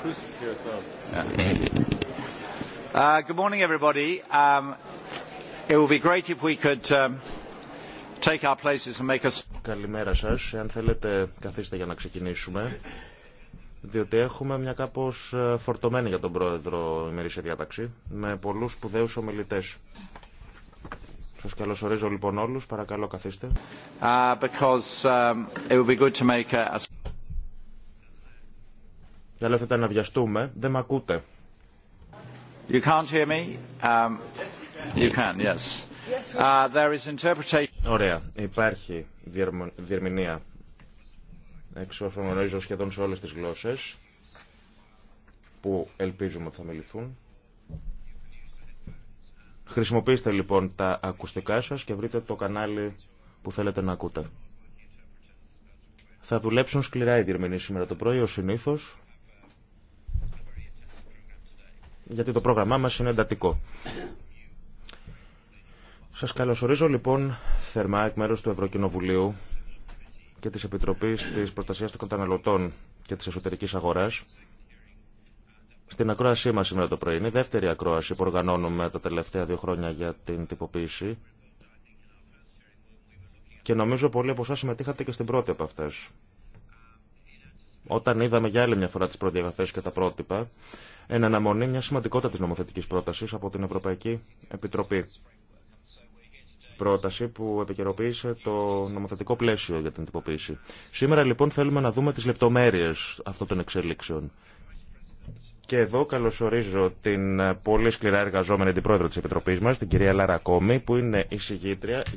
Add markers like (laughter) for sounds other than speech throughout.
Καλημέρα σας. Αν θέλετε, καθίστε για να ξεκινήσουμε. Διότι έχουμε μια κάπως ε, φορτωμένη για τον πρόεδρο ημερήσια διάταξη, με πολλούς σπουδαίους ομιλητές. Σας καλωσορίζω λοιπόν όλους. Παρακαλώ καθίστε. Uh, because, um, it be δεν θα να βιαστούμε. Δεν με ακούτε. You can't hear me. Um, you can, yes. Uh, there is interpretation. Ωραία. Υπάρχει διερμηνία εξ όσων γνωρίζω σχεδόν σε όλες τις γλώσσες που ελπίζουμε ότι θα μιληθούν. Χρησιμοποιήστε λοιπόν τα ακουστικά σας και βρείτε το κανάλι που θέλετε να ακούτε. Θα δουλέψουν σκληρά οι διερμηνείς σήμερα το πρωί, ως συνήθως γιατί το πρόγραμμά μας είναι εντατικό. Σας καλωσορίζω λοιπόν θερμά εκ μέρους του Ευρωκοινοβουλίου και της Επιτροπής της Προστασίας των Καταναλωτών και της Εσωτερικής Αγοράς στην ακρόασή μας σήμερα το πρωί. Είναι η δεύτερη ακρόαση που οργανώνουμε τα τελευταία δύο χρόνια για την τυποποίηση και νομίζω πολλοί από εσάς συμμετείχατε και στην πρώτη από αυτές. Όταν είδαμε για άλλη μια φορά τις προδιαγραφές και τα πρότυπα, εν αναμονή μια της νομοθετικής πρόταση από την Ευρωπαϊκή Επιτροπή. Πρόταση που επικαιροποίησε το νομοθετικό πλαίσιο για την τυποποίηση. Σήμερα λοιπόν θέλουμε να δούμε τις λεπτομέρειες αυτών των εξέλιξεων. Και εδώ καλωσορίζω την πολύ σκληρά εργαζόμενη αντιπρόεδρο της Επιτροπής μας, την κυρία Λαρακόμη, που είναι η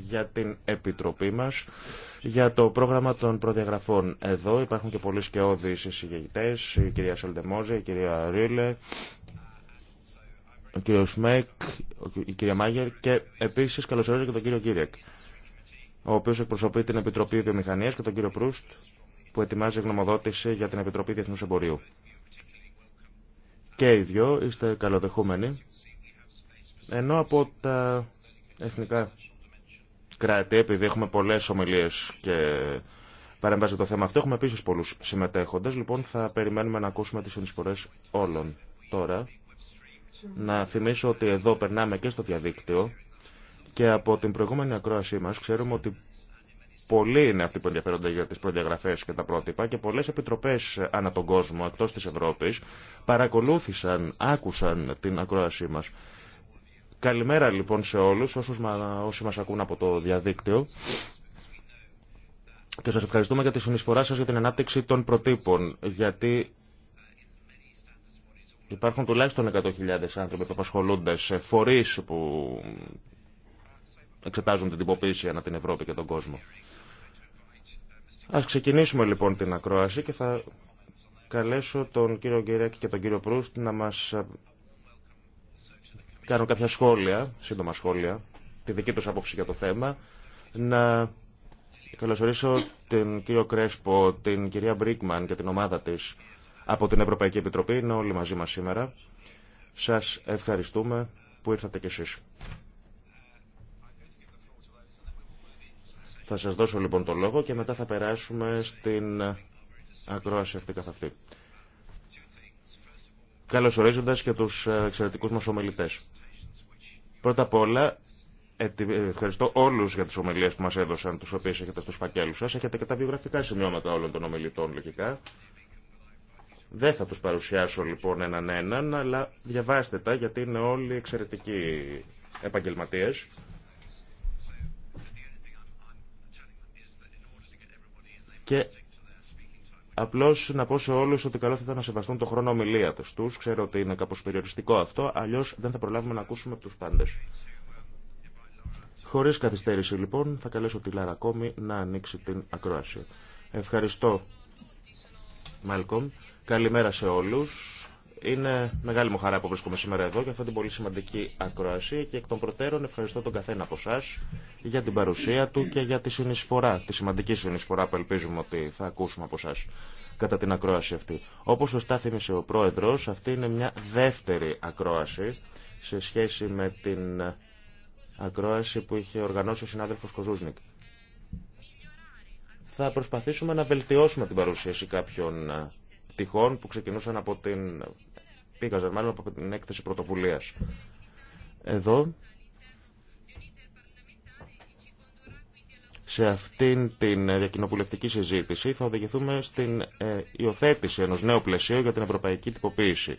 για την Επιτροπή μας για το πρόγραμμα των προδιαγραφών εδώ υπάρχουν και πολλοί σκεώδεις εισηγητές, η κυρία Σαλτεμόζε, η κυρία Ρίλε, ο κύριο Μέκ, η κυρία Μάγερ και επίσης καλωσορίζω και τον κύριο Κύριεκ, ο οποίος εκπροσωπεί την Επιτροπή Βιομηχανία και τον κύριο Προύστ που ετοιμάζει γνωμοδότηση για την Επιτροπή Διεθνού Εμπορίου. Και οι δυο είστε καλοδεχούμενοι, ενώ από τα εθνικά κράτη, επειδή έχουμε πολλέ ομιλίε και παρεμβάζει το θέμα αυτό, έχουμε επίση πολλού συμμετέχοντε. Λοιπόν, θα περιμένουμε να ακούσουμε τι συνεισφορέ όλων. Τώρα, να θυμίσω ότι εδώ περνάμε και στο διαδίκτυο και από την προηγούμενη ακρόασή μα ξέρουμε ότι πολλοί είναι αυτοί που ενδιαφέρονται για τι προδιαγραφέ και τα πρότυπα και πολλέ επιτροπέ ανά τον κόσμο, εκτό τη Ευρώπη, παρακολούθησαν, άκουσαν την ακρόασή μα. Καλημέρα λοιπόν σε όλους όσους, όσοι μας ακούν από το διαδίκτυο και σας ευχαριστούμε για τη συνεισφορά σας για την ανάπτυξη των προτύπων γιατί υπάρχουν τουλάχιστον 100.000 άνθρωποι που απασχολούνται σε φορείς που εξετάζουν την τυποποίηση ανά την Ευρώπη και τον κόσμο. Ας ξεκινήσουμε λοιπόν την ακρόαση και θα καλέσω τον κύριο Γκυρέκ και τον κύριο Προύστ να μας Κάνω κάποια σχόλια, σύντομα σχόλια, τη δική τους άποψη για το θέμα. Να καλωσορίσω την κύριο Κρέσπο, την κυρία Μπρίκμαν και την ομάδα της από την Ευρωπαϊκή Επιτροπή. Είναι όλοι μαζί μας σήμερα. Σας ευχαριστούμε που ήρθατε κι εσείς. Θα σας δώσω λοιπόν το λόγο και μετά θα περάσουμε στην ακρόαση αυτή καθ' αυτή καλωσορίζοντας και τους ε, εξαιρετικούς μας ομιλητές. Πρώτα απ' όλα, ε, ευχαριστώ όλους για τις ομιλίες που μας έδωσαν, τους οποίες έχετε στους φακέλους σας. Έχετε και τα βιογραφικά σημειώματα όλων των ομιλητών, λογικά. Δεν θα τους παρουσιάσω λοιπόν έναν έναν, αλλά διαβάστε τα γιατί είναι όλοι εξαιρετικοί επαγγελματίες. Απλώ να πω σε όλου ότι καλό θα ήταν να σεβαστούν το χρόνο ομιλία του. Ξέρω ότι είναι κάπω περιοριστικό αυτό, αλλιώ δεν θα προλάβουμε να ακούσουμε του πάντε. Χωρί καθυστέρηση λοιπόν, θα καλέσω τη Λάρα να ανοίξει την ακρόαση. Ευχαριστώ, Μάλκομ. Καλημέρα σε όλου. Είναι μεγάλη μου χαρά που βρίσκομαι σήμερα εδώ για αυτή την πολύ σημαντική ακρόαση και εκ των προτέρων ευχαριστώ τον καθένα από εσά για την παρουσία του και για τη συνεισφορά, τη σημαντική συνεισφορά που ελπίζουμε ότι θα ακούσουμε από εσά κατά την ακρόαση αυτή. Όπως σωστά θύμισε ο Πρόεδρος, αυτή είναι μια δεύτερη ακρόαση σε σχέση με την ακρόαση που είχε οργανώσει ο συνάδελφος Κοζούσνικ. Θα προσπαθήσουμε να βελτιώσουμε την παρουσίαση κάποιων πτυχών που ξεκινούσαν από την Πήγαζε μάλλον από την έκθεση πρωτοβουλίας. Εδώ σε αυτήν την διακοινοβουλευτική συζήτηση θα οδηγηθούμε στην ε, υιοθέτηση ενός νέου πλαισίου για την ευρωπαϊκή τυποποίηση.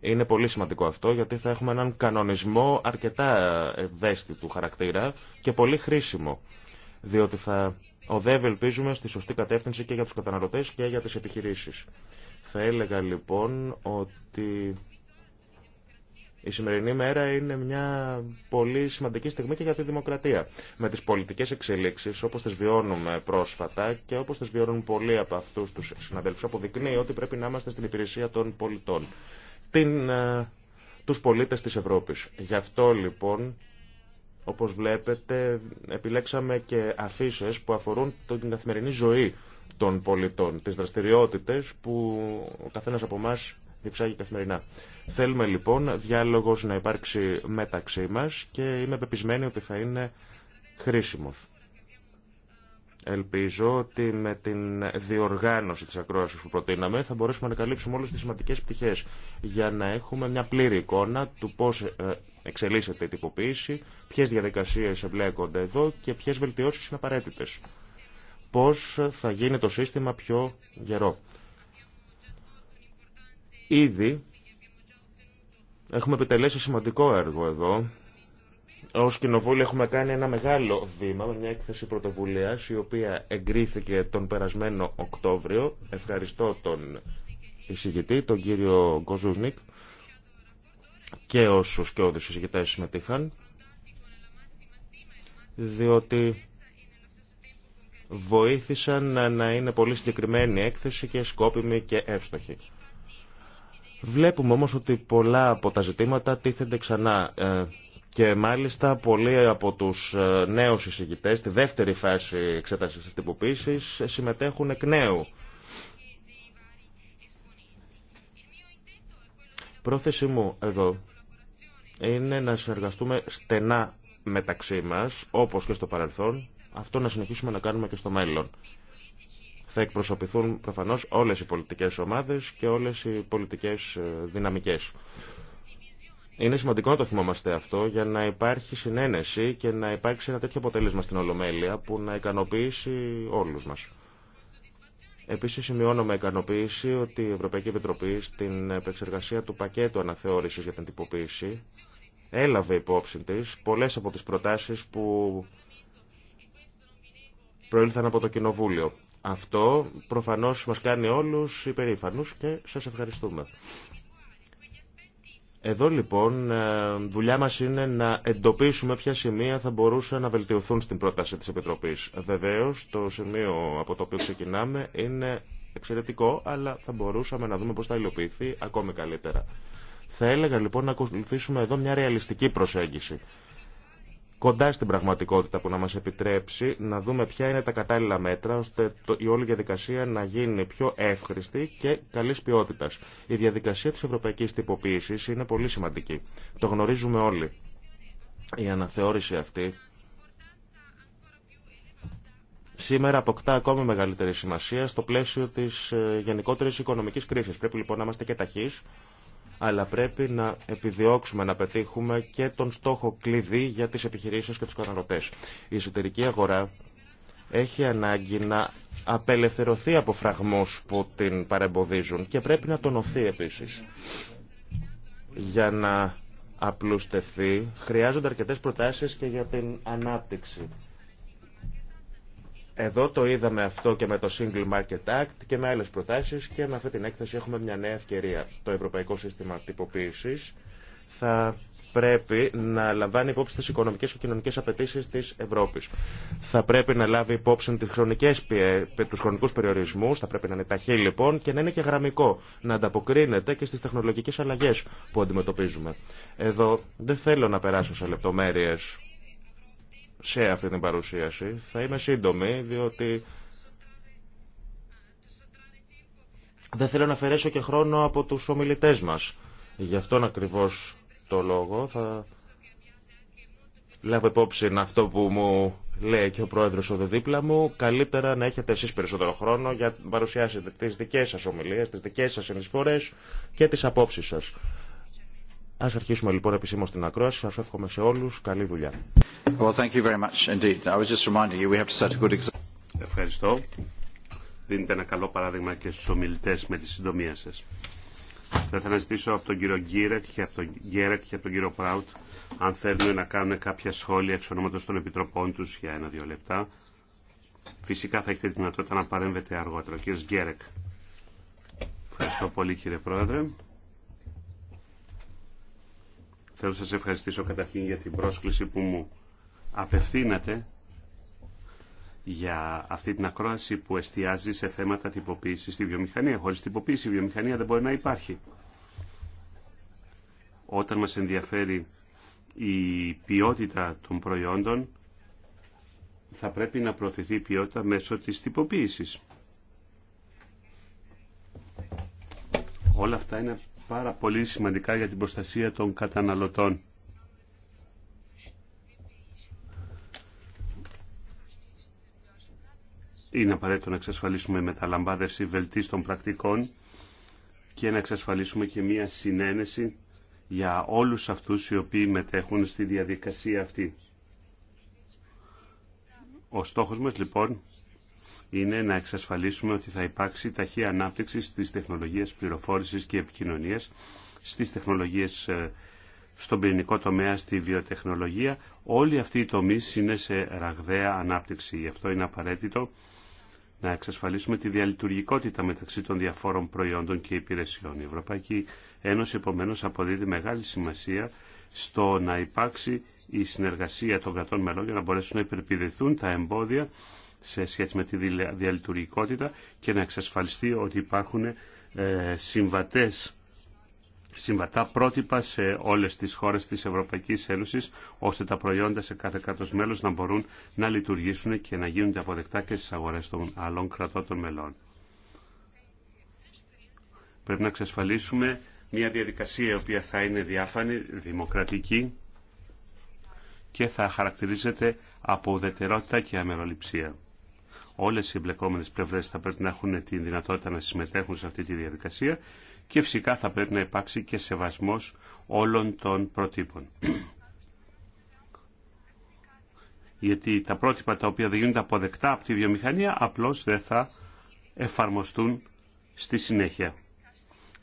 Είναι πολύ σημαντικό αυτό γιατί θα έχουμε έναν κανονισμό αρκετά ευαίσθητου χαρακτήρα και πολύ χρήσιμο. Διότι θα οδεύει, ελπίζουμε, στη σωστή κατεύθυνση και για τους καταναλωτές και για τις επιχειρήσεις. Θα έλεγα λοιπόν ότι η σημερινή μέρα είναι μια πολύ σημαντική στιγμή και για τη δημοκρατία. Με τις πολιτικές εξελίξεις όπως τις βιώνουμε πρόσφατα και όπως τις βιώνουν πολλοί από αυτούς τους συναδέλφους αποδεικνύει ότι πρέπει να είμαστε στην υπηρεσία των πολιτών. Την, ε, τους πολίτες της Ευρώπης. Γι' αυτό λοιπόν όπως βλέπετε επιλέξαμε και αφήσει που αφορούν την καθημερινή ζωή των πολιτών, τις δραστηριότητες που ο καθένας από εμά διεξάγει καθημερινά. Θέλουμε λοιπόν διάλογος να υπάρξει μεταξύ μας και είμαι πεπισμένη ότι θα είναι χρήσιμος. Ελπίζω ότι με την διοργάνωση της ακρόασης που προτείναμε θα μπορέσουμε να καλύψουμε όλες τις σημαντικές πτυχές για να έχουμε μια πλήρη εικόνα του πώς ε, εξελίσσεται η τυποποίηση, ποιες διαδικασίες εμπλέκονται εδώ και ποιες βελτιώσεις είναι απαραίτητες πώς θα γίνει το σύστημα πιο γερό. Ήδη έχουμε επιτελέσει σημαντικό έργο εδώ. Ω κοινοβούλιο έχουμε κάνει ένα μεγάλο βήμα με μια έκθεση πρωτοβουλία η οποία εγκρίθηκε τον περασμένο Οκτώβριο. Ευχαριστώ τον εισηγητή, τον κύριο Γκοζούσνικ και όσους και όδους εισηγητές συμμετείχαν διότι βοήθησαν να είναι πολύ συγκεκριμένη έκθεση και σκόπιμη και εύστοχη. Βλέπουμε όμως ότι πολλά από τα ζητήματα τίθενται ξανά ε, και μάλιστα πολλοί από τους ε, νέους εισηγητές στη δεύτερη φάση εξέτασης της τυποποίησης συμμετέχουν εκ νέου. Πρόθεσή μου εδώ είναι να συνεργαστούμε στενά μεταξύ μας, όπως και στο παρελθόν, αυτό να συνεχίσουμε να κάνουμε και στο μέλλον. Θα εκπροσωπηθούν προφανώς όλες οι πολιτικές ομάδες και όλες οι πολιτικές ε, δυναμικές. Είναι σημαντικό να το θυμόμαστε αυτό για να υπάρχει συνένεση και να υπάρξει ένα τέτοιο αποτέλεσμα στην Ολομέλεια που να ικανοποιήσει όλους μας. Επίση, σημειώνω με ικανοποίηση ότι η Ευρωπαϊκή Επιτροπή στην επεξεργασία του πακέτου αναθεώρησης για την τυποποίηση έλαβε υπόψη τη πολλέ από τι προτάσει που προήλθαν από το Κοινοβούλιο. Αυτό προφανώς μας κάνει όλους υπερήφανους και σας ευχαριστούμε. Εδώ λοιπόν ε, δουλειά μας είναι να εντοπίσουμε ποια σημεία θα μπορούσαν να βελτιωθούν στην πρόταση της Επιτροπής. Βεβαίως το σημείο από το οποίο ξεκινάμε είναι εξαιρετικό, αλλά θα μπορούσαμε να δούμε πώς θα υλοποιηθεί ακόμη καλύτερα. Θα έλεγα λοιπόν να ακολουθήσουμε εδώ μια ρεαλιστική προσέγγιση κοντά στην πραγματικότητα που να μας επιτρέψει να δούμε ποια είναι τα κατάλληλα μέτρα ώστε η όλη διαδικασία να γίνει πιο εύχρηστη και καλής ποιότητας. Η διαδικασία της ευρωπαϊκής τυποποίησης είναι πολύ σημαντική. Το γνωρίζουμε όλοι. Η αναθεώρηση αυτή σήμερα αποκτά ακόμη μεγαλύτερη σημασία στο πλαίσιο της ε, γενικότερης οικονομικής κρίσης. Πρέπει λοιπόν να είμαστε και ταχείς αλλά πρέπει να επιδιώξουμε να πετύχουμε και τον στόχο κλειδί για τις επιχειρήσεις και τους καταναλωτές. Η εσωτερική αγορά έχει ανάγκη να απελευθερωθεί από φραγμούς που την παρεμποδίζουν και πρέπει να τονωθεί επίσης. Για να απλουστευτεί χρειάζονται αρκετές προτάσεις και για την ανάπτυξη εδώ το είδαμε αυτό και με το Single Market Act και με άλλες προτάσεις και με αυτή την έκθεση έχουμε μια νέα ευκαιρία. Το Ευρωπαϊκό Σύστημα Τυποποίησης θα πρέπει να λαμβάνει υπόψη τις οικονομικές και κοινωνικές απαιτήσεις της Ευρώπης. Θα πρέπει να λάβει υπόψη τις χρονικές, τους χρονικούς περιορισμούς, θα πρέπει να είναι ταχύ λοιπόν και να είναι και γραμμικό, να ανταποκρίνεται και στις τεχνολογικές αλλαγές που αντιμετωπίζουμε. Εδώ δεν θέλω να περάσω σε λεπτομέρειες σε αυτή την παρουσίαση. Θα είμαι σύντομη, διότι δεν θέλω να αφαιρέσω και χρόνο από τους ομιλητές μας. Γι' αυτόν ακριβώς το λόγο θα λάβω υπόψη αυτό που μου λέει και ο πρόεδρος εδώ δίπλα μου. Καλύτερα να έχετε εσείς περισσότερο χρόνο για να παρουσιάσετε τις δικές σας ομιλίες, τις δικές σας συνεισφορές και τις απόψεις σας. Ας αρχίσουμε λοιπόν επισήμως την ακρόαση. Σας εύχομαι σε όλους καλή δουλειά. Ευχαριστώ. Δίνετε ένα καλό παράδειγμα και στους ομιλητές με τη συντομία σας. Θα ήθελα να ζητήσω από τον κύριο Γκίρετ και από τον, Γκέρετ και από τον κύριο Πράουτ αν θέλουν να κάνουν κάποια σχόλια εξ ονόματος των επιτροπών τους για ένα-δύο λεπτά. Φυσικά θα έχετε τη δυνατότητα να παρέμβετε αργότερα. Ο κύριος Γκίρετ. Ευχαριστώ πολύ κύριε Πρόεδρε. Θέλω να σας ευχαριστήσω καταρχήν για την πρόσκληση που μου απευθύνατε για αυτή την ακρόαση που εστιάζει σε θέματα τυποποίηση στη βιομηχανία. Χωρίς τυποποίηση η βιομηχανία δεν μπορεί να υπάρχει. Όταν μας ενδιαφέρει η ποιότητα των προϊόντων, θα πρέπει να προωθηθεί η ποιότητα μέσω της τυποποίησης. Όλα αυτά είναι πάρα πολύ σημαντικά για την προστασία των καταναλωτών. Είναι απαραίτητο να εξασφαλίσουμε μεταλαμπάδευση βελτίστων πρακτικών και να εξασφαλίσουμε και μία συνένεση για όλους αυτούς οι οποίοι μετέχουν στη διαδικασία αυτή. Ο στόχος μας λοιπόν είναι να εξασφαλίσουμε ότι θα υπάρξει ταχεία ανάπτυξη στις τεχνολογίες πληροφόρησης και επικοινωνίας, στις τεχνολογίες ε, στον πυρηνικό τομέα, στη βιοτεχνολογία. Όλοι αυτοί οι τομείς είναι σε ραγδαία ανάπτυξη. Γι' αυτό είναι απαραίτητο να εξασφαλίσουμε τη διαλειτουργικότητα μεταξύ των διαφόρων προϊόντων και υπηρεσιών. Η Ευρωπαϊκή Ένωση επομένως αποδίδει μεγάλη σημασία στο να υπάρξει η συνεργασία των κρατών μελών για να μπορέσουν να υπερπηδηθούν τα εμπόδια σε σχέση με τη διαλειτουργικότητα και να εξασφαλιστεί ότι υπάρχουν ε, συμβατές συμβατά πρότυπα σε όλες τις χώρες της Ευρωπαϊκής Ένωσης, ώστε τα προϊόντα σε κάθε κράτος μέλος να μπορούν να λειτουργήσουν και να γίνονται αποδεκτά και στις αγορές των άλλων κρατών των μελών. Πρέπει να εξασφαλίσουμε μια διαδικασία η οποία θα είναι διάφανη, δημοκρατική και θα χαρακτηρίζεται από ουδετερότητα και αμεροληψία. Όλες οι εμπλεκόμενες πλευρές θα πρέπει να έχουν τη δυνατότητα να συμμετέχουν σε αυτή τη διαδικασία και φυσικά θα πρέπει να υπάρξει και σεβασμός όλων των προτύπων. (clears throat) Γιατί τα πρότυπα τα οποία δεν γίνονται αποδεκτά από τη βιομηχανία απλώς δεν θα εφαρμοστούν στη συνέχεια.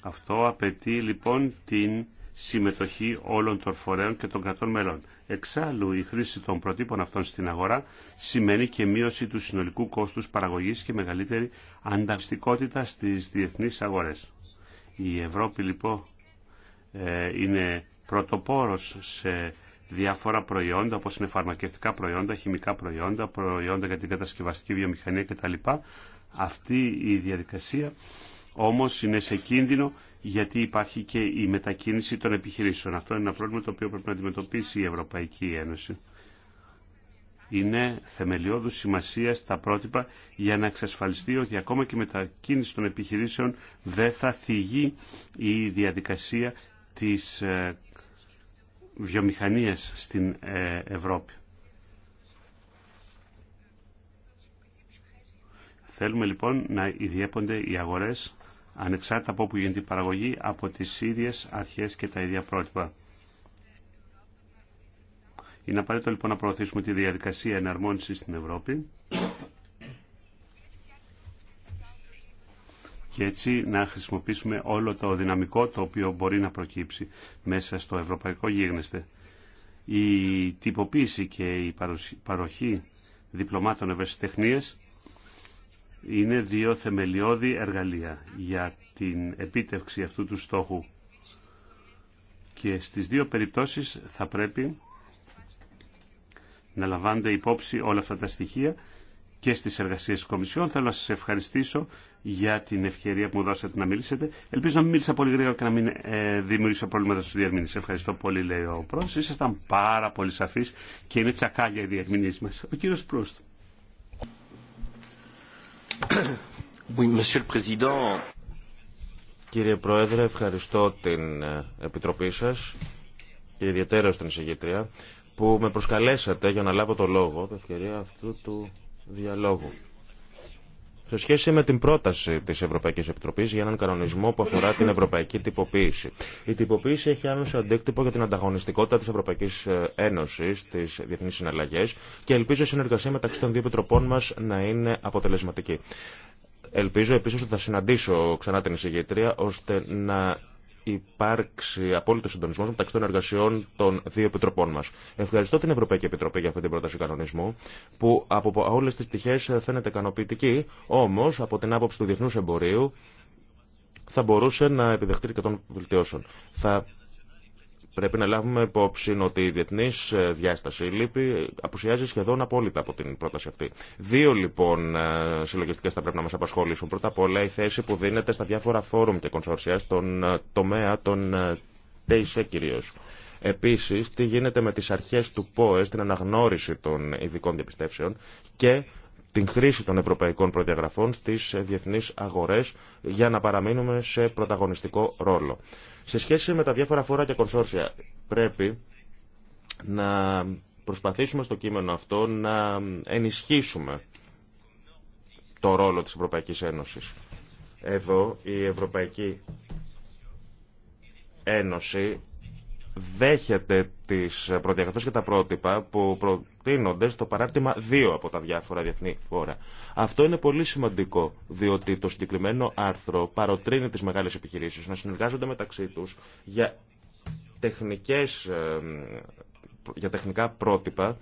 Αυτό απαιτεί λοιπόν την συμμετοχή όλων των φορέων και των κρατών μελών. Εξάλλου, η χρήση των προτύπων αυτών στην αγορά σημαίνει και μείωση του συνολικού κόστους παραγωγής και μεγαλύτερη ανταγωνιστικότητα στις διεθνείς αγορές. Η Ευρώπη, λοιπόν, ε, είναι πρωτοπόρος σε διάφορα προϊόντα, όπως είναι φαρμακευτικά προϊόντα, χημικά προϊόντα, προϊόντα για την κατασκευαστική βιομηχανία κτλ. Αυτή η διαδικασία όμως είναι σε κίνδυνο γιατί υπάρχει και η μετακίνηση των επιχειρήσεων. Αυτό είναι ένα πρόβλημα το οποίο πρέπει να αντιμετωπίσει η Ευρωπαϊκή Ένωση. Είναι θεμελιώδους σημασία τα πρότυπα για να εξασφαλιστεί ότι ακόμα και η μετακίνηση των επιχειρήσεων δεν θα θυγεί η διαδικασία της ε, βιομηχανίας στην ε, Ευρώπη. Θέλουμε λοιπόν να ιδιέπονται οι αγορές ανεξάρτητα από όπου γίνεται η παραγωγή, από τις ίδιες αρχές και τα ίδια πρότυπα. Είναι απαραίτητο λοιπόν να προωθήσουμε τη διαδικασία εναρμόνισης στην Ευρώπη και έτσι να χρησιμοποιήσουμε όλο το δυναμικό το οποίο μπορεί να προκύψει μέσα στο ευρωπαϊκό γίγνεσθε. Η τυποποίηση και η παροχή διπλωμάτων ευαισθητεχνίες είναι δύο θεμελιώδη εργαλεία για την επίτευξη αυτού του στόχου. Και στις δύο περιπτώσεις θα πρέπει να λαμβάνετε υπόψη όλα αυτά τα στοιχεία και στις εργασίες της Κομισιόν. Θέλω να σας ευχαριστήσω για την ευκαιρία που μου δώσατε να μιλήσετε. Ελπίζω να μην μίλησα πολύ γρήγορα και να μην ε, δημιούργησα προβλήματα στους διερμηνείς. Ευχαριστώ πολύ, λέει ο Πρόεδρος. Ήσασταν πάρα πολύ σαφείς και είναι τσακάλια οι διερμηνείς μας. Ο κύριος Προύστ. Κύριε Πρόεδρε, ευχαριστώ την ε, Επιτροπή σας και ιδιαίτερα την εισηγήτρια που με προσκαλέσατε για να λάβω το λόγο, την ευκαιρία αυτού του διαλόγου σε σχέση με την πρόταση τη Ευρωπαϊκή Επιτροπή για έναν κανονισμό που αφορά την ευρωπαϊκή τυποποίηση. Η τυποποίηση έχει άμεσο αντίκτυπο για την ανταγωνιστικότητα τη Ευρωπαϊκή ε, Ένωση, τι διεθνεί συναλλαγέ και ελπίζω η συνεργασία μεταξύ των δύο επιτροπών μα να είναι αποτελεσματική. Ελπίζω επίση ότι θα συναντήσω ξανά την εισηγήτρια ώστε να υπάρξει απόλυτο συντονισμό μεταξύ των εργασιών των δύο επιτροπών μα. Ευχαριστώ την Ευρωπαϊκή Επιτροπή για αυτή την πρόταση κανονισμού, που από όλε τι πτυχέ φαίνεται ικανοποιητική, όμω από την άποψη του διεθνού εμπορίου θα μπορούσε να επιδεχτεί και των βελτιώσεων. Θα Πρέπει να λάβουμε υπόψη ότι η διεθνή ε, διάσταση λύπη, απουσιάζει σχεδόν απόλυτα από την πρόταση αυτή. Δύο λοιπόν ε, συλλογιστικέ θα πρέπει να μα απασχολήσουν. Πρώτα απ' όλα η θέση που δίνεται στα διάφορα φόρουμ και κονσόρσια στον ε, τομέα των ΤΕΙΣΕ κυρίω. Επίση, τι γίνεται με τι αρχέ του ΠΟΕ στην αναγνώριση των ειδικών διαπιστεύσεων και την χρήση των ευρωπαϊκών προδιαγραφών στι διεθνεί αγορέ για να παραμείνουμε σε πρωταγωνιστικό ρόλο. Σε σχέση με τα διάφορα φόρα και κονσόρσια, πρέπει να προσπαθήσουμε στο κείμενο αυτό να ενισχύσουμε το ρόλο της Ευρωπαϊκής Ένωσης. Εδώ η Ευρωπαϊκή Ένωση δέχεται τις προδιαγραφές και τα πρότυπα που προτείνονται στο παράρτημα 2 από τα διάφορα διεθνή φόρα. Αυτό είναι πολύ σημαντικό, διότι το συγκεκριμένο άρθρο παροτρύνει τις μεγάλες επιχειρήσεις να συνεργάζονται μεταξύ τους για, τεχνικές, ε, για τεχνικά πρότυπα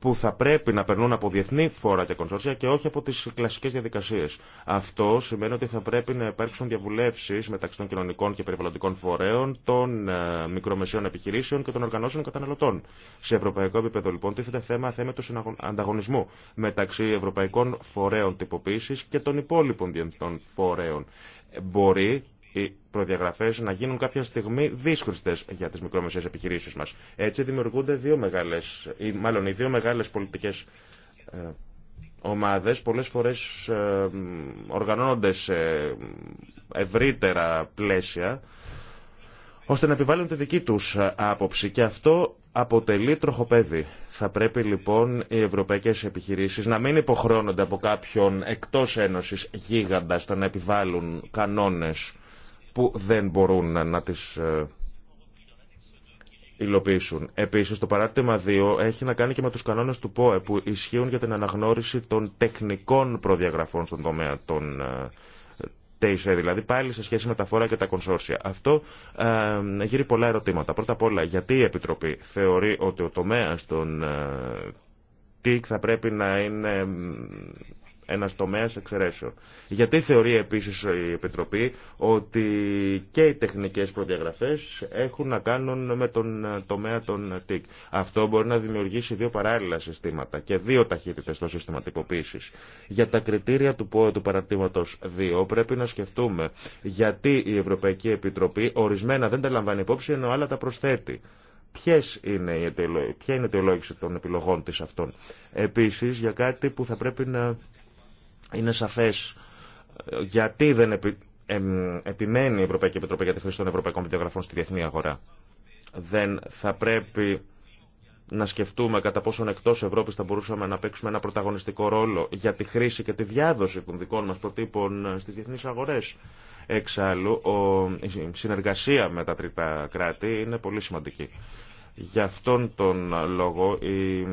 που θα πρέπει να περνούν από διεθνή φόρα και κονσόρσια και όχι από τι κλασικέ διαδικασίε. Αυτό σημαίνει ότι θα πρέπει να υπάρξουν διαβουλεύσει μεταξύ των κοινωνικών και περιβαλλοντικών φορέων, των ε, μικρομεσαίων επιχειρήσεων και των οργανώσεων καταναλωτών. Σε ευρωπαϊκό επίπεδο λοιπόν τίθεται θέμα θέμα του ανταγωνισμού μεταξύ ευρωπαϊκών φορέων τυποποίηση και των υπόλοιπων διεθνών φορέων. Μπορεί οι προδιαγραφέ να γίνουν κάποια στιγμή δύσκολε για τι μικρομεσαίε επιχειρήσει μα. Έτσι δημιουργούνται δύο μεγάλε, μάλλον οι δύο μεγάλε πολιτικέ ε, ομάδε πολλέ φορέ ε, οργανώνονται σε ευρύτερα πλαίσια ώστε να επιβάλλουν τη δική τους άποψη και αυτό αποτελεί τροχοπέδι. Θα πρέπει λοιπόν οι ευρωπαϊκές επιχειρήσεις να μην υποχρώνονται από κάποιον εκτός ένωσης γίγαντα στο να επιβάλλουν κανόνες που δεν μπορούν να τις ε, υλοποιήσουν. Επίσης, το παράρτημα 2 έχει να κάνει και με τους κανόνες του ΠΟΕ που ισχύουν για την αναγνώριση των τεχνικών προδιαγραφών στον τομέα των ΤΕΙΣΕ, δηλαδή πάλι σε σχέση με τα φόρα και τα κονσόρσια. Αυτό ε, γύρει πολλά ερωτήματα. Πρώτα απ' όλα, γιατί η Επιτροπή θεωρεί ότι ο τομέας των ε, ΤΙΚ θα πρέπει να είναι ένα τομέα εξαιρέσεων. Γιατί θεωρεί επίση η Επιτροπή ότι και οι τεχνικέ προδιαγραφέ έχουν να κάνουν με τον τομέα των TIC. Αυτό μπορεί να δημιουργήσει δύο παράλληλα συστήματα και δύο ταχύτητε στο συστηματικοποίηση. Για τα κριτήρια του του 2 πρέπει να σκεφτούμε γιατί η Ευρωπαϊκή Επιτροπή ορισμένα δεν τα λαμβάνει υπόψη ενώ άλλα τα προσθέτει. ποια είναι η αιτιολόγηση των επιλογών της αυτών. Επίσης για κάτι που θα πρέπει να είναι σαφές ε, γιατί δεν επιμένει η Ευρωπαϊκή Επιτροπή για τη χρήση των ευρωπαϊκών βιντεογραφών στη διεθνή αγορά. Δεν θα πρέπει να σκεφτούμε κατά πόσον εκτό Ευρώπη θα μπορούσαμε να παίξουμε ένα πρωταγωνιστικό ρόλο για τη χρήση και τη διάδοση των δικών μα προτύπων ε, στι διεθνεί αγορέ. Εξάλλου, η συνεργασία με τα τρίτα κράτη είναι πολύ σημαντική. Γι' αυτόν τον λόγο οι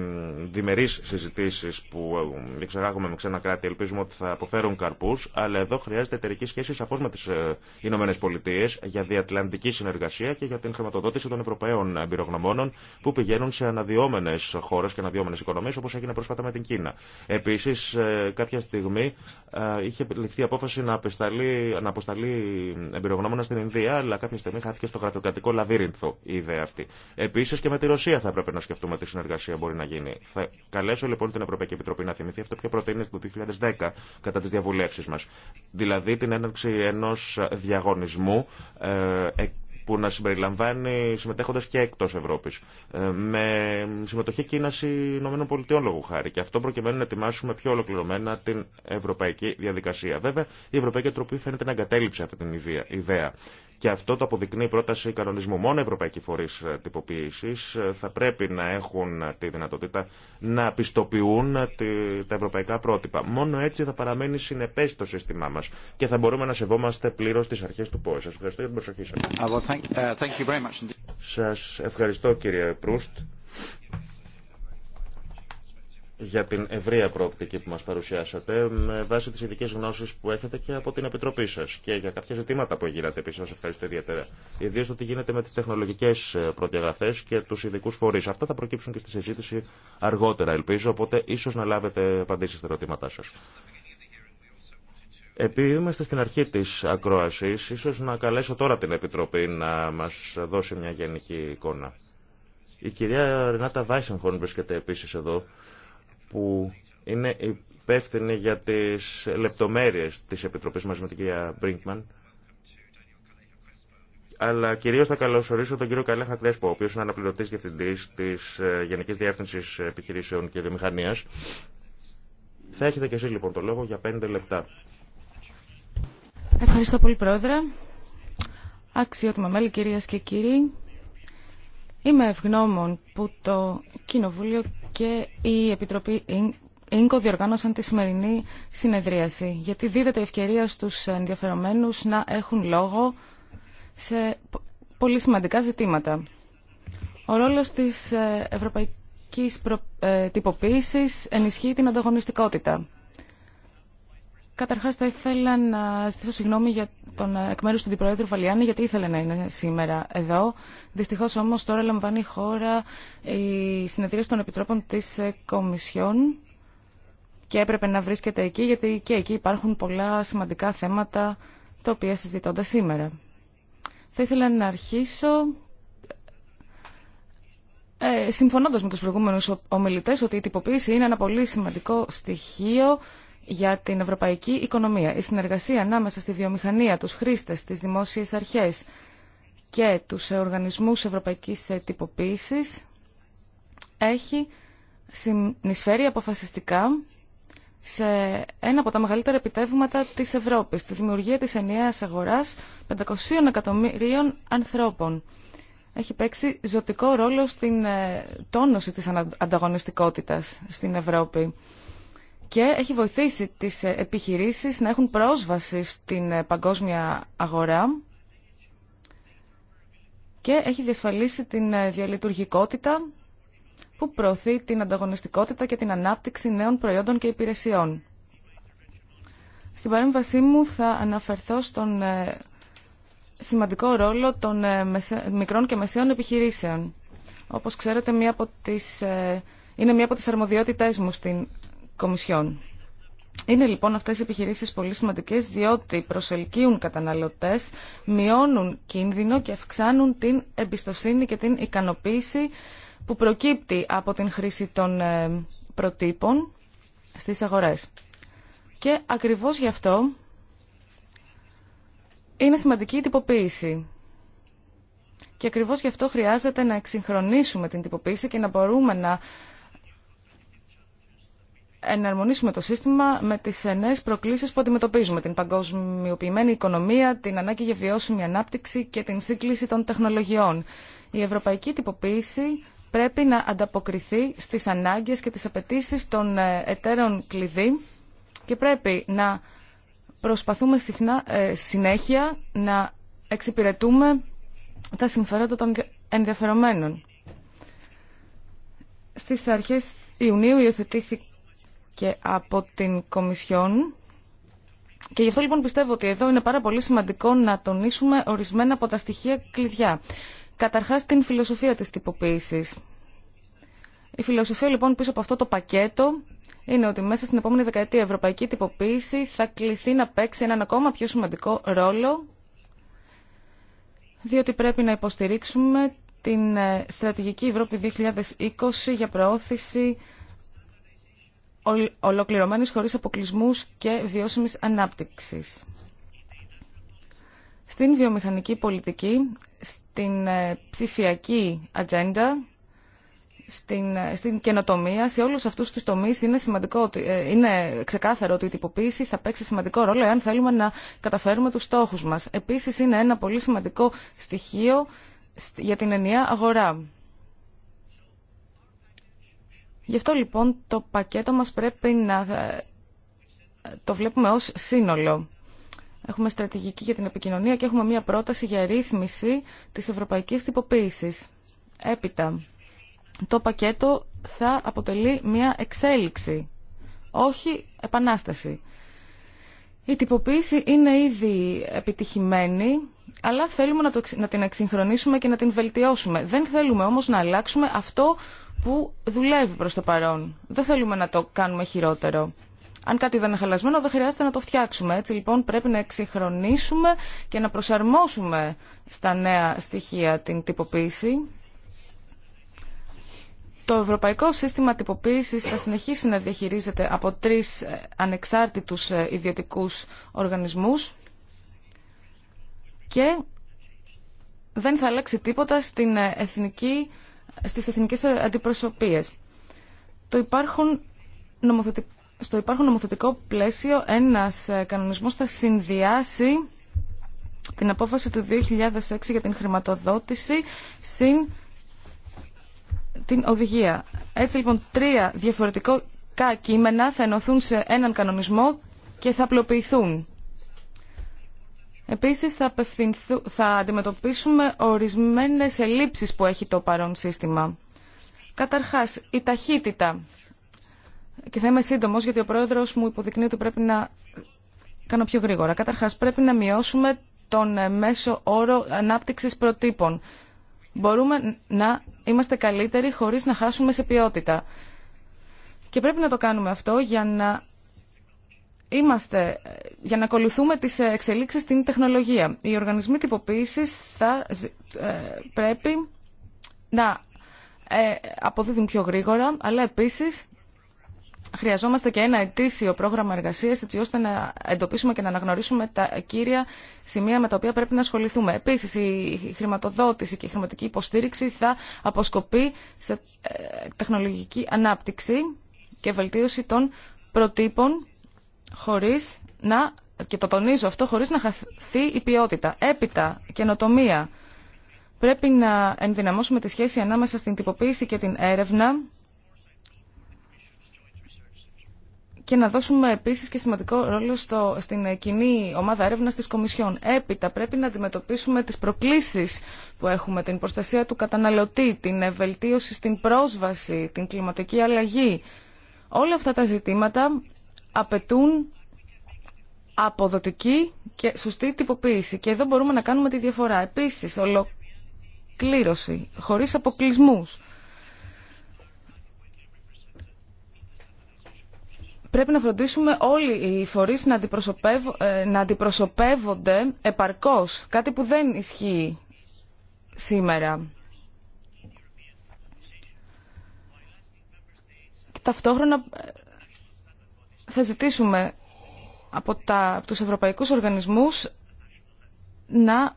διμερείς συζητήσεις που εξεγάγουμε με ξένα κράτη ελπίζουμε ότι θα αποφέρουν καρπούς, αλλά εδώ χρειάζεται εταιρική σχέση σαφώς με τις ε, Ηνωμένε Πολιτείε για διατλαντική συνεργασία και για την χρηματοδότηση των Ευρωπαίων εμπειρογνωμόνων που πηγαίνουν σε αναδυόμενες χώρες και αναδυόμενες οικονομίες όπως έγινε πρόσφατα με την Κίνα. Επίσης ε, κάποια στιγμή ε, είχε ληφθεί απόφαση να, να αποσταλεί εμπειρογνώμονα στην Ινδία, αλλά κάποια στιγμή χάθηκε στο γραφειοκρατικό λαβύρινθο η ιδέα αυτή. Επίση και με τη Ρωσία θα έπρεπε να σκεφτούμε τι συνεργασία μπορεί να γίνει. Θα καλέσω λοιπόν την Ευρωπαϊκή Επιτροπή να θυμηθεί αυτό που προτείνει το 2010 κατά τι διαβουλεύσει μα. Δηλαδή την έναρξη ενό διαγωνισμού ε, που να συμπεριλαμβάνει συμμετέχοντα και εκτό Ευρώπη. Ε, με συμμετοχή Κίνα ή Ηνωμένων Πολιτειών, λόγω χάρη. Και αυτό προκειμένου να ετοιμάσουμε πιο ολοκληρωμένα την ευρωπαϊκή διαδικασία. Βέβαια, η Ευρωπαϊκή Τροπή φαίνεται να εγκατέλειψε αυτή την ευρωπαικη διαδικασια βεβαια η ευρωπαικη επιτροπη φαινεται να εγκατελειψε αυτη την ιδεα και αυτό το αποδεικνύει η πρόταση κανονισμού. Μόνο οι ευρωπαϊκοί φορεί ε, τυποποίηση ε, θα πρέπει να έχουν ε, τη δυνατότητα να πιστοποιούν τα ευρωπαϊκά πρότυπα. Μόνο έτσι θα παραμένει συνεπέ το σύστημά μα και θα μπορούμε να σεβόμαστε πλήρω τι αρχέ του ΠΟΕ. Σα ευχαριστώ για την προσοχή σα. Uh, σα ευχαριστώ κύριε Προύστ για την ευρεία προοπτική που μας παρουσιάσατε με βάση τις ειδικές γνώσεις που έχετε και από την Επιτροπή σας και για κάποια ζητήματα που γίνατε επίσης σας ευχαριστώ ιδιαίτερα ιδίω το τι γίνεται με τις τεχνολογικές ε, προδιαγραφές και τους ειδικούς φορείς αυτά θα προκύψουν και στη συζήτηση αργότερα ελπίζω οπότε ίσως να λάβετε απαντήσεις στα ερωτήματά σας επειδή είμαστε στην αρχή της ακρόασης, ίσως να καλέσω τώρα την Επιτροπή να μας δώσει μια γενική εικόνα. Η κυρία Ρενάτα Βάισενχορν βρίσκεται επίσης εδώ που είναι υπεύθυνη για τις λεπτομέρειες της Επιτροπής μας με την κυρία Μπρίνκμαν. Αλλά κυρίω θα καλωσορίσω τον κύριο Καλέχα Κρέσπο, ο οποίο είναι αναπληρωτή διευθυντή τη ε, Γενική Διεύθυνση Επιχειρήσεων και Βιομηχανία. Θα έχετε και εσεί λοιπόν το λόγο για πέντε λεπτά. Ευχαριστώ πολύ, Πρόεδρε. Αξιότιμα μέλη, κυρίε και κύριοι. Είμαι ευγνώμων που το Κοινοβούλιο και η Επιτροπή ΙΝΚΟ διοργάνωσαν τη σημερινή συνεδρίαση, γιατί δίδεται ευκαιρία στους ενδιαφερομένους να έχουν λόγο σε πολύ σημαντικά ζητήματα. Ο ρόλος της ε, ευρωπαϊκής ε, τυποποίησης ενισχύει την ανταγωνιστικότητα. Καταρχάς θα ήθελα να ζητήσω συγγνώμη για τον ε, εκ μέρους του Αντιπροέδρου Βαλιάνη γιατί ήθελε να είναι σήμερα εδώ. Δυστυχώς όμως τώρα λαμβάνει η χώρα η συνεδρία των Επιτρόπων της ε, Κομισιόν και έπρεπε να βρίσκεται εκεί γιατί και εκεί υπάρχουν πολλά σημαντικά θέματα τα οποία συζητώνται σήμερα. Θα ήθελα να αρχίσω ε, συμφωνώντας με τους προηγούμενους ομιλητές ότι η τυποποίηση είναι ένα πολύ σημαντικό στοιχείο για την ευρωπαϊκή οικονομία. Η συνεργασία ανάμεσα στη βιομηχανία, τους χρήστες, τις δημόσιες αρχές και τους οργανισμούς ευρωπαϊκής τυποποίησης έχει συνεισφέρει αποφασιστικά σε ένα από τα μεγαλύτερα επιτεύγματα της Ευρώπης, τη δημιουργία της ενιαίας αγοράς 500 εκατομμυρίων ανθρώπων. Έχει παίξει ζωτικό ρόλο στην ε, τόνωση της ανταγωνιστικότητας στην Ευρώπη και έχει βοηθήσει τις ε, επιχειρήσεις να έχουν πρόσβαση στην ε, παγκόσμια αγορά και έχει διασφαλίσει την ε, διαλειτουργικότητα που προωθεί την ανταγωνιστικότητα και την ανάπτυξη νέων προϊόντων και υπηρεσιών. Στην παρέμβασή μου θα αναφερθώ στον σημαντικό ρόλο των μικρών και μεσαίων επιχειρήσεων. Όπως ξέρετε, μία από τις, είναι μία από τις αρμοδιότητές μου στην είναι λοιπόν αυτές οι επιχειρήσεις πολύ σημαντικέ διότι προσελκύουν καταναλωτές, μειώνουν κίνδυνο και αυξάνουν την εμπιστοσύνη και την ικανοποίηση που προκύπτει από την χρήση των ε, προτύπων στις αγορές. Και ακριβώς γι' αυτό είναι σημαντική η τυποποίηση. Και ακριβώς γι' αυτό χρειάζεται να εξυγχρονίσουμε την τυποποίηση και να μπορούμε να εναρμονίσουμε το σύστημα με τις νέε προκλήσεις που αντιμετωπίζουμε, την παγκοσμιοποιημένη οικονομία, την ανάγκη για βιώσιμη ανάπτυξη και την σύγκληση των τεχνολογιών. Η ευρωπαϊκή τυποποίηση πρέπει να ανταποκριθεί στις ανάγκες και τις απαιτήσεις των ε, εταίρων κλειδί και πρέπει να προσπαθούμε συχνά, ε, συνέχεια να εξυπηρετούμε τα συμφέροντα των ενδιαφερομένων. Στις αρχές Ιουνίου υιοθετήθηκε και από την Κομισιόν. Και γι' αυτό λοιπόν πιστεύω ότι εδώ είναι πάρα πολύ σημαντικό να τονίσουμε ορισμένα από τα στοιχεία κλειδιά. Καταρχάς την φιλοσοφία της τυποποίησης. Η φιλοσοφία λοιπόν πίσω από αυτό το πακέτο είναι ότι μέσα στην επόμενη δεκαετία η ευρωπαϊκή τυποποίηση θα κληθεί να παίξει έναν ακόμα πιο σημαντικό ρόλο διότι πρέπει να υποστηρίξουμε την ε, στρατηγική Ευρώπη 2020 για προώθηση ολοκληρωμένης χωρίς αποκλεισμούς και βιώσιμης ανάπτυξης. Στην βιομηχανική πολιτική, στην ε, ψηφιακή ατζέντα, στην, ε, στην καινοτομία, σε όλους αυτούς τους τομείς είναι, σημαντικό, ε, είναι ξεκάθαρο ότι η τυποποίηση θα παίξει σημαντικό ρόλο εάν θέλουμε να καταφέρουμε τους στόχους μας. Επίσης είναι ένα πολύ σημαντικό στοιχείο για την ενιαία αγορά. Γι' αυτό λοιπόν το πακέτο μας πρέπει να το βλέπουμε ως σύνολο. Έχουμε στρατηγική για την επικοινωνία και έχουμε μία πρόταση για ρύθμιση της ευρωπαϊκής τυποποίησης. Έπειτα, το πακέτο θα αποτελεί μία εξέλιξη, όχι επανάσταση. Η τυποποίηση είναι ήδη επιτυχημένη, αλλά θέλουμε να, το, να την εξυγχρονίσουμε και να την βελτιώσουμε. Δεν θέλουμε όμως να αλλάξουμε αυτό που δουλεύει προς το παρόν. Δεν θέλουμε να το κάνουμε χειρότερο. Αν κάτι δεν είναι χαλασμένο, δεν χρειάζεται να το φτιάξουμε. Έτσι λοιπόν πρέπει να εξυγχρονίσουμε και να προσαρμόσουμε στα νέα στοιχεία την τυποποίηση. Το Ευρωπαϊκό Σύστημα Τυποποίησης θα συνεχίσει να διαχειρίζεται από τρεις ε, ανεξάρτητους ε, ιδιωτικούς οργανισμούς και δεν θα αλλάξει τίποτα στην ε, εθνική στις εθνικές αντιπροσωπείες. Το υπάρχουν στο υπάρχον νομοθετικό πλαίσιο ένας ε, κανονισμός θα συνδυάσει την απόφαση του 2006 για την χρηματοδότηση συν την οδηγία. Έτσι λοιπόν τρία διαφορετικά κείμενα θα ενωθούν σε έναν κανονισμό και θα απλοποιηθούν. Επίσης θα, θα αντιμετωπίσουμε ορισμένες ελλείψεις που έχει το παρόν σύστημα. Καταρχάς, η ταχύτητα. Και θα είμαι σύντομος γιατί ο πρόεδρος μου υποδεικνύει ότι πρέπει να κάνω πιο γρήγορα. Καταρχάς, πρέπει να μειώσουμε τον ε, μέσο όρο ανάπτυξης προτύπων. Μπορούμε να είμαστε καλύτεροι χωρίς να χάσουμε σε ποιότητα. Και πρέπει να το κάνουμε αυτό για να είμαστε για να ακολουθούμε τις εξελίξεις στην τεχνολογία. Οι οργανισμοί τυποποίηση θα ε, πρέπει να ε, αποδίδουν πιο γρήγορα, αλλά επίση χρειαζόμαστε και ένα ετήσιο πρόγραμμα εργασία έτσι ώστε να εντοπίσουμε και να αναγνωρίσουμε τα κύρια σημεία με τα οποία πρέπει να ασχοληθούμε. Επίσης η χρηματοδότηση και η χρηματική υποστήριξη θα αποσκοπεί σε ε, τεχνολογική ανάπτυξη και βελτίωση των προτύπων χωρίς να, και το τονίζω αυτό, χωρίς να χαθεί η ποιότητα. Έπειτα, καινοτομία. Πρέπει να ενδυναμώσουμε τη σχέση ανάμεσα στην τυποποίηση και την έρευνα και να δώσουμε επίσης και σημαντικό ρόλο στο, στην κοινή ομάδα έρευνας της Κομισιόν. Έπειτα πρέπει να αντιμετωπίσουμε τις προκλήσεις που έχουμε, την προστασία του καταναλωτή, την ευελτίωση στην πρόσβαση, την κλιματική αλλαγή. Όλα αυτά τα ζητήματα απαιτούν αποδοτική και σωστή τυποποίηση και εδώ μπορούμε να κάνουμε τη διαφορά. Επίσης, ολοκλήρωση, χωρίς αποκλεισμούς. Πρέπει να φροντίσουμε όλοι οι φορείς να, αντιπροσωπευ... Ε, να αντιπροσωπεύονται επαρκώς, κάτι που δεν ισχύει σήμερα. ταυτόχρονα ε, θα ζητήσουμε από, τα, τους ευρωπαϊκούς οργανισμούς να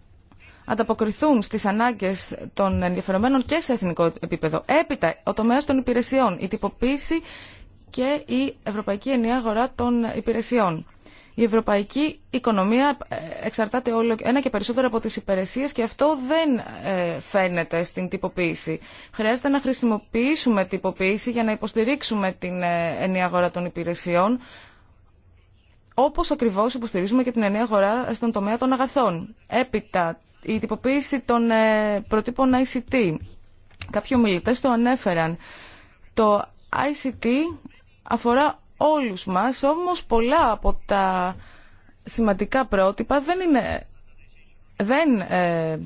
ανταποκριθούν στις ανάγκες των ενδιαφερομένων και σε εθνικό επίπεδο. Έπειτα, ο τομέας των υπηρεσιών, η τυποποίηση και η Ευρωπαϊκή Ενιαία Αγορά των Υπηρεσιών. Η ευρωπαϊκή οικονομία ε, εξαρτάται όλο ένα και περισσότερο από τις υπηρεσίες και αυτό δεν ε, φαίνεται στην τυποποίηση. Χρειάζεται να χρησιμοποιήσουμε τυποποίηση για να υποστηρίξουμε την ε, ενιαία αγορά των υπηρεσιών, όπως ακριβώς υποστηρίζουμε και την ενιαία αγορά στον τομέα των αγαθών. Έπειτα, η τυποποίηση των προτύπων ICT. Κάποιοι ομιλητές το ανέφεραν. Το ICT αφορά όλους μας, όμως πολλά από τα σημαντικά πρότυπα δεν, είναι, δεν ε,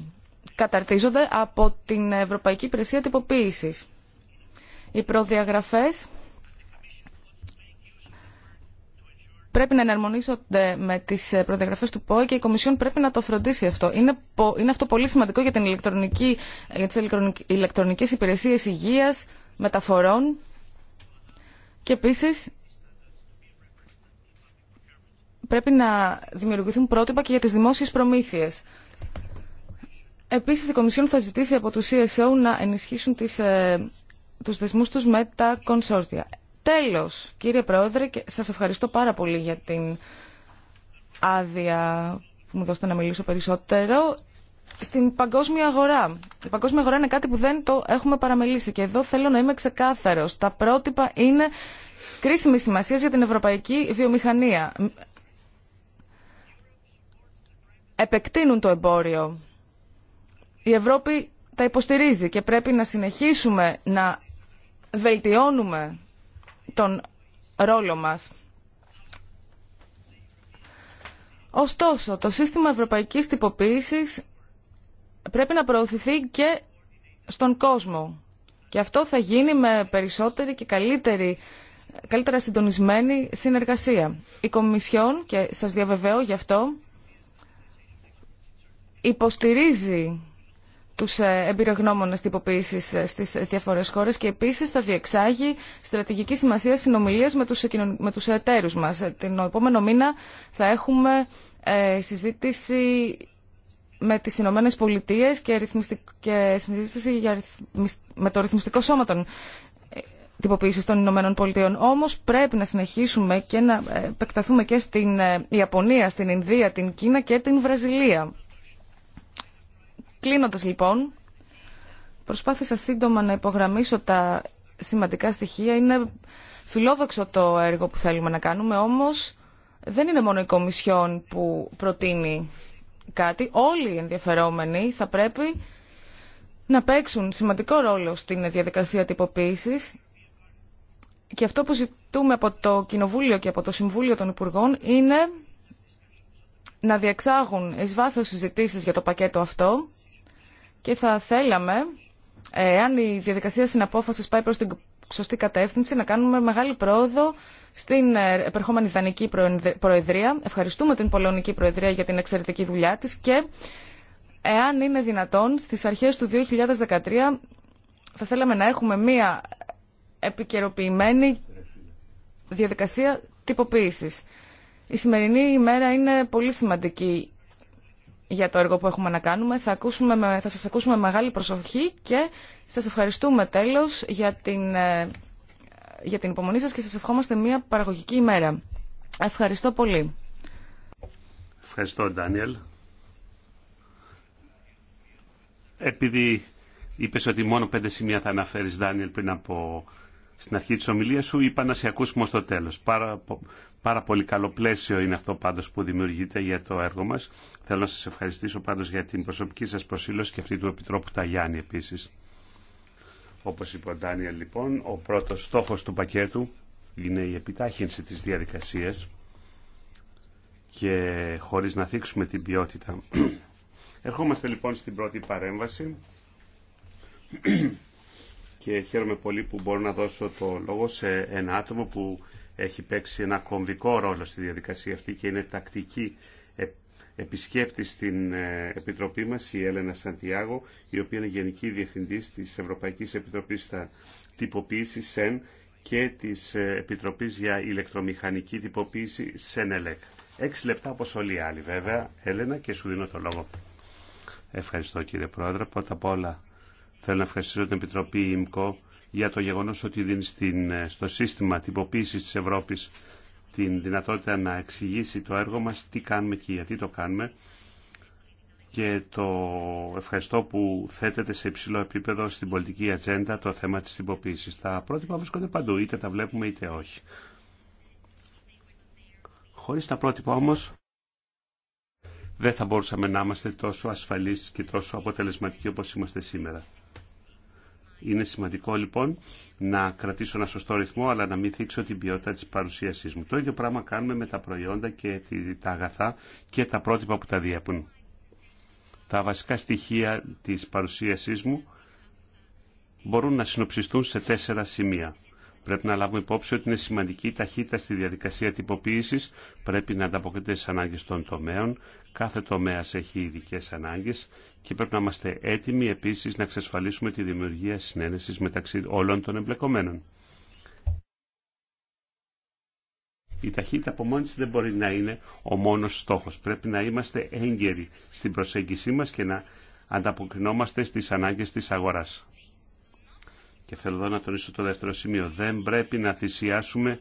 καταρτίζονται από την Ευρωπαϊκή Υπηρεσία Τυποποίησης. Οι προδιαγραφές πρέπει να εναρμονίζονται με τις προδιαγραφές του ΠΟΕ και η Κομισιόν πρέπει να το φροντίσει αυτό. Είναι, είναι αυτό πολύ σημαντικό για, την ηλεκτρονική, για τις ηλεκτρονικές υπηρεσίες υγείας, μεταφορών και επίσης πρέπει να δημιουργηθούν πρότυπα και για τις δημόσιες προμήθειες. Επίσης, η Κομισιόν θα ζητήσει από τους CSO να ενισχύσουν τις, ε, τους δεσμούς τους με τα κονσόρτια. Τέλος, κύριε Πρόεδρε, και σας ευχαριστώ πάρα πολύ για την άδεια που μου δώσετε να μιλήσω περισσότερο. Στην παγκόσμια αγορά. Η παγκόσμια αγορά είναι κάτι που δεν το έχουμε παραμελήσει και εδώ θέλω να είμαι ξεκάθαρος. Τα πρότυπα είναι κρίσιμη σημασία για την ευρωπαϊκή βιομηχανία επεκτείνουν το εμπόριο. Η Ευρώπη τα υποστηρίζει και πρέπει να συνεχίσουμε να βελτιώνουμε τον ρόλο μας. Ωστόσο, το σύστημα ευρωπαϊκής τυποποίησης πρέπει να προωθηθεί και στον κόσμο. Και αυτό θα γίνει με περισσότερη και καλύτερη, καλύτερα συντονισμένη συνεργασία. Η Κομισιόν, και σας διαβεβαιώ γι' αυτό, υποστηρίζει τους ε, εμπειρογνώμονες τυποποίησης ε, στις διαφορές χώρες και επίσης θα διεξάγει στρατηγική σημασία συνομιλίες με τους, ε, με τους εταίρους μας. Την επόμενο μήνα θα έχουμε συζήτηση με τις Ηνωμένε Πολιτείε και, και συζήτηση με το ρυθμιστικό σώμα των τυποποίηση των Ηνωμένων Πολιτειών. Όμω πρέπει να συνεχίσουμε και να επεκταθούμε και στην Ιαπωνία, στην Ινδία, την Κίνα και την Βραζιλία. Κλείνοντα λοιπόν, προσπάθησα σύντομα να υπογραμμίσω τα σημαντικά στοιχεία. Είναι φιλόδοξο το έργο που θέλουμε να κάνουμε, όμως δεν είναι μόνο η Κομισιόν που προτείνει κάτι. Όλοι οι ενδιαφερόμενοι θα πρέπει να παίξουν σημαντικό ρόλο στην διαδικασία τυποποίησης και αυτό που ζητούμε από το Κοινοβούλιο και από το Συμβούλιο των Υπουργών είναι να διεξάγουν εις βάθος συζητήσεις για το πακέτο αυτό και θα θέλαμε, εάν η διαδικασία συναπόφασης πάει προς την σωστή κατεύθυνση, να κάνουμε μεγάλη πρόοδο στην ε, επερχόμενη Δανική Προεδρία. Ευχαριστούμε την Πολωνική Προεδρία για την εξαιρετική δουλειά της και εάν είναι δυνατόν στις αρχές του 2013 θα θέλαμε να έχουμε μία επικαιροποιημένη διαδικασία τυποποίησης. Η σημερινή ημέρα είναι πολύ σημαντική για το έργο που έχουμε να κάνουμε. Θα, ακούσουμε, θα σας ακούσουμε με μεγάλη προσοχή και σας ευχαριστούμε τέλος για την, ε, για την υπομονή σας και σας ευχόμαστε μια παραγωγική ημέρα. Ευχαριστώ πολύ. Ευχαριστώ, Ντάνιελ. Επειδή είπες ότι μόνο πέντε σημεία θα αναφέρεις, Ντάνιελ, πριν από στην αρχή της ομιλίας σου, είπα να σε ακούσουμε στο τέλος. Πάρα, πολύ καλό πλαίσιο είναι αυτό πάντως που δημιουργείται για το έργο μας. Θέλω να σας ευχαριστήσω πάντως για την προσωπική σας προσήλωση και αυτή του Επιτρόπου Ταγιάννη επίσης. Όπως είπε ο Ντάνιελ λοιπόν, ο πρώτος στόχος του πακέτου είναι η επιτάχυνση της διαδικασίας και χωρίς να θίξουμε την ποιότητα. Ερχόμαστε λοιπόν στην πρώτη παρέμβαση και χαίρομαι πολύ που μπορώ να δώσω το λόγο σε ένα άτομο που έχει παίξει ένα κομβικό ρόλο στη διαδικασία αυτή και είναι τακτική επισκέπτη στην ε, Επιτροπή μας η Έλενα Σαντιάγο, η οποία είναι Γενική Διευθυντής της Ευρωπαϊκής Επιτροπής στα Τυποποίηση ΣΕΝ και της ε, Επιτροπής για Ηλεκτρομηχανική Τυποποίηση ΣΕΝΕΛΕΚ. Έξι λεπτά όπως όλοι οι άλλοι βέβαια. Έλενα και σου δίνω το λόγο. Ευχαριστώ κύριε Πρόεδρε. Πρώτα απ' όλα Θέλω να ευχαριστήσω την Επιτροπή ΙΜΚΟ για το γεγονό ότι δίνει στην, ε, στο σύστημα τυποποίηση τη Ευρώπη, την δυνατότητα να εξηγήσει το έργο μα, τι κάνουμε και γιατί το κάνουμε και το ευχαριστώ που θέτεται σε υψηλό επίπεδο στην πολιτική ατζέντα το θέμα τη τυποποίηση. Τα πρότυπα βρίσκονται παντού, είτε τα βλέπουμε είτε όχι. Χωρί τα πρότυπα όμω, δεν θα μπορούσαμε να είμαστε τόσο ασφαλείς και τόσο αποτελεσματικοί όπως είμαστε σήμερα. Είναι σημαντικό λοιπόν να κρατήσω ένα σωστό ρυθμό αλλά να μην θίξω την ποιότητα της παρουσίασής μου. Το ίδιο πράγμα κάνουμε με τα προϊόντα και τα αγαθά και τα πρότυπα που τα διέπουν. Τα βασικά στοιχεία της παρουσίασής μου μπορούν να συνοψιστούν σε τέσσερα σημεία. Πρέπει να λάβουμε υπόψη ότι είναι σημαντική η ταχύτητα στη διαδικασία τυποποίηση, πρέπει να ανταποκριθεί στι ανάγκε των τομέων, Κάθε τομέα έχει ειδικέ ανάγκες και πρέπει να είμαστε έτοιμοι επίσης να εξασφαλίσουμε τη δημιουργία συνένεση μεταξύ όλων των εμπλεκομένων. Η ταχύτητα από μόνη δεν μπορεί να είναι ο μόνος στόχος. Πρέπει να είμαστε έγκαιροι στην προσέγγισή μας και να ανταποκρινόμαστε στις ανάγκε τη αγορά. Και θέλω εδώ να τονίσω το δεύτερο σημείο. Δεν πρέπει να θυσιάσουμε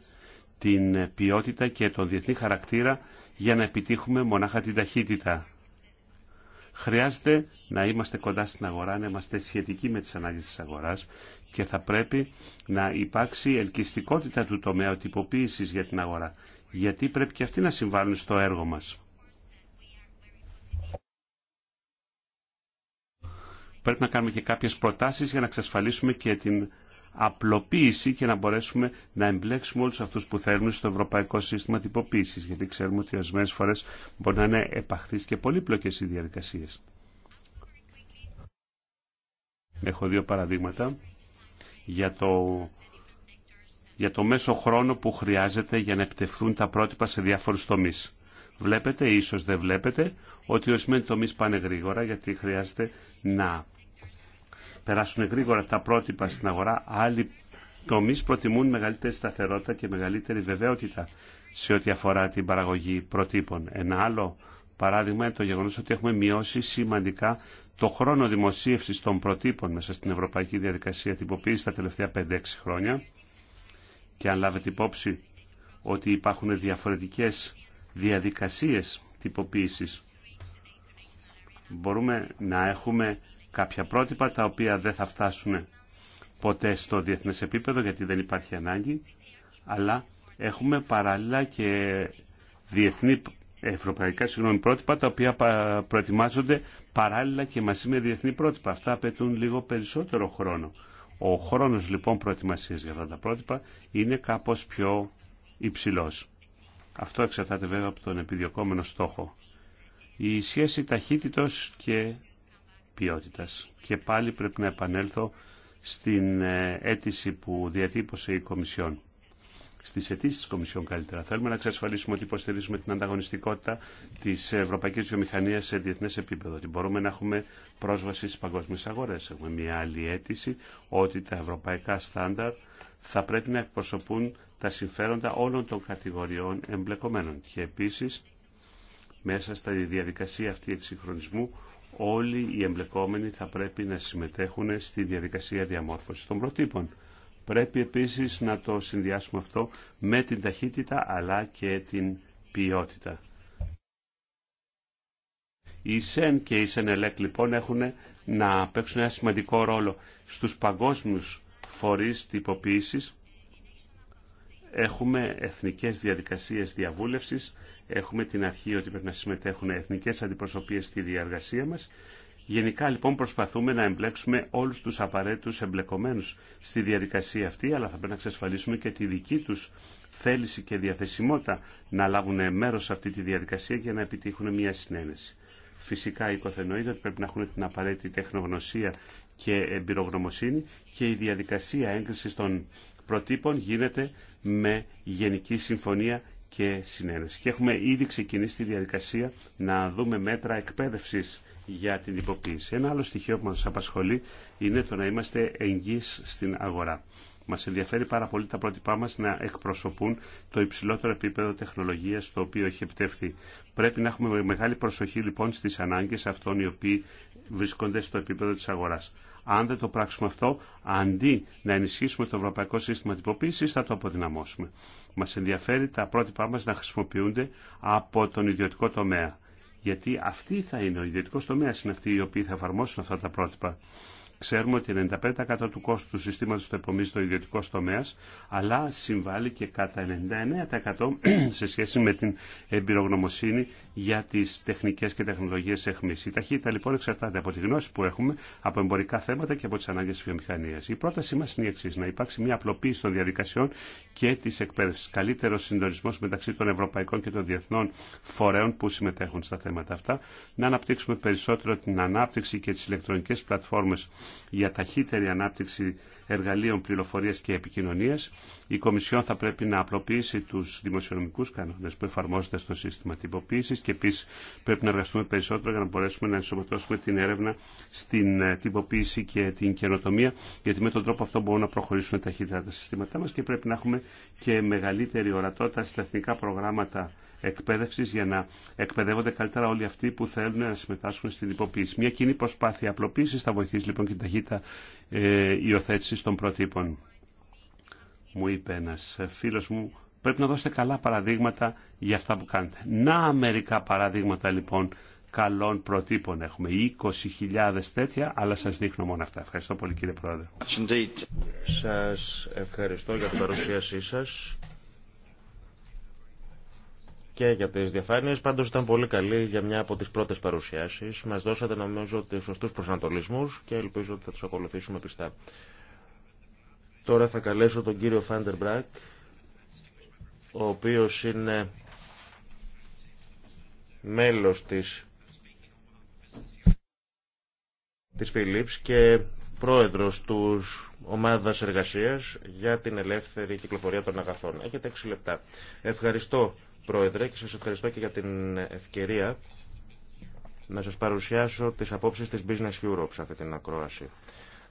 την ποιότητα και τον διεθνή χαρακτήρα για να επιτύχουμε μονάχα την ταχύτητα. Χρειάζεται να είμαστε κοντά στην αγορά, να είμαστε σχετικοί με τις ανάγκες της αγοράς και θα πρέπει να υπάρξει ελκυστικότητα του τομέα τυποποίησης για την αγορά, γιατί πρέπει και αυτή να συμβάλλουν στο έργο μας. Πρέπει να κάνουμε και κάποιες προτάσεις για να εξασφαλίσουμε και την απλοποίηση και να μπορέσουμε να εμπλέξουμε όλους αυτούς που θέλουν στο ευρωπαϊκό σύστημα τυποποίησης, γιατί ξέρουμε ότι ορισμένε φορές μπορεί να είναι επαχθείς και πολύπλοκες οι διαδικασίες. Έχω δύο παραδείγματα για το, για το μέσο χρόνο που χρειάζεται για να επιτευχθούν τα πρότυπα σε διάφορους τομείς. Βλέπετε, ίσως δεν βλέπετε, ότι ορισμένοι τομείς πάνε γρήγορα γιατί χρειάζεται να περάσουν γρήγορα τα πρότυπα στην αγορά, άλλοι τομείς προτιμούν μεγαλύτερη σταθερότητα και μεγαλύτερη βεβαιότητα σε ό,τι αφορά την παραγωγή προτύπων. Ένα άλλο παράδειγμα είναι το γεγονός ότι έχουμε μειώσει σημαντικά το χρόνο δημοσίευσης των προτύπων μέσα στην ευρωπαϊκή διαδικασία τυποποίηση τα τελευταία 5-6 χρόνια και αν λάβετε υπόψη ότι υπάρχουν διαφορετικές διαδικασίες τυποποίηση μπορούμε να έχουμε κάποια πρότυπα τα οποία δεν θα φτάσουν ποτέ στο διεθνές επίπεδο γιατί δεν υπάρχει ανάγκη, αλλά έχουμε παράλληλα και διεθνή ευρωπαϊκά συγγνώμη, πρότυπα τα οποία προετοιμάζονται παράλληλα και μαζί με διεθνή πρότυπα. Αυτά απαιτούν λίγο περισσότερο χρόνο. Ο χρόνος λοιπόν προετοιμασίας για αυτά τα πρότυπα είναι κάπως πιο υψηλός. Αυτό εξαρτάται βέβαια από τον επιδιωκόμενο στόχο. Η σχέση ταχύτητος και ποιότητας. Και πάλι πρέπει να επανέλθω στην ε, αίτηση που διατύπωσε η Κομισιόν. Στι αιτήσει τη Κομισιόν, καλύτερα. Θέλουμε να εξασφαλίσουμε ότι υποστηρίζουμε την ανταγωνιστικότητα τη ευρωπαϊκή βιομηχανία σε διεθνέ επίπεδο. Ότι μπορούμε να έχουμε πρόσβαση στι παγκόσμιε αγορέ. Έχουμε μια άλλη αίτηση ότι τα ευρωπαϊκά στάνταρ θα πρέπει να εκπροσωπούν τα συμφέροντα όλων των κατηγοριών εμπλεκομένων. Και επίση, μέσα στη διαδικασία αυτή εξυγχρονισμού, όλοι οι εμπλεκόμενοι θα πρέπει να συμμετέχουν στη διαδικασία διαμόρφωσης των προτύπων. Πρέπει επίσης να το συνδυάσουμε αυτό με την ταχύτητα αλλά και την ποιότητα. Οι ΣΕΝ και οι ΣΕΝΕΛΕΚ λοιπόν έχουν να παίξουν ένα σημαντικό ρόλο στους παγκόσμιους φορείς τυποποίησης. Έχουμε εθνικές διαδικασίες διαβούλευσης Έχουμε την αρχή ότι πρέπει να συμμετέχουν εθνικές αντιπροσωπείες στη διαργασία μας. Γενικά λοιπόν προσπαθούμε να εμπλέξουμε όλους τους απαραίτητους εμπλεκομένους στη διαδικασία αυτή, αλλά θα πρέπει να εξασφαλίσουμε και τη δική τους θέληση και διαθεσιμότητα να λάβουν μέρος σε αυτή τη διαδικασία για να επιτύχουν μια συνένεση. Φυσικά υποθενοείται ότι πρέπει να έχουν την απαραίτητη τεχνογνωσία και εμπειρογνωμοσύνη και η διαδικασία έγκρισης των προτύπων γίνεται με γενική συμφωνία και συνένεση. Και έχουμε ήδη ξεκινήσει τη διαδικασία να δούμε μέτρα εκπαίδευση για την υποποίηση. Ένα άλλο στοιχείο που μα απασχολεί είναι το να είμαστε εγγύ στην αγορά. Μα ενδιαφέρει πάρα πολύ τα πρότυπά μα να εκπροσωπούν το υψηλότερο επίπεδο τεχνολογία το οποίο έχει επιτευχθεί. Πρέπει να έχουμε μεγάλη προσοχή λοιπόν στι ανάγκε αυτών οι οποίοι βρίσκονται στο επίπεδο τη αγορά. Αν δεν το πράξουμε αυτό, αντί να ενισχύσουμε το ευρωπαϊκό σύστημα τυποποίηση, θα το αποδυναμώσουμε. Μας ενδιαφέρει τα πρότυπά μας να χρησιμοποιούνται από τον ιδιωτικό τομέα. Γιατί αυτοί θα είναι, ο ιδιωτικό τομέα είναι αυτοί οι οποίοι θα εφαρμόσουν αυτά τα πρότυπα. Ξέρουμε ότι 95% του κόστου του συστήματο το επομίζει το ιδιωτικό τομέα, αλλά συμβάλλει και κατά 99% (clears throat) σε σχέση με την εμπειρογνωμοσύνη για τι τεχνικέ και τεχνολογίε εχμής. Η ταχύτητα λοιπόν εξαρτάται από τη γνώση που έχουμε, από εμπορικά θέματα και από τι ανάγκε τη βιομηχανία. Η πρότασή μα είναι η εξή, να υπάρξει μια απλοποίηση των διαδικασιών και τη εκπαίδευση καλύτερο συντονισμό μεταξύ των ευρωπαϊκών και των διεθνών φορέων που συμμετέχουν στα θέματα αυτά, να αναπτύξουμε περισσότερο την ανάπτυξη και τι ηλεκτρονικέ πλατφόρμες για ταχύτερη ανάπτυξη εργαλείων πληροφορίας και επικοινωνίας, η Κομισιόν θα πρέπει να απλοποιήσει τους δημοσιονομικούς κανόνες που εφαρμόζονται στο σύστημα τυποποίησης και επίσης πρέπει να εργαστούμε περισσότερο για να μπορέσουμε να ενσωματώσουμε την έρευνα στην ε, τυποποίηση και την καινοτομία, γιατί με τον τρόπο αυτό μπορούν να προχωρήσουμε ταχύτερα τα συστήματά μας και πρέπει να έχουμε και μεγαλύτερη ορατότητα στα εθνικά προγράμματα Εκπαίδευση για να εκπαιδεύονται καλύτερα όλοι αυτοί που θέλουν να συμμετάσχουν στην υποποίηση. Μια κοινή προσπάθεια απλοποίηση θα βοηθήσει λοιπόν και την ταχύτητα ε, υιοθέτηση των προτύπων. Μου είπε ένα φίλο μου, πρέπει να δώσετε καλά παραδείγματα για αυτά που κάνετε. Να μερικά παραδείγματα λοιπόν καλών προτύπων. Έχουμε 20.000 τέτοια, αλλά σας δείχνω μόνο αυτά. Ευχαριστώ πολύ κύριε Πρόεδρε. Σας ευχαριστώ για την παρουσίασή σας και για τις διαφάνειες. Πάντως ήταν πολύ καλή για μια από τις πρώτες παρουσιάσεις. Μας δώσατε νομίζω του σωστού προσανατολισμούς και ελπίζω ότι θα τους ακολουθήσουμε πιστά. Τώρα θα καλέσω τον κύριο Φάντερ Μπρακ, ο οποίος είναι μέλος της, της Philips και πρόεδρος του ομάδας εργασίας για την ελεύθερη κυκλοφορία των αγαθών. Έχετε 6 λεπτά. Ευχαριστώ Πρόεδρε, και σας ευχαριστώ και για την ευκαιρία να σας παρουσιάσω τις απόψεις της Business Europe σε αυτή την ακρόαση.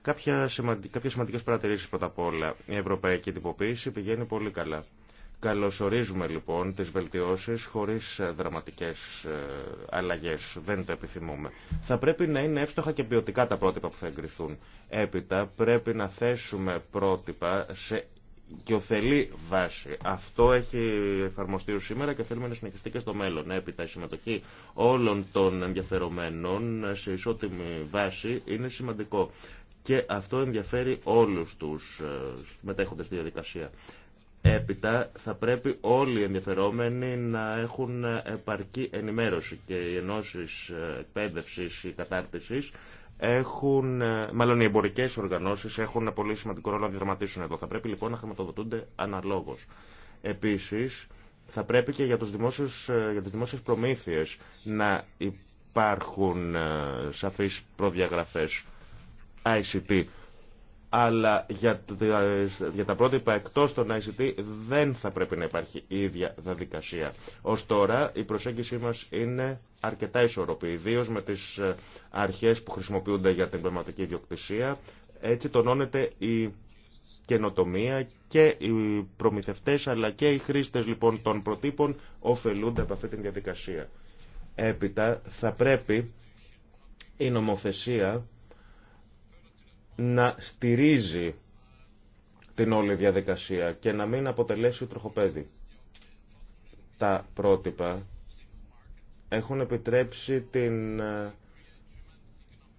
Κάποια σημαντικέ Κάποιες σημαντικές παρατηρήσεις πρώτα απ' όλα. Η ευρωπαϊκή τυποποίηση πηγαίνει πολύ καλά. Καλωσορίζουμε λοιπόν τις βελτιώσεις χωρίς δραματικές ε, αλλαγές. Δεν το επιθυμούμε. Θα πρέπει να είναι εύστοχα και ποιοτικά τα πρότυπα που θα εγκριθούν. Έπειτα πρέπει να θέσουμε πρότυπα σε και ωφελεί βάση. Αυτό έχει εφαρμοστεί σήμερα και θέλουμε να συνεχιστεί και στο μέλλον. Έπειτα η συμμετοχή όλων των ενδιαφερομένων σε ισότιμη βάση είναι σημαντικό. Και αυτό ενδιαφέρει όλους τους ε, μετέχοντες στη διαδικασία. Έπειτα θα πρέπει όλοι οι ενδιαφερόμενοι να έχουν επαρκή ενημέρωση και οι ενώσεις ε, εκπαίδευση ή κατάρτισης έχουν, ε, μάλλον οι εμπορικέ οργανώσει έχουν ένα πολύ σημαντικό ρόλο να διαδραματίσουν εδώ. Θα πρέπει λοιπόν να χρηματοδοτούνται αναλόγω. Επίση, θα πρέπει και για, τους δημόσιους, ε, για τις δημόσιες προμήθειες να υπάρχουν ε, σαφείς προδιαγραφές ICT. Αλλά για, τα πρότυπα εκτός των ICT δεν θα πρέπει να υπάρχει η ίδια διαδικασία. Ως τώρα η προσέγγιση μας είναι αρκετά ισορροπή, ιδίω με τι ε, αρχές που χρησιμοποιούνται για την πνευματική ιδιοκτησία. Έτσι τονώνεται η καινοτομία και οι προμηθευτέ, αλλά και οι χρήστε λοιπόν των προτύπων ωφελούνται από αυτή τη διαδικασία. Έπειτα θα πρέπει η νομοθεσία να στηρίζει την όλη διαδικασία και να μην αποτελέσει τροχοπέδι. Τα πρότυπα έχουν επιτρέψει την ε,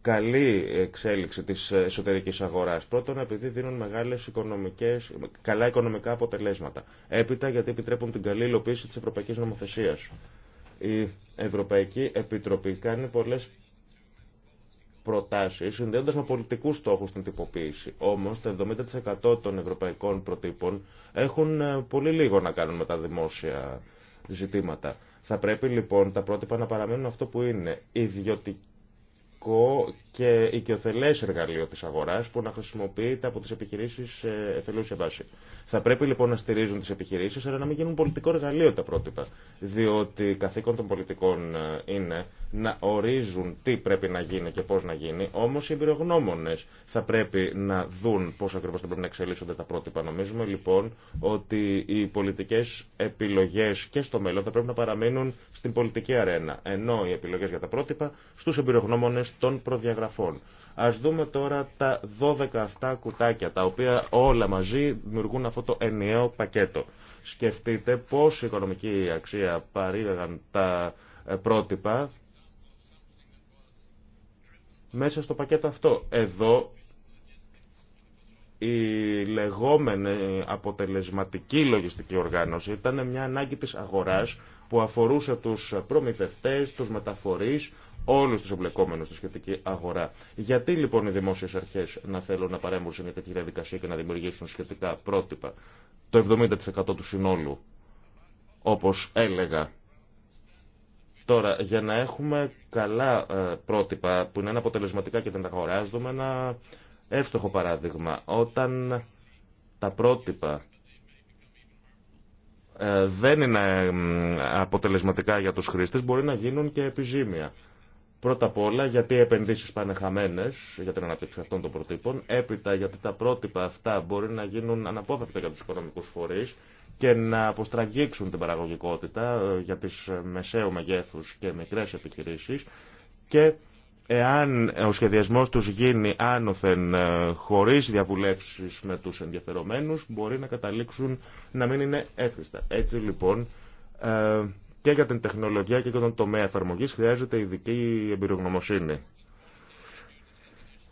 καλή εξέλιξη της εσωτερικής αγοράς. Πρώτον, επειδή δίνουν μεγάλες οικονομικές, καλά οικονομικά αποτελέσματα. Έπειτα, γιατί επιτρέπουν την καλή υλοποίηση της ευρωπαϊκής νομοθεσίας. Η Ευρωπαϊκή Επιτροπή κάνει πολλές προτάσεις συνδέοντας με πολιτικούς στόχους την τυποποίηση. Όμως, το 70% των ευρωπαϊκών προτύπων έχουν ε, πολύ λίγο να κάνουν με τα δημόσια ζητήματα. Θα πρέπει λοιπόν τα πρότυπα να παραμένουν αυτό που είναι. Ιδιωτική σημαντικό και οικειοθελέ εργαλείο τη αγορά που να χρησιμοποιείται από τι επιχειρήσει σε βάση. Θα πρέπει λοιπόν να στηρίζουν τι επιχειρήσει, αλλά να μην γίνουν πολιτικό εργαλείο τα πρότυπα. Διότι καθήκον των πολιτικών ε, είναι να ορίζουν τι πρέπει να γίνει και πώ να γίνει, όμω οι εμπειρογνώμονε θα πρέπει να δουν πώ ακριβώ θα πρέπει να εξελίσσονται τα πρότυπα. Νομίζουμε λοιπόν ότι οι πολιτικέ επιλογέ και στο μέλλον θα πρέπει να παραμείνουν στην πολιτική αρένα, ενώ οι επιλογέ για τα πρότυπα στου εμπειρογνώμονε των προδιαγραφών. Ας δούμε τώρα τα 12 αυτά κουτάκια, τα οποία όλα μαζί δημιουργούν αυτό το ενιαίο πακέτο. Σκεφτείτε πόση οικονομική αξία παρήγαγαν τα ε, πρότυπα μέσα στο πακέτο αυτό. Εδώ η λεγόμενη αποτελεσματική λογιστική οργάνωση ήταν μια ανάγκη της αγοράς που αφορούσε τους προμηθευτές, τους μεταφορείς, όλου του εμπλεκόμενου στη σχετική αγορά. Γιατί λοιπόν οι δημόσιε αρχέ να θέλουν να παρέμβουν σε μια τέτοια διαδικασία και να δημιουργήσουν σχετικά πρότυπα το 70% του συνόλου, όπω έλεγα. Τώρα, για να έχουμε καλά ε, πρότυπα που είναι αποτελεσματικά και δεν τα αγοράζουμε, ένα εύστοχο παράδειγμα. Όταν τα πρότυπα ε, δεν είναι αποτελεσματικά για τους χρήστες, μπορεί να γίνουν και επιζήμια. Πρώτα απ' όλα γιατί οι επενδύσει πάνε χαμένε για την αναπτύξη αυτών των προτύπων. Έπειτα γιατί τα πρότυπα αυτά μπορεί να γίνουν αναπόφευκτα για του οικονομικού φορεί και να αποστραγγίξουν την παραγωγικότητα ε, για τι ε, μεσαίου μεγέθου και μικρέ επιχειρήσει. Και εάν ε, ο σχεδιασμό του γίνει άνωθεν χωρί διαβουλεύσει με του ενδιαφερομένου, μπορεί να καταλήξουν να μην είναι έχρηστα. Έτσι λοιπόν και για την τεχνολογία και για τον τομέα εφαρμογής χρειάζεται ειδική εμπειρογνωμοσύνη.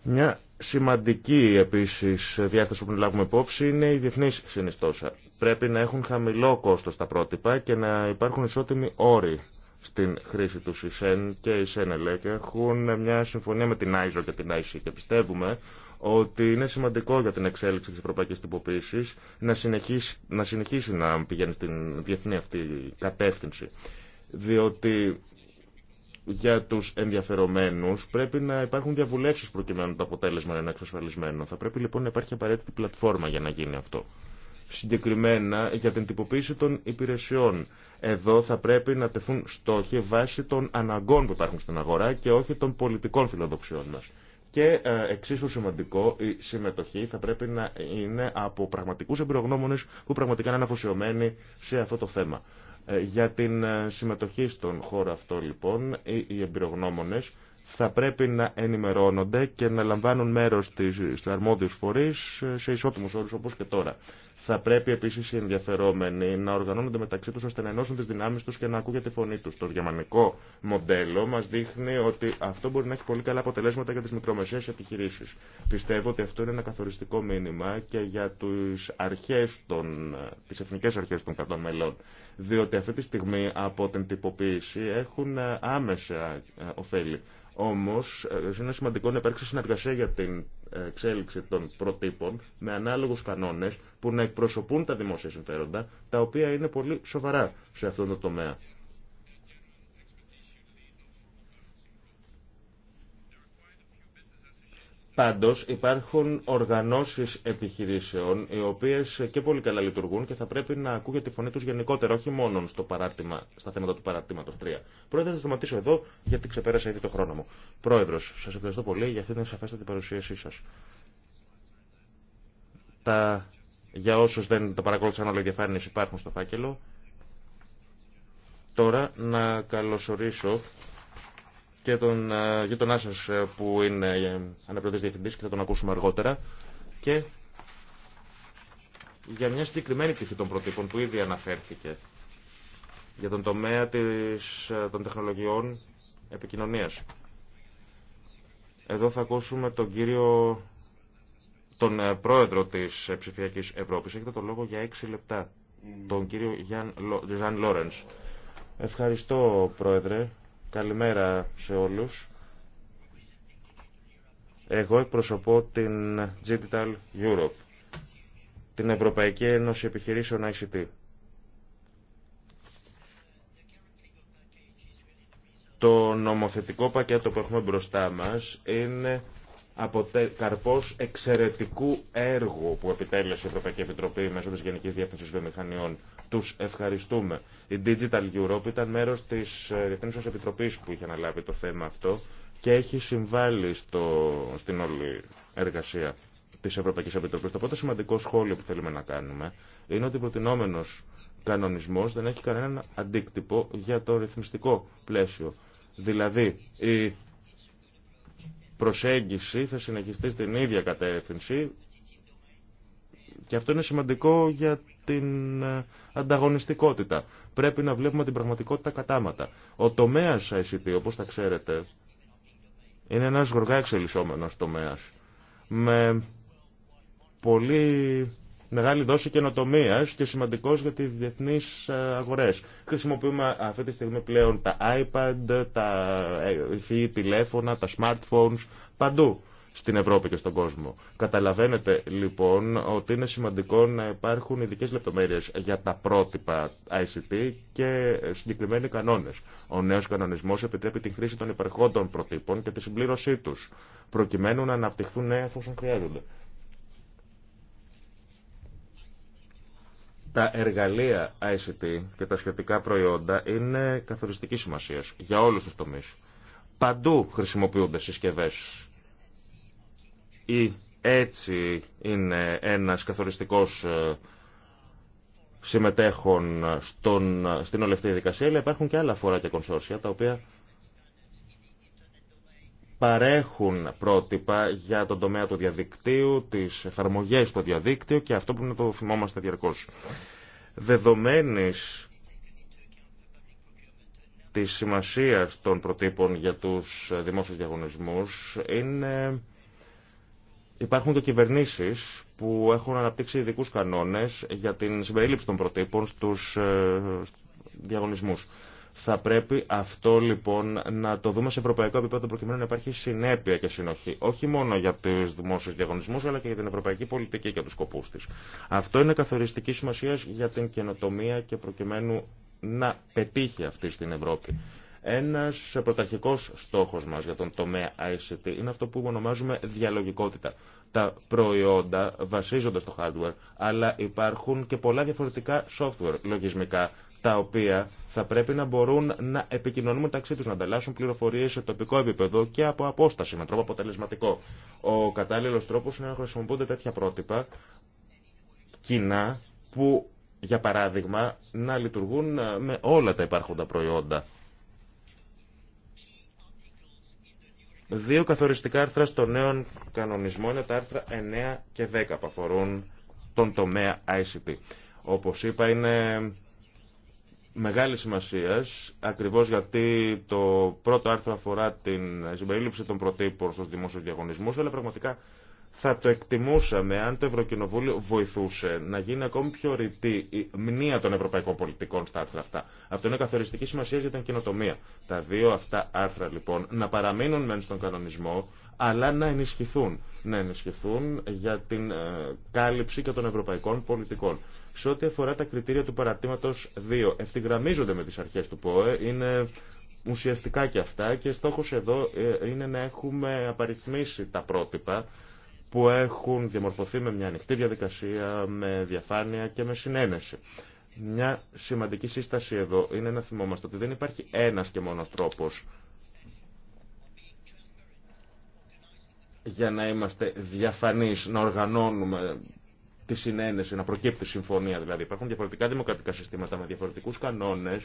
Μια σημαντική επίσης διάσταση που να λάβουμε υπόψη είναι η διεθνή συνιστόσα. Πρέπει να έχουν χαμηλό κόστος τα πρότυπα και να υπάρχουν ισότιμοι όροι στην χρήση του ΣΕΝ και η ΣΕΝΕΛΕ και έχουν μια συμφωνία με την ΆΙΖΟ και την ΆΙΣΙ και πιστεύουμε ότι είναι σημαντικό για την εξέλιξη τη ευρωπαϊκή τυποποίηση να συνεχίσει να, συνεχίσει να πηγαίνει στην διεθνή αυτή κατεύθυνση. Διότι για τους ενδιαφερομένους πρέπει να υπάρχουν διαβουλεύσεις προκειμένου το αποτέλεσμα να είναι εξασφαλισμένο. Θα πρέπει λοιπόν να υπάρχει απαραίτητη πλατφόρμα για να γίνει αυτό. Συγκεκριμένα για την τυποποίηση των υπηρεσιών. Εδώ θα πρέπει να τεθούν στόχοι βάσει των αναγκών που υπάρχουν στην αγορά και όχι των πολιτικών φιλοδοξιών μας. Και ε, εξίσου σημαντικό, η συμμετοχή θα πρέπει να είναι από πραγματικού εμπειρογνώμονε που πραγματικά είναι αναφοσιωμένοι σε αυτό το θέμα. Ε, για την ε, συμμετοχή στον χώρο αυτό, λοιπόν, οι εμπειρογνώμονε θα πρέπει να ενημερώνονται και να λαμβάνουν μέρος στις αρμόδιους φορείς σε ισότιμους όρους όπως και τώρα. Θα πρέπει επίσης οι ενδιαφερόμενοι να οργανώνονται μεταξύ τους ώστε να ενώσουν τις δυνάμεις τους και να ακούγεται τη φωνή τους. Το γερμανικό μοντέλο μας δείχνει ότι αυτό μπορεί να έχει πολύ καλά αποτελέσματα για τις μικρομεσαίες επιχειρήσεις. Πιστεύω ότι αυτό είναι ένα καθοριστικό μήνυμα και για τις, αρχές των, τις εθνικές αρχές των κρατών μελών. Διότι αυτή τη στιγμή από την τυποποίηση έχουν άμεσα ε, ωφέλη. Όμως ε, είναι σημαντικό να υπάρξει συνεργασία για την εξέλιξη των προτύπων με ανάλογους κανόνες που να εκπροσωπούν τα δημόσια συμφέροντα, τα οποία είναι πολύ σοβαρά σε αυτό τον τομέα. Πάντως υπάρχουν οργανώσεις επιχειρήσεων οι οποίες και πολύ καλά λειτουργούν και θα πρέπει να ακούγεται τη φωνή τους γενικότερα, όχι μόνο στο παράρτημα, στα θέματα του παράρτηματος 3. Πρόεδρε, θα σταματήσω εδώ γιατί ξεπέρασα ήδη το χρόνο μου. Πρόεδρος, σας ευχαριστώ πολύ για αυτή την σαφέστατη παρουσίασή σας. Τα... Για όσους δεν τα παρακολούθησαν όλα οι διαφάνειες υπάρχουν στο φάκελο. Τώρα να καλωσορίσω και τον ε, γείτονά σα ε, που είναι ε, αναπληρωτή διευθυντή και θα τον ακούσουμε αργότερα. Και για μια συγκεκριμένη πτυχή των προτύπων που ήδη αναφέρθηκε για τον τομέα της, των τεχνολογιών επικοινωνίας. Εδώ θα ακούσουμε τον κύριο, τον πρόεδρο της ψηφιακής Ευρώπης. Έχετε το λόγο για έξι λεπτά. Mm. Τον κύριο Ζαν Λόρενς. Ευχαριστώ, πρόεδρε. Καλημέρα σε όλους. Εγώ εκπροσωπώ την Digital Europe, την Ευρωπαϊκή Ένωση Επιχειρήσεων ICT. Το νομοθετικό πακέτο που έχουμε μπροστά μας είναι αποτε... καρπός εξαιρετικού έργου που επιτέλεσε η Ευρωπαϊκή Επιτροπή μέσω της Γενικής Διεύθυνσης Βιομηχανιών τους ευχαριστούμε. Η Digital Europe ήταν μέρος της ε, διεθνή Επιτροπής που είχε αναλάβει το θέμα αυτό και έχει συμβάλει στο, στην όλη εργασία της Ευρωπαϊκής Επιτροπής. Το πρώτο σημαντικό σχόλιο που θέλουμε να κάνουμε είναι ότι ο προτινόμενος κανονισμός δεν έχει κανέναν αντίκτυπο για το ρυθμιστικό πλαίσιο. Δηλαδή, η προσέγγιση θα συνεχιστεί στην ίδια κατεύθυνση και αυτό είναι σημαντικό για την ε, ανταγωνιστικότητα. Πρέπει να βλέπουμε την πραγματικότητα κατάματα. Ο τομέας ICT, όπως τα ξέρετε, είναι ένας γοργά εξελισσόμενος τομέας. Με πολύ μεγάλη δόση καινοτομία και σημαντικό για τι διεθνεί ε, αγορέ. Χρησιμοποιούμε αυτή τη στιγμή πλέον τα iPad, τα υφή ε, τηλέφωνα, τα smartphones παντού στην Ευρώπη και στον κόσμο. Καταλαβαίνετε λοιπόν ότι είναι σημαντικό να υπάρχουν ειδικέ λεπτομέρειε για τα πρότυπα ICT και συγκεκριμένοι κανόνε. Ο νέο κανονισμό επιτρέπει την χρήση των υπερχόντων προτύπων και τη συμπλήρωσή του, προκειμένου να αναπτυχθούν νέα εφόσον χρειάζονται. Τα εργαλεία ICT και τα σχετικά προϊόντα είναι καθοριστική σημασία για όλου του τομεί. Παντού χρησιμοποιούνται συσκευέ ή έτσι είναι ένας καθοριστικός ε, συμμετέχων στον, στην όλη δικασία, υπάρχουν και άλλα φορά και κονσόρσια τα οποία παρέχουν πρότυπα για τον τομέα του διαδικτύου, τις εφαρμογές στο διαδίκτυο και αυτό που να το θυμόμαστε διαρκώς. Δεδομένης της σημασίας των προτύπων για τους δημόσιους διαγωνισμούς είναι Υπάρχουν και κυβερνήσει που έχουν αναπτύξει ειδικού κανόνε για την συμπερίληψη των προτύπων στου ε, διαγωνισμού. Θα πρέπει αυτό λοιπόν να το δούμε σε ευρωπαϊκό επίπεδο προκειμένου να υπάρχει συνέπεια και συνοχή. Όχι μόνο για του δημόσιου διαγωνισμού αλλά και για την ευρωπαϊκή πολιτική και του σκοπού τη. Αυτό είναι καθοριστική σημασία για την καινοτομία και προκειμένου να πετύχει αυτή στην Ευρώπη. Ένας πρωταρχικός στόχος μας για τον τομέα ICT είναι αυτό που ονομάζουμε διαλογικότητα. Τα προϊόντα βασίζονται στο hardware, αλλά υπάρχουν και πολλά διαφορετικά software λογισμικά, τα οποία θα πρέπει να μπορούν να επικοινωνούν μεταξύ τους να ανταλλάσσουν πληροφορίες σε τοπικό επίπεδο και από απόσταση, με τρόπο αποτελεσματικό. Ο κατάλληλος τρόπος είναι να χρησιμοποιούνται τέτοια πρότυπα κοινά που, για παράδειγμα, να λειτουργούν με όλα τα υπάρχοντα προϊόντα Δύο καθοριστικά άρθρα στο νέο κανονισμό είναι τα άρθρα 9 και 10 που αφορούν τον τομέα ICT. Όπως είπα είναι μεγάλη σημασία, ακριβώς γιατί το πρώτο άρθρο αφορά την συμπερίληψη των προτύπων στους δημόσιους διαγωνισμούς, αλλά πραγματικά θα το εκτιμούσαμε αν το Ευρωκοινοβούλιο βοηθούσε να γίνει ακόμη πιο ρητή η μνήμα των ευρωπαϊκών πολιτικών στα άρθρα αυτά. Αυτό είναι καθοριστική σημασία για την κοινοτομία. Τα δύο αυτά άρθρα λοιπόν να παραμείνουν μεν στον κανονισμό, αλλά να ενισχυθούν. Να ενισχυθούν για την ε, κάλυψη και των ευρωπαϊκών πολιτικών. Σε ό,τι αφορά τα κριτήρια του παρατήματο 2, ευθυγραμμίζονται με τι αρχέ του ΠΟΕ, είναι ουσιαστικά και αυτά και στόχο εδώ ε, είναι να έχουμε απαριθμίσει τα πρότυπα που έχουν διαμορφωθεί με μια ανοιχτή διαδικασία, με διαφάνεια και με συνένεση. Μια σημαντική σύσταση εδώ είναι να θυμόμαστε ότι δεν υπάρχει ένας και μόνος τρόπος για να είμαστε διαφανείς, να οργανώνουμε τη συνένεση, να προκύπτει συμφωνία δηλαδή. Υπάρχουν διαφορετικά δημοκρατικά συστήματα με διαφορετικούς κανόνες,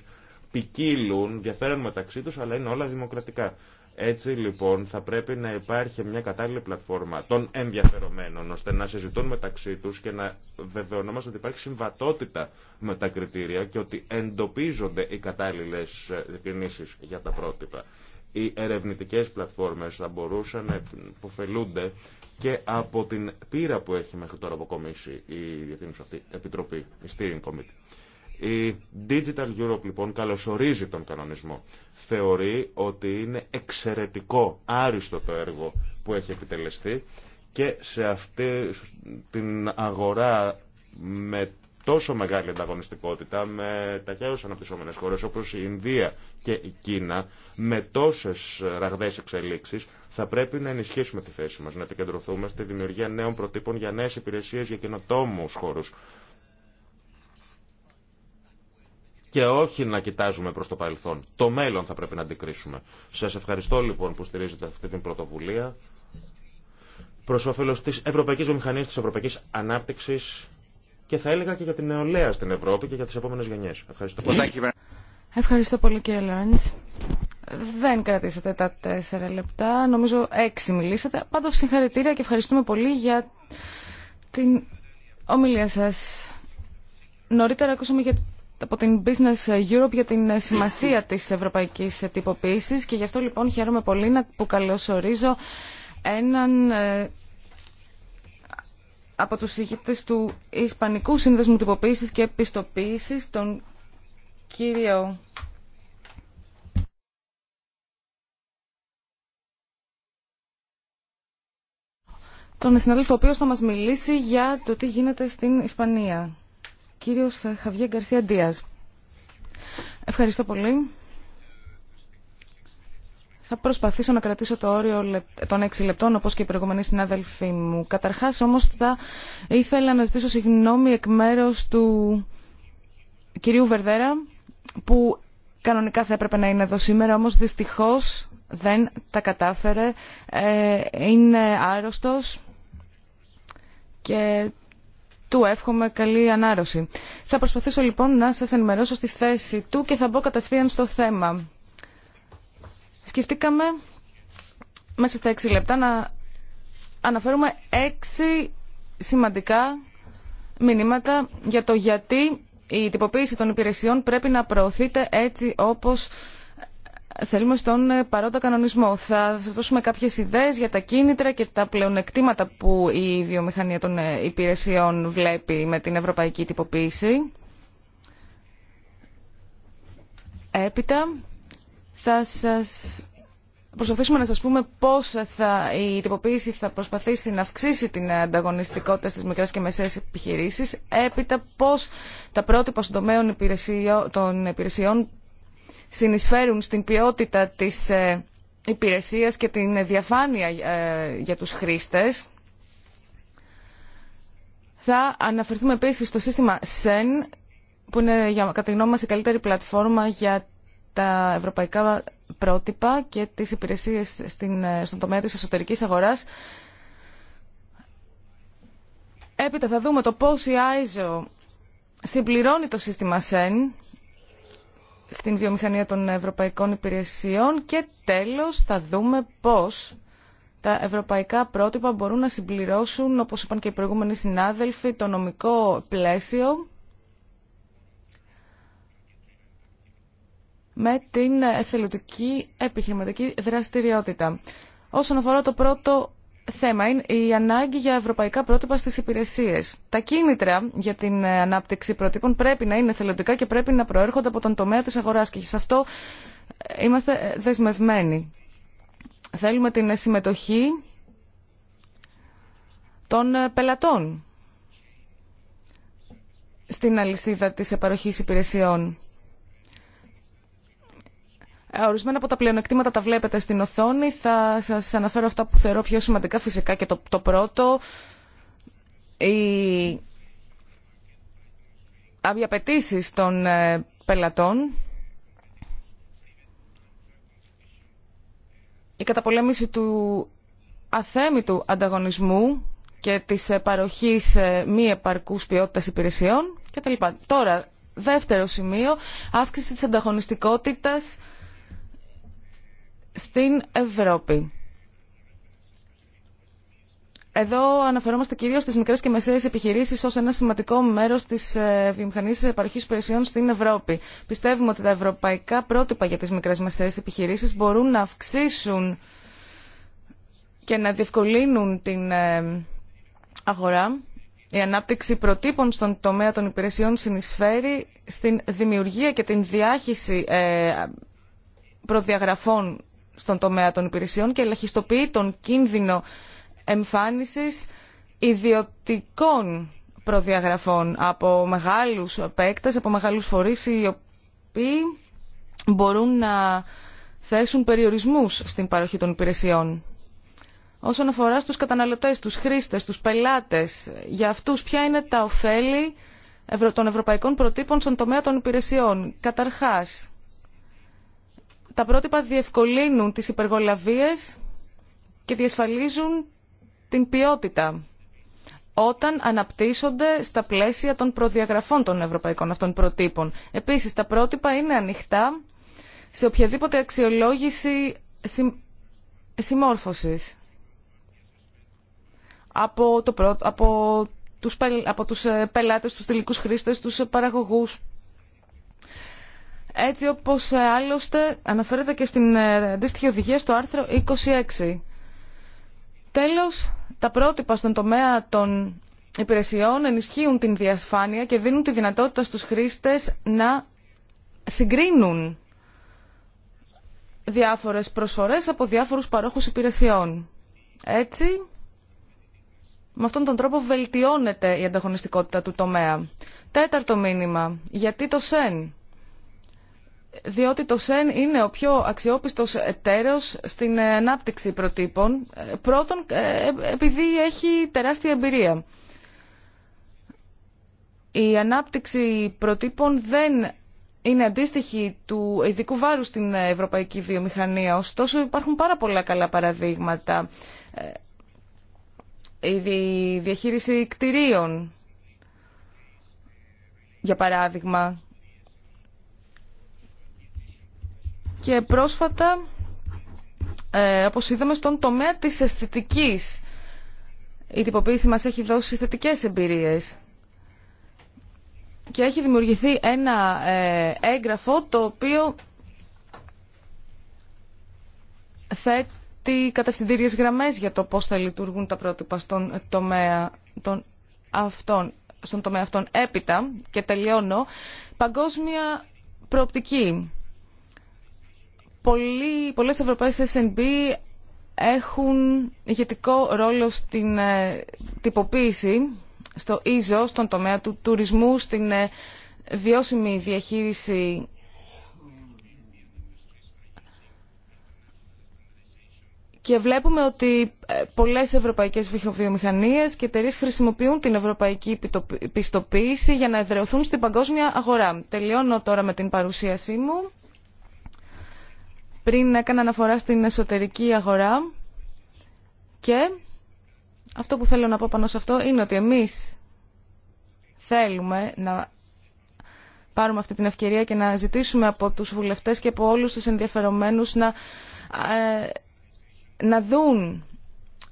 ποικίλουν, διαφέρουν μεταξύ τους, αλλά είναι όλα δημοκρατικά. Έτσι λοιπόν θα πρέπει να υπάρχει μια κατάλληλη πλατφόρμα των ενδιαφερομένων ώστε να συζητούν μεταξύ τους και να βεβαιωνόμαστε ότι υπάρχει συμβατότητα με τα κριτήρια και ότι εντοπίζονται οι κατάλληλες ε, κινήσεις για τα πρότυπα. Οι ερευνητικές πλατφόρμες θα μπορούσαν να υποφελούνται και από την πείρα που έχει μέχρι τώρα αποκομίσει η Διεθνή επιτροπή, η Steering Committee. Η Digital Europe λοιπόν καλωσορίζει τον κανονισμό. Θεωρεί ότι είναι εξαιρετικό, άριστο το έργο που έχει επιτελεστεί και σε αυτή την αγορά με τόσο μεγάλη ανταγωνιστικότητα με ταχαίως αναπτυσσόμενες χώρες όπως η Ινδία και η Κίνα με τόσες ραγδαίες εξελίξεις θα πρέπει να ενισχύσουμε τη θέση μας, να επικεντρωθούμε στη δημιουργία νέων προτύπων για νέες υπηρεσίες για καινοτόμους χώρους και όχι να κοιτάζουμε προς το παρελθόν. Το μέλλον θα πρέπει να αντικρίσουμε. Σας ευχαριστώ λοιπόν που στηρίζετε αυτή την πρωτοβουλία προς όφελος της Ευρωπαϊκής Βιομηχανίας, της Ευρωπαϊκής Ανάπτυξης και θα έλεγα και για την νεολαία στην Ευρώπη και για τις επόμενες γενιές. Ευχαριστώ. πολύ. Ευχαριστώ πολύ κύριε Λόρεντς. Δεν κρατήσατε τα τέσσερα λεπτά, νομίζω έξι μιλήσατε. Πάντως συγχαρητήρια και ευχαριστούμε πολύ για την ομιλία σας. Νωρίτερα ακούσαμε για από την Business Europe για την σημασία της ευρωπαϊκής τυποποίηση. και γι' αυτό λοιπόν χαίρομαι πολύ να που καλωσορίζω έναν ε, από τους ηγητές του Ισπανικού Σύνδεσμου Τυποποίησης και Επιστοποίησης, τον κύριο τον συνάδελφο ο οποίος θα μας μιλήσει για το τι γίνεται στην Ισπανία κύριος Χαβιέ Γκαρσία Ντίας. Ευχαριστώ πολύ. Θα προσπαθήσω να κρατήσω το όριο των έξι λεπτών, όπως και οι προηγούμενοι συνάδελφοί μου. Καταρχάς, όμως, θα ήθελα να ζητήσω συγγνώμη εκ μέρους του κυρίου Βερδέρα, που κανονικά θα έπρεπε να είναι εδώ σήμερα, όμως δυστυχώς δεν τα κατάφερε. Ε, είναι άρρωστος και του εύχομαι καλή ανάρρωση. Θα προσπαθήσω λοιπόν να σας ενημερώσω στη θέση του και θα μπω κατευθείαν στο θέμα. Σκεφτήκαμε μέσα στα έξι λεπτά να αναφέρουμε έξι σημαντικά μηνύματα για το γιατί η τυποποίηση των υπηρεσιών πρέπει να προωθείται έτσι όπως θέλουμε στον ε, παρόντα κανονισμό. Θα σα δώσουμε κάποιες ιδέες για τα κίνητρα και τα πλεονεκτήματα που η βιομηχανία των ε, υπηρεσιών βλέπει με την ευρωπαϊκή τυποποίηση. Έπειτα, θα σας προσπαθήσουμε να σας πούμε πώς θα, η τυποποίηση θα προσπαθήσει να αυξήσει την ανταγωνιστικότητα στις μικρές και μεσαίες επιχειρήσεις. Έπειτα, πώς τα πρότυπα στον τομέα των υπηρεσιών συνεισφέρουν στην ποιότητα της ε, υπηρεσίας και την διαφάνεια ε, για τους χρήστες. Θα αναφερθούμε επίσης στο σύστημα SEN, που είναι κατά τη γνώμη μας η καλύτερη πλατφόρμα για τα ευρωπαϊκά πρότυπα και τις υπηρεσίες στην, ε, στον τομέα της εσωτερικής αγοράς. Έπειτα θα δούμε το πώς η ISO συμπληρώνει το σύστημα SEN στην βιομηχανία των ευρωπαϊκών υπηρεσιών και τέλος θα δούμε πώς τα ευρωπαϊκά πρότυπα μπορούν να συμπληρώσουν, όπως είπαν και οι προηγούμενοι συνάδελφοι, το νομικό πλαίσιο με την εθελοντική επιχειρηματική δραστηριότητα. Όσον αφορά το πρώτο θέμα είναι η ανάγκη για ευρωπαϊκά πρότυπα στις υπηρεσίες. Τα κίνητρα για την ε, ανάπτυξη πρότυπων πρέπει να είναι θελοντικά και πρέπει να προέρχονται από τον τομέα της αγοράς και σε αυτό ε, είμαστε ε, δεσμευμένοι. Θέλουμε την συμμετοχή των πελατών στην αλυσίδα της επαροχής υπηρεσιών. Ε, ορισμένα από τα πλεονεκτήματα τα βλέπετε στην οθόνη. Θα σας αναφέρω αυτά που θεωρώ πιο σημαντικά φυσικά και το, το πρώτο. Οι απαιτήσει των ε, πελατών. Η καταπολέμηση του αθέμητου ανταγωνισμού και της ε, παροχής μη επαρκούς ποιότητας υπηρεσιών κτλ. Τώρα, δεύτερο σημείο, αύξηση της ανταγωνιστικότητας στην Ευρώπη. Εδώ αναφερόμαστε κυρίως στις μικρές και μεσαίες επιχειρήσεις ως ένα σημαντικό μέρος της ε, βιομηχανής παροχής υπηρεσιών στην Ευρώπη. Πιστεύουμε ότι τα ευρωπαϊκά πρότυπα για τις μικρές μεσαίες επιχειρήσεις μπορούν να αυξήσουν και να διευκολύνουν την ε, αγορά. Η ανάπτυξη προτύπων στον τομέα των υπηρεσιών συνεισφέρει στην δημιουργία και την διάχυση ε, προδιαγραφών στον τομέα των υπηρεσιών και ελαχιστοποιεί τον κίνδυνο εμφάνισης ιδιωτικών προδιαγραφών από μεγάλους παίκτες, από μεγάλους φορείς οι οποίοι μπορούν να θέσουν περιορισμούς στην παροχή των υπηρεσιών. Όσον αφορά στους καταναλωτές, τους χρήστες, τους πελάτες, για αυτούς ποια είναι τα ωφέλη των ευρωπαϊκών προτύπων στον τομέα των υπηρεσιών. Καταρχάς, τα πρότυπα διευκολύνουν τις υπεργολαβίες και διασφαλίζουν την ποιότητα όταν αναπτύσσονται στα πλαίσια των προδιαγραφών των ευρωπαϊκών αυτών προτύπων. Επίσης, τα πρότυπα είναι ανοιχτά σε οποιαδήποτε αξιολόγηση συμ... συμμόρφωσης από, το από, τους... από τους ε, πελάτες, τους τελικούς χρήστες, τους παραγωγούς έτσι όπως ε, άλλωστε αναφέρεται και στην ε, αντίστοιχη οδηγία στο άρθρο 26. Τέλος, τα πρότυπα στον τομέα των υπηρεσιών ενισχύουν την διασφάνεια και δίνουν τη δυνατότητα στους χρήστες να συγκρίνουν διάφορες προσφορές από διάφορους παρόχους υπηρεσιών. Έτσι, με αυτόν τον τρόπο βελτιώνεται η ανταγωνιστικότητα του τομέα. Τέταρτο μήνυμα, γιατί το ΣΕΝ διότι το ΣΕΝ είναι ο πιο αξιόπιστος εταίρος στην ανάπτυξη προτύπων, πρώτον ε, επειδή έχει τεράστια εμπειρία. Η ανάπτυξη προτύπων δεν είναι αντίστοιχη του ειδικού βάρου στην ευρωπαϊκή βιομηχανία, ωστόσο υπάρχουν πάρα πολλά καλά παραδείγματα. Ε, η διαχείριση κτηρίων, για παράδειγμα, Και πρόσφατα, ε, όπως είδαμε, στον τομέα της αισθητικής, η τυποποίηση μας έχει δώσει θετικές εμπειρίες. Και έχει δημιουργηθεί ένα ε, έγγραφο το οποίο θέτει κατευθυντήριες γραμμές για το πώς θα λειτουργούν τα πρότυπα στον τομέα των αυτών, στον τομέα αυτών έπειτα και τελειώνω παγκόσμια προοπτική πολλοί, πολλές ευρωπαϊκές SNB έχουν ηγετικό ρόλο στην ε, τυποποίηση, στο ίζο, στον τομέα του τουρισμού, στην ε, βιώσιμη διαχείριση Και βλέπουμε ότι ε, πολλές ευρωπαϊκές βιομηχανίες και εταιρείε χρησιμοποιούν την ευρωπαϊκή πιστοποίηση για να εδραιωθούν στην παγκόσμια αγορά. Τελειώνω τώρα με την παρουσίασή μου. Πριν έκανα αναφορά στην εσωτερική αγορά και αυτό που θέλω να πω πάνω σε αυτό είναι ότι εμείς θέλουμε να πάρουμε αυτή την ευκαιρία και να ζητήσουμε από τους βουλευτές και από όλους τους ενδιαφερομένους να, ε, να δουν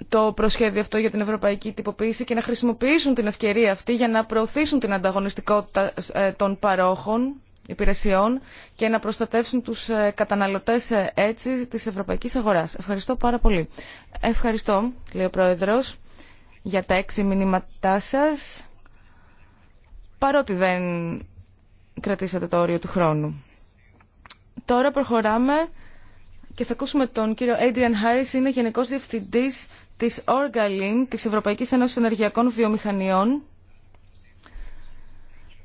το προσχέδιο αυτό για την ευρωπαϊκή τυποποίηση και να χρησιμοποιήσουν την ευκαιρία αυτή για να προωθήσουν την ανταγωνιστικότητα ε, των παρόχων υπηρεσιών και να προστατεύσουν τους ε, καταναλωτές ε, έτσι της ευρωπαϊκής αγοράς. Ευχαριστώ πάρα πολύ. Ευχαριστώ, λέει ο Πρόεδρος, για τα έξι μηνύματά σας, παρότι δεν κρατήσατε το όριο του χρόνου. Τώρα προχωράμε και θα ακούσουμε τον κύριο Adrian Harris, είναι Γενικός Διευθυντής της Orgalim, της Ευρωπαϊκής Ένωσης Ενεργειακών Βιομηχανιών.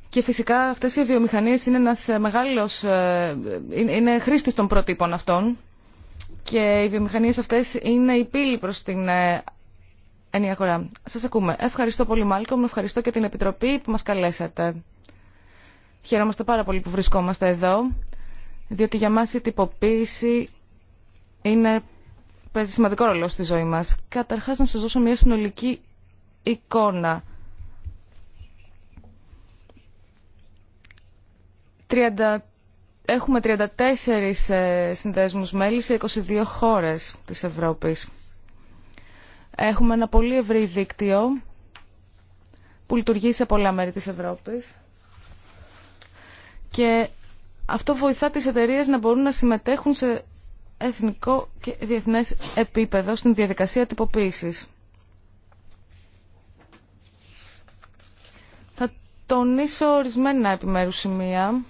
Και φυσικά αυτές οι βιομηχανίε είναι ένας ε, μεγάλος, ε, είναι χρήστη των προτύπων αυτών και οι βιομηχανίε αυτές είναι η πύλη προς την ε, ενιαία χώρα. Σας ακούμε. Ευχαριστώ πολύ Μάλκομ, ευχαριστώ και την Επιτροπή που μας καλέσατε. Χαιρόμαστε πάρα πολύ που βρισκόμαστε εδώ, διότι για μα η τυποποίηση είναι, παίζει σημαντικό ρόλο στη ζωή μα. Καταρχάς να σα δώσω μια συνολική εικόνα έχουμε 34 ε, συνδέσμους μέλη σε 22 χώρες της Ευρώπης. Έχουμε ένα πολύ ευρύ δίκτυο που λειτουργεί σε πολλά μέρη της Ευρώπης και αυτό βοηθά τις εταιρείες να μπορούν να συμμετέχουν σε εθνικό και διεθνές επίπεδο στην διαδικασία τυποποίησης. Θα τονίσω ορισμένα επιμέρους σημεία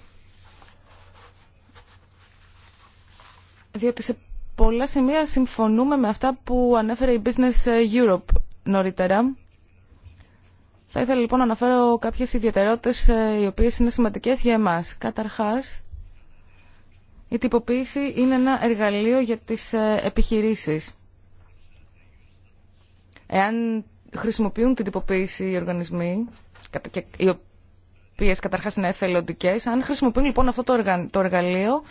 διότι σε πολλά σημεία συμφωνούμε με αυτά που ανέφερε η Business Europe νωρίτερα. Θα ήθελα λοιπόν να αναφέρω κάποιες ιδιαιτερότητες ε, οι οποίες είναι σημαντικές για εμάς. Καταρχάς, η τυποποίηση είναι ένα εργαλείο για τις ε, επιχειρήσεις. Εάν χρησιμοποιούν την τυποποίηση οι οργανισμοί, οι οποίες καταρχάς είναι εθελοντικές, αν χρησιμοποιούν λοιπόν αυτό το εργαλείο,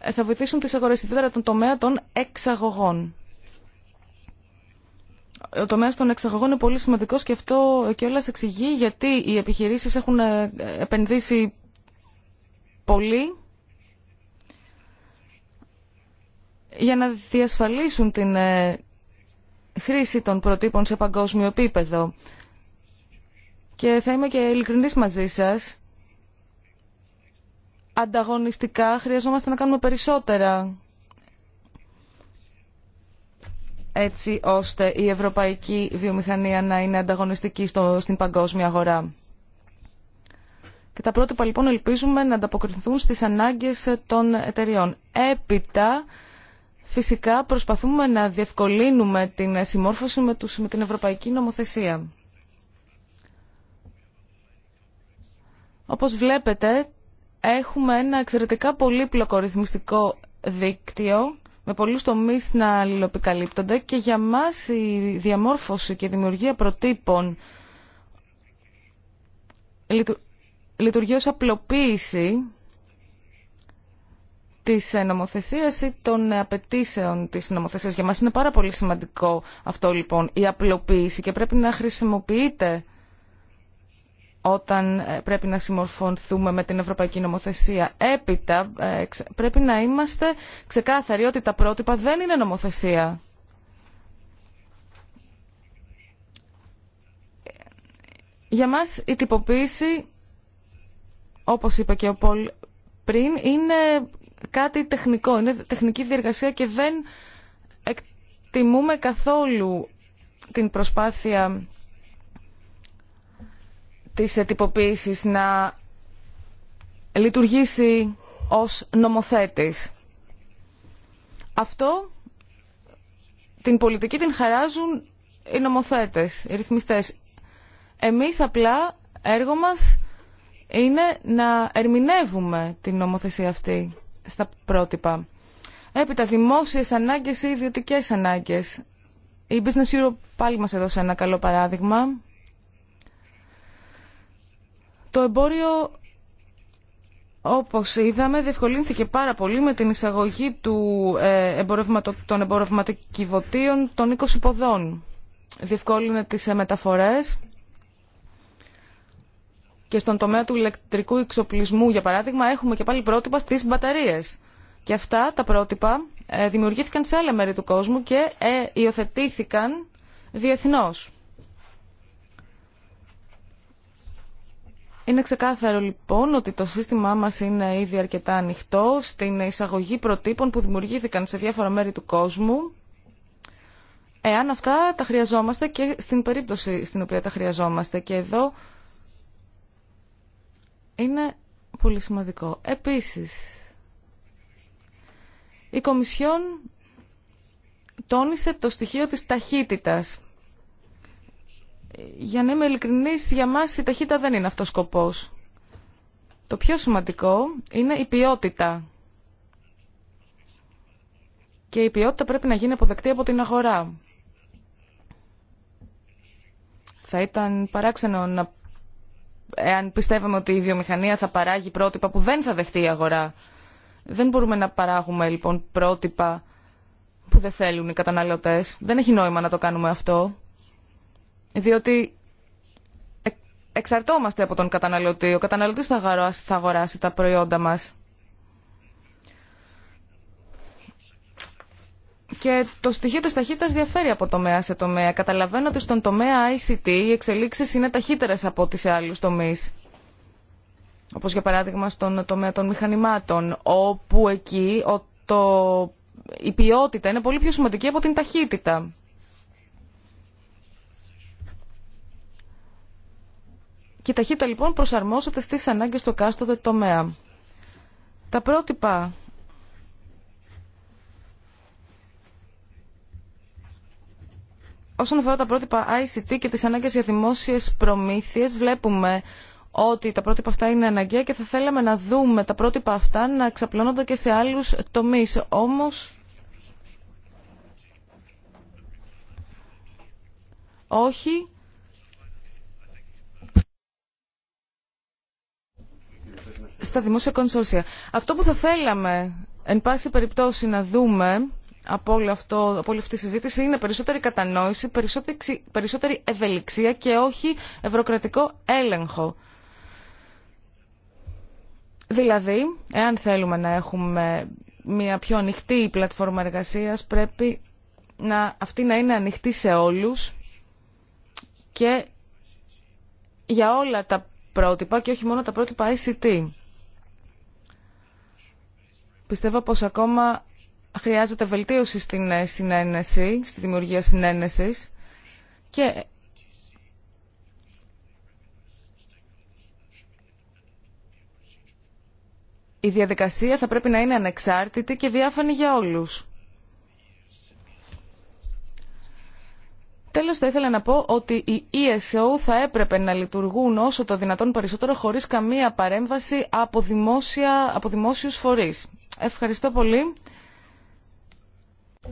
θα βοηθήσουν τις αγορές, ιδιαίτερα τον τομέα των εξαγωγών. Ο τομέας των εξαγωγών είναι πολύ σημαντικός και αυτό κιόλας εξηγεί γιατί οι επιχειρήσεις έχουν ε, επενδύσει πολύ για να διασφαλίσουν την ε, χρήση των προτύπων σε παγκόσμιο επίπεδο. Και θα είμαι και ειλικρινής μαζί σας ανταγωνιστικά, χρειαζόμαστε να κάνουμε περισσότερα έτσι ώστε η ευρωπαϊκή βιομηχανία να είναι ανταγωνιστική στο, στην παγκόσμια αγορά. Και τα πρότυπα λοιπόν ελπίζουμε να ανταποκριθούν στις ανάγκες των εταιριών. Έπειτα, φυσικά, προσπαθούμε να διευκολύνουμε την συμμόρφωση με, τους, με την ευρωπαϊκή νομοθεσία. Όπως βλέπετε, έχουμε ένα εξαιρετικά πολύπλοκο ρυθμιστικό δίκτυο με πολλούς τομείς να αλληλοπικαλύπτονται και για μας η διαμόρφωση και η δημιουργία προτύπων λειτουργεί ως απλοποίηση της ε, νομοθεσίας ή των απαιτήσεων της νομοθεσίας. Για μας είναι πάρα πολύ σημαντικό αυτό λοιπόν η απλοποίηση και πρέπει να χρησιμοποιείται όταν ε, πρέπει να συμμορφωθούμε με την Ευρωπαϊκή Νομοθεσία. Έπειτα ε, πρέπει να είμαστε ξεκάθαροι ότι τα πρότυπα δεν είναι νομοθεσία. Για μας η τυποποίηση, όπως είπε και ο Πολ πριν, είναι κάτι τεχνικό, είναι τεχνική διεργασία και δεν εκτιμούμε καθόλου την προσπάθεια της ετυποποίησης να λειτουργήσει ως νομοθέτης. Αυτό την πολιτική την χαράζουν οι νομοθέτες, οι ρυθμιστές. Εμείς απλά έργο μας είναι να ερμηνεύουμε την νομοθεσία αυτή στα πρότυπα. Έπειτα δημόσιες ανάγκες ή ιδιωτικές ανάγκες. Η Business Europe πάλι μας έδωσε ένα καλό παράδειγμα το εμπόριο, όπως είδαμε, διευκολύνθηκε πάρα πολύ με την εισαγωγή του, ε, των εμπορευματικιβωτίων των 20 ποδών. Διευκόλυνε τις ε, μεταφορές και στον τομέα του ηλεκτρικού εξοπλισμού, για παράδειγμα, έχουμε και πάλι πρότυπα στις μπαταρίες. Και αυτά τα πρότυπα ε, δημιουργήθηκαν σε άλλα μέρη του κόσμου και υιοθετήθηκαν διεθνώς. Είναι ξεκάθαρο λοιπόν ότι το σύστημά μας είναι ήδη αρκετά ανοιχτό στην εισαγωγή προτύπων που δημιουργήθηκαν σε διάφορα μέρη του κόσμου εάν αυτά τα χρειαζόμαστε και στην περίπτωση στην οποία τα χρειαζόμαστε. Και εδώ είναι πολύ σημαντικό. Επίσης, η Κομισιόν τόνισε το στοιχείο της ταχύτητας για να είμαι ειλικρινής, για μας η ταχύτητα δεν είναι αυτός σκοπός. Το πιο σημαντικό είναι η ποιότητα. Και η ποιότητα πρέπει να γίνει αποδεκτή από την αγορά. Θα ήταν παράξενο να... εάν πιστεύαμε ότι η βιομηχανία θα παράγει πρότυπα που δεν θα δεχτεί η αγορά. Δεν μπορούμε να παράγουμε λοιπόν πρότυπα που δεν θέλουν οι καταναλωτές. Δεν έχει νόημα να το κάνουμε αυτό διότι ε, εξαρτώμαστε από τον καταναλωτή. Ο καταναλωτής θα αγοράσει τα προϊόντα μας. Και το στοιχείο της ταχύτητας διαφέρει από τομέα σε τομέα. Καταλαβαίνω ότι στον τομέα ICT οι εξελίξεις είναι ταχύτερες από ό,τι σε άλλους τομείς. Όπως για παράδειγμα στον τομέα των μηχανημάτων, όπου εκεί το... η ποιότητα είναι πολύ πιο σημαντική από την ταχύτητα. και ταχύτητα λοιπόν προσαρμόζεται στις ανάγκες του κάστοτε τομέα. Τα πρότυπα Όσον αφορά τα πρότυπα ICT και τις ανάγκες για δημόσιες προμήθειες, βλέπουμε ότι τα πρότυπα αυτά είναι αναγκαία και θα θέλαμε να δούμε τα πρότυπα αυτά να εξαπλώνονται και σε άλλους τομείς. Όμως, όχι στα δημόσια κονσόρσια. Αυτό που θα θέλαμε, εν πάση περιπτώσει, να δούμε από, όλη αυτό, από αυτή τη συζήτηση είναι περισσότερη κατανόηση, περισσότερη, περισσότερη ευελιξία και όχι ευρωκρατικό έλεγχο. Δηλαδή, εάν θέλουμε να έχουμε μια πιο ανοιχτή πλατφόρμα εργασίας, πρέπει να, αυτή να είναι ανοιχτή σε όλους και για όλα τα πρότυπα και όχι μόνο τα πρότυπα ICT. Πιστεύω πως ακόμα χρειάζεται βελτίωση στην ε, συνένεση, στη δημιουργία συνένεσης και η διαδικασία θα πρέπει να είναι ανεξάρτητη και διάφανη για όλους. Τέλος θα ήθελα να πω ότι οι ESO θα έπρεπε να λειτουργούν όσο το δυνατόν περισσότερο χωρίς καμία παρέμβαση από, δημόσια, από δημόσιους φορείς. Ευχαριστώ πολύ.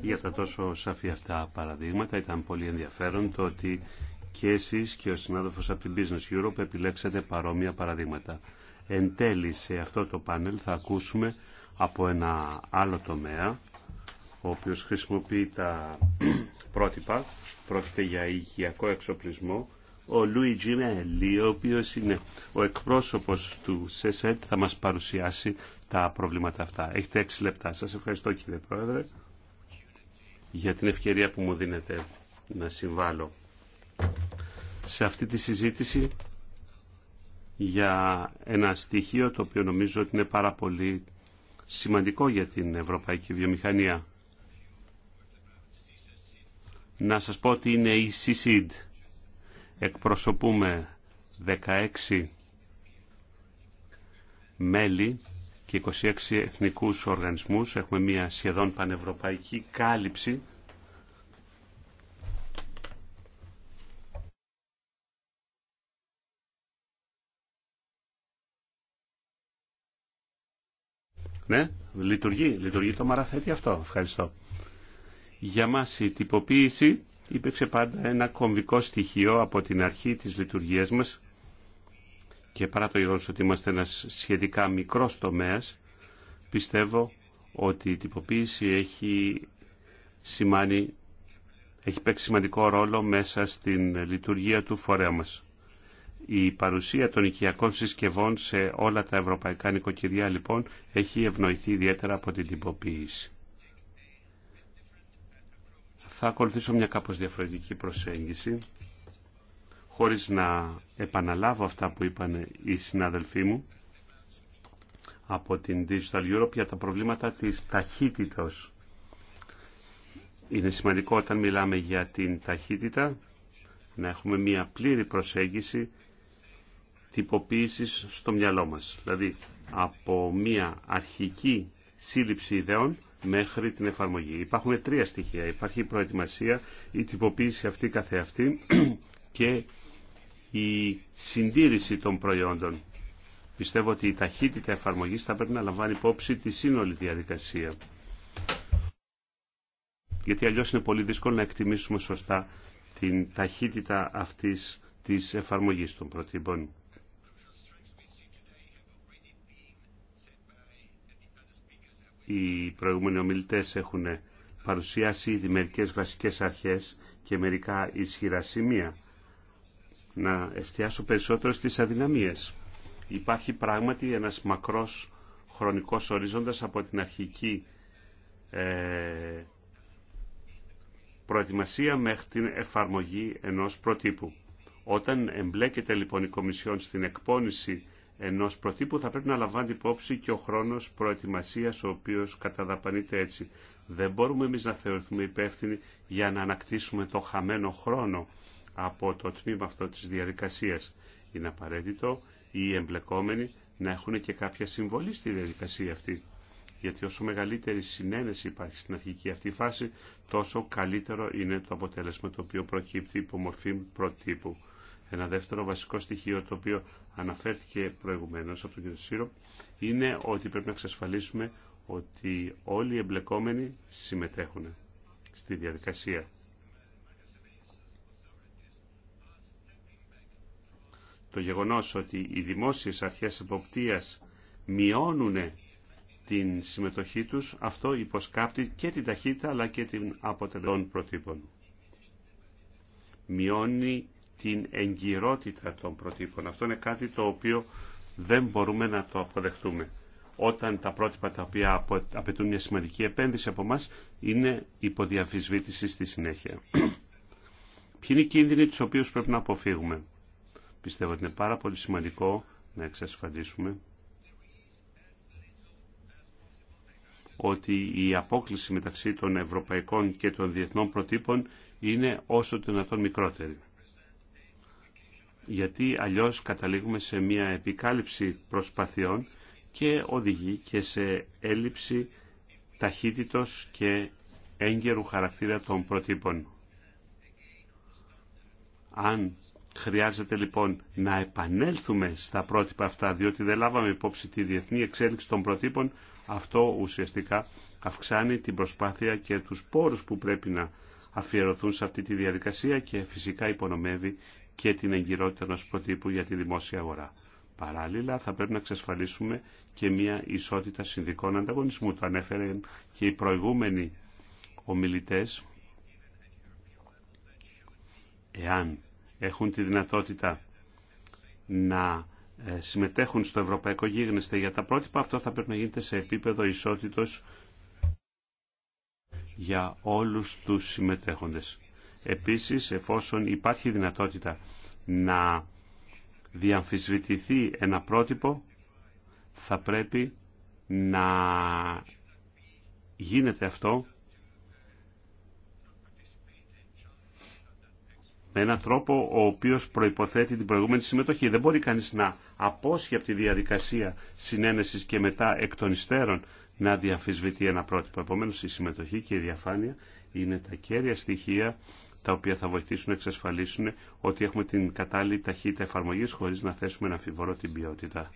Για τα τόσο σαφή αυτά παραδείγματα ήταν πολύ ενδιαφέρον το ότι και εσείς και ο συνάδελφος από την Business Europe επιλέξατε παρόμοια παραδείγματα. Εν τέλει σε αυτό το πάνελ θα ακούσουμε από ένα άλλο τομέα ο οποίος χρησιμοποιεί τα πρότυπα, πρόκειται για υγειακό εξοπλισμό. Ο Λουι Μελί, ο οποίος είναι ο εκπρόσωπος του ΣΕΣΕΤ, θα μας παρουσιάσει τα προβλήματα αυτά. Έχετε έξι λεπτά. Σας ευχαριστώ κύριε Πρόεδρε για την ευκαιρία που μου δίνετε να συμβάλλω σε αυτή τη συζήτηση για ένα στοιχείο το οποίο νομίζω ότι είναι πάρα πολύ σημαντικό για την ευρωπαϊκή βιομηχανία. Να σας πω ότι είναι η CCID. Εκπροσωπούμε 16 μέλη και 26 εθνικούς οργανισμούς. Έχουμε μια σχεδόν πανευρωπαϊκή κάλυψη. Ναι, λειτουργεί, λειτουργεί το μαραθέτη αυτό. Ευχαριστώ. Για μας η τυποποίηση υπήρξε πάντα ένα κομβικό στοιχείο από την αρχή της λειτουργίας μας και παρά το γεγονός ότι είμαστε ένας σχετικά μικρός τομέας, πιστεύω ότι η τυποποίηση έχει, σημάνει, έχει παίξει σημαντικό ρόλο μέσα στην λειτουργία του φορέα μας. Η παρουσία των οικιακών συσκευών σε όλα τα ευρωπαϊκά νοικοκυριά λοιπόν έχει ευνοηθεί ιδιαίτερα από την τυποποίηση θα ακολουθήσω μια κάπως διαφορετική προσέγγιση χωρίς να επαναλάβω αυτά που είπαν οι συνάδελφοί μου από την Digital Europe για τα προβλήματα της ταχύτητας. Είναι σημαντικό όταν μιλάμε για την ταχύτητα να έχουμε μια πλήρη προσέγγιση τυποποίησης στο μυαλό μας. Δηλαδή από μια αρχική σύλληψη ιδεών μέχρι την εφαρμογή. Υπάρχουν τρία στοιχεία. Υπάρχει η προετοιμασία, η τυποποίηση αυτή καθεαυτή (clears throat) και η συντήρηση των προϊόντων. Πιστεύω ότι η ταχύτητα εφαρμογής θα πρέπει να λαμβάνει υπόψη τη σύνολη διαδικασία. Γιατί αλλιώς είναι πολύ δύσκολο να εκτιμήσουμε σωστά την ταχύτητα αυτής της εφαρμογής των προτύπων. οι προηγούμενοι ομιλητές έχουν παρουσιάσει ήδη μερικές βασικές αρχές και μερικά ισχυρά σημεία. Να εστιάσω περισσότερο στις αδυναμίες. Υπάρχει πράγματι ένας μακρός χρονικός ορίζοντας από την αρχική ε, προετοιμασία μέχρι την εφαρμογή ενός προτύπου. Όταν εμπλέκεται λοιπόν η Κομισιόν στην εκπόνηση ενός προτύπου θα πρέπει να λαμβάνει υπόψη και ο χρόνος προετοιμασίας ο οποίος καταδαπανείται έτσι. Δεν μπορούμε εμείς να θεωρηθούμε υπεύθυνοι για να ανακτήσουμε το χαμένο χρόνο από το τμήμα αυτό της διαδικασίας. Είναι απαραίτητο οι εμπλεκόμενοι να έχουν και κάποια συμβολή στη διαδικασία αυτή. Γιατί όσο μεγαλύτερη συνένεση υπάρχει στην αρχική αυτή φάση, τόσο καλύτερο είναι το αποτέλεσμα το οποίο προκύπτει υπό μορφή προτύπου. Ένα δεύτερο βασικό στοιχείο το οποίο αναφέρθηκε προηγουμένως από τον κύριο Σύρο είναι ότι πρέπει να εξασφαλίσουμε ότι όλοι οι εμπλεκόμενοι συμμετέχουν στη διαδικασία. Το γεγονός ότι οι δημόσιες αρχές εποπτείας μειώνουν την συμμετοχή τους, αυτό υποσκάπτει και την ταχύτητα αλλά και την των προτύπων. Μειώνει την εγκυρότητα των προτύπων. Αυτό είναι κάτι το οποίο δεν μπορούμε να το αποδεχτούμε. Όταν τα πρότυπα τα οποία απαιτούν μια σημαντική επένδυση από εμά είναι υποδιαφυσβήτηση στη συνέχεια. (clears throat) Ποιοι είναι οι κίνδυνοι τους οποίους πρέπει να αποφύγουμε. Πιστεύω ότι είναι πάρα πολύ σημαντικό να εξασφαλίσουμε ότι η απόκληση μεταξύ των ευρωπαϊκών και των διεθνών προτύπων είναι όσο το δυνατόν μικρότερη γιατί αλλιώς καταλήγουμε σε μια επικάλυψη προσπαθειών και οδηγεί και σε έλλειψη ταχύτητος και έγκαιρου χαρακτήρα των προτύπων. Αν χρειάζεται λοιπόν να επανέλθουμε στα πρότυπα αυτά, διότι δεν λάβαμε υπόψη τη διεθνή εξέλιξη των προτύπων, αυτό ουσιαστικά αυξάνει την προσπάθεια και τους πόρους που πρέπει να αφιερωθούν σε αυτή τη διαδικασία και φυσικά υπονομεύει και την εγκυρότητα ενός προτύπου για τη δημόσια αγορά. Παράλληλα, θα πρέπει να εξασφαλίσουμε και μια ισότητα συνδικών ανταγωνισμού. Το ανέφερε και οι προηγούμενοι ομιλητές. Εάν έχουν τη δυνατότητα να ε, συμμετέχουν στο ευρωπαϊκό γίγνεσθε για τα πρότυπα, αυτό θα πρέπει να γίνεται σε επίπεδο ισότητος για όλους τους συμμετέχοντες. Επίσης, εφόσον υπάρχει δυνατότητα να διαμφισβητηθεί ένα πρότυπο, θα πρέπει να γίνεται αυτό με έναν τρόπο ο οποίος προϋποθέτει την προηγούμενη συμμετοχή. Δεν μπορεί κανείς να απόσχει από τη διαδικασία συνένεσης και μετά εκ των υστέρων να διαμφισβητεί ένα πρότυπο. Επομένως η συμμετοχή και η διαφάνεια είναι τα κέρια στοιχεία τα οποία θα βοηθήσουν να εξασφαλίσουν ότι έχουμε την κατάλληλη ταχύτητα εφαρμογή χωρίς να θέσουμε να αμφιβόλο την ποιότητα.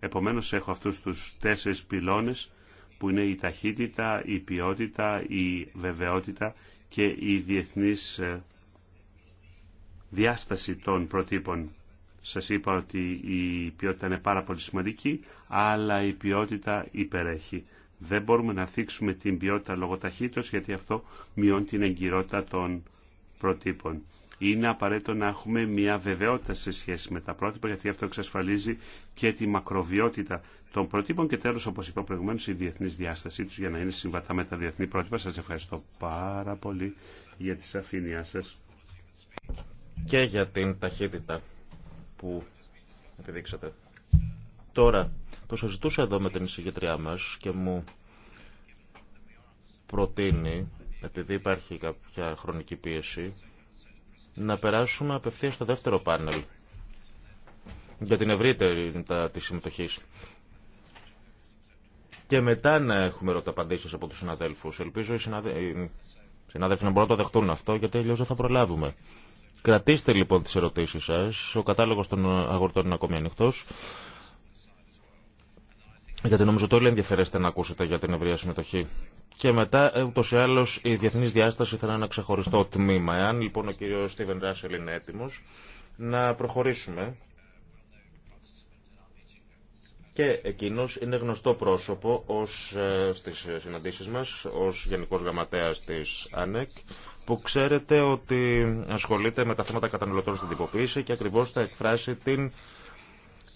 Επομένως έχω αυτούς τους τέσσερι πυλώνες που είναι η ταχύτητα, η ποιότητα, η βεβαιότητα και η διεθνής ε, διάσταση των προτύπων. Σας είπα ότι η ποιότητα είναι πάρα πολύ σημαντική, αλλά η ποιότητα υπερέχει. Δεν μπορούμε να θίξουμε την ποιότητα λόγω ταχύτητας γιατί αυτό μειώνει την εγκυρότητα των προτύπων. Είναι απαραίτητο να έχουμε μια βεβαιότητα σε σχέση με τα πρότυπα γιατί αυτό εξασφαλίζει και τη μακροβιότητα των προτύπων και τέλος όπως είπα προηγουμένως η διεθνή διάστασή τους για να είναι συμβατά με τα διεθνή πρότυπα. Σας ευχαριστώ πάρα πολύ για τη σαφήνειά σας. Και για την ταχύτητα που επιδείξατε. Τώρα το συζητούσα εδώ με την εισηγητριά μας και μου προτείνει, επειδή υπάρχει κάποια χρονική πίεση, να περάσουμε απευθεία στο δεύτερο πάνελ για την ευρύτερη τη συμμετοχή. Και μετά να έχουμε ρωταπαντήσει από του συναδέλφου. Ελπίζω οι, οι συναδέλφοι να μπορούν να το δεχτούν αυτό, γιατί αλλιώ δεν θα προλάβουμε. Κρατήστε λοιπόν τι ερωτήσει σα. Ο κατάλογο των αγορτών είναι ακόμη ανοιχτό γιατί νομίζω ότι όλοι ενδιαφέρεστε να ακούσετε για την ευρεία συμμετοχή. Και μετά, ούτω ή άλλω, η διεθνή διάσταση θα είναι ένα ξεχωριστό τμήμα. Εάν λοιπόν ο κύριο Στίβεν Ράσελ είναι έτοιμο, να προχωρήσουμε. Και εκείνο είναι γνωστό πρόσωπο ως, ε, στις συναντήσεις μας, ως Γενικός Γραμματέας της ΑΝΕΚ, που ξέρετε ότι ασχολείται με τα θέματα καταναλωτών στην τυποποίηση και ακριβώ θα εκφράσει την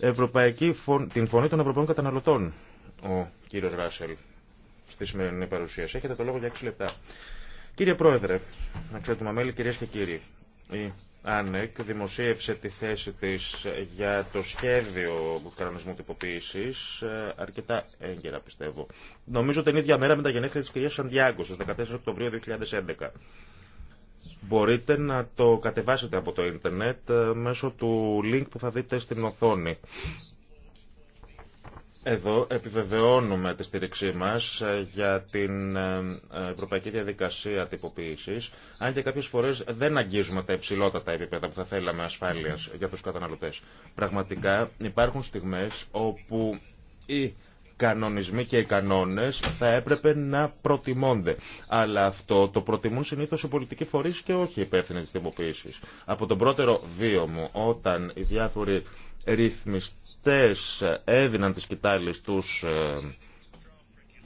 Ευρωπαϊκή, την φωνή των Ευρωπαίων καταναλωτών, ο κύριο Ράσελ, στη σημερινή παρουσίαση. Έχετε το λόγο για 6 λεπτά. Κύριε Πρόεδρε, αξιότιμα μέλη, κυρίε και κύριοι, η ΑΝΕΚ δημοσίευσε τη θέση τη για το σχέδιο κανονισμού τυποποίηση ε, αρκετά έγκαιρα πιστεύω. Νομίζω την ίδια μέρα με τα γενέθλια τη κυρίας Σαντιάγκο, στις 14 Οκτωβρίου 2011. Μπορείτε να το κατεβάσετε από το ίντερνετ ε, μέσω του link που θα δείτε στην οθόνη. Εδώ επιβεβαιώνουμε τη στήριξή μας ε, για την ε, ευρωπαϊκή διαδικασία τυποποίησης, αν και κάποιες φορές δεν αγγίζουμε τα υψηλότατα επίπεδα που θα θέλαμε ασφάλειας για τους καταναλωτές. Πραγματικά υπάρχουν στιγμές όπου η κανονισμοί και οι κανόνες θα έπρεπε να προτιμώνται. Αλλά αυτό το προτιμούν συνήθω οι πολιτικοί φορείς και όχι οι υπεύθυνοι τη τυποποίηση. Από τον πρώτερο βίο μου, όταν οι διάφοροι ρυθμιστέ έδιναν τις κοιτάλεις τους ε,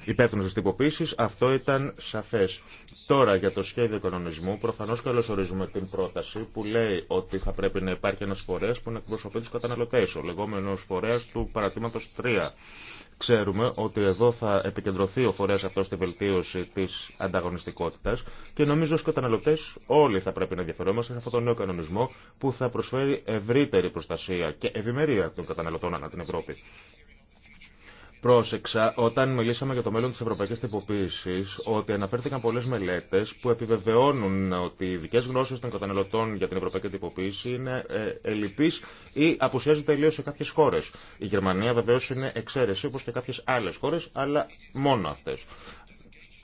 υπεύθυνο τη τυποποίηση, αυτό ήταν σαφέ. Τώρα για το σχέδιο κανονισμού, προφανώ καλωσορίζουμε την πρόταση που λέει ότι θα πρέπει να υπάρχει ένα φορέα που να εκπροσωπεί του καταναλωτέ, ο λεγόμενο φορέα του παρατήματο 3. Ξέρουμε ότι εδώ θα επικεντρωθεί ο φορέα αυτό στη βελτίωση τη ανταγωνιστικότητα και νομίζω ω καταναλωτέ όλοι θα πρέπει να ενδιαφερόμαστε σε αυτόν τον νέο κανονισμό που θα προσφέρει ευρύτερη προστασία και ευημερία των καταναλωτών ανά την Ευρώπη. Πρόσεξα, όταν μιλήσαμε για το μέλλον της ευρωπαϊκής Τυποποίηση, ότι αναφέρθηκαν πολλές μελέτες που επιβεβαιώνουν ότι οι ειδικέ γνώσεις των καταναλωτών για την ευρωπαϊκή τυποποίηση είναι ε, ελλειπείς ή απουσιάζει τελείως σε κάποιε χώρε. Η απουσιαζει τελειω σε βεβαίω είναι βεβαιω ειναι όπως και κάποιες άλλες χώρε, αλλά μόνο αυτέ.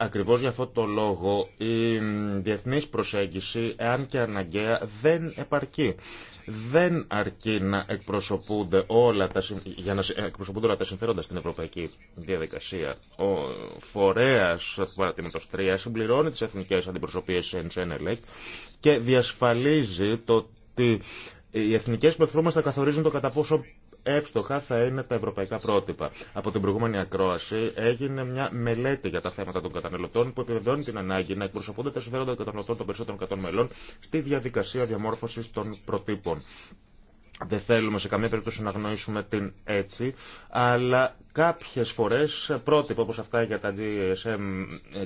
Ακριβώς για αυτό το λόγο η διεθνής προσέγγιση, εάν και αναγκαία, δεν επαρκεί. Δεν αρκεί να εκπροσωπούνται όλα τα, για να όλα τα συμφέροντα στην ευρωπαϊκή διαδικασία. Ο φορέας του παρατήματος 3 συμπληρώνει τις εθνικές αντιπροσωπείες εν Σένελεκ και διασφαλίζει το ότι οι εθνικές πλατφόρμες θα καθορίζουν το κατά πόσο εύστοχα θα είναι τα ευρωπαϊκά πρότυπα. Από την προηγούμενη ακρόαση έγινε μια μελέτη για τα θέματα των καταναλωτών που επιβεβαιώνει την ανάγκη να εκπροσωπούνται τα συμφέροντα των καταναλωτών των περισσότερων κατών μελών στη διαδικασία διαμόρφωση των προτύπων. Δεν θέλουμε σε καμία περίπτωση να γνωρίσουμε την έτσι, αλλά κάποιε φορέ πρότυπα όπω αυτά για τα GSM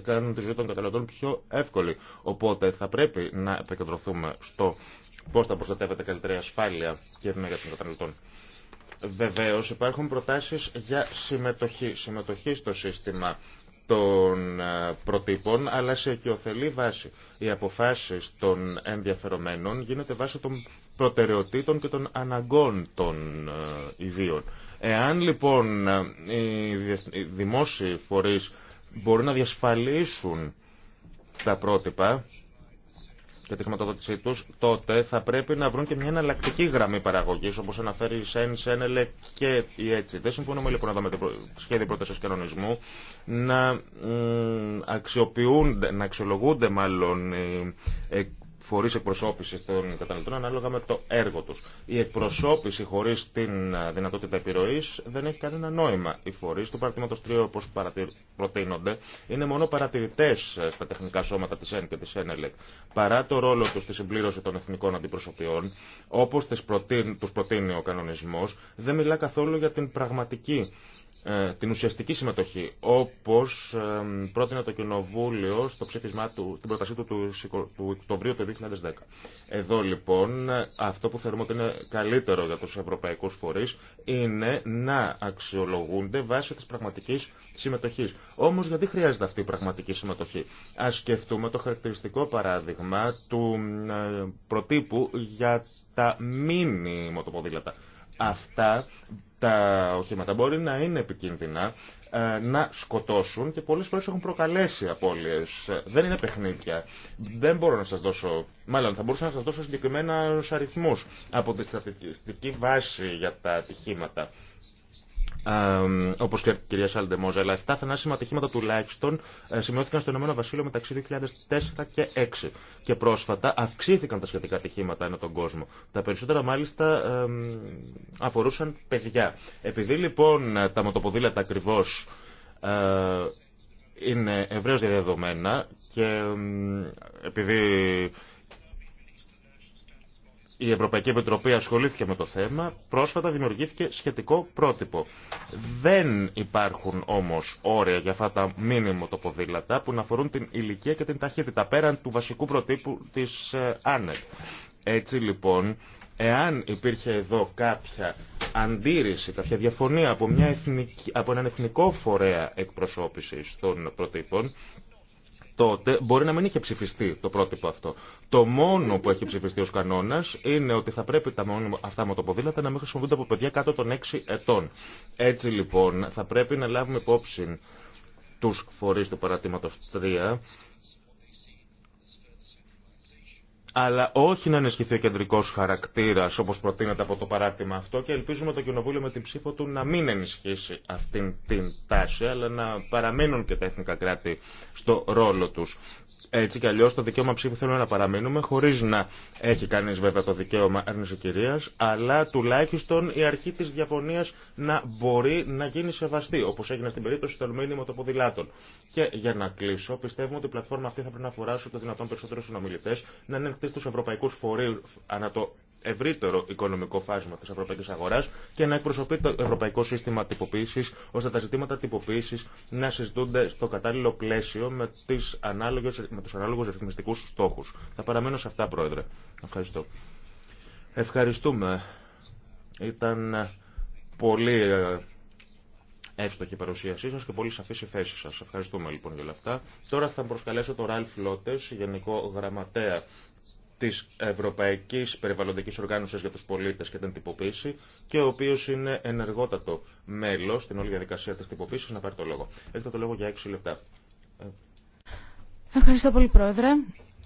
κάνουν τη ζωή των καταναλωτών πιο εύκολη. Οπότε θα πρέπει να επικεντρωθούμε στο πώ θα προστατεύεται καλύτερη ασφάλεια και ευημερία των καταναλωτών. Βεβαίω υπάρχουν προτάσεις για συμμετοχή, συμμετοχή στο σύστημα των ε, προτύπων, αλλά σε οικειοθελή βάση. Οι αποφάσεις των ενδιαφερομένων γίνεται βάσει των προτεραιοτήτων και των αναγκών των ε, ιδίων. Εάν λοιπόν ε, οι δημόσιοι φορείς μπορούν να διασφαλίσουν τα πρότυπα, και τη χρηματοδότησή του, τότε θα πρέπει να βρουν και μια εναλλακτική γραμμή παραγωγής, όπως αναφέρει η ΣΕΝ, ΣΕΝΕΛΕ και η ΕΤΣΙ. Δεν συμφωνούμε λοιπόν εδώ με το σχέδιο πρόταση κανονισμού να να αξιολογούνται μάλλον οι φορεί εκπροσώπηση των καταναλωτών ανάλογα με το έργο του. Η εκπροσώπηση χωρί την ε, δυνατότητα επιρροή δεν έχει κανένα νόημα. Οι φορεί του παρατήματο 3, όπω προτείνονται, είναι μόνο παρατηρητέ ε, στα τεχνικά σώματα τη ΕΝ και τη ΕΝΕΛΕΚ. Παρά το ρόλο του στη συμπλήρωση των εθνικών αντιπροσωπιών, όπω του προτείνει ο κανονισμό, δεν μιλά καθόλου για την πραγματική ε, την ουσιαστική συμμετοχή, όπως ε, πρότεινε το Κοινοβούλιο στο ψήφισμά του, την πρότασή του του Οκτωβρίου του 2010. Εδώ λοιπόν αυτό που θεωρούμε ότι είναι καλύτερο για τους ευρωπαϊκούς φορείς είναι να αξιολογούνται βάσει της πραγματική συμμετοχή. Όμω, γιατί χρειάζεται αυτή η πραγματική συμμετοχή. Α σκεφτούμε το χαρακτηριστικό παράδειγμα του ε, προτύπου για τα το μοτοποδήλατα. Αυτά τα οχήματα μπορεί να είναι επικίνδυνα, ε, να σκοτώσουν και πολλές φορές έχουν προκαλέσει απώλειες. Δεν είναι παιχνίδια. Δεν μπορώ να σας δώσω, μάλλον θα μπορούσα να σας δώσω συγκεκριμένα αριθμούς από τη στατιστική βάση για τα ατυχήματα όπω και η κυρία Σαλντεμόζα, αλλά 7 θανάσιμα ατυχήματα τουλάχιστον ε, σημειώθηκαν στο Ηνωμένο Βασίλειο μεταξύ 2004 και 2006. Και πρόσφατα αυξήθηκαν τα σχετικά ατυχήματα ανά τον κόσμο. Τα περισσότερα μάλιστα αφορούσαν παιδιά. Επειδή λοιπόν τα μοτοποδήλατα ακριβώ ε, είναι ευρέω διαδεδομένα και επειδή η Ευρωπαϊκή Επιτροπή ασχολήθηκε με το θέμα, πρόσφατα δημιουργήθηκε σχετικό πρότυπο. Δεν υπάρχουν όμως όρια για αυτά τα μήνυμο τοποδήλατα που να αφορούν την ηλικία και την ταχύτητα πέραν του βασικού προτύπου της ΑΝΕΤ. Ε, Έτσι λοιπόν, εάν υπήρχε εδώ κάποια αντίρρηση, κάποια διαφωνία από, μια εθνική, από έναν εθνικό φορέα εκπροσώπησης των προτύπων, τότε μπορεί να μην είχε ψηφιστεί το πρότυπο αυτό. Το μόνο που έχει ψηφιστεί ω κανόνα είναι ότι θα πρέπει τα αυτά μοτοποδήλατα να μην χρησιμοποιούνται από παιδιά κάτω των 6 ετών. Έτσι λοιπόν θα πρέπει να λάβουμε υπόψη τους φορείς του παρατήματος 3 αλλά όχι να ενισχυθεί ο κεντρικό χαρακτήρα όπω προτείνεται από το παράρτημα αυτό και ελπίζουμε το Κοινοβούλιο με την ψήφο του να μην ενισχύσει αυτήν την τάση, αλλά να παραμένουν και τα εθνικά κράτη στο ρόλο του. Έτσι κι αλλιώ το δικαίωμα ψήφου θέλουμε να παραμείνουμε, χωρί να έχει κανεί βέβαια το δικαίωμα έρνηση κυρία, αλλά τουλάχιστον η αρχή τη διαφωνία να μπορεί να γίνει σεβαστή, όπω έγινε στην περίπτωση των μήνυμα των ποδηλάτων. Και για να κλείσω, πιστεύουμε ότι η πλατφόρμα αυτή θα πρέπει να αφορά το δυνατόν περισσότερου συνομιλητέ, να είναι ανοιχτή στου ευρωπαϊκού φορεί ανά το ευρύτερο οικονομικό φάσμα τη ευρωπαϊκή αγορά και να εκπροσωπεί το ευρωπαϊκό σύστημα τυποποίηση, ώστε τα ζητήματα τυποποίηση να συζητούνται στο κατάλληλο πλαίσιο με, τις ανάλογες, με του ανάλογου ρυθμιστικού στόχου. Θα παραμένω σε αυτά, Πρόεδρε. Ευχαριστώ. Ευχαριστούμε. Ήταν ε, πολύ ε, εύστοχη η παρουσίασή σα και πολύ σαφή η θέση σα. Ευχαριστούμε λοιπόν για όλα αυτά. Τώρα θα προσκαλέσω τον Ραλφ Λότε, Γενικό Γραμματέα Τη Ευρωπαϊκή Περιβαλλοντική Οργάνωση για του πολίτε και την Τυποποίηση και ο οποίο είναι ενεργότατο μέλο στην όλη διαδικασία τη τυποποίηση να πάρει το λόγο. Έχετε το λόγο για έξι λεπτά. Ε. Ευχαριστώ πολύ Πρόεδρε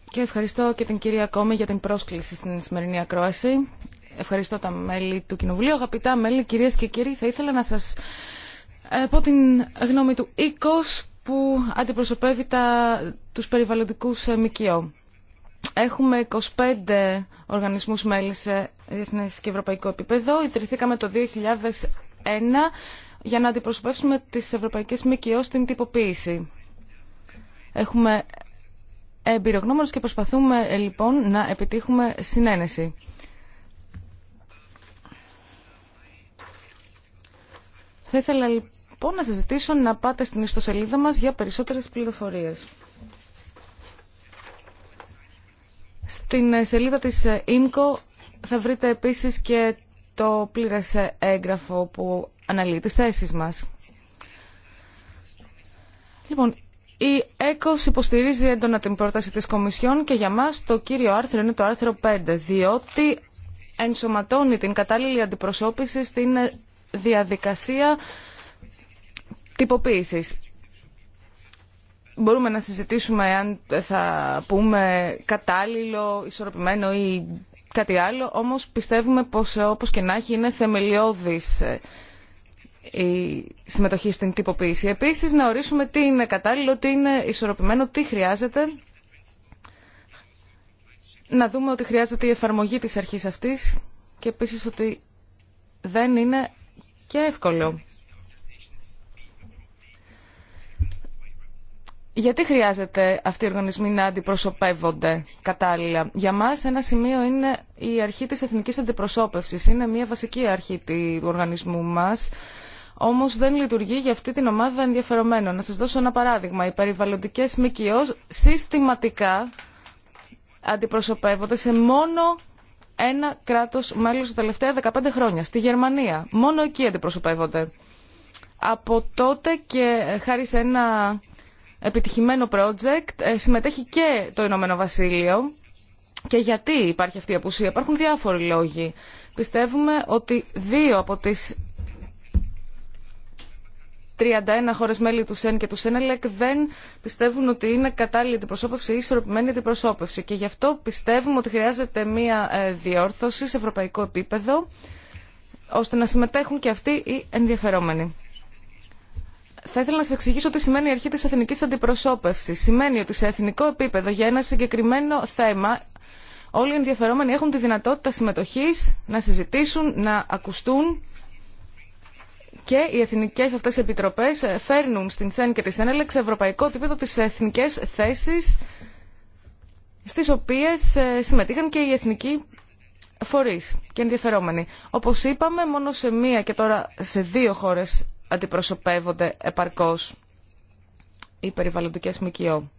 και ευχαριστώ και την κυρία Κόμη για την πρόσκληση στην σημερινή ακρόαση. Ευχαριστώ τα μέλη του Κοινοβουλίου. Αγαπητά μέλη, κυρίε και κύριοι, θα ήθελα να σα ε, πω την γνώμη του ΙΚΟΣ που αντιπροσωπεύει τα, τους περιβαλλοντικούς ε, Έχουμε 25 οργανισμούς μέλη σε διεθνές και ευρωπαϊκό επίπεδο. Ιδρυθήκαμε το 2001 για να αντιπροσωπεύσουμε τις ευρωπαϊκές ΜΚΟ στην τυποποίηση. Έχουμε εμπειρογνώμονες και προσπαθούμε λοιπόν να επιτύχουμε συνένεση. Θα ήθελα λοιπόν να σας ζητήσω να πάτε στην ιστοσελίδα μας για περισσότερες πληροφορίες. Στην σελίδα της Ίνκο θα βρείτε επίσης και το πλήρες έγγραφο που αναλύει τις θέσεις μας. Λοιπόν, η ΕΚΟΣ υποστηρίζει έντονα την πρόταση της Κομισιόν και για μας το κύριο άρθρο είναι το άρθρο 5, διότι ενσωματώνει την κατάλληλη αντιπροσώπηση στην διαδικασία τυποποίησης μπορούμε να συζητήσουμε αν θα πούμε κατάλληλο, ισορροπημένο ή κάτι άλλο, όμως πιστεύουμε πως ε, όπως και να έχει είναι θεμελιώδης ε, η συμμετοχή στην τυποποίηση. Επίσης να ορίσουμε τι είναι κατάλληλο, τι είναι ισορροπημένο, τι χρειάζεται. Να δούμε ότι χρειάζεται η εφαρμογή της αρχής αυτής και επίσης ότι δεν είναι και εύκολο. Γιατί χρειάζεται αυτοί οι οργανισμοί να αντιπροσωπεύονται κατάλληλα. Για μα ένα σημείο είναι η αρχή τη εθνική αντιπροσωπευση. Είναι μια βασική αρχή του οργανισμού μα, όμω δεν λειτουργεί για αυτή την ομάδα ενδιαφερομένων. Να σα δώσω ένα παράδειγμα. Οι περιβαλλοντικέ ΜΚΟ συστηματικά αντιπροσωπεύονται σε μόνο ένα κράτο μέλο τα τελευταία 15 χρόνια, στη Γερμανία. Μόνο εκεί αντιπροσωπεύονται. Από τότε και χάρη σε ένα επιτυχημένο project ε, συμμετέχει και το Ηνωμένο Βασίλειο. Και γιατί υπάρχει αυτή η απουσία. Υπάρχουν διάφοροι λόγοι. Πιστεύουμε ότι δύο από τις 31 χώρες μέλη του ΣΕΝ και του ΣΕΝΕΛΕΚ δεν πιστεύουν ότι είναι κατάλληλη αντιπροσώπευση ή ισορροπημένη αντιπροσώπευση. Και γι' αυτό πιστεύουμε ότι χρειάζεται μία ε, διόρθωση σε ευρωπαϊκό επίπεδο ώστε να συμμετέχουν και αυτοί οι ενδιαφερόμενοι θα ήθελα να σα εξηγήσω τι σημαίνει η αρχή τη εθνική αντιπροσώπευση. Σημαίνει ότι σε εθνικό επίπεδο για ένα συγκεκριμένο θέμα όλοι οι ενδιαφερόμενοι έχουν τη δυνατότητα συμμετοχή, να συζητήσουν, να ακουστούν και οι εθνικέ αυτέ επιτροπέ ε, φέρνουν στην ΣΕΝ και τη ΣΕΝΕΛΕΚ σε ευρωπαϊκό επίπεδο τι εθνικέ θέσει στι οποίε ε, συμμετείχαν και οι εθνικοί φορεί και ενδιαφερόμενοι. Όπω είπαμε, μόνο σε μία και τώρα σε δύο χώρε αντιπροσωπεύονται επαρκώς οι περιβαλλοντικές ΜΚΟ.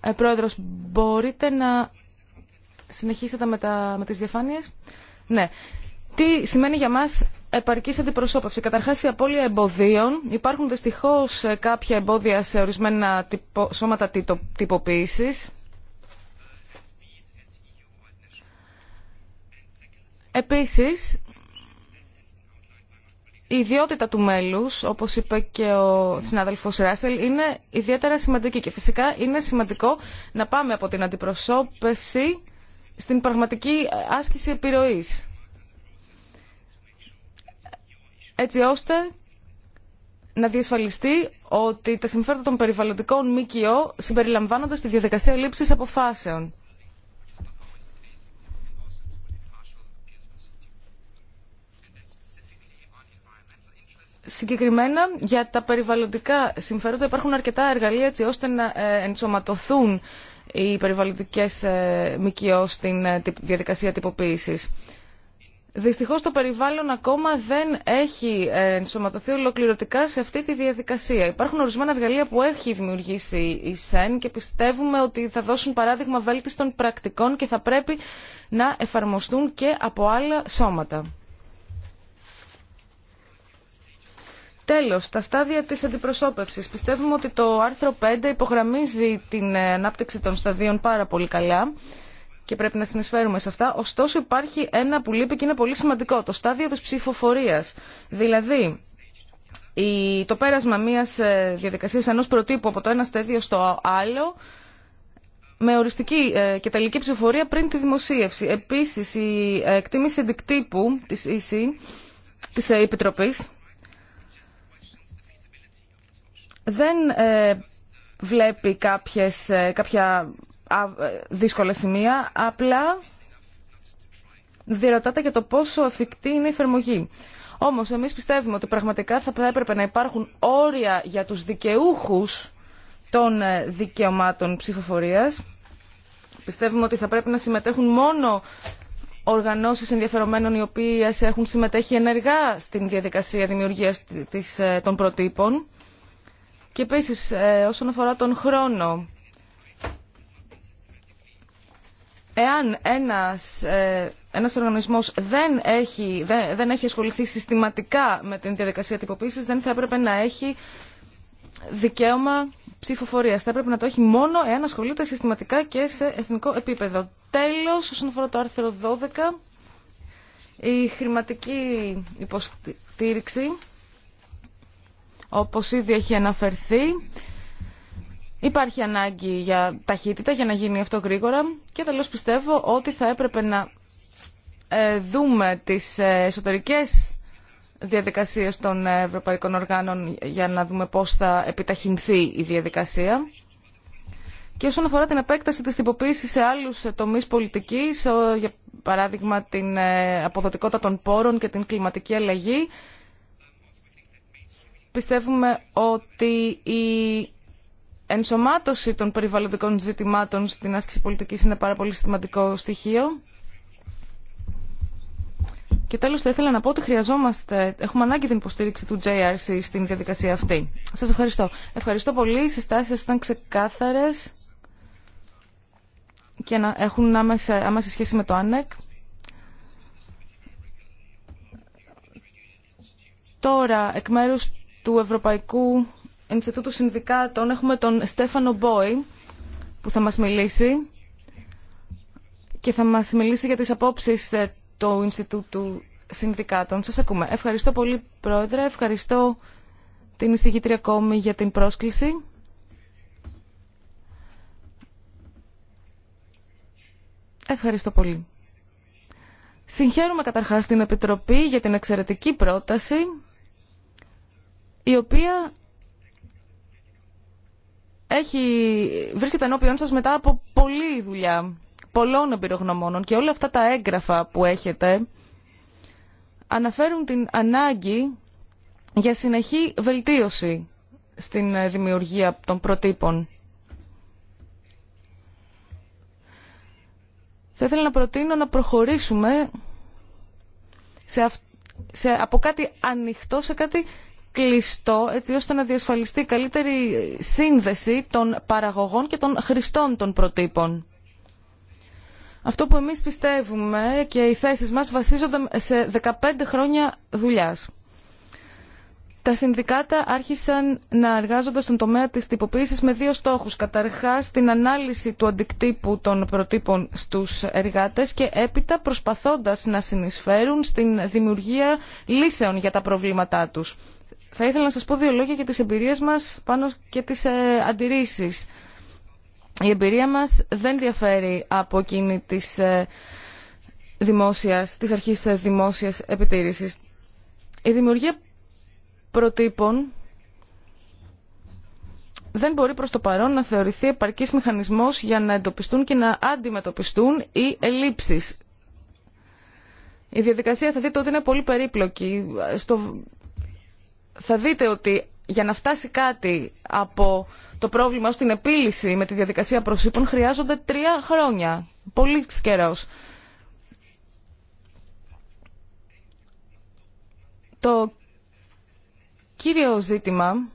Ε, πρόεδρος, μπορείτε να συνεχίσετε με, τα, με τις διαφάνειες. Ναι. Τι σημαίνει για μας επαρκής αντιπροσώπευση. Καταρχάς η απώλεια εμποδίων. Υπάρχουν δυστυχώς ε, κάποια εμπόδια σε ορισμένα τυπο, σώματα τυποποίησης Επίσης, η ιδιότητα του μέλους, όπως είπε και ο συνάδελφος Ράσελ, είναι ιδιαίτερα σημαντική και φυσικά είναι σημαντικό να πάμε από την αντιπροσώπευση στην πραγματική άσκηση επιρροής. Έτσι ώστε να διασφαλιστεί ότι τα συμφέροντα των περιβαλλοντικών ΜΚΟ συμπεριλαμβάνονται στη διαδικασία λήψης αποφάσεων. Συγκεκριμένα για τα περιβαλλοντικά συμφέροντα υπάρχουν αρκετά εργαλεία έτσι ώστε να ε, ενσωματωθούν οι περιβαλλοντικές ε, ΜΚΟ στην ε, διαδικασία τυποποίησης. Δυστυχώς το περιβάλλον ακόμα δεν έχει ενσωματωθεί ολοκληρωτικά σε αυτή τη διαδικασία. Υπάρχουν ορισμένα εργαλεία που έχει δημιουργήσει η ΣΕΝ και πιστεύουμε ότι θα δώσουν παράδειγμα βέλτιστων πρακτικών και θα πρέπει να εφαρμοστούν και από άλλα σώματα. Τέλος, τα στάδια της αντιπροσώπευσης. Πιστεύουμε ότι το άρθρο 5 υπογραμμίζει την ε, ανάπτυξη των σταδίων πάρα πολύ καλά και πρέπει να συνεισφέρουμε σε αυτά. Ωστόσο υπάρχει ένα που λείπει και είναι πολύ σημαντικό, το στάδιο της ψηφοφορίας. Δηλαδή, το πέρασμα μιας ε, διαδικασίας ενός προτύπου από το ένα στάδιο στο άλλο με οριστική ε, και τελική ψηφοφορία πριν τη δημοσίευση. Επίσης, η εκτίμηση δικτύπου της ΕΣΥ, της Επιτροπής, δεν ε, βλέπει κάποιες, ε, κάποια ε, δύσκολα σημεία, απλά διερωτάται για το πόσο εφικτή είναι η εφαρμογή. Όμως εμείς πιστεύουμε ότι πραγματικά θα έπρεπε να υπάρχουν όρια για τους δικαιούχους των δικαιωμάτων ψηφοφορίας. Πιστεύουμε ότι θα πρέπει να συμμετέχουν μόνο οργανώσεις ενδιαφερομένων οι οποίες έχουν συμμετέχει ενεργά στην διαδικασία δημιουργίας των προτύπων και επίσης ε, όσον αφορά τον χρόνο, εάν ένας, ε, ένας οργανισμός δεν έχει, δεν, δεν έχει ασχοληθεί συστηματικά με την διαδικασία τυποποίησης, δεν θα έπρεπε να έχει δικαίωμα ψηφοφορίας. Θα έπρεπε να το έχει μόνο εάν ασχολείται συστηματικά και σε εθνικό επίπεδο. Τέλος, όσον αφορά το άρθρο 12, η χρηματική υποστήριξη όπως ήδη έχει αναφερθεί, υπάρχει ανάγκη για ταχύτητα για να γίνει αυτό γρήγορα και τέλος πιστεύω ότι θα έπρεπε να ε, δούμε τις ε, εσωτερικές διαδικασίες των ε, ευρωπαϊκών οργάνων για να δούμε πώς θα επιταχυνθεί η διαδικασία. Και όσον αφορά την επέκταση της τυποποίησης σε άλλους τομείς πολιτικής, για παράδειγμα την αποδοτικότητα των πόρων και την κλιματική αλλαγή, Πιστεύουμε ότι η ενσωμάτωση των περιβαλλοντικών ζητημάτων στην άσκηση πολιτικής είναι πάρα πολύ σημαντικό στοιχείο. Και τέλος θα ήθελα να πω ότι χρειαζόμαστε, έχουμε ανάγκη την υποστήριξη του JRC στην διαδικασία αυτή. Σας ευχαριστώ. Ευχαριστώ πολύ. Οι συστάσεις ήταν ξεκάθαρες και να έχουν άμεση, άμεση σχέση με το ΑΝΕΚ. Τώρα, εκ μέρους του Ευρωπαϊκού Ινστιτούτου Συνδικάτων έχουμε τον Στέφανο Μπόι που θα μας μιλήσει και θα μας μιλήσει για τις απόψεις ε, του Ινστιτούτου Συνδικάτων. Σας ακούμε. Ευχαριστώ πολύ Πρόεδρε, ευχαριστώ την εισηγήτρια Κόμη για την πρόσκληση. Ευχαριστώ πολύ. Συγχαίρουμε καταρχάς την Επιτροπή για την εξαιρετική πρόταση η οποία έχει, βρίσκεται ενώπιον σας μετά από πολλή δουλειά πολλών εμπειρογνωμόνων και όλα αυτά τα έγγραφα που έχετε αναφέρουν την ανάγκη για συνεχή βελτίωση στην ε, δημιουργία των προτύπων. Θα ήθελα να προτείνω να προχωρήσουμε σε, από κάτι ανοιχτό σε κάτι κλειστό έτσι ώστε να διασφαλιστεί καλύτερη σύνδεση των παραγωγών και των χρηστών των προτύπων. Αυτό που εμείς πιστεύουμε και οι θέσεις μας βασίζονται σε 15 χρόνια δουλειάς. Τα συνδικάτα άρχισαν να εργάζονται στον τομέα της τυποποίησης με δύο στόχους. Καταρχάς την ανάλυση του αντικτύπου των προτύπων στους εργάτες και έπειτα προσπαθώντας να συνεισφέρουν στην δημιουργία λύσεων για τα προβλήματά τους. Θα ήθελα να σας πω δύο λόγια για τις εμπειρίες μας πάνω και τις ε, αντιρρήσεις. Η εμπειρία μας δεν διαφέρει από εκείνη της, ε, δημόσιας, της αρχής ε, δημόσιας επιτήρησης. Η δημιουργία προτύπων δεν μπορεί προς το παρόν να θεωρηθεί επαρκής μηχανισμός για να εντοπιστούν και να αντιμετωπιστούν οι ελλείψεις. Η διαδικασία θα δείτε ότι είναι πολύ περίπλοκη. Στο θα δείτε ότι για να φτάσει κάτι από το πρόβλημα ως την επίλυση με τη διαδικασία προσήπων χρειάζονται τρία χρόνια. Πολύ καιρός. Το κύριο ζήτημα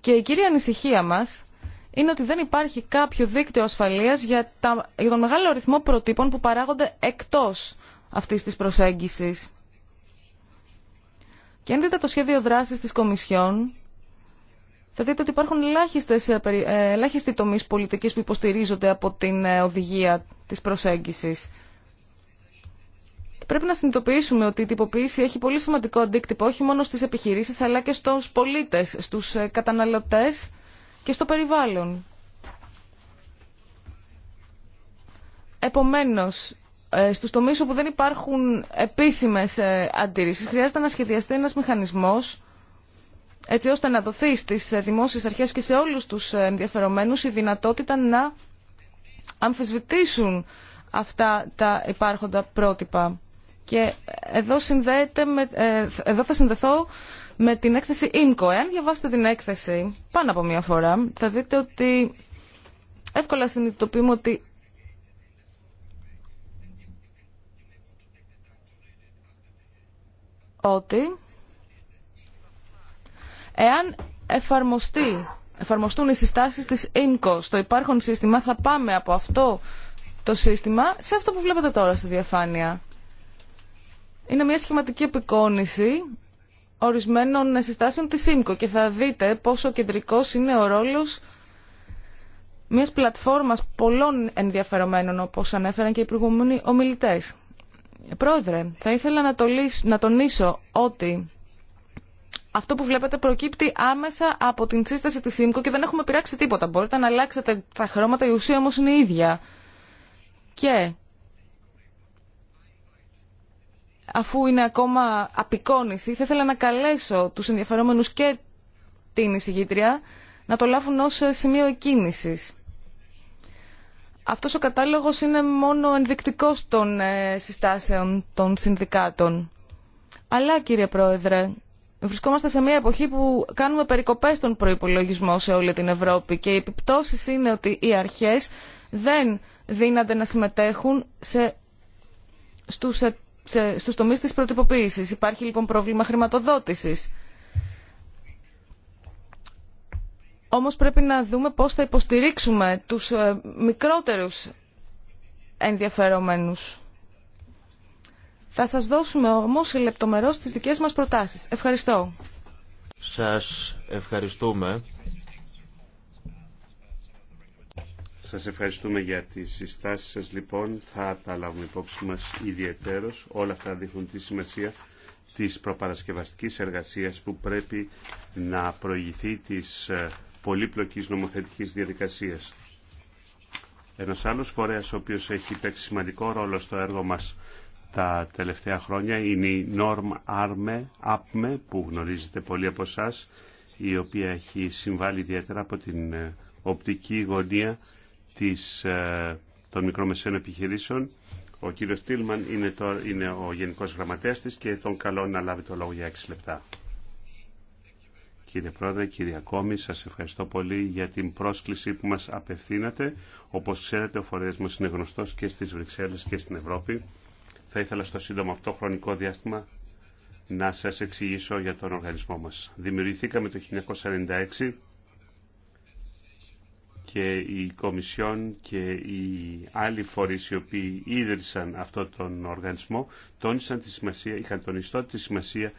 και η κύρια ανησυχία μας είναι ότι δεν υπάρχει κάποιο δίκτυο ασφαλείας για, για τον μεγάλο αριθμό προτύπων που παράγονται εκτός αυτής της προσέγγισης. Και αν δείτε το σχέδιο δράσης της Κομισιόν, θα δείτε ότι υπάρχουν ελάχιστες, ε, ε, ελάχιστοι τομεί πολιτικής που υποστηρίζονται από την ε, οδηγία της προσέγγισης. Πρέπει να συνειδητοποιήσουμε ότι η τυποποίηση έχει πολύ σημαντικό αντίκτυπο όχι μόνο στις επιχειρήσεις αλλά και στους πολίτες, στους καταναλωτές και στο περιβάλλον. Επομένως, ε, στους τομείς όπου δεν υπάρχουν επίσημες ε, αντίρρησεις χρειάζεται να σχεδιαστεί ένας μηχανισμός έτσι ώστε να δοθεί στις ε, δημόσιες αρχές και σε όλους τους ενδιαφερομένους η δυνατότητα να αμφισβητήσουν αυτά τα υπάρχοντα πρότυπα. Και εδώ, με, εδώ θα συνδεθώ με την έκθεση IMCO. Εάν διαβάσετε την έκθεση πάνω από μία φορά, θα δείτε ότι εύκολα συνειδητοποιούμε ότι ότι εάν εφαρμοστεί, εφαρμοστούν οι συστάσεις της ΙΝΚΟ στο υπάρχον σύστημα θα πάμε από αυτό το σύστημα σε αυτό που βλέπετε τώρα στη διαφάνεια. Είναι μια σχηματική επικόνηση ορισμένων συστάσεων της ΙΝΚΟ και θα δείτε πόσο κεντρικός είναι ο ρόλος μιας πλατφόρμας πολλών ενδιαφερομένων όπως ανέφεραν και οι προηγούμενοι ομιλητές. Πρόεδρε, θα ήθελα να, να τονίσω ότι αυτό που βλέπετε προκύπτει άμεσα από την σύσταση της ΣΥΜΚΟ και δεν έχουμε πειράξει τίποτα. Μπορείτε να αλλάξετε τα χρώματα, η ουσία όμως είναι η ίδια. Και αφού είναι ακόμα απεικόνηση, θα ήθελα να καλέσω τους ενδιαφερόμενους και την εισηγήτρια να το λάβουν ως σημείο εκκίνησης. Αυτό ο κατάλογος είναι μόνο ενδεικτικός των ε, συστάσεων των συνδικάτων. Αλλά, κύριε Πρόεδρε, βρισκόμαστε σε μια εποχή που κάνουμε περικοπές στον προπολογισμό σε όλη την Ευρώπη και οι επιπτώσει είναι ότι οι αρχές δεν δύναται να συμμετέχουν σε, στους, ε, σε, στους τομείς της προτυπωποίησης. Υπάρχει λοιπόν πρόβλημα χρηματοδότησης. Όμως πρέπει να δούμε πώς θα υποστηρίξουμε τους ε, μικρότερους ενδιαφερομένους. Θα σας δώσουμε όμως λεπτομερώς τις δικές μας προτάσεις. Ευχαριστώ. Σας ευχαριστούμε. Σας ευχαριστούμε για τις συστάσεις σας λοιπόν. Θα τα λάβουμε υπόψη μας ιδιαιτέρως. Όλα αυτά δείχνουν τη σημασία της προπαρασκευαστικής εργασίας που πρέπει να προηγηθεί της ε, πολύπλοκης νομοθετικής διαδικασίας. Ένας άλλος φορέας ο οποίος έχει παίξει σημαντικό ρόλο στο έργο μας τα τελευταία χρόνια είναι η Norm Arme, APME, που γνωρίζετε πολλοί από εσά, η οποία έχει συμβάλει ιδιαίτερα από την ε, οπτική γωνία της, ε, των μικρομεσαίων επιχειρήσεων. Ο κύριος Τίλμαν είναι, το, είναι ο Γενικός Γραμματέας της και τον καλό να λάβει το λόγο για 6 λεπτά. Κύριε Πρόεδρε, κύριε Ακόμη, σας ευχαριστώ πολύ για την πρόσκληση που μας απευθύνατε. Όπως ξέρετε, ο φορέας μας είναι γνωστός και στις Βρυξέλλες και στην Ευρώπη. Θα ήθελα στο σύντομο αυτό χρονικό διάστημα να σας εξηγήσω για τον οργανισμό μας. Δημιουργηθήκαμε το 1946 και η Κομισιόν και οι άλλοι φορείς οι οποίοι ίδρυσαν αυτόν τον οργανισμό τόνισαν τη σημασία, είχαν τονιστό τη σημασία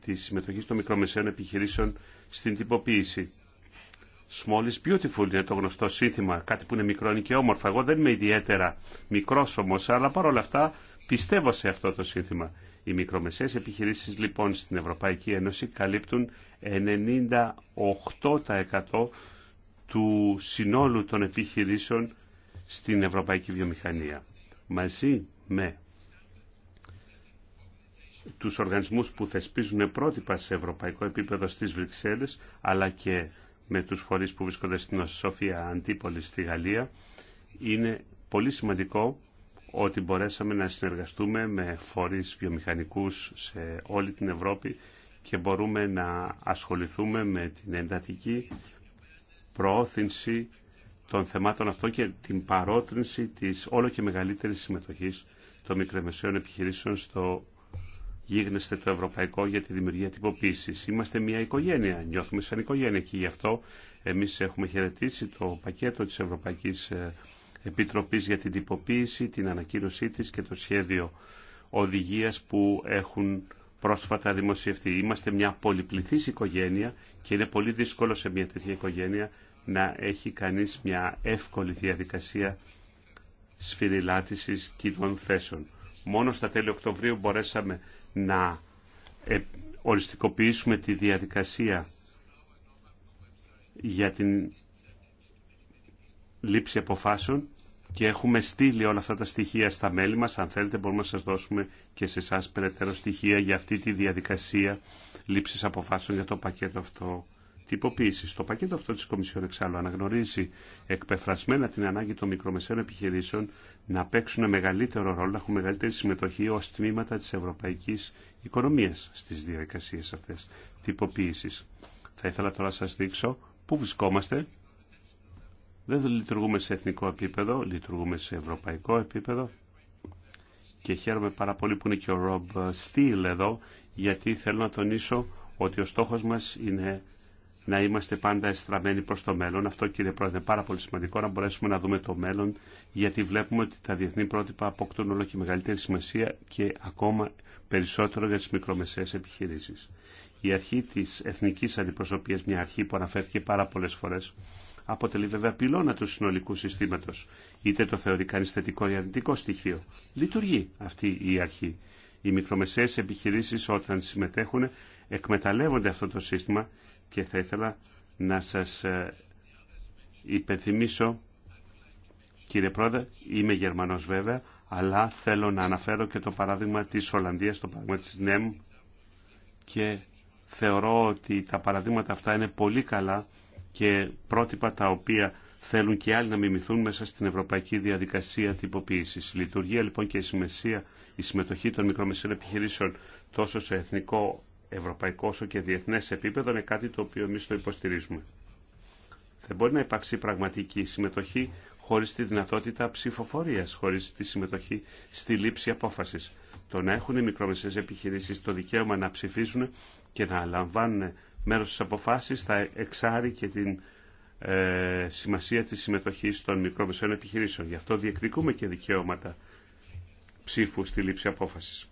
τη συμμετοχή των μικρομεσαίων επιχειρήσεων στην τυποποίηση. Small is beautiful είναι το γνωστό σύνθημα, κάτι που είναι μικρό και όμορφο. Εγώ δεν είμαι ιδιαίτερα μικρό όμω, αλλά παρόλα αυτά πιστεύω σε αυτό το σύνθημα. Οι μικρομεσαίες επιχειρήσεις λοιπόν στην Ευρωπαϊκή Ένωση καλύπτουν 98% του συνόλου των επιχειρήσεων στην Ευρωπαϊκή Βιομηχανία. Μαζί με τους οργανισμούς που θεσπίζουν πρότυπα σε ευρωπαϊκό επίπεδο στις Βρυξέλλες, αλλά και με τους φορείς που βρίσκονται στην Σοφία Αντίπολη στη Γαλλία, είναι πολύ σημαντικό ότι μπορέσαμε να συνεργαστούμε με φορείς βιομηχανικούς σε όλη την Ευρώπη και μπορούμε να ασχοληθούμε με την εντατική προώθηση των θεμάτων αυτών και την παρότρινση της όλο και μεγαλύτερης συμμετοχής των μικρομεσαίων επιχειρήσεων στο γίγνεσθε το ευρωπαϊκό για τη δημιουργία τυποποίηση. Είμαστε μια οικογένεια, νιώθουμε σαν οικογένεια και γι' αυτό εμείς έχουμε χαιρετήσει το πακέτο της Ευρωπαϊκής ε, Επιτροπής για την τυποποίηση, την ανακοίνωσή της και το σχέδιο οδηγίας που έχουν πρόσφατα δημοσιευτεί. Είμαστε μια πολυπληθής οικογένεια και είναι πολύ δύσκολο σε μια τέτοια οικογένεια να έχει κανείς μια εύκολη διαδικασία σφυριλάτησης κοινών θέσεων. Μόνο στα τέλη Οκτωβρίου μπορέσαμε να ε, οριστικοποιήσουμε τη διαδικασία για την λήψη αποφάσεων και έχουμε στείλει όλα αυτά τα στοιχεία στα μέλη μας. Αν θέλετε μπορούμε να σας δώσουμε και σε εσά περαιτέρω στοιχεία για αυτή τη διαδικασία λήψης αποφάσεων για το πακέτο αυτό τυποποίηση. Το πακέτο αυτό τη Κομισιόν εξάλλου αναγνωρίζει εκπεφρασμένα την ανάγκη των μικρομεσαίων επιχειρήσεων να παίξουν μεγαλύτερο ρόλο, να έχουν μεγαλύτερη συμμετοχή ω τμήματα τη ευρωπαϊκή οικονομία στι διαδικασίε αυτέ τυποποίηση. Θα ήθελα τώρα να σα δείξω πού βρισκόμαστε. Δεν λειτουργούμε σε εθνικό επίπεδο, λειτουργούμε σε ευρωπαϊκό επίπεδο. Και χαίρομαι πάρα πολύ που είναι και ο Ρομπ Στίλ εδώ, γιατί θέλω να τονίσω ότι ο στόχος μας είναι να είμαστε πάντα εστραμμένοι προς το μέλλον. Αυτό κύριε Πρόεδρε είναι πάρα πολύ σημαντικό να μπορέσουμε να δούμε το μέλλον γιατί βλέπουμε ότι τα διεθνή πρότυπα αποκτούν όλο και μεγαλύτερη σημασία και ακόμα περισσότερο για τις μικρομεσαίες επιχειρήσεις. Η αρχή της εθνικής αντιπροσωπείας, μια αρχή που αναφέρθηκε πάρα πολλές φορές, αποτελεί βέβαια πυλώνα του συνολικού συστήματο. Είτε το θεωρεί κανείς κανεί στοιχείο. Λειτουργεί αυτή η αρχή. Οι μικρομεσαίε επιχειρήσει όταν συμμετέχουν εκμεταλλεύονται αυτό το σύστημα και θα ήθελα να σας ε, υπενθυμίσω, κύριε Πρόεδρε, είμαι Γερμανός βέβαια, αλλά θέλω να αναφέρω και το παράδειγμα της Ολλανδίας, το παράδειγμα της ΝΕΜ και θεωρώ ότι τα παραδείγματα αυτά είναι πολύ καλά και πρότυπα τα οποία θέλουν και άλλοι να μιμηθούν μέσα στην ευρωπαϊκή διαδικασία τυποποίηση. λειτουργία λοιπόν και η, η συμμετοχή των μικρομεσαίων επιχειρήσεων τόσο σε εθνικό ευρωπαϊκό όσο και διεθνέ επίπεδο είναι κάτι το οποίο εμεί το υποστηρίζουμε. Δεν μπορεί να υπάρξει πραγματική συμμετοχή χωρί τη δυνατότητα ψηφοφορία χωρί τη συμμετοχή στη λήψη απόφαση. Το να έχουν οι μικρομεσαίες επιχειρήσει το δικαίωμα να ψηφίζουν και να λαμβάνουν μέρο στι αποφάσεις θα εξάρει και την ε, σημασία της συμμετοχής των μικρομεσαίων επιχειρήσεων. Γι' αυτό διεκδικούμε και δικαιώματα ψήφου στη λήψη απόφαση.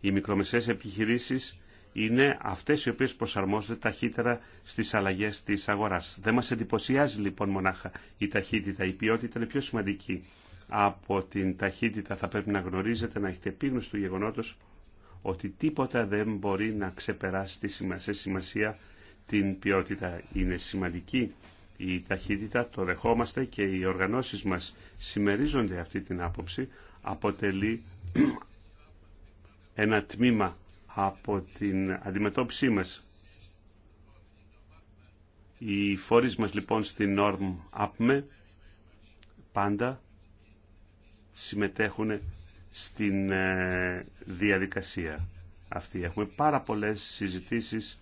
Οι μικρομεσαίες επιχειρήσεις είναι αυτές οι οποίες προσαρμόζονται ταχύτερα στις αλλαγές της αγοράς. Δεν μας εντυπωσιάζει λοιπόν μονάχα η ταχύτητα, η ποιότητα είναι πιο σημαντική από την ταχύτητα. Θα πρέπει να γνωρίζετε, να έχετε επίγνωση του γεγονότος ότι τίποτα δεν μπορεί να ξεπεράσει τη σημασία, σημασία την ποιότητα. Είναι σημαντική η ταχύτητα, το δεχόμαστε και οι οργανώσεις μας συμμερίζονται αυτή την άποψη, αποτελεί ένα τμήμα από την αντιμετώπιση μας. Οι φόρεις μας λοιπόν στην Norm APME πάντα συμμετέχουν στην ε, διαδικασία αυτή. Έχουμε πάρα πολλές συζητήσεις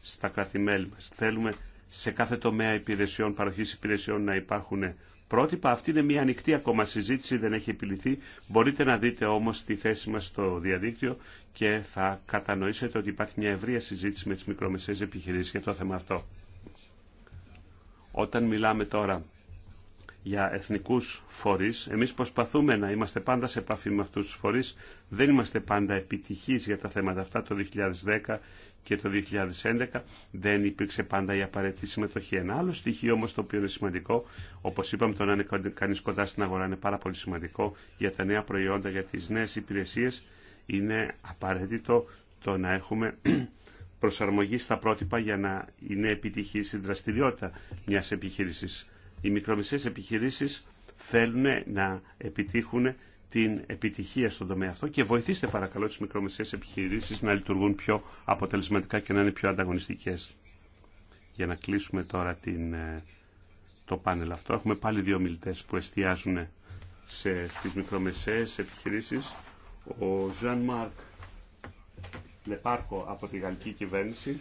στα κράτη-μέλη μας. Θέλουμε σε κάθε τομέα υπηρεσιών, παροχής υπηρεσιών να υπάρχουν πρότυπα. Αυτή είναι μια ανοιχτή ακόμα συζήτηση, δεν έχει επιληθεί. Μπορείτε να δείτε όμως τη θέση μας στο διαδίκτυο και θα κατανοήσετε ότι υπάρχει μια ευρεία συζήτηση με τις μικρομεσαίες επιχειρήσεις για το θέμα αυτό. Όταν μιλάμε τώρα για εθνικούς φορείς. Εμείς προσπαθούμε να είμαστε πάντα σε επαφή με αυτούς τους φορείς. Δεν είμαστε πάντα επιτυχείς για τα θέματα αυτά. Το 2010 και το 2011 δεν υπήρξε πάντα η απαραίτητη συμμετοχή. Ένα άλλο στοιχείο όμως το οποίο είναι σημαντικό, όπως είπαμε το να είναι κανείς κοντά στην αγορά είναι πάρα πολύ σημαντικό για τα νέα προϊόντα, για τις νέες υπηρεσίες είναι απαραίτητο το να έχουμε (clears throat) προσαρμογή στα πρότυπα για να είναι επιτυχής η δραστηριότητα μια επιχείρηση. Οι μικρομεσαίες επιχειρήσει θέλουν να επιτύχουν την επιτυχία στον τομέα αυτό και βοηθήστε παρακαλώ τις μικρομεσαίες επιχειρήσεις να λειτουργούν πιο αποτελεσματικά και να είναι πιο ανταγωνιστικές. Για να κλείσουμε τώρα την, ε, το πάνελ αυτό, έχουμε πάλι δύο μιλητέ που εστιάζουν σε, στις μικρομεσαίες επιχειρήσεις. Ο Ζαν Μάρκ Λεπάρκο από τη γαλλική κυβέρνηση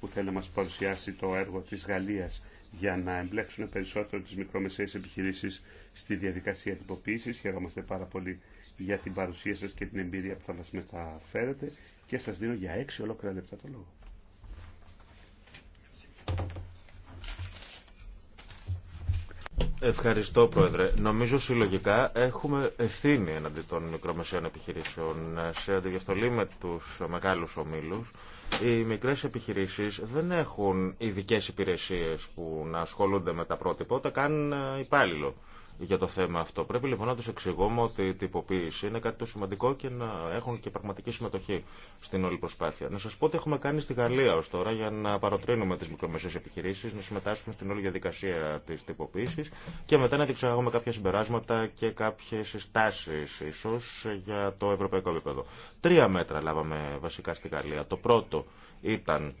που θέλει να μας παρουσιάσει το έργο της Γαλλίας για να εμπλέξουν περισσότερο τις μικρομεσαίες επιχειρήσεις στη διαδικασία τυποποίησης. Χαιρόμαστε πάρα πολύ για την παρουσία σας και την εμπειρία που θα μας μεταφέρετε και σας δίνω για έξι ολόκληρα λεπτά το λόγο. Ευχαριστώ, Πρόεδρε. Νομίζω συλλογικά έχουμε ευθύνη εναντί των μικρομεσαίων επιχειρήσεων σε αντιγευτολή με τους μεγάλους ομίλους οι μικρές επιχειρήσεις δεν έχουν ειδικέ υπηρεσίες που να ασχολούνται με τα πρότυπα, ούτε καν ε, υπάλληλο για το θέμα αυτό. Πρέπει λοιπόν να του εξηγούμε ότι η τυποποίηση είναι κάτι το σημαντικό και να έχουν και πραγματική συμμετοχή στην όλη προσπάθεια. Να σα πω τι έχουμε κάνει στη Γαλλία ω τώρα για να παροτρύνουμε τι μικρομεσαίε επιχειρήσει να συμμετάσχουν στην όλη διαδικασία τη τυποποίηση και μετά να διεξάγουμε κάποια συμπεράσματα και κάποιε συστάσει ίσω για το ευρωπαϊκό επίπεδο. Τρία μέτρα λάβαμε βασικά στη Γαλλία. Το πρώτο ήταν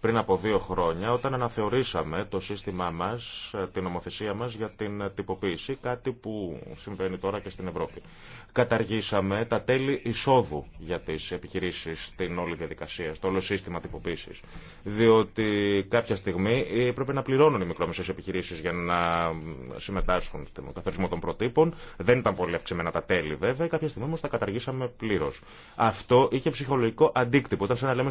πριν από δύο χρόνια όταν αναθεωρήσαμε το σύστημά μας, την νομοθεσία μας για την τυποποίηση, κάτι που συμβαίνει τώρα και στην Ευρώπη. Καταργήσαμε τα τέλη εισόδου για τις επιχειρήσεις στην όλη διαδικασία, στο όλο σύστημα τυποποίησης. Διότι κάποια στιγμή πρέπει να πληρώνουν οι μικρόμεσες επιχειρήσεις για να συμμετάσχουν στον καθορισμό των προτύπων. Δεν ήταν πολύ αυξημένα τα τέλη βέβαια, κάποια στιγμή όμως τα καταργήσαμε πλήρως. Αυτό είχε ψυχολογικό αντίκτυπο. Όταν σαν να λέμε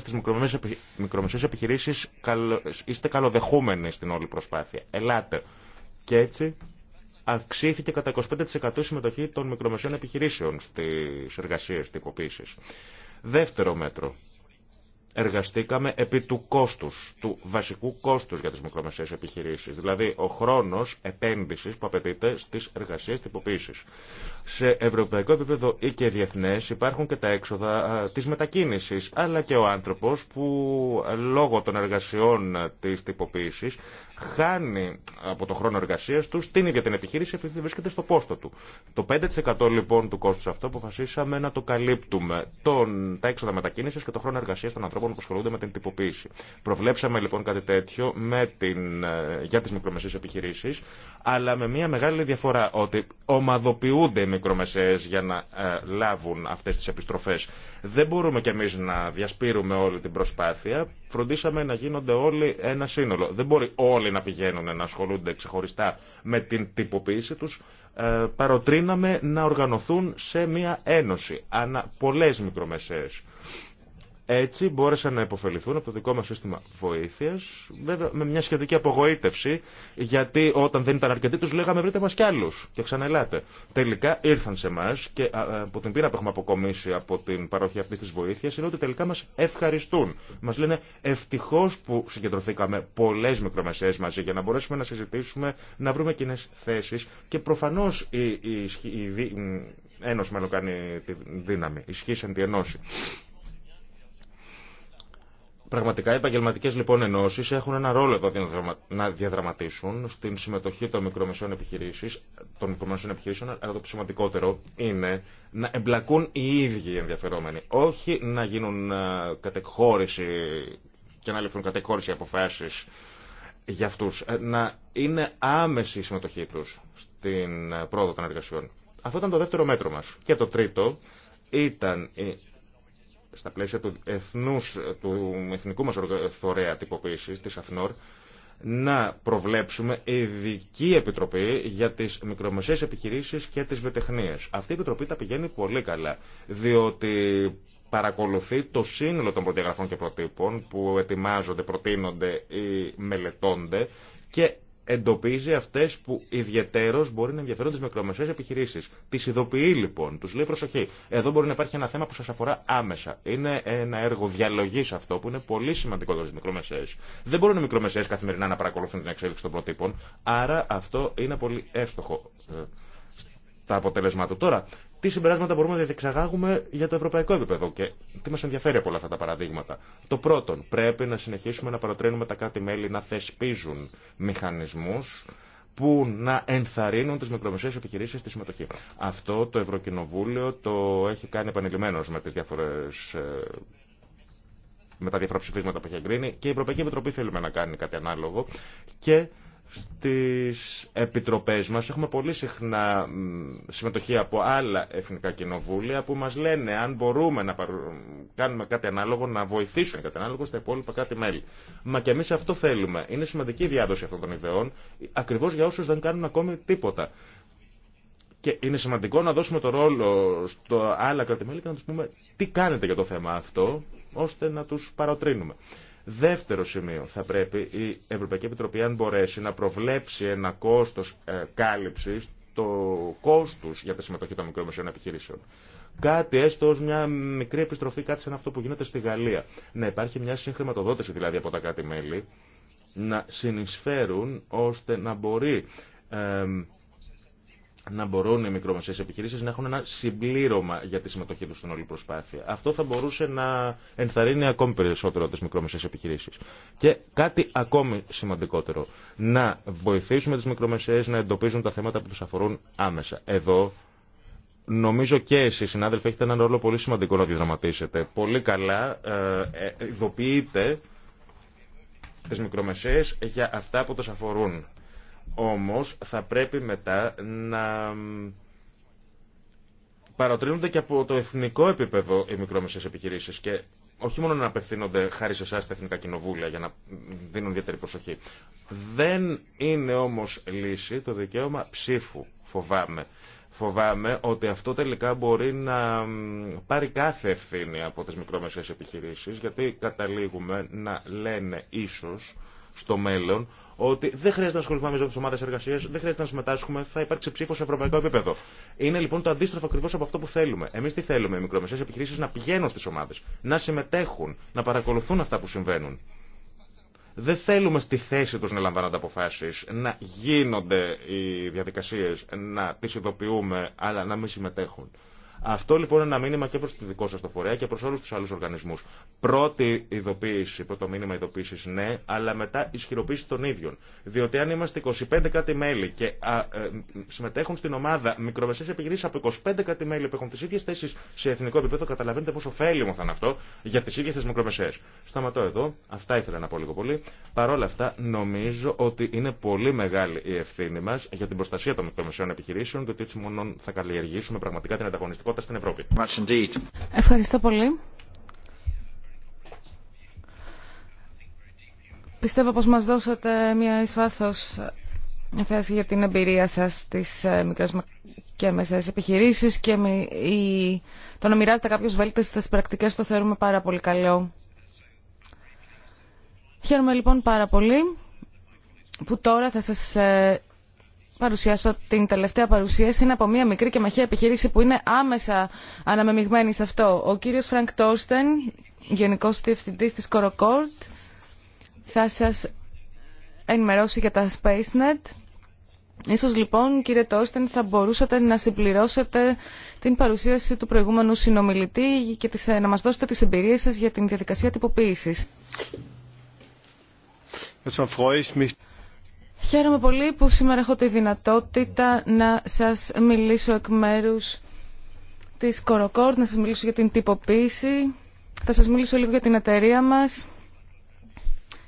στις επιχειρήσεις καλο... είστε καλοδεχούμενοι στην όλη προσπάθεια. Ελάτε. Και έτσι αυξήθηκε κατά 25% η συμμετοχή των μικρομεσαίων επιχειρήσεων στις εργασίες τυποποίησης. Δεύτερο μέτρο εργαστήκαμε επί του κόστους, του βασικού κόστους για τις μικρομεσαίες επιχειρήσεις, δηλαδή ο χρόνος επένδυσης που απαιτείται στις εργασίες τυποποίησης. Σε ευρωπαϊκό επίπεδο ή και διεθνές υπάρχουν και τα έξοδα της μετακίνησης, αλλά και ο άνθρωπος που λόγω των εργασιών της τυποποίησης χάνει από το χρόνο εργασίας του την ίδια την επιχείρηση επειδή βρίσκεται στο πόστο του. Το 5% λοιπόν του κόστους αυτό αποφασίσαμε να το καλύπτουμε τον, τα έξοδα μετακίνησης και το χρόνο εργασίας των ανθρώπων που ασχολούνται με την τυποποίηση. Προβλέψαμε λοιπόν κάτι τέτοιο με την, ε, για τι μικρομεσαίε επιχειρήσει, αλλά με μια μεγάλη διαφορά ότι ομαδοποιούνται οι μικρομεσαίε για να ε, λάβουν αυτέ τι επιστροφέ. Δεν μπορούμε κι εμεί να διασπείρουμε όλη την προσπάθεια. Φροντίσαμε να γίνονται όλοι ένα σύνολο. Δεν μπορεί όλοι να πηγαίνουν να ασχολούνται ξεχωριστά με την τυποποίηση του ε, παροτρύναμε να οργανωθούν σε μια ένωση ανα πολλές μικρομεσαίες. Έτσι μπόρεσαν να υποφεληθούν από το δικό μας σύστημα βοήθειας, βέβαια με μια σχετική απογοήτευση, γιατί όταν δεν ήταν αρκετοί τους λέγαμε βρείτε μας κι άλλους και ξαναελάτε. Τελικά ήρθαν σε εμά και από την πείρα που έχουμε αποκομίσει από την παροχή αυτής της βοήθειας είναι ότι τελικά μας ευχαριστούν. Μας λένε ευτυχώ που συγκεντρωθήκαμε πολλές μικρομεσαίες μαζί για να μπορέσουμε να συζητήσουμε, να βρούμε κοινέ θέσεις και προφανώς η, η, η, η Ένωση μάλλον κάνει τη δύναμη, ισχύει τη ενώση. Πραγματικά οι επαγγελματικέ λοιπόν ενώσει έχουν ένα ρόλο εδώ να διαδραματίσουν στην συμμετοχή των μικρομεσαίων επιχειρήσεων. Των μικρομεσαίων επιχειρήσεων, αλλά το σημαντικότερο είναι να εμπλακούν οι ίδιοι οι ενδιαφερόμενοι. Όχι να γίνουν ε, κατεχώρηση και να ληφθούν κατεχώρηση αποφάσει για αυτού. Ε, να είναι άμεση η συμμετοχή του στην ε, πρόοδο των εργασιών. Αυτό ήταν το δεύτερο μέτρο μα. Και το τρίτο ήταν στα πλαίσια του, εθνούς, του εθνικού μας φορέα τυποποίησης, της ΑΦΝΟΡ, να προβλέψουμε ειδική επιτροπή για τις μικρομεσαίες επιχειρήσεις και τις βιοτεχνίες. Αυτή η επιτροπή τα πηγαίνει πολύ καλά, διότι παρακολουθεί το σύνολο των προδιαγραφών και προτύπων που ετοιμάζονται, προτείνονται ή μελετώνται και εντοπίζει αυτέ που ιδιαιτέρω μπορεί να ενδιαφέρουν τι μικρομεσαίε επιχειρήσει. Τι ειδοποιεί λοιπόν, του λέει προσοχή. Εδώ μπορεί να υπάρχει ένα θέμα που σα αφορά άμεσα. Είναι ένα έργο διαλογή αυτό που είναι πολύ σημαντικό για τι μικρομεσαίε. Δεν μπορούν οι μικρομεσαίε καθημερινά να παρακολουθούν την εξέλιξη των προτύπων, άρα αυτό είναι πολύ εύστοχο. Ε, Τα αποτελέσματα τώρα τι συμπεράσματα μπορούμε να διεξαγάγουμε για το ευρωπαϊκό επίπεδο και τι μα ενδιαφέρει από όλα αυτά τα παραδείγματα. Το πρώτον, πρέπει να συνεχίσουμε να παροτρύνουμε τα κράτη-μέλη να θεσπίζουν μηχανισμού που να ενθαρρύνουν τι μικρομεσαίε επιχειρήσει στη συμμετοχή. Αυτό το Ευρωκοινοβούλιο το έχει κάνει επανειλημμένω με τι διάφορε ε, με τα διάφορα ψηφίσματα που έχει εγκρίνει και η Ευρωπαϊκή Επιτροπή θέλουμε να κάνει κάτι ανάλογο και στις επιτροπές μας έχουμε πολύ συχνά συμμετοχή από άλλα εθνικά κοινοβούλια που μας λένε αν μπορούμε να κάνουμε κάτι ανάλογο, να βοηθήσουμε κάτι ανάλογο στα υπόλοιπα κάτι μέλη. Μα και εμείς αυτό θέλουμε. Είναι σημαντική η διάδοση αυτών των ιδεών ακριβώς για όσους δεν κάνουν ακόμη τίποτα. Και είναι σημαντικό να δώσουμε το ρόλο στο άλλα κράτη-μέλη και να τους πούμε τι κάνετε για το θέμα αυτό, ώστε να τους παροτρύνουμε. Δεύτερο σημείο, θα πρέπει η Ευρωπαϊκή Επιτροπή, αν μπορέσει, να προβλέψει ένα κόστο ε, κάλυψη το κόστου για τη συμμετοχή των μικρομεσαίων επιχειρήσεων. Κάτι έστω ω μια μικρή επιστροφή, κάτι σαν αυτό που γίνεται στη Γαλλία. Να υπάρχει μια συγχρηματοδότηση δηλαδή από τα κράτη-μέλη να συνεισφέρουν ώστε να μπορεί ε, να μπορούν οι μικρομεσαίες επιχειρήσει να έχουν ένα συμπλήρωμα για τη συμμετοχή του στην όλη προσπάθεια. Αυτό θα μπορούσε να ενθαρρύνει ακόμη περισσότερο τι μικρομεσαίες επιχειρήσει. Και κάτι ακόμη σημαντικότερο, να βοηθήσουμε τι μικρομεσαίες να εντοπίζουν τα θέματα που του αφορούν άμεσα. Εδώ νομίζω και εσεί, συνάδελφοι, έχετε έναν ρόλο πολύ σημαντικό να διδραματίσετε. Πολύ καλά ε, ε ειδοποιείτε τι μικρομεσαίε για αυτά που του αφορούν. Όμως θα πρέπει μετά να παροτρύνονται και από το εθνικό επίπεδο οι μικρόμεσες επιχειρήσεις και όχι μόνο να απευθύνονται χάρη σε εσά τα εθνικά κοινοβούλια για να δίνουν ιδιαίτερη προσοχή. Δεν είναι όμως λύση το δικαίωμα ψήφου, φοβάμαι. Φοβάμαι ότι αυτό τελικά μπορεί να πάρει κάθε ευθύνη από τις μικρόμεσες επιχειρήσεις, γιατί καταλήγουμε να λένε ίσως στο μέλλον ότι δεν χρειάζεται να ασχοληθούμε με τι ομάδε εργασία, δεν χρειάζεται να συμμετάσχουμε, θα υπάρξει ψήφο σε ευρωπαϊκό επίπεδο. Είναι λοιπόν το αντίστροφο ακριβώ από αυτό που θέλουμε. Εμεί τι θέλουμε, οι μικρομεσαίε επιχειρήσει να πηγαίνουν στι ομάδε, να συμμετέχουν, να παρακολουθούν αυτά που συμβαίνουν. Δεν θέλουμε στη θέση του να λαμβάνονται αποφάσει, να γίνονται οι διαδικασίε, να τι ειδοποιούμε, αλλά να μην συμμετέχουν. Αυτό λοιπόν είναι ένα μήνυμα και προ το δικό σα το φορέα και προ όλου του άλλου οργανισμού. Πρώτη ειδοποίηση, πρώτο μήνυμα ειδοποίηση ναι, αλλά μετά ισχυροποίηση των ίδιων. Διότι αν είμαστε 25 κράτη-μέλη και α, ε, συμμετέχουν στην ομάδα μικρομεσαίε επιχειρήσει από 25 κράτη-μέλη που έχουν τι ίδιε θέσει σε εθνικό επίπεδο, καταλαβαίνετε πόσο ωφέλιμο θα είναι αυτό για τι ίδιε τι μικρομεσαίε. Σταματώ εδώ. Αυτά ήθελα να πω λίγο πολύ. Παρ' όλα αυτά, νομίζω ότι είναι πολύ μεγάλη η ευθύνη μα για την προστασία των μικρομεσαίων επιχειρήσεων, διότι έτσι μόνο θα καλλιεργήσουμε πραγματικά την ανταγωνιστικότητα στην Ευρώπη. Ευχαριστώ πολύ. Πιστεύω πως μας δώσατε μια εισφάθος θέση για την εμπειρία σας στις ε, μικρές και μεσαίες επιχειρήσεις και το να μοιράζετε κάποιους στις πρακτικές το θεωρούμε πάρα πολύ καλό. Χαίρομαι λοιπόν πάρα πολύ που τώρα θα σας ε, παρουσιάσω την τελευταία παρουσίαση είναι από μια μικρή και μαχαία επιχείρηση που είναι άμεσα αναμεμειγμένη σε αυτό. Ο κύριος Φρανκ Τόρστεν, Γενικός Διευθυντής της Κοροκόρτ, θα σας ενημερώσει για τα SpaceNet. Ίσως λοιπόν κύριε Τόρστεν θα μπορούσατε να συμπληρώσετε την παρουσίαση του προηγούμενου συνομιλητή και ε, να μας δώσετε τις εμπειρίες σας για την διαδικασία τυποποίησης. Χαίρομαι πολύ που σήμερα έχω τη δυνατότητα να σας μιλήσω εκ μέρους της Κοροκόρτ, να σας μιλήσω για την τυποποίηση. Θα σας μιλήσω λίγο για την εταιρεία μας.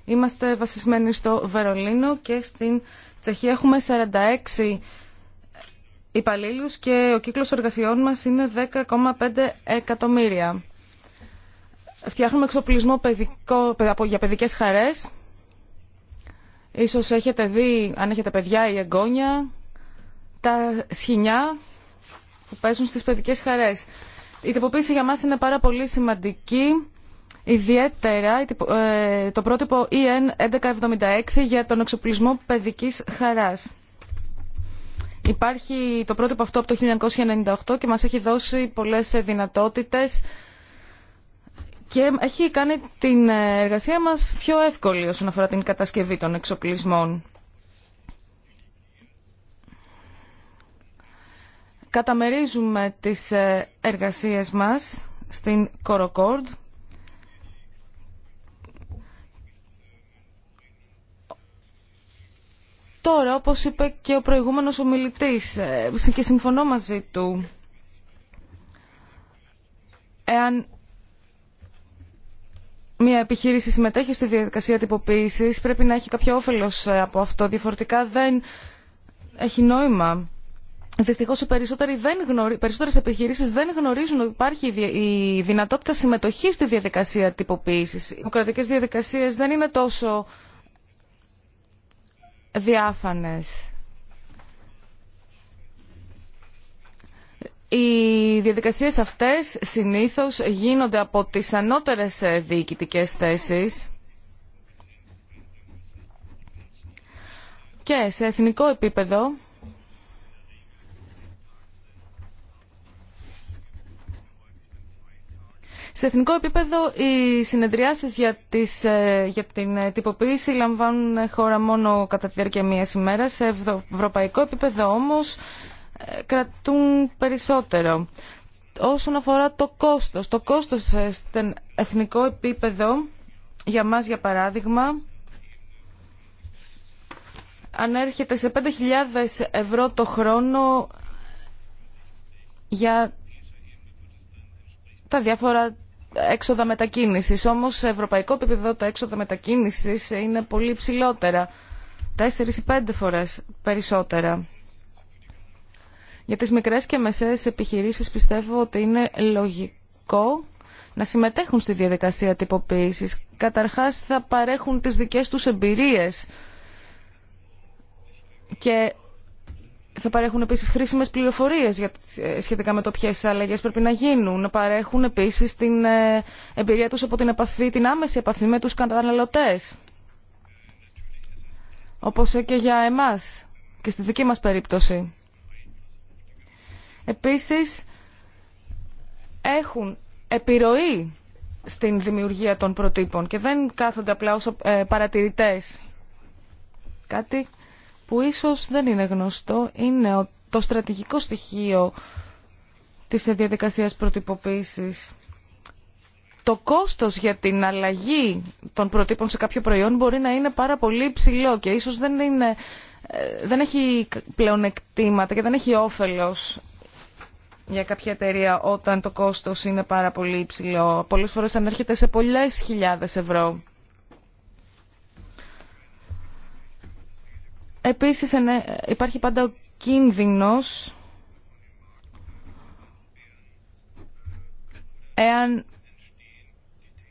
Είμαστε βασισμένοι στο Βερολίνο και στην Τσεχία έχουμε 46 υπαλλήλους και ο κύκλος εργασιών μας είναι 10,5 εκατομμύρια. Φτιάχνουμε εξοπλισμό παιδικό, για παιδικές χαρές Ίσως έχετε δει, αν έχετε παιδιά ή εγγόνια, τα σχοινιά που παίζουν στις παιδικές χαρές. Η τυποποίηση για μας είναι πάρα πολύ σημαντική, ιδιαίτερα ε, το πρότυπο EN 1176 για τον εξοπλισμό παιδικής χαράς. Υπάρχει το πρότυπο αυτό από το 1998 και μας έχει δώσει πολλές δυνατότητες και έχει κάνει την ε, εργασία μας πιο εύκολη όσον αφορά την κατασκευή των εξοπλισμών. Καταμερίζουμε τις ε, εργασίες μας στην Κοροκόρντ. Τώρα, όπως είπε και ο προηγούμενος ομιλητής, ε, και συμφωνώ μαζί του, εάν μια επιχείρηση συμμετέχει στη διαδικασία τυποποίηση, πρέπει να έχει κάποιο όφελος ε, από αυτό, διαφορετικά δεν έχει νόημα. Δυστυχώ, οι περισσότεροι δεν δεν γνωρίζουν ότι υπάρχει η δυνατότητα συμμετοχής στη διαδικασία τυποποίηση. Οι δημοκρατικές διαδικασίες δεν είναι τόσο διάφανες. Οι διαδικασίες αυτές συνήθως γίνονται από τις ανώτερες ε, διοικητικές θέσεις και σε εθνικό επίπεδο Σε εθνικό επίπεδο οι συνεδριάσεις για, τις, ε, για την ε, τυποποίηση λαμβάνουν χώρα μόνο κατά τη διάρκεια μίας ημέρας. Σε ευρωπαϊκό επίπεδο όμως κρατούν περισσότερο. Όσον αφορά το κόστος, το κόστος ε, στην εθνικό επίπεδο, για μας για παράδειγμα, ανέρχεται σε 5.000 ευρώ το χρόνο για τα διάφορα έξοδα μετακίνησης. Όμως σε ευρωπαϊκό επίπεδο τα έξοδα μετακίνησης είναι πολύ ψηλότερα, 4 ή 5 φορές περισσότερα. Για τις μικρές και μεσαίες επιχειρήσεις πιστεύω ότι είναι λογικό να συμμετέχουν στη διαδικασία τυποποίησης. Καταρχάς θα παρέχουν τις δικές τους εμπειρίες και θα παρέχουν επίσης χρήσιμες πληροφορίες ε, σχετικά με το ποιες αλλαγέ πρέπει να γίνουν. Να παρέχουν επίσης την ε, εμπειρία τους από την, επαφή, την άμεση επαφή με τους καταναλωτές. Όπως και για εμάς και στη δική μας περίπτωση. Επίσης, έχουν επιρροή στην δημιουργία των προτύπων και δεν κάθονται απλά ως ε, παρατηρητές. Κάτι που ίσως δεν είναι γνωστό είναι το στρατηγικό στοιχείο της διαδικασίας προτυποποίησης. Το κόστος για την αλλαγή των προτύπων σε κάποιο προϊόν μπορεί να είναι πάρα πολύ ψηλό και ίσως δεν, είναι, ε, δεν έχει πλεονεκτήματα και δεν έχει όφελος για κάποια εταιρεία όταν το κόστος είναι πάρα πολύ υψηλό. Πολλές φορές ανέρχεται σε πολλές χιλιάδες ευρώ. Επίσης υπάρχει πάντα ο κίνδυνος εάν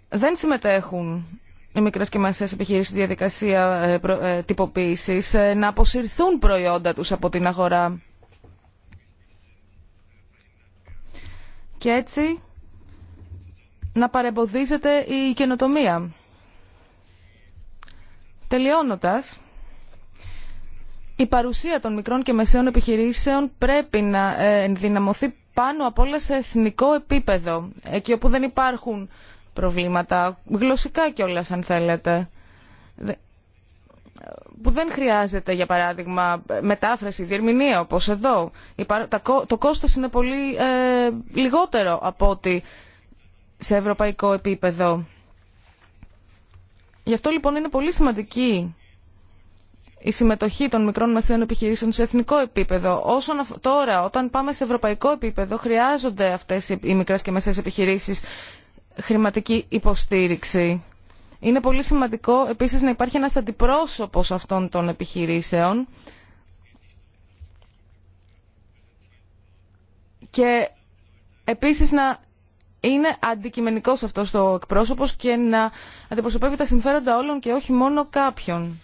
δεν συμμετέχουν οι μικρές και μεσαίες επιχειρήσεις στη διαδικασία ε, ε, τυποποίησης ε, να αποσυρθούν προϊόντα τους από την αγορά. και έτσι να παρεμποδίζεται η καινοτομία. Τελειώνοντας, η παρουσία των μικρών και μεσαίων επιχειρήσεων πρέπει να ε, ενδυναμωθεί πάνω απ' όλα σε εθνικό επίπεδο, εκεί όπου δεν υπάρχουν προβλήματα, γλωσσικά κιόλας αν θέλετε που δεν χρειάζεται για παράδειγμα μετάφραση, διερμηνία όπως εδώ. Το κόστος είναι πολύ ε, λιγότερο από ότι σε ευρωπαϊκό επίπεδο. Γι' αυτό λοιπόν είναι πολύ σημαντική η συμμετοχή των μικρών μεσαίων επιχειρήσεων σε εθνικό επίπεδο. Όσον τώρα, όταν πάμε σε ευρωπαϊκό επίπεδο, χρειάζονται αυτές οι μικρές και μεσαίες επιχειρήσεις χρηματική υποστήριξη. Είναι πολύ σημαντικό επίσης να υπάρχει ένας αντιπρόσωπος αυτών των επιχειρήσεων και επίσης να είναι αντικειμενικός αυτός ο εκπρόσωπος και να αντιπροσωπεύει τα συμφέροντα όλων και όχι μόνο κάποιων.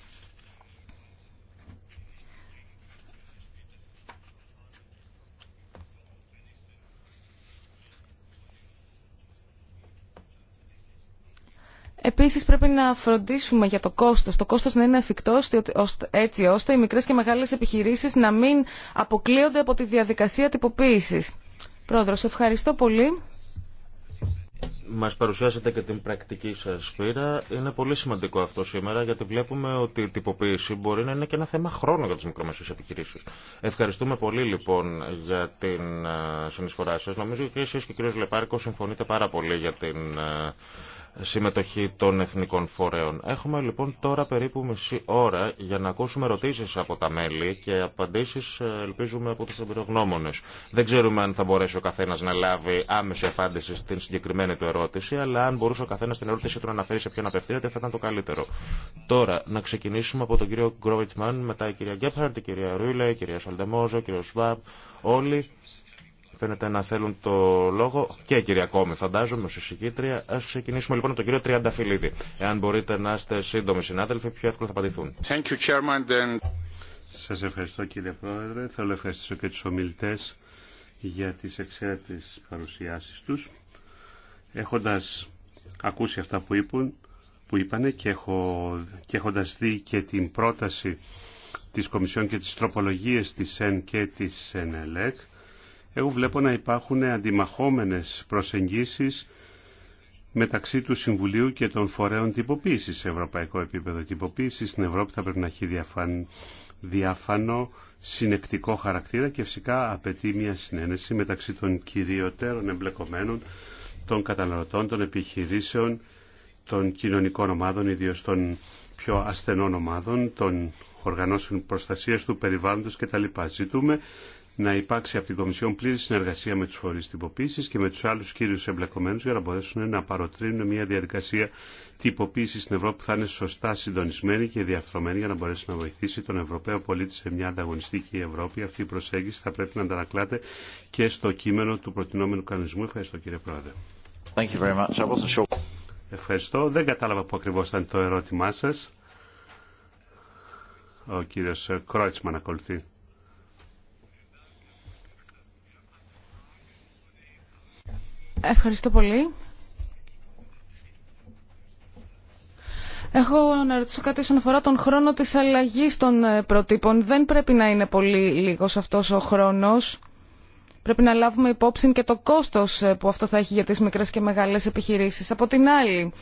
Επίσης πρέπει να φροντίσουμε για το κόστος. Το κόστος να είναι εφικτό έτσι ώστε οι μικρές και μεγάλες επιχειρήσεις να μην αποκλείονται από τη διαδικασία τυποποίησης. Πρόεδρος, ευχαριστώ πολύ. Μας παρουσιάσατε και την πρακτική σας πείρα. Είναι πολύ σημαντικό αυτό σήμερα γιατί βλέπουμε ότι η τυποποίηση μπορεί να είναι και ένα θέμα χρόνου για τις μικρομεσαίες επιχειρήσεις. Ευχαριστούμε πολύ λοιπόν για την ε, συνεισφορά σας. Νομίζω και εσείς και ο κ. Λεπάρκο συμφωνείτε πάρα πολύ για την ε, συμμετοχή των εθνικών φορέων. Έχουμε λοιπόν τώρα περίπου μισή ώρα για να ακούσουμε ερωτήσεις από τα μέλη και απαντήσεις ε, ελπίζουμε από τους εμπειρογνώμονες. Δεν ξέρουμε αν θα μπορέσει ο καθένας να λάβει άμεση απάντηση στην συγκεκριμένη του ερώτηση, αλλά αν μπορούσε ο καθένας την ερώτηση του να αναφέρει σε ποιον απευθύνεται θα ήταν το καλύτερο. Τώρα να ξεκινήσουμε από τον κύριο Γκρόβιτσμαν, μετά η κυρία Γκέπχαρντ, η κυρία Ρούιλε, η κυρία Σαλτεμόζο, ο κύριο Σβάμπ, όλοι φαίνεται να θέλουν το λόγο και κυρία Κόμη, φαντάζομαι, ως εισηγήτρια. Ας ξεκινήσουμε λοιπόν από τον κύριο Τριανταφυλλίδη. Εάν μπορείτε να είστε σύντομοι συνάδελφοι, πιο εύκολα θα απαντηθούν. Thank you, Σας ευχαριστώ κύριε Πρόεδρε. Θέλω να ευχαριστήσω και τους ομιλητές για τις εξαίρετες παρουσιάσεις τους. Έχοντας ακούσει αυτά που είπαν, που είπανε και, έχω, και έχοντας δει και την πρόταση της Κομισιόν και τι τροπολογίες της ΕΝ και της ΕΝΕΛΕΚ, εγώ βλέπω να υπάρχουν αντιμαχόμενες προσεγγίσεις μεταξύ του Συμβουλίου και των φορέων τυποποίηση σε ευρωπαϊκό επίπεδο. τυποποίηση στην Ευρώπη θα πρέπει να έχει διάφανο, συνεκτικό χαρακτήρα και φυσικά απαιτεί μια συνένεση μεταξύ των κυριωτέρων εμπλεκομένων, των καταναλωτών, των επιχειρήσεων, των κοινωνικών ομάδων, ιδίω των πιο ασθενών ομάδων, των οργανώσεων προστασίας του περιβάλλοντος κτλ. Ζητούμε να υπάρξει από την Κομισιόν πλήρη συνεργασία με του φορεί τυποποίηση και με του άλλου κύριου εμπλεκομένου για να μπορέσουν να παροτρύνουν μια διαδικασία τυποποίηση στην Ευρώπη που θα είναι σωστά συντονισμένη και διαρθρωμένη για να μπορέσει να βοηθήσει τον Ευρωπαίο πολίτη σε μια ανταγωνιστική Ευρώπη. Αυτή η προσέγγιση θα πρέπει να αντανακλάται και στο κείμενο του προτινόμενου κανονισμού. Ευχαριστώ κύριε Πρόεδρε. Thank Ευχαριστώ. Δεν κατάλαβα που ακριβώ ήταν το ερώτημά σα. Ο κύριο Κρόιτσμαν ακολουθεί. Ευχαριστώ πολύ. Έχω να ρωτήσω κάτι όσον αφορά τον χρόνο της αλλαγής των ε, προτύπων. Δεν πρέπει να είναι πολύ λίγος αυτός ο χρόνος. Πρέπει να λάβουμε υπόψη και το κόστος ε, που αυτό θα έχει για τις μικρές και μεγάλες επιχειρήσεις. Από την άλλη,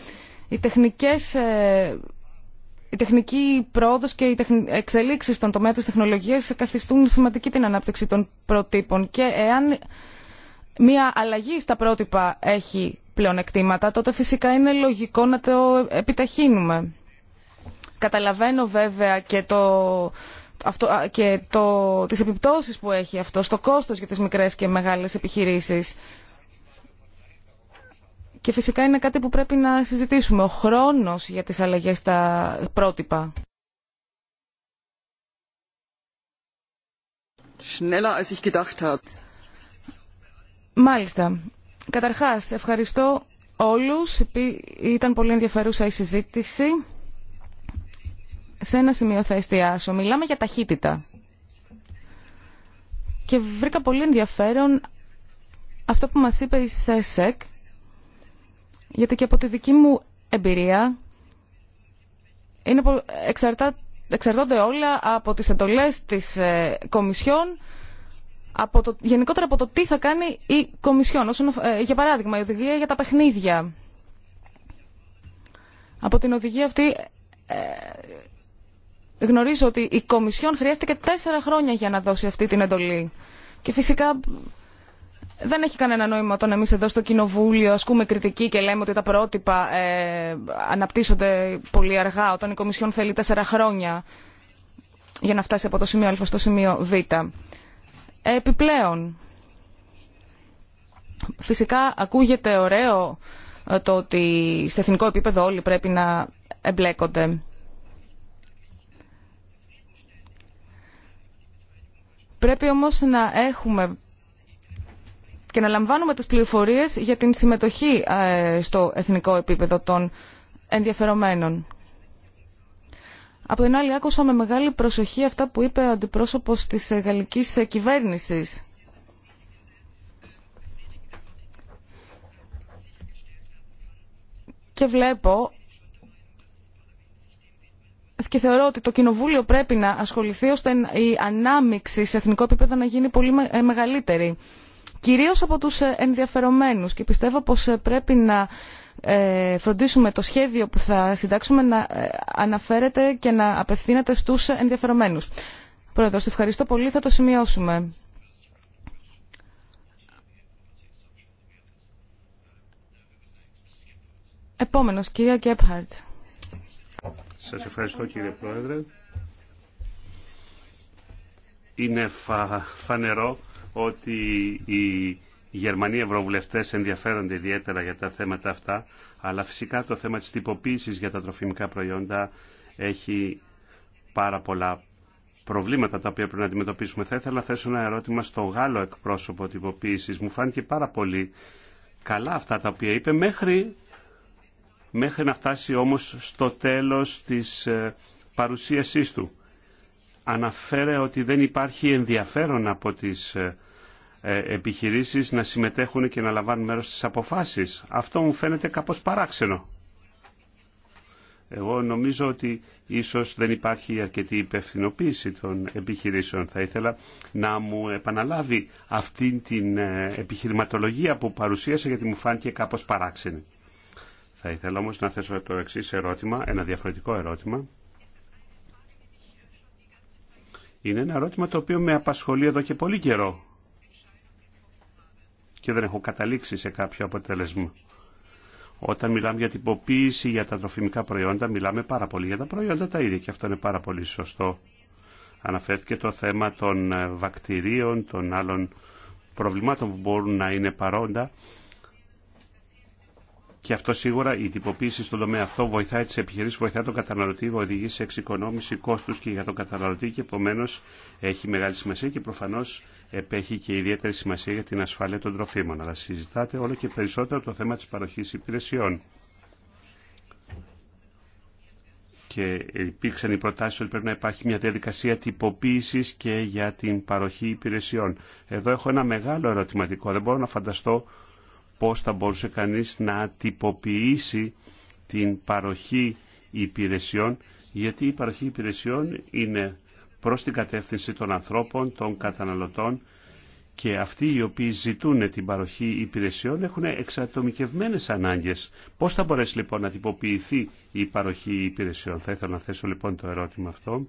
οι τεχνικές ε, η τεχνική πρόοδος και οι εξελίξεις στον τομέα της τεχνολογίας καθιστούν σημαντική την ανάπτυξη των προτύπων και εάν μια αλλαγή στα πρότυπα έχει πλεονεκτήματα, τότε φυσικά είναι λογικό να το επιταχύνουμε. Καταλαβαίνω βέβαια και το, αυτό, και το, τις επιπτώσεις που έχει αυτό στο κόστος για τις μικρές και μεγάλες επιχειρήσεις. Και φυσικά είναι κάτι που πρέπει να συζητήσουμε. Ο χρόνος για τις αλλαγές στα πρότυπα. Schneller Μάλιστα. Καταρχάς, ευχαριστώ όλους. Ήταν πολύ ενδιαφέρουσα η συζήτηση. Σε ένα σημείο θα εστιάσω. Μιλάμε για ταχύτητα. Και βρήκα πολύ ενδιαφέρον αυτό που μας είπε η ΣΕΣΕΚ, γιατί και από τη δική μου εμπειρία είναι, εξαρτά, εξαρτώνται όλα από τις εντολές της ε, Κομισιόν από το, γενικότερα από το τι θα κάνει η Κομισιόν. Όσον, ε, για παράδειγμα, η οδηγία για τα παιχνίδια. Από την οδηγία αυτή ε, γνωρίζω ότι η Κομισιόν χρειάστηκε τέσσερα χρόνια για να δώσει αυτή την εντολή. Και φυσικά δεν έχει κανένα νόημα όταν εμείς εδώ στο Κοινοβούλιο ασκούμε κριτική και λέμε ότι τα πρότυπα ε, αναπτύσσονται πολύ αργά όταν η Κομισιόν θέλει τέσσερα χρόνια για να φτάσει από το σημείο Α στο σημείο Β επιπλέον. Φυσικά ακούγεται ωραίο ε, το ότι σε εθνικό επίπεδο όλοι πρέπει να εμπλέκονται. Πρέπει όμως να έχουμε και να λαμβάνουμε τις πληροφορίες για την συμμετοχή ε, στο εθνικό επίπεδο των ενδιαφερομένων. Από την άλλη άκουσα με μεγάλη προσοχή αυτά που είπε ο αντιπρόσωπος της γαλλικής κυβέρνησης. Και βλέπω και θεωρώ ότι το Κοινοβούλιο πρέπει να ασχοληθεί ώστε η ανάμειξη σε εθνικό επίπεδο να γίνει πολύ ε, μεγαλύτερη. Κυρίως από τους ε, ενδιαφερομένους και πιστεύω πως ε, πρέπει να ε, φροντίσουμε το σχέδιο που θα συντάξουμε να ε, αναφέρεται και να απευθύνεται στους ενδιαφερομένους. σε ευχαριστώ πολύ. Θα το σημειώσουμε. Επόμενος, κυρία Κέπχαρτ. Σας ευχαριστώ κύριε Πρόεδρε. Είναι φανερό ότι η οι Γερμανοί ευρωβουλευτέ ενδιαφέρονται ιδιαίτερα για τα θέματα αυτά, αλλά φυσικά το θέμα τη τυποποίηση για τα τροφιμικά προϊόντα έχει πάρα πολλά προβλήματα τα οποία πρέπει να αντιμετωπίσουμε. Θα ήθελα να θέσω ένα ερώτημα στο Γάλλο εκπρόσωπο τυποποίηση. Μου φάνηκε πάρα πολύ καλά αυτά τα οποία είπε μέχρι, μέχρι να φτάσει όμως στο τέλος της ε, παρουσίασής του. Αναφέρε ότι δεν υπάρχει ενδιαφέρον από τις ε, ε, επιχειρήσεις να συμμετέχουν και να λαμβάνουν μέρος στις αποφάσεις. Αυτό μου φαίνεται κάπως παράξενο. Εγώ νομίζω ότι ίσως δεν υπάρχει αρκετή υπευθυνοποίηση των επιχειρήσεων. Θα ήθελα να μου επαναλάβει αυτή την ε, επιχειρηματολογία που παρουσίασε γιατί μου φάνηκε κάπως παράξενη. Θα ήθελα όμως να θέσω το εξή ερώτημα, ένα διαφορετικό ερώτημα. Είναι ένα ερώτημα το οποίο με απασχολεί εδώ και πολύ καιρό και δεν έχω καταλήξει σε κάποιο αποτέλεσμα. Όταν μιλάμε για τυποποίηση για τα τροφιμικά προϊόντα, μιλάμε πάρα πολύ για τα προϊόντα τα ίδια και αυτό είναι πάρα πολύ σωστό. Αναφέρθηκε το θέμα των ε, βακτηρίων, των άλλων προβλημάτων που μπορούν να είναι παρόντα και αυτό σίγουρα η τυποποίηση στον τομέα αυτό βοηθάει τι επιχειρήσει, βοηθάει τον καταναλωτή, οδηγεί σε εξοικονόμηση κόστου και για τον καταναλωτή και επομένω έχει μεγάλη σημασία και προφανώ επέχει και ιδιαίτερη σημασία για την ασφάλεια των τροφίμων, αλλά συζητάτε όλο και περισσότερο το θέμα της παροχής υπηρεσιών. Και υπήρξαν οι προτάσεις ότι πρέπει να υπάρχει μια διαδικασία τυποποίησης και για την παροχή υπηρεσιών. Εδώ έχω ένα μεγάλο ερωτηματικό. Δεν μπορώ να φανταστώ πώς θα μπορούσε κανείς να τυποποιήσει την παροχή υπηρεσιών, γιατί η παροχή υπηρεσιών είναι προς την κατεύθυνση των ανθρώπων, των καταναλωτών και αυτοί οι οποίοι ζητούν την παροχή υπηρεσιών έχουν εξατομικευμένες ανάγκες. Πώς θα μπορέσει λοιπόν να τυποποιηθεί η παροχή υπηρεσιών. Θα ήθελα να θέσω λοιπόν το ερώτημα αυτό.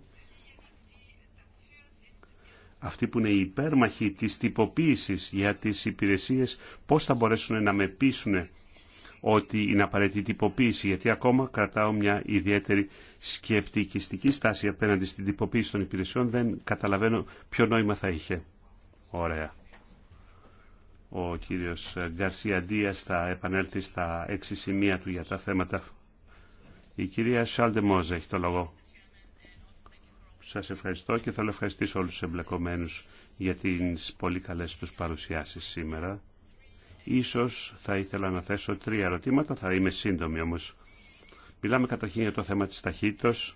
Αυτοί που είναι οι υπέρμαχοι της τυποποίησης για τις υπηρεσίες, πώς θα μπορέσουν να με πείσουν ότι είναι απαραίτητη τυποποίηση, γιατί ακόμα κρατάω μια ιδιαίτερη σκεπτικιστική στάση απέναντι στην τυποποίηση των υπηρεσιών. Δεν καταλαβαίνω ποιο νόημα θα είχε. Ωραία. Ο κύριος Γκαρσία Ντίας θα επανέλθει στα έξι σημεία του για τα θέματα. Η κυρία Σάλντε Μόζε έχει το λόγο. Σας ευχαριστώ και θέλω να ευχαριστήσω όλους τους εμπλεκομένους για τις πολύ καλές τους παρουσιάσεις σήμερα. Ίσως θα ήθελα να θέσω τρία ερωτήματα, θα είμαι σύντομη όμως. Μιλάμε καταρχήν για το θέμα της ταχύτητας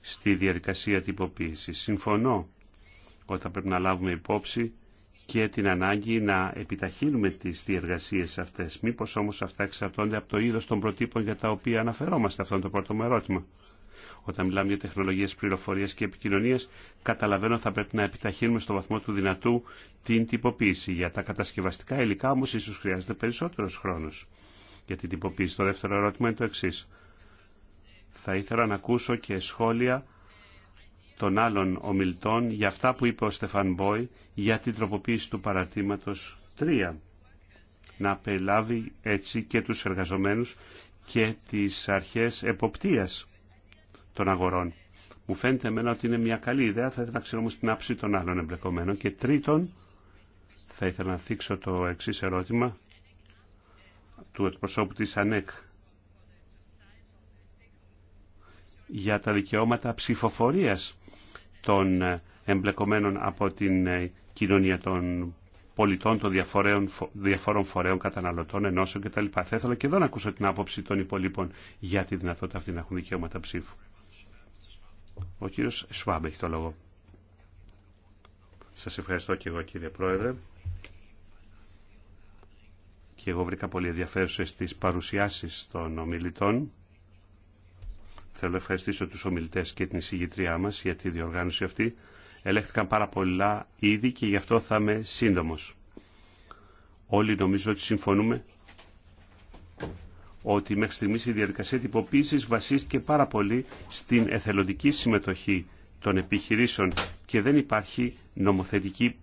στη διαδικασία τυποποίησης. Συμφωνώ ότι θα πρέπει να λάβουμε υπόψη και την ανάγκη να επιταχύνουμε τις διεργασίες αυτές. Μήπως όμως αυτά εξαρτώνται από το είδος των προτύπων για τα οποία αναφερόμαστε. Αυτό το πρώτο μου ερώτημα. Όταν μιλάμε για τεχνολογίε πληροφορία και επικοινωνία, καταλαβαίνω θα πρέπει να επιταχύνουμε στο βαθμό του δυνατού την τυποποίηση. Για τα κατασκευαστικά υλικά όμω ίσω χρειάζεται περισσότερο χρόνο για την τυποποίηση. Το δεύτερο ερώτημα είναι το εξή. Θα ήθελα να ακούσω και σχόλια των άλλων ομιλητών για αυτά που είπε ο Στεφαν Μπόι για την τροποποίηση του παρατήματος 3 να περιλάβει έτσι και τους εργαζομένους και τις αρχές εποπτείας των αγορών. Μου φαίνεται εμένα ότι είναι μια καλή ιδέα, θα ήθελα να ξέρω όμως την άψη των άλλων εμπλεκομένων. Και τρίτον, θα ήθελα να θίξω το εξής ερώτημα του εκπροσώπου της ΑΝΕΚ για τα δικαιώματα ψηφοφορίας των εμπλεκομένων από την κοινωνία των πολιτών, των διαφόρων φορέων, καταναλωτών, ενώσεων κτλ. Θα ήθελα και εδώ να ακούσω την άποψη των υπολείπων για τη δυνατότητα αυτή να έχουν δικαιώματα ψήφου. Ο κύριος Σουάμπ έχει το λόγο. Σας ευχαριστώ και εγώ κύριε Πρόεδρε. Και εγώ βρήκα πολύ ενδιαφέρουσε τις παρουσιάσεις των ομιλητών. Θέλω να ευχαριστήσω τους ομιλητές και την εισηγητριά μας για τη διοργάνωση αυτή. Ελέγχθηκαν πάρα πολλά ήδη και γι' αυτό θα είμαι σύντομος. Όλοι νομίζω ότι συμφωνούμε ότι μέχρι στιγμής η διαδικασία τυποποίηση βασίστηκε πάρα πολύ στην εθελοντική συμμετοχή των επιχειρήσεων και δεν υπάρχει νομοθετική,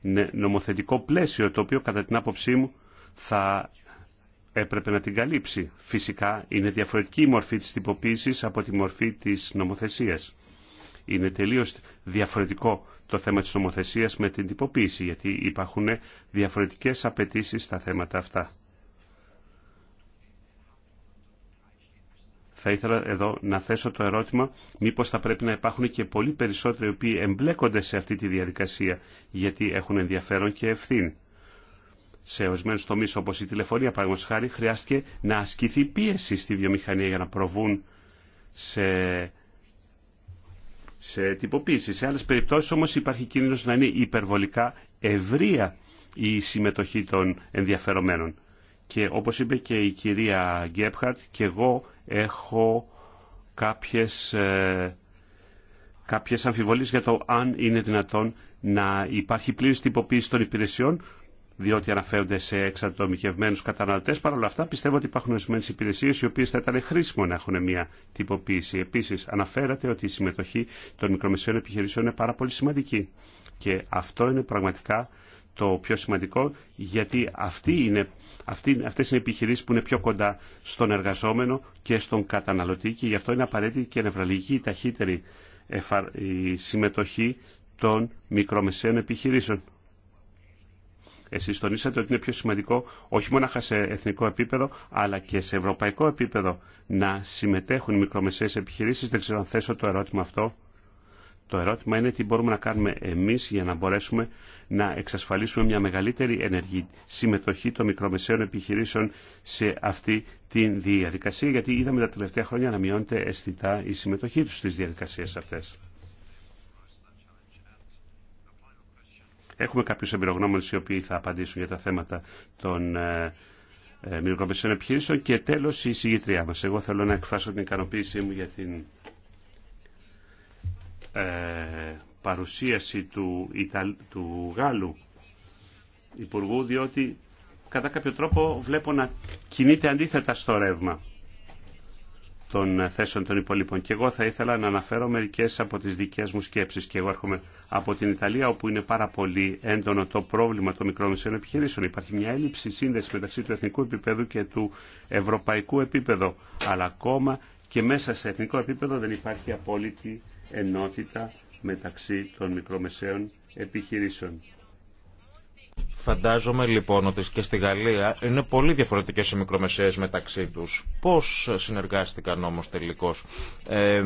ναι, νομοθετικό πλαίσιο το οποίο κατά την άποψή μου θα έπρεπε να την καλύψει. Φυσικά είναι διαφορετική η μορφή της τυποποίησης από τη μορφή της νομοθεσίας. Είναι τελείως διαφορετικό το θέμα της νομοθεσίας με την τυποποίηση γιατί υπάρχουν διαφορετικές απαιτήσεις στα θέματα αυτά. Θα ήθελα εδώ να θέσω το ερώτημα μήπως θα πρέπει να υπάρχουν και πολύ περισσότεροι οι οποίοι εμπλέκονται σε αυτή τη διαδικασία γιατί έχουν ενδιαφέρον και ευθύνη. Σε ορισμένου τομεί όπω η τηλεφωνία, παραδείγματο χάρη, χρειάστηκε να ασκηθεί πίεση στη βιομηχανία για να προβούν σε σε τυποποίηση. Σε άλλες περιπτώσει όμω υπάρχει κίνδυνο να είναι υπερβολικά ευρεία η συμμετοχή των ενδιαφερομένων και όπως είπε και η κυρία Γκέπχαρτ και εγώ έχω κάποιες, ε, κάποιες αμφιβολίες για το αν είναι δυνατόν να υπάρχει πλήρης τυποποίηση των υπηρεσιών διότι αναφέρονται σε εξατομικευμένους καταναλωτές. Παρ' όλα αυτά πιστεύω ότι υπάρχουν ορισμένε υπηρεσίες οι οποίες θα ήταν χρήσιμο να έχουν μια τυποποίηση. Επίσης αναφέρατε ότι η συμμετοχή των μικρομεσαίων επιχειρήσεων είναι πάρα πολύ σημαντική και αυτό είναι πραγματικά το πιο σημαντικό, γιατί αυτοί είναι, αυτοί, αυτές είναι επιχειρήσεις που είναι πιο κοντά στον εργαζόμενο και στον καταναλωτή και γι' αυτό είναι απαραίτητη και νευραλική η ταχύτερη συμμετοχή των μικρομεσαίων επιχειρήσεων. Εσείς τονίσατε ότι είναι πιο σημαντικό όχι μόνο σε εθνικό επίπεδο αλλά και σε ευρωπαϊκό επίπεδο να συμμετέχουν οι μικρομεσαίες επιχειρήσεις. Δεν ξέρω αν θέσω το ερώτημα αυτό το ερώτημα είναι τι μπορούμε να κάνουμε εμείς για να μπορέσουμε να εξασφαλίσουμε μια μεγαλύτερη ενεργή συμμετοχή των μικρομεσαίων επιχειρήσεων σε αυτή τη διαδικασία, γιατί είδαμε τα τελευταία χρόνια να μειώνεται αισθητά η συμμετοχή τους στις διαδικασίες αυτές. Έχουμε κάποιους εμπειρογνώμονες οι οποίοι θα απαντήσουν για τα θέματα των ε, ε, μικρομεσαίων επιχειρήσεων και τέλος η συγγητριά μας. Εγώ θέλω να εκφράσω την ικανοποίησή μου για την ε, παρουσίαση του, Ιταλ, του Γάλλου Υπουργού, διότι κατά κάποιο τρόπο βλέπω να κινείται αντίθετα στο ρεύμα των θέσεων των υπολείπων. Και εγώ θα ήθελα να αναφέρω μερικές από τις δικές μου σκέψεις. Και εγώ έρχομαι από την Ιταλία, όπου είναι πάρα πολύ έντονο το πρόβλημα των μικρομεσαίων επιχειρήσεων. Υπάρχει μια έλλειψη σύνδεση μεταξύ του εθνικού επίπεδου και του ευρωπαϊκού επίπεδου. Αλλά ακόμα και μέσα σε εθνικό επίπεδο δεν υπάρχει απόλυτη ενότητα μεταξύ των μικρομεσαίων επιχειρήσεων. Φαντάζομαι λοιπόν ότι και στη Γαλλία είναι πολύ διαφορετικές οι μικρομεσαίες μεταξύ τους. Πώς συνεργάστηκαν όμως τελικώς, ε,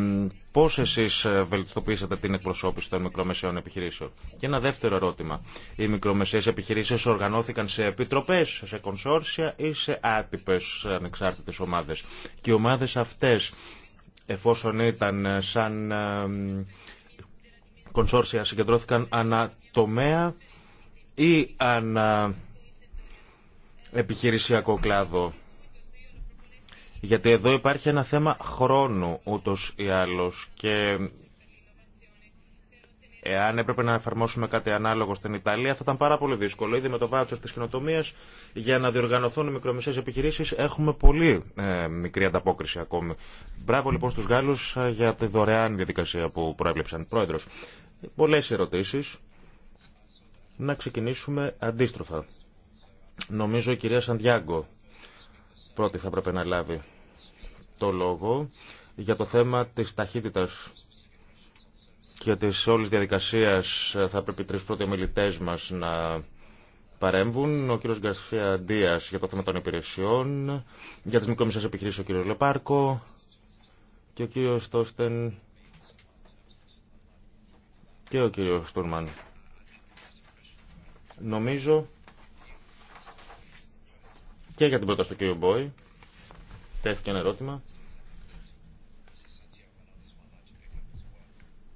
πώς εσείς βελτιστοποιήσατε την εκπροσώπηση των μικρομεσαίων επιχειρήσεων. Και ένα δεύτερο ερώτημα. Οι μικρομεσαίες επιχειρήσεις οργανώθηκαν σε επιτροπές, σε κονσόρσια ή σε άτυπες ανεξάρτητες ομάδες. Και οι ομάδες αυτές εφόσον ήταν ε, σαν ε, κονσόρσια συγκεντρώθηκαν ανατομέα ή ανα επιχειρησιακό κλάδο. Γιατί εδώ υπάρχει ένα θέμα χρόνου ούτως ή άλλως και Εάν έπρεπε να εφαρμόσουμε κάτι ανάλογο στην Ιταλία, θα ήταν πάρα πολύ δύσκολο. Ήδη με το βάτσερ τη κοινοτομία για να διοργανωθούν οι μικρομεσαίε επιχειρήσει, έχουμε πολύ ε, μικρή ανταπόκριση ακόμη. Μπράβο λοιπόν στου Γάλλου ε, για τη δωρεάν διαδικασία που προέβλεψαν. Πρόεδρο, πολλέ ερωτήσει. Να ξεκινήσουμε αντίστροφα. Νομίζω η κυρία Σαντιάγκο πρώτη θα έπρεπε να λάβει το λόγο για το θέμα της ταχύτητας και τη όλης διαδικασίες ε, θα πρέπει τρεις πρώτοι ομιλητές μας να παρέμβουν. Ο κύριος Γκαρσία Ντίας για το θέμα των υπηρεσιών, για τις μικρομεσαίες επιχειρήσεις ο κύριος Λεπάρκο και ο κύριος Τόστεν και ο κύριος Στούρμαν. Νομίζω και για την πρόταση του κύριου Μπόη τέθηκε ένα ερώτημα.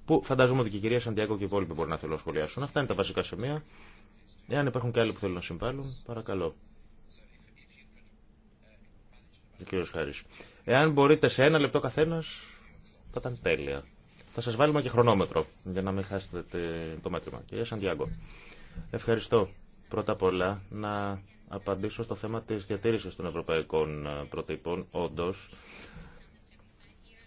που φαντάζομαι ότι και η κυρία Σαντιάκο και οι υπόλοιποι μπορεί να θέλουν να σχολιάσουν. Αυτά είναι τα βασικά σημεία. Εάν υπάρχουν και άλλοι που θέλουν να συμβάλλουν, παρακαλώ. Ο κύριος Εάν μπορείτε σε ένα λεπτό καθένας, θα ήταν τέλεια. Θα σας βάλουμε και χρονόμετρο, για να μην χάσετε το μέτρημα. Κυρία Σαντιάγκο, ευχαριστώ πρώτα απ' όλα να απαντήσω στο θέμα της διατήρησης των ευρωπαϊκών ε, προτύπων. Όντως,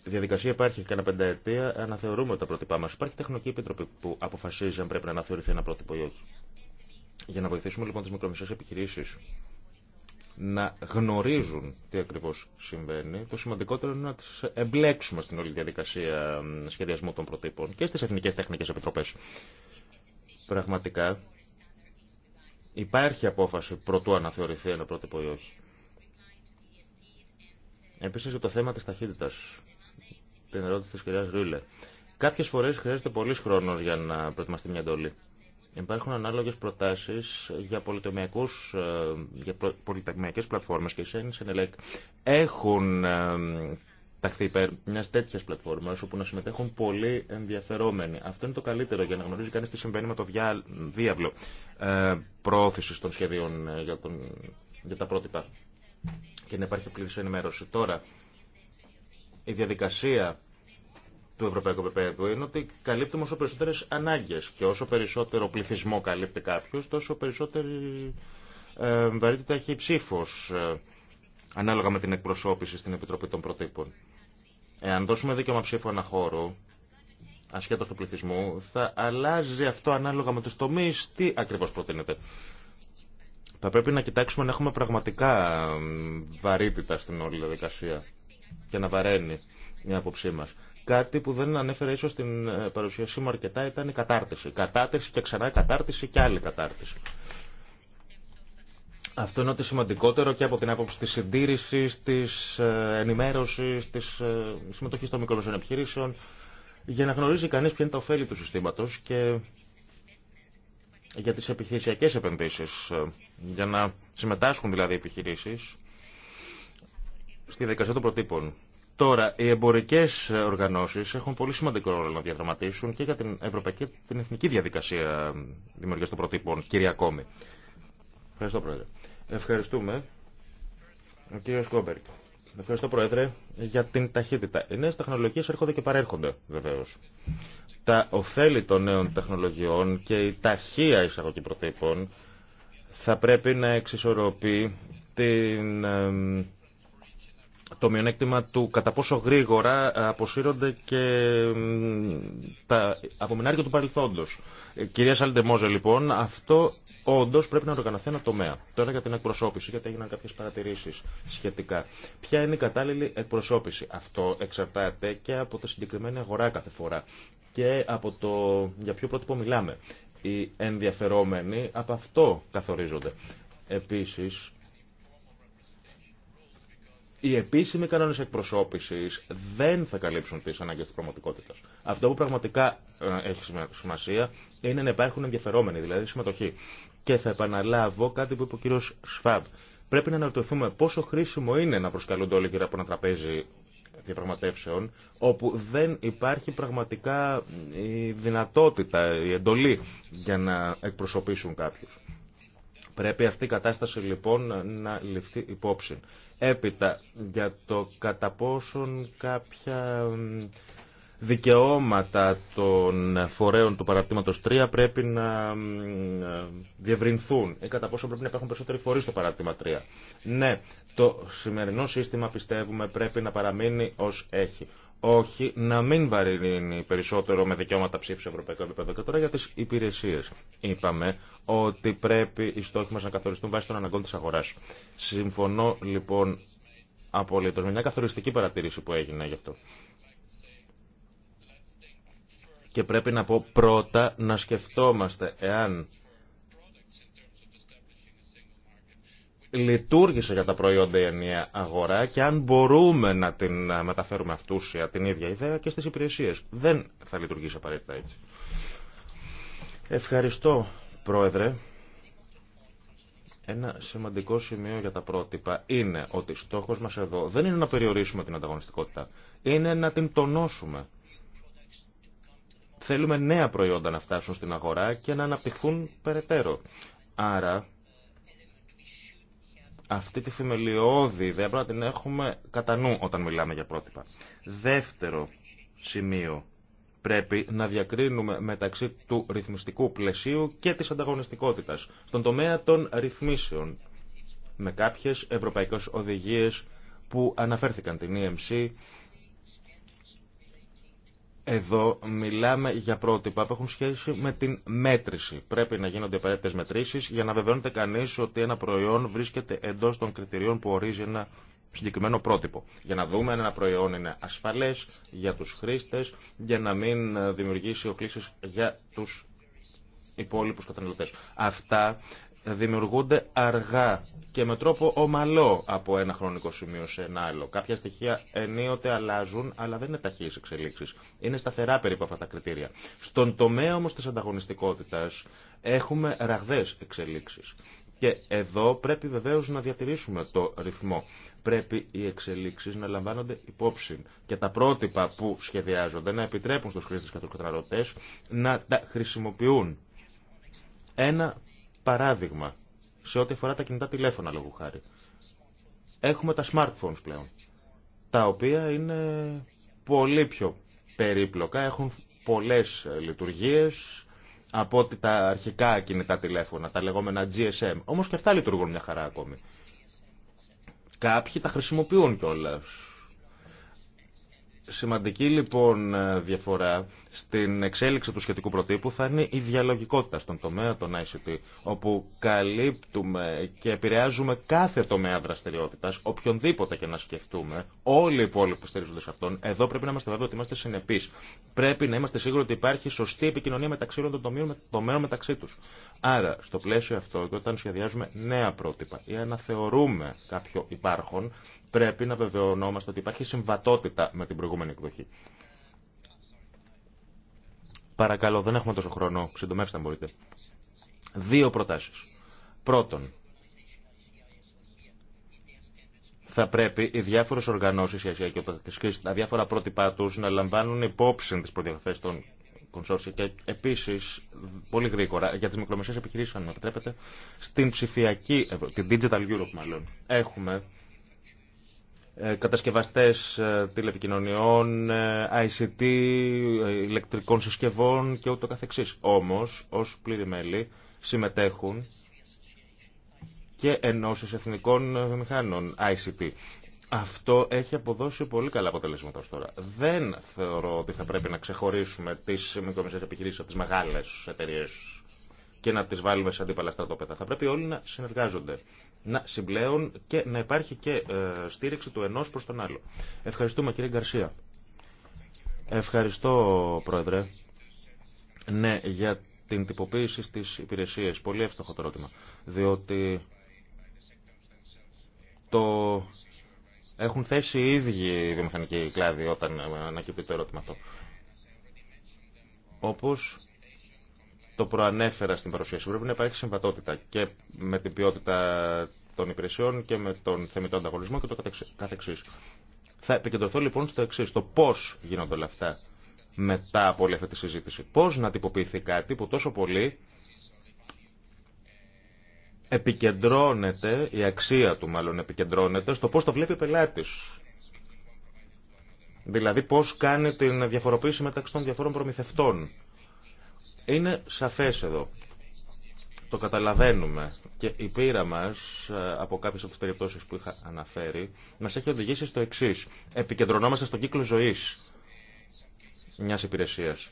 η διαδικασία υπάρχει κανένα πενταετία, αναθεωρούμε τα πρότυπά μα. Υπάρχει τεχνική επιτροπή που αποφασίζει αν πρέπει να αναθεωρηθεί ένα πρότυπο ή όχι. Για να βοηθήσουμε λοιπόν τι μικρομεσαίε επιχειρήσει να γνωρίζουν τι ακριβώ συμβαίνει, το σημαντικότερο είναι να τι εμπλέξουμε στην όλη διαδικασία σχεδιασμού των προτύπων και στι εθνικέ τεχνικέ επιτροπέ. Πραγματικά υπάρχει απόφαση πρωτού αναθεωρηθεί ένα πρότυπο ή όχι. Επίση, για το θέμα τη ταχύτητα την ερώτηση τη κυρία Ρούλε. Κάποιες φορές χρειάζεται πολύς χρόνο για να προετοιμαστεί μια εντολή. Υπάρχουν ανάλογε προτάσει για, ε, για πλατφόρμε πλατφόρμες και ΣΕΝΙΣ ΣΕΝΕΛΕΚ έχουν ε, ταχθεί υπέρ μια τέτοια πλατφόρμα όπου να συμμετέχουν πολλοί ενδιαφερόμενοι. Αυτό είναι το καλύτερο για να γνωρίζει κανεί τι συμβαίνει με το διά, διάβλο ε, προώθηση των σχεδίων ε, για, τον, για τα πρότυπα και να υπάρχει πλήρη ενημέρωση. Τώρα, η διαδικασία του ευρωπαϊκού Πεπέδου είναι ότι καλύπτουμε όσο περισσότερε ανάγκε. Και όσο περισσότερο πληθυσμό καλύπτει κάποιο, τόσο περισσότερη ε, βαρύτητα έχει η ψήφο ε, ανάλογα με την εκπροσώπηση στην Επιτροπή των Προτύπων. Εάν δώσουμε δίκαιο ένα χώρο, ασχέτω του πληθυσμού, θα αλλάζει αυτό ανάλογα με του τομεί τι ακριβώ προτείνεται. Θα πρέπει να κοιτάξουμε να έχουμε πραγματικά ε, βαρύτητα στην όλη διαδικασία και να βαραίνει η άποψή μα. Κάτι που δεν ανέφερε ίσω στην ε, παρουσίασή μου αρκετά ήταν η κατάρτιση. Κατάρτιση και ξανά κατάρτιση και άλλη κατάρτιση. Αυτό είναι ότι σημαντικότερο και από την άποψη της συντήρησης, της ε, ενημέρωσης, της ε, συμμετοχής των μικρομεσαίων επιχειρήσεων, για να γνωρίζει κανείς ποια είναι τα ωφέλη του συστήματος και για τις επιχειρησιακές επενδύσεις, για να συμμετάσχουν δηλαδή οι επιχειρήσεις στη δικασία των προτύπων. Τώρα, οι εμπορικέ οργανώσει έχουν πολύ σημαντικό ρόλο να διαδραματίσουν και για την ευρωπαϊκή την εθνική διαδικασία δημιουργία των προτύπων, κυρία Κόμη. Ευχαριστώ, Πρόεδρε. Ευχαριστούμε. Ο κύριο Κόμπερκ. Ευχαριστώ, Πρόεδρε, για την ταχύτητα. Οι νέε τεχνολογίε έρχονται και παρέρχονται, βεβαίω. Τα ωφέλη των νέων τεχνολογιών και η ταχεία εισαγωγή προτύπων θα πρέπει να εξισορροπεί την το μειονέκτημα του κατά πόσο γρήγορα αποσύρονται και τα απομεινάρια του παρελθόντος. Ε, κυρία Σαλντεμόζε, λοιπόν, αυτό όντω πρέπει να οργανωθεί ένα τομέα. Τώρα για την εκπροσώπηση, γιατί έγιναν κάποιε παρατηρήσει σχετικά. Ποια είναι η κατάλληλη εκπροσώπηση. Αυτό εξαρτάται και από τα συγκεκριμένα αγορά κάθε φορά και από το για ποιο πρότυπο μιλάμε. Οι ενδιαφερόμενοι από αυτό καθορίζονται. Επίσης, οι επίσημοι κανόνε εκπροσώπηση δεν θα καλύψουν τι ανάγκε τη πραγματικότητα. Αυτό που πραγματικά ε, έχει σημασία είναι να υπάρχουν ενδιαφερόμενοι, δηλαδή συμμετοχή. Και θα επαναλάβω κάτι που είπε ο κύριο Σφαμπ. Πρέπει να αναρωτηθούμε πόσο χρήσιμο είναι να προσκαλούνται όλοι γύρω από ένα τραπέζι διαπραγματεύσεων, όπου δεν υπάρχει πραγματικά η δυνατότητα, η εντολή για να εκπροσωπήσουν κάποιους. Πρέπει αυτή η κατάσταση λοιπόν να ληφθεί υπόψη. Έπειτα, για το κατά πόσον κάποια δικαιώματα των φορέων του παρατήματος 3 πρέπει να διευρυνθούν ή κατά πόσο πρέπει να υπάρχουν περισσότεροι φορείς στο παρατήμα 3. Ναι, το σημερινό σύστημα πιστεύουμε πρέπει να παραμείνει ως έχει όχι να μην βαρύνει περισσότερο με δικαιώματα ψήφου σε ευρωπαϊκό επίπεδο. Και τώρα για τι υπηρεσίε. Είπαμε ότι πρέπει οι στόχοι μα να καθοριστούν βάσει των αναγκών τη αγορά. Συμφωνώ λοιπόν απολύτω με μια καθοριστική παρατήρηση που έγινε γι' αυτό. Και πρέπει να πω πρώτα να σκεφτόμαστε εάν λειτουργήσε για τα προϊόντα η ενιαία αγορά και αν μπορούμε να την ε, μεταφέρουμε αυτούσια την ίδια ιδέα και στις υπηρεσίες. Δεν θα λειτουργήσει απαραίτητα έτσι. Ευχαριστώ, Πρόεδρε. Ένα σημαντικό σημείο για τα πρότυπα είναι ότι στόχος μας εδώ δεν είναι να περιορίσουμε την ανταγωνιστικότητα, είναι να την τονώσουμε. Θέλουμε νέα προϊόντα να φτάσουν στην αγορά και να αναπτυχθούν περαιτέρω. Άρα αυτή τη θεμελιώδη ιδέα πρέπει να την έχουμε κατά νου όταν μιλάμε για πρότυπα. Δεύτερο σημείο. Πρέπει να διακρίνουμε μεταξύ του ρυθμιστικού πλαισίου και της ανταγωνιστικότητας στον τομέα των ρυθμίσεων με κάποιες ευρωπαϊκές οδηγίες που αναφέρθηκαν την EMC, εδώ μιλάμε για πρότυπα που έχουν σχέση με την μέτρηση. Πρέπει να γίνονται απαραίτητε μετρήσει για να βεβαιώνεται κανεί ότι ένα προϊόν βρίσκεται εντό των κριτηρίων που ορίζει ένα συγκεκριμένο πρότυπο. Για να δούμε αν ένα προϊόν είναι ασφαλέ για του χρήστε, για να μην ε, δημιουργήσει οκλήσει για του υπόλοιπου καταναλωτέ. Αυτά δημιουργούνται αργά και με τρόπο ομαλό από ένα χρονικό σημείο σε ένα άλλο. Κάποια στοιχεία ενίοτε αλλάζουν, αλλά δεν είναι ταχύε εξελίξει. Είναι σταθερά περίπου αυτά τα κριτήρια. Στον τομέα όμω τη ανταγωνιστικότητα έχουμε ραγδαίε εξελίξει. Και εδώ πρέπει βεβαίω να διατηρήσουμε το ρυθμό. Πρέπει οι εξελίξει να λαμβάνονται υπόψη και τα πρότυπα που σχεδιάζονται να επιτρέπουν στου χρήστε και του καταναλωτέ να τα χρησιμοποιούν. Ένα Παράδειγμα, σε ό,τι αφορά τα κινητά τηλέφωνα, λόγου χάρη. Έχουμε τα smartphones πλέον, τα οποία είναι πολύ πιο περίπλοκα, έχουν πολλές ε, λειτουργίες από ότι τα αρχικά κινητά τηλέφωνα, τα λεγόμενα GSM. Όμως και αυτά λειτουργούν μια χαρά ακόμη. Κάποιοι τα χρησιμοποιούν κιόλα. Σημαντική λοιπόν ε, διαφορά στην εξέλιξη του σχετικού προτύπου θα είναι η διαλογικότητα στον τομέα των ICT, όπου καλύπτουμε και επηρεάζουμε κάθε τομέα δραστηριότητα, οποιονδήποτε και να σκεφτούμε, όλοι οι υπόλοιποι στηρίζονται σε αυτόν. Εδώ πρέπει να είμαστε βέβαιοι ότι είμαστε συνεπεί. Πρέπει να είμαστε σίγουροι ότι υπάρχει σωστή επικοινωνία μεταξύ όλων των τομέων μεταξύ του. Άρα, στο πλαίσιο αυτό και όταν σχεδιάζουμε νέα πρότυπα ή αναθεωρούμε κάποιο υπάρχον, πρέπει να βεβαιωνόμαστε ότι υπάρχει συμβατότητα με την προηγούμενη εκδοχή. Παρακαλώ, δεν έχουμε τόσο χρόνο. Συντομεύστε αν μπορείτε. Δύο προτάσεις. Πρώτον, θα πρέπει οι διάφορε οργανώσει, και τα διάφορα πρότυπά του να λαμβάνουν υπόψη τι προδιαγραφέ των κονσόρσια και επίση πολύ γρήγορα για τι μικρομεσαίε επιχειρήσει, αν επιτρέπετε, στην ψηφιακή, την Digital Europe μάλλον. Έχουμε ε, κατασκευαστές ε, τηλεπικοινωνιών, ε, ICT, ηλεκτρικών συσκευών και ούτω καθεξής. Όμως, ως πλήρη μέλη, συμμετέχουν και ενώσεις εθνικών μηχάνων ICT. Αυτό έχει αποδώσει πολύ καλά αποτελέσματα ως τώρα. Δεν θεωρώ ότι θα πρέπει να ξεχωρίσουμε τις μικρομεσαίες επιχειρήσεις από τις μεγάλες εταιρείες και να τις βάλουμε σε αντίπαλα στρατόπεδα. Θα πρέπει όλοι να συνεργάζονται να συμπλέουν και να υπάρχει και ε, στήριξη του ενός προς τον άλλο. Ευχαριστούμε κύριε Γκαρσία. Ευχαριστώ πρόεδρε. Ναι, για την τυποποίηση στις υπηρεσίες. Πολύ εύστοχο το ερώτημα. Διότι το έχουν θέσει οι ίδιοι οι βιομηχανικοί κλάδοι όταν ανακύπτει το ερώτημα αυτό. Όπως το προανέφερα στην παρουσίαση. Πρέπει να υπάρχει συμβατότητα και με την ποιότητα των υπηρεσιών και με τον θεμητό ανταγωνισμό και το καθεξή. Θα επικεντρωθώ λοιπόν στο εξή, το πώ γίνονται όλα αυτά μετά από όλη αυτή τη συζήτηση. Πώ να τυποποιηθεί κάτι που τόσο πολύ επικεντρώνεται, η αξία του μάλλον επικεντρώνεται στο πώ το βλέπει ο πελάτη. Δηλαδή πώ κάνει την διαφοροποίηση μεταξύ των διαφόρων προμηθευτών είναι σαφές εδώ. Το καταλαβαίνουμε και η πείρα μας ε, από κάποιες από τις περιπτώσεις που είχα αναφέρει μας έχει οδηγήσει στο εξής. Επικεντρωνόμαστε στον κύκλο ζωής μιας υπηρεσίας.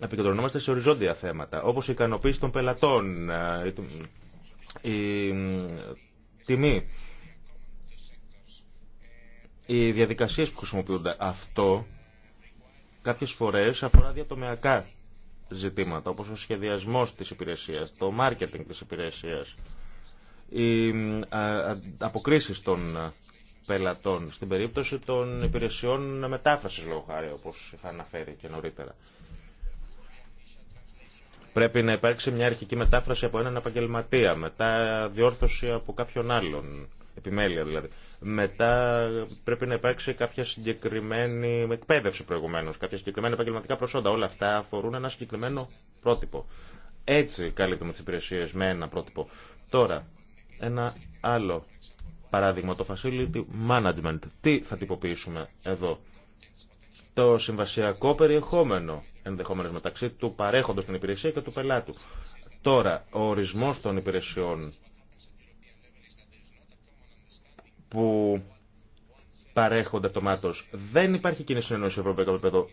Επικεντρωνόμαστε σε οριζόντια θέματα, όπως η ικανοποίηση των πελατών, ε, η τιμή, οι διαδικασίες που χρησιμοποιούνται. Αυτό κάποιες φορές αφορά διατομεακά ζητήματα, όπως ο σχεδιασμός της υπηρεσίας, το μάρκετινγκ της υπηρεσίας, οι ε, αποκρίσεις των ε, πελατών στην περίπτωση των υπηρεσιών μετάφρασης λόγω χάρη, όπως είχα αναφέρει και νωρίτερα. Πρέπει να υπάρξει μια αρχική μετάφραση από έναν επαγγελματία, μετά διόρθωση από κάποιον άλλον επιμέλεια δηλαδή. Μετά πρέπει να υπάρξει κάποια συγκεκριμένη εκπαίδευση προηγουμένω, κάποια συγκεκριμένα επαγγελματικά προσόντα. Όλα αυτά αφορούν ένα συγκεκριμένο πρότυπο. Έτσι καλύπτουμε τι υπηρεσίε με ένα πρότυπο. Τώρα, ένα άλλο παράδειγμα, το facility management. Τι θα τυποποιήσουμε εδώ. Το συμβασιακό περιεχόμενο ενδεχόμενο μεταξύ του παρέχοντο στην υπηρεσία και του πελάτου. Τώρα, ο ορισμό των υπηρεσιών που παρέχονται αυτομάτω. Δεν υπάρχει κοινή συνεννόηση σε ευρωπαϊκό επίπεδο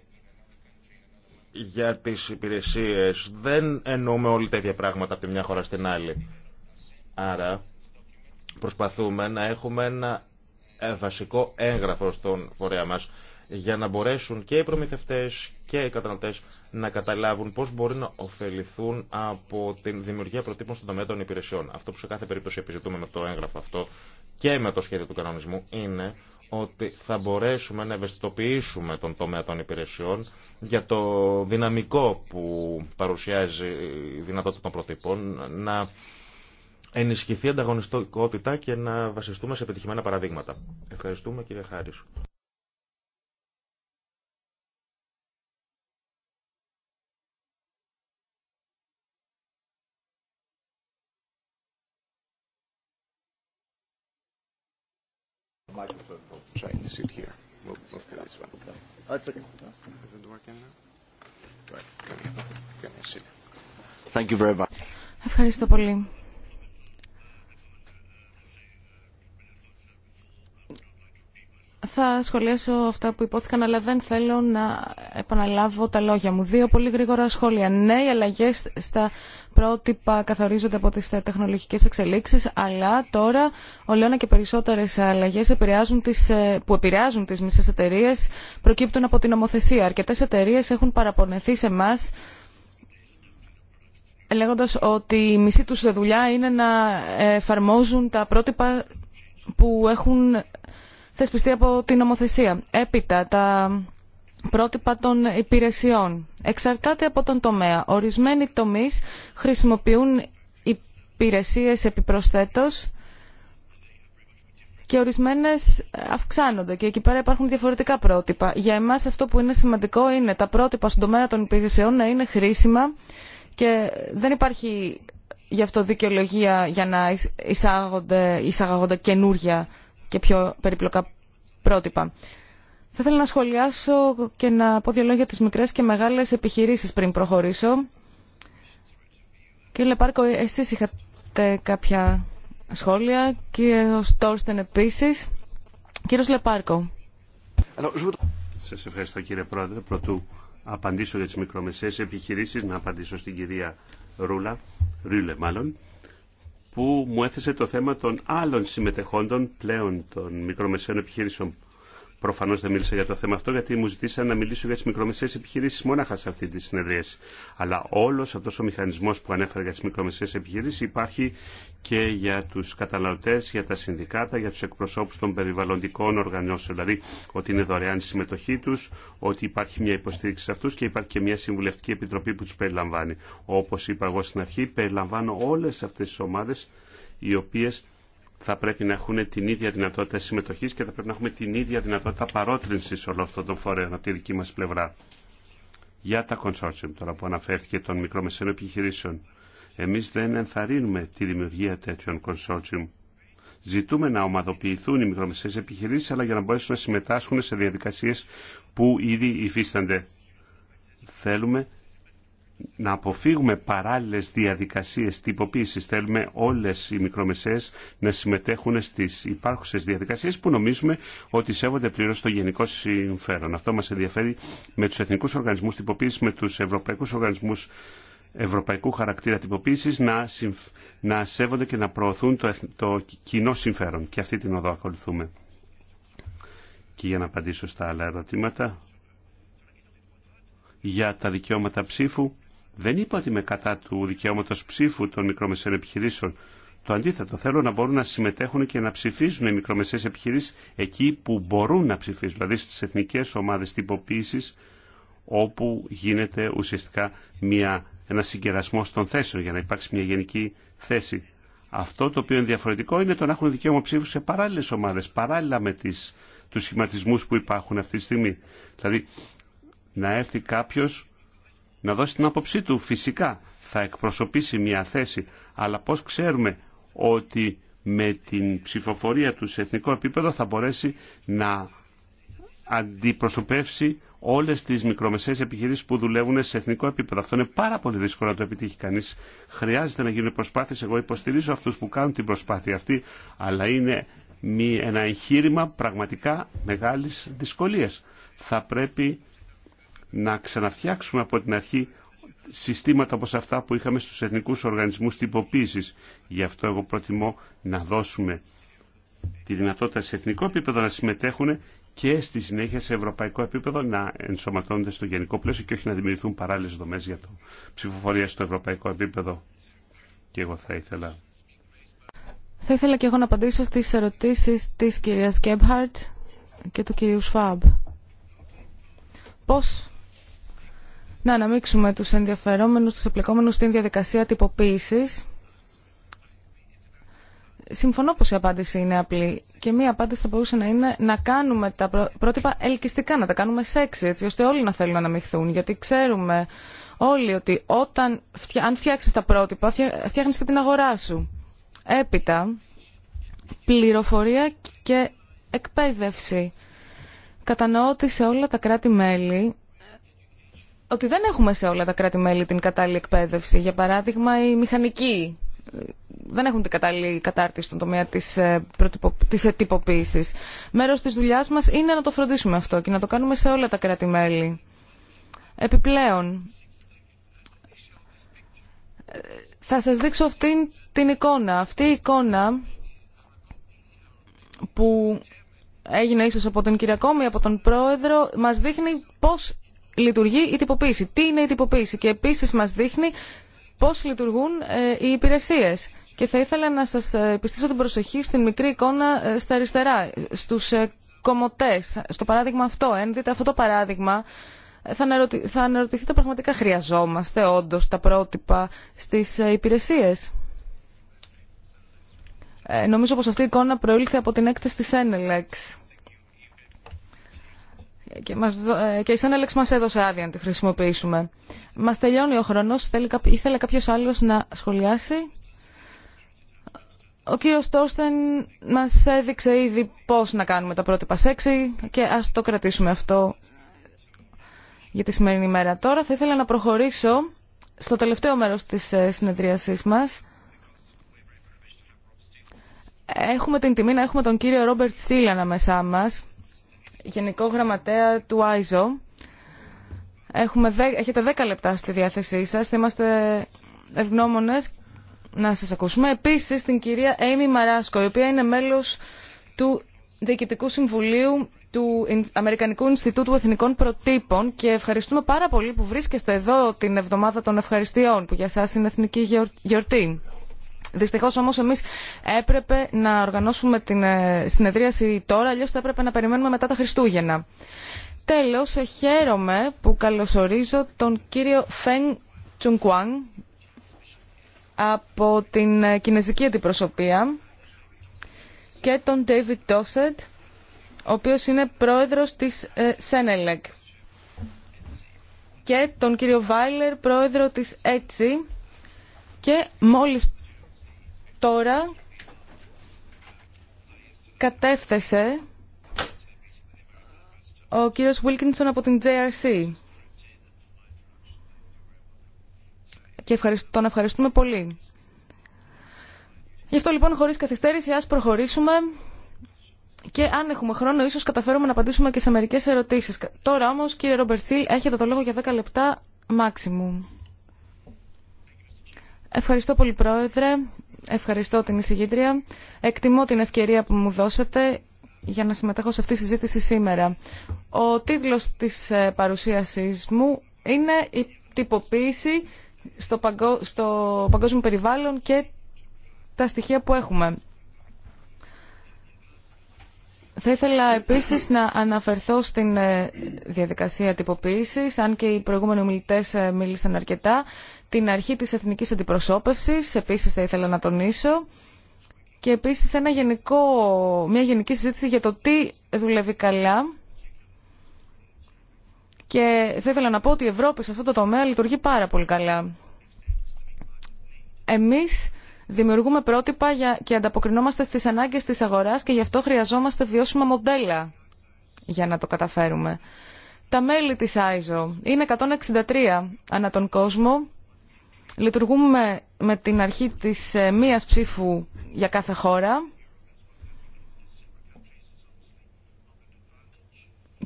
για τι υπηρεσίε. Δεν εννοούμε όλοι τα ίδια πράγματα από τη μια χώρα στην άλλη. Άρα προσπαθούμε να έχουμε ένα βασικό έγγραφο στον φορέα μα για να μπορέσουν και οι προμηθευτέ και οι καταναλωτέ να καταλάβουν πώ μπορεί να ωφεληθούν από τη δημιουργία προτύπων στον τομέα των υπηρεσιών. Αυτό που σε κάθε περίπτωση επιζητούμε με το έγγραφο αυτό και με το σχέδιο του κανονισμού είναι ότι θα μπορέσουμε να ευαισθητοποιήσουμε τον τομέα των υπηρεσιών για το δυναμικό που παρουσιάζει η δυνατότητα των προτύπων να ενισχυθεί ανταγωνιστικότητα και να βασιστούμε σε επιτυχημένα παραδείγματα. Ευχαριστούμε κύριε Χάρης. it here. We'll move to this one. Oh, it's okay. Is it working now? Right. Come here. Come here. Thank you very much. Ευχαριστώ πολύ. θα σχολιάσω αυτά που υπόθηκαν, αλλά δεν θέλω να επαναλάβω τα λόγια μου. Δύο πολύ γρήγορα σχόλια. Ναι, οι αλλαγέ στα πρότυπα καθορίζονται από τις τεχνολογικές εξελίξεις, αλλά τώρα ολόνα και περισσότερες αλλαγέ ε, που επηρεάζουν τις μισέ εταιρείε προκύπτουν από την ομοθεσία. Αρκετές εταιρείε έχουν παραπονεθεί σε εμά λέγοντα ότι η μισή του δουλειά είναι να εφαρμόζουν τα πρότυπα που έχουν θεσπιστεί από την νομοθεσία. Έπειτα, τα πρότυπα των υπηρεσιών. Εξαρτάται από τον τομέα. Ορισμένοι τομείς χρησιμοποιούν υπηρεσίες επιπροσθέτως και ορισμένες αυξάνονται και εκεί πέρα υπάρχουν διαφορετικά πρότυπα. Για εμάς αυτό που είναι σημαντικό είναι τα πρότυπα στον τομέα των υπηρεσιών να είναι χρήσιμα και δεν υπάρχει γι' αυτό δικαιολογία για να εισάγονται, εισάγονται καινούργια και πιο περίπλοκα πρότυπα. Θα ήθελα να σχολιάσω και να πω δύο λόγια τις μικρές και μεγάλες επιχειρήσεις πριν προχωρήσω. Κύριε Λεπάρκο, εσείς είχατε κάποια σχόλια, Κύριε Στόρστεν επίσης. Κύριος Λεπάρκο. Σας ευχαριστώ κύριε Πρόεδρε. Πρωτού απαντήσω για τις μικρομεσαίες επιχειρήσεις, να απαντήσω στην κυρία Ρούλα, Ρούλε μάλλον που μου έθεσε το θέμα των άλλων συμμετεχόντων πλέον των μικρομεσαίων επιχειρήσεων Προφανώ δεν μίλησα για το θέμα αυτό, γιατί μου ζητήσαν να μιλήσω για τι μικρομεσαίε επιχειρήσει μόναχα σε αυτή τη συνεδρίαση. Αλλά όλο αυτό ο μηχανισμό που ανέφερα για τι μικρομεσαίε επιχειρήσει υπάρχει και για του καταναλωτέ, για τα συνδικάτα, για του εκπροσώπου των περιβαλλοντικών οργανώσεων. Δηλαδή ότι είναι δωρεάν η συμμετοχή του, ότι υπάρχει μια υποστήριξη σε αυτού και υπάρχει και μια συμβουλευτική επιτροπή που του περιλαμβάνει. Όπω είπα εγώ στην αρχή, περιλαμβάνω όλε αυτέ τι ομάδε οι οποίε θα πρέπει να έχουν την ίδια δυνατότητα συμμετοχή και θα πρέπει να έχουμε την ίδια δυνατότητα παρότρινση όλων αυτών των φορέων από τη δική μα πλευρά. Για τα consortium τώρα που αναφέρθηκε των μικρομεσαίων επιχειρήσεων. Εμεί δεν ενθαρρύνουμε τη δημιουργία τέτοιων consortium. Ζητούμε να ομαδοποιηθούν οι μικρομεσαίε επιχειρήσει αλλά για να μπορέσουν να συμμετάσχουν σε διαδικασίε που ήδη υφίστανται. Θέλουμε να αποφύγουμε παράλληλες διαδικασίες τυποποίησης. Θέλουμε όλες οι μικρομεσαίες να συμμετέχουν στις υπάρχουσες διαδικασίες που νομίζουμε ότι σέβονται πλήρως το γενικό συμφέρον. Αυτό μας ενδιαφέρει με τους εθνικούς οργανισμούς τυποποίησης, με τους ευρωπαϊκούς οργανισμούς ευρωπαϊκού χαρακτήρα τυποποίησης να, να σέβονται και να προωθούν το, το κοινό συμφέρον. Και αυτή την οδό ακολουθούμε. Και για να απαντήσω στα άλλα ερωτήματα για τα δικαιώματα ψήφου δεν είπα ότι είμαι κατά του δικαιώματο ψήφου των μικρομεσαίων επιχειρήσεων. Το αντίθετο, θέλω να μπορούν να συμμετέχουν και να ψηφίζουν οι μικρομεσαίε επιχειρήσει εκεί που μπορούν να ψηφίζουν, δηλαδή στι εθνικέ ομάδε τυποποίηση, όπου γίνεται ουσιαστικά μια, ένα συγκερασμό των θέσεων για να υπάρξει μια γενική θέση. Αυτό το οποίο είναι διαφορετικό είναι το να έχουν δικαίωμα ψήφου σε παράλληλες ομάδε, παράλληλα με του σχηματισμού που υπάρχουν αυτή τη στιγμή. Δηλαδή να έρθει κάποιο να δώσει την άποψή του. Φυσικά θα εκπροσωπήσει μια θέση, αλλά πώς ξέρουμε ότι με την ψηφοφορία του σε εθνικό επίπεδο θα μπορέσει να αντιπροσωπεύσει όλε τι μικρομεσαίε επιχειρήσει που δουλεύουν σε εθνικό επίπεδο. Αυτό είναι πάρα πολύ δύσκολο να το επιτύχει κανεί. Χρειάζεται να γίνουν προσπάθειε. Εγώ υποστηρίζω αυτού που κάνουν την προσπάθεια αυτή, αλλά είναι ένα εγχείρημα πραγματικά μεγάλη δυσκολία. Θα πρέπει να ξαναφτιάξουμε από την αρχή συστήματα όπως αυτά που είχαμε στους εθνικούς οργανισμούς τυποποίησης. Γι' αυτό εγώ προτιμώ να δώσουμε τη δυνατότητα σε εθνικό επίπεδο να συμμετέχουν και στη συνέχεια σε ευρωπαϊκό επίπεδο να ενσωματώνονται στο γενικό πλαίσιο και όχι να δημιουργηθούν παράλληλες δομές για το ψηφοφορία στο ευρωπαϊκό επίπεδο. Και εγώ θα ήθελα. Θα ήθελα και εγώ να απαντήσω στις ερωτήσεις της κυρίας Γκέμπχαρτ και του κυρίου Σφάμπ. Πώς να αναμίξουμε τους ενδιαφερόμενους, τους επλεκόμενους στην διαδικασία τυποποίησης. Συμφωνώ πως η απάντηση είναι απλή και μία απάντηση θα μπορούσε να είναι να κάνουμε τα πρότυπα ελκυστικά, να τα κάνουμε σεξι, έτσι ώστε όλοι να θέλουν να αναμειχθούν, γιατί ξέρουμε όλοι ότι όταν, αν φτιάξεις τα πρότυπα, φτιάχνεις και την αγορά σου. Έπειτα, πληροφορία και εκπαίδευση. Κατανοώ ότι σε όλα τα κράτη-μέλη ότι δεν έχουμε σε όλα τα κράτη-μέλη την κατάλληλη εκπαίδευση. Για παράδειγμα, οι μηχανικοί ε, δεν έχουν την κατάλληλη κατάρτιση στον τομέα της, ε, της ετυποποίησης. Μέρος της δουλειάς μας είναι να το φροντίσουμε αυτό και να το κάνουμε σε όλα τα κράτη-μέλη. Επιπλέον, ε, θα σας δείξω αυτήν την εικόνα. Αυτή η εικόνα που έγινε ίσως από τον Κυριακόμη, από τον Πρόεδρο, μας δείχνει πώς λειτουργεί η τυποποίηση. Τι είναι η τυποποίηση και επίσης μας δείχνει πώς λειτουργούν ε, οι υπηρεσίες. Και θα ήθελα να σας ε, επιστήσω την προσοχή στην μικρή εικόνα ε, στα αριστερά, στους κομωτές. Στο παράδειγμα αυτό, αν δείτε αυτό το παράδειγμα, θα, αναρωτη... θα αναρωτηθείτε πραγματικά χρειαζόμαστε όντως τα πρότυπα στις υπηρεσίες. Ε, νομίζω πως αυτή η εικόνα προήλθε από την έκθεση της Enelex και, μας, ε, και η Σάνελεξ μας έδωσε άδεια να τη χρησιμοποιήσουμε. Μας τελειώνει ο χρόνος. Θέλει, ήθελε κάποιος άλλος να σχολιάσει. Ο κύριος Τόρστεν μας έδειξε ήδη πώς να κάνουμε τα πρότυπα σεξι και ας το κρατήσουμε αυτό για τη σημερινή μέρα. Τώρα θα ήθελα να προχωρήσω στο τελευταίο μέρος της ε, συνεδρίασής μας. Έχουμε την τιμή να έχουμε τον κύριο Ρόμπερτ Στήλ ανάμεσά μας Γενικό Γραμματέα του ΆΙΖΟ. Έχουμε, έχετε 10 λεπτά στη διάθεσή σας. Είμαστε ευγνώμονες να σας ακούσουμε. Επίσης την κυρία Έιμι Μαράσκο, η οποία είναι μέλος του Διοικητικού Συμβουλίου του Αμερικανικού Ινστιτούτου Εθνικών Προτύπων και ευχαριστούμε πάρα πολύ που βρίσκεστε εδώ την εβδομάδα των ευχαριστειών που για σας είναι εθνική γιορτή. Δυστυχώ όμω εμεί έπρεπε να οργανώσουμε την ε, συνεδρίαση τώρα, αλλιώ θα έπρεπε να περιμένουμε μετά τα Χριστούγεννα. Τέλο, ε, χαίρομαι που καλωσορίζω τον κύριο Φεν Τσουνκουάν από την ε, Κινέζικη Αντιπροσωπεία και τον David Τόσετ ο οποίος είναι πρόεδρος της Σένελεκ και τον κύριο Βάιλερ, πρόεδρο της ΕΤΣΙ και μόλις τώρα κατέφθασε ο κύριος Βίλκινσον από την JRC. Και τον ευχαριστούμε πολύ. Γι' αυτό λοιπόν χωρίς καθυστέρηση ας προχωρήσουμε και αν έχουμε χρόνο ίσως καταφέρουμε να απαντήσουμε και σε μερικές ερωτήσεις. Τώρα όμως κύριε Στυλ έχετε το λόγο για 10 λεπτά μάξιμου. Ευχαριστώ πολύ πρόεδρε. Ευχαριστώ την εισηγήτρια. Εκτιμώ την ευκαιρία που μου δώσατε για να συμμετέχω σε αυτή τη συζήτηση σήμερα. Ο τίτλος της ε, παρουσίασής μου είναι «Η τυποποίηση στο, παγκόσμιο περιβάλλον και τα στοιχεία που έχουμε». Θα ήθελα επίσης να αναφερθώ στην ε, διαδικασία τυποποίησης, αν και οι προηγούμενοι ομιλητές ε, μίλησαν αρκετά, την αρχή της εθνικής αντιπροσώπευσης, επίσης θα ήθελα να τονίσω, και επίσης ένα γενικό, μια γενική συζήτηση για το τι δουλεύει καλά. Και θα ήθελα να πω ότι η Ευρώπη σε αυτό το τομέα λειτουργεί πάρα πολύ καλά. Εμείς δημιουργούμε πρότυπα και ανταποκρινόμαστε στις ανάγκες της αγοράς και γι' αυτό χρειαζόμαστε βιώσιμα μοντέλα για να το καταφέρουμε. Τα μέλη της ISO είναι 163 ανά τον κόσμο Λειτουργούμε με την αρχή της ε, μίας ψήφου για κάθε χώρα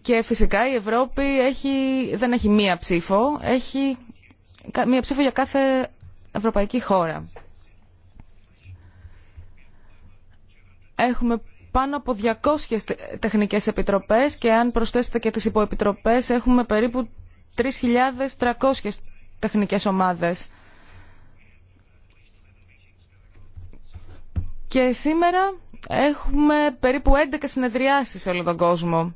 και φυσικά η Ευρώπη έχει, δεν έχει μία ψήφο, έχει μία ψήφο για κάθε ευρωπαϊκή χώρα. Έχουμε πάνω από 200 τεχνικές επιτροπές και αν προσθέσετε και τις υποεπιτροπές έχουμε περίπου 3.300 τεχνικές ομάδες. Και σήμερα έχουμε περίπου 11 συνεδριάσεις σε όλο τον κόσμο.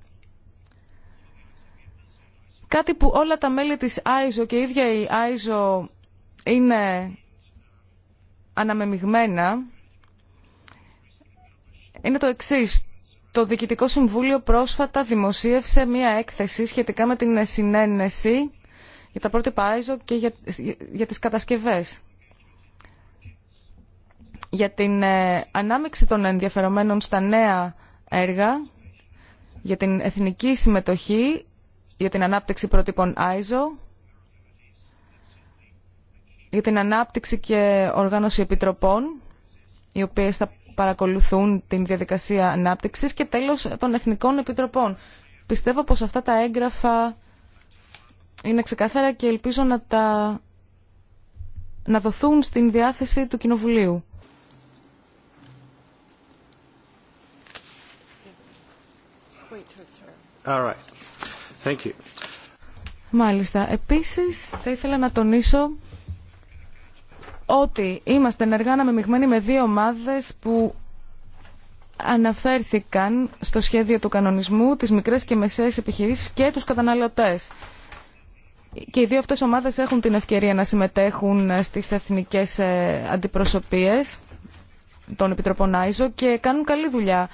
Κάτι που όλα τα μέλη της ISO και η ίδια η ISO είναι αναμεμειγμένα είναι το εξής. Το Διοικητικό Συμβούλιο πρόσφατα δημοσίευσε μία έκθεση σχετικά με την συνένεση για τα πρότυπα ISO και για, για τις κατασκευές για την ε, ανάμειξη των ενδιαφερομένων στα νέα έργα, για την εθνική συμμετοχή, για την ανάπτυξη πρότυπων ISO, για την ανάπτυξη και οργάνωση επιτροπών, οι οποίες θα παρακολουθούν την διαδικασία ανάπτυξης και τέλος των εθνικών επιτροπών. Πιστεύω πως αυτά τα έγγραφα είναι ξεκάθαρα και ελπίζω να τα να δοθούν στην διάθεση του Κοινοβουλίου. All Μάλιστα. Επίσης, θα ήθελα να τονίσω ότι είμαστε ενεργά αναμειγμένοι με δύο ομάδες που αναφέρθηκαν στο σχέδιο του κανονισμού, τις μικρές και μεσαίες επιχειρήσεις και τους καταναλωτές. Και οι δύο αυτές ομάδες έχουν την ευκαιρία να συμμετέχουν στις εθνικές ε, αντιπροσωπείες των Επιτροπών και κάνουν καλή δουλειά.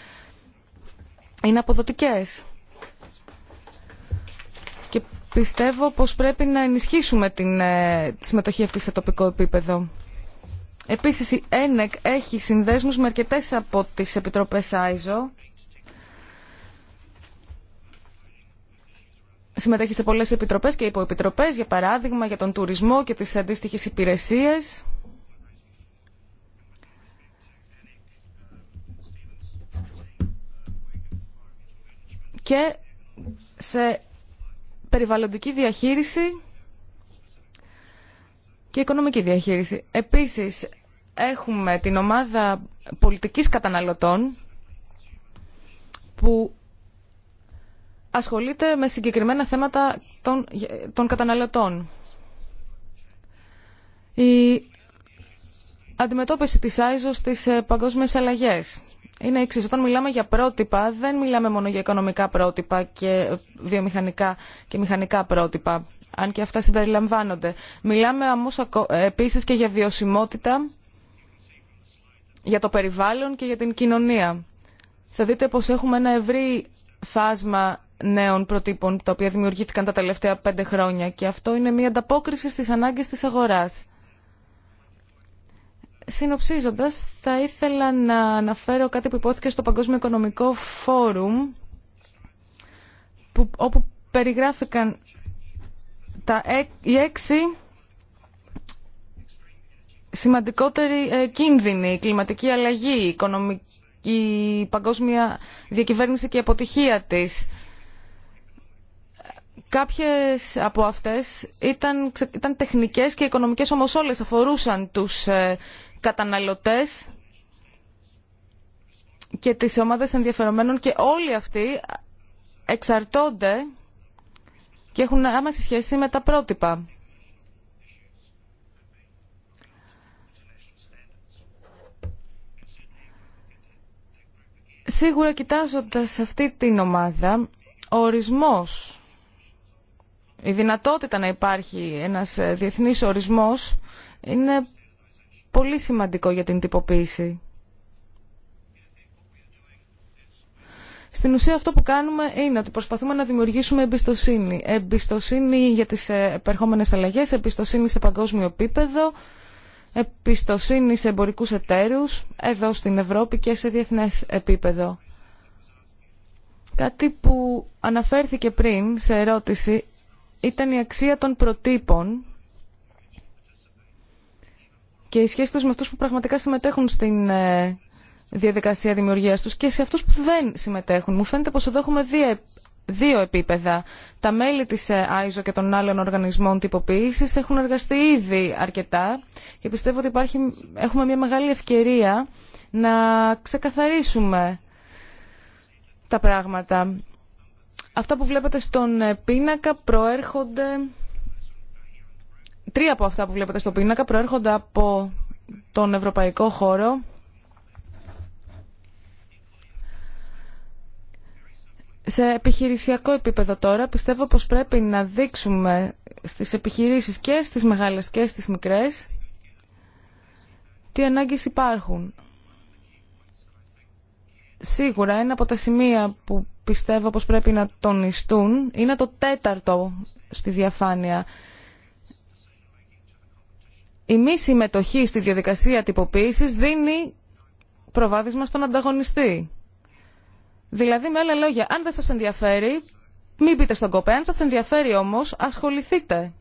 Είναι αποδοτικές. Πιστεύω πως πρέπει να ενισχύσουμε την, ε, τη συμμετοχή αυτή σε τοπικό επίπεδο. Επίσης η ΕΝΕΚ έχει συνδέσμους με αρκετές από τις επιτροπές ΆΙΖΟ. Συμμετέχει σε πολλές επιτροπές και υποεπιτροπές, για παράδειγμα για τον τουρισμό και τις αντίστοιχες υπηρεσίες. Και σε περιβαλλοντική διαχείριση και οικονομική διαχείριση. Επίσης, έχουμε την ομάδα πολιτικής καταναλωτών που ασχολείται με συγκεκριμένα θέματα των, των καταναλωτών. Η αντιμετώπιση της ΆΙΖΟ στις ε, παγκόσμιες αλλαγές είναι εξή. Όταν μιλάμε για πρότυπα, δεν μιλάμε μόνο για οικονομικά πρότυπα και βιομηχανικά και μηχανικά πρότυπα, αν και αυτά συμπεριλαμβάνονται. Μιλάμε όμω επίση και για βιωσιμότητα, για το περιβάλλον και για την κοινωνία. Θα δείτε πως έχουμε ένα ευρύ φάσμα νέων προτύπων, τα οποία δημιουργήθηκαν τα τελευταία πέντε χρόνια και αυτό είναι μια ανταπόκριση στις ανάγκες της αγοράς. Συνοψίζοντας, θα ήθελα να αναφέρω κάτι που υπόθηκε στο Παγκόσμιο Οικονομικό Φόρουμ, όπου περιγράφηκαν τα, οι έξι σημαντικότεροι ε, κίνδυνοι, η κλιματική αλλαγή, η, οικονομική, παγκόσμια διακυβέρνηση και η αποτυχία της. Κάποιες από αυτές ήταν, ήταν τεχνικές και οικονομικές, όμως όλες αφορούσαν τους ε, καταναλωτές και τις ομάδες ενδιαφερομένων και όλοι αυτοί εξαρτώνται και έχουν άμεση σχέση με τα πρότυπα. Σίγουρα κοιτάζοντας αυτή την ομάδα, ο ορισμός, η δυνατότητα να υπάρχει ένας διεθνής ορισμός είναι πολύ σημαντικό για την τυποποίηση. Στην ουσία αυτό που κάνουμε είναι ότι προσπαθούμε να δημιουργήσουμε εμπιστοσύνη. Εμπιστοσύνη για τις ε, επερχόμενες αλλαγές, εμπιστοσύνη σε παγκόσμιο επίπεδο, εμπιστοσύνη σε εμπορικούς εταίρους, εδώ στην Ευρώπη και σε διεθνές επίπεδο. Κάτι που αναφέρθηκε πριν σε ερώτηση ήταν η αξία των προτύπων και η σχέση τους με αυτούς που πραγματικά συμμετέχουν στην ε, διαδικασία δημιουργίας τους και σε αυτούς που δεν συμμετέχουν. Μου φαίνεται πως εδώ έχουμε δύο, δύο επίπεδα. Τα μέλη της ΆΙΖΟ ε, και των άλλων οργανισμών τυποποίησης έχουν εργαστεί ήδη αρκετά και πιστεύω ότι υπάρχει, έχουμε μια μεγάλη ευκαιρία να ξεκαθαρίσουμε τα πράγματα. Αυτά που βλέπετε στον ε, πίνακα προέρχονται τρία από αυτά που βλέπετε στο πίνακα προέρχονται από τον ευρωπαϊκό χώρο. Σε επιχειρησιακό επίπεδο τώρα πιστεύω πως πρέπει να δείξουμε στις επιχειρήσεις και στις μεγάλες και στις μικρές τι ανάγκες υπάρχουν. Σίγουρα ένα από τα σημεία που πιστεύω πως πρέπει να τονιστούν είναι το τέταρτο στη διαφάνεια η μη συμμετοχή στη διαδικασία τυποποίησης δίνει προβάδισμα στον ανταγωνιστή. Δηλαδή, με άλλα λόγια, αν δεν σας ενδιαφέρει, μην πείτε στον κοπέ. Αν σας ενδιαφέρει όμως, ασχοληθείτε.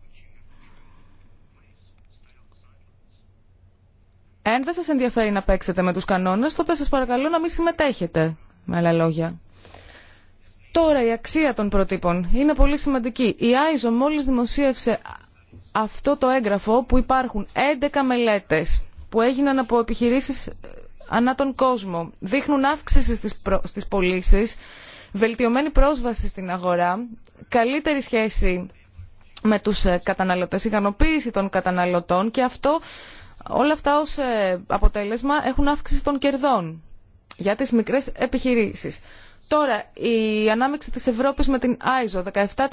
Αν δεν σας ενδιαφέρει να παίξετε με τους κανόνες, τότε σας παρακαλώ να μην συμμετέχετε, με άλλα λόγια. Τώρα η αξία των προτύπων είναι πολύ σημαντική. Η Άιζο μόλις δημοσίευσε αυτό το έγγραφο που υπάρχουν 11 μελέτες που έγιναν από επιχειρήσεις ε, ανά τον κόσμο, δείχνουν αύξηση στις, προ... στις πωλήσει, βελτιωμένη πρόσβαση στην αγορά, καλύτερη σχέση με τους ε, καταναλωτές, ικανοποίηση των καταναλωτών και αυτό, όλα αυτά ως ε, αποτέλεσμα έχουν αύξηση των κερδών για τις μικρές επιχειρήσεις. Τώρα, η ανάμειξη της Ευρώπης με την ISO, 17%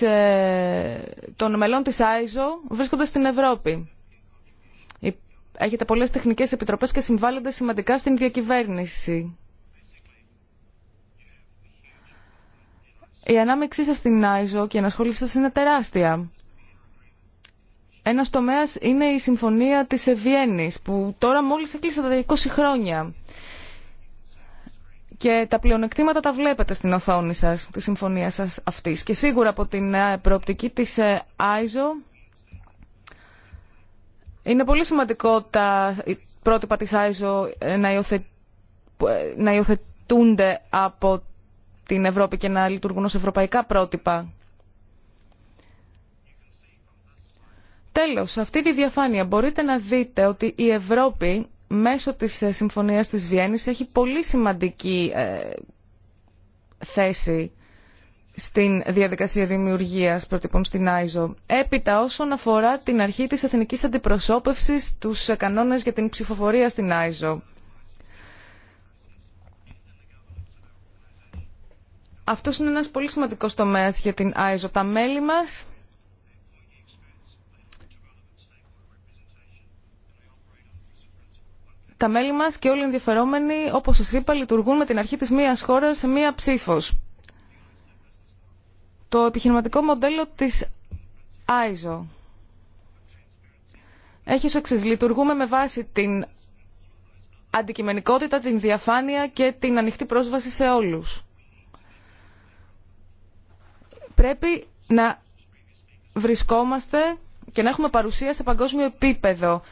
ε, των μελών της ΆΙΖΟ βρίσκονται στην Ευρώπη. Έχετε πολλές τεχνικές επιτροπές και συμβάλλονται σημαντικά στην διακυβέρνηση. Η ανάμειξή σας στην ΆΙΖΟ και η ενασχόλησή σας είναι τεράστια. Ένας τομέας είναι η Συμφωνία της Βιέννης, που τώρα μόλις έκλεισε τα 20 χρόνια. Και τα πλεονεκτήματα τα βλέπετε στην οθόνη σα τη συμφωνία σας αυτής. Και σίγουρα από την ε, προοπτική της ISO ε, είναι πολύ σημαντικό τα πρότυπα της ISO ε, να, υιοθε... να υιοθετούνται από την Ευρώπη και να λειτουργούν ως ευρωπαϊκά πρότυπα. Τέλος, σε αυτή τη διαφάνεια μπορείτε να δείτε ότι η Ευρώπη μέσω της ε, Συμφωνίας της Βιέννης έχει πολύ σημαντική ε, θέση στην διαδικασία δημιουργίας προτύπων στην Άιζο. Έπειτα όσον αφορά την αρχή της εθνικής αντιπροσώπευσης, τους ε, κανόνες για την ψηφοφορία στην Άιζο. Αυτό είναι ένας πολύ σημαντικός τομέας για την Άιζο. Τα μέλη μας τα μέλη μας και όλοι οι ενδιαφερόμενοι, όπως σας είπα, λειτουργούν με την αρχή της μίας χώρας σε μία ψήφος. Το επιχειρηματικό μοντέλο της ISO έχει ως εξής. Λειτουργούμε με βάση την αντικειμενικότητα, την διαφάνεια και την ανοιχτή πρόσβαση σε όλους. Πρέπει να βρισκόμαστε και να έχουμε παρουσία σε παγκόσμιο επίπεδο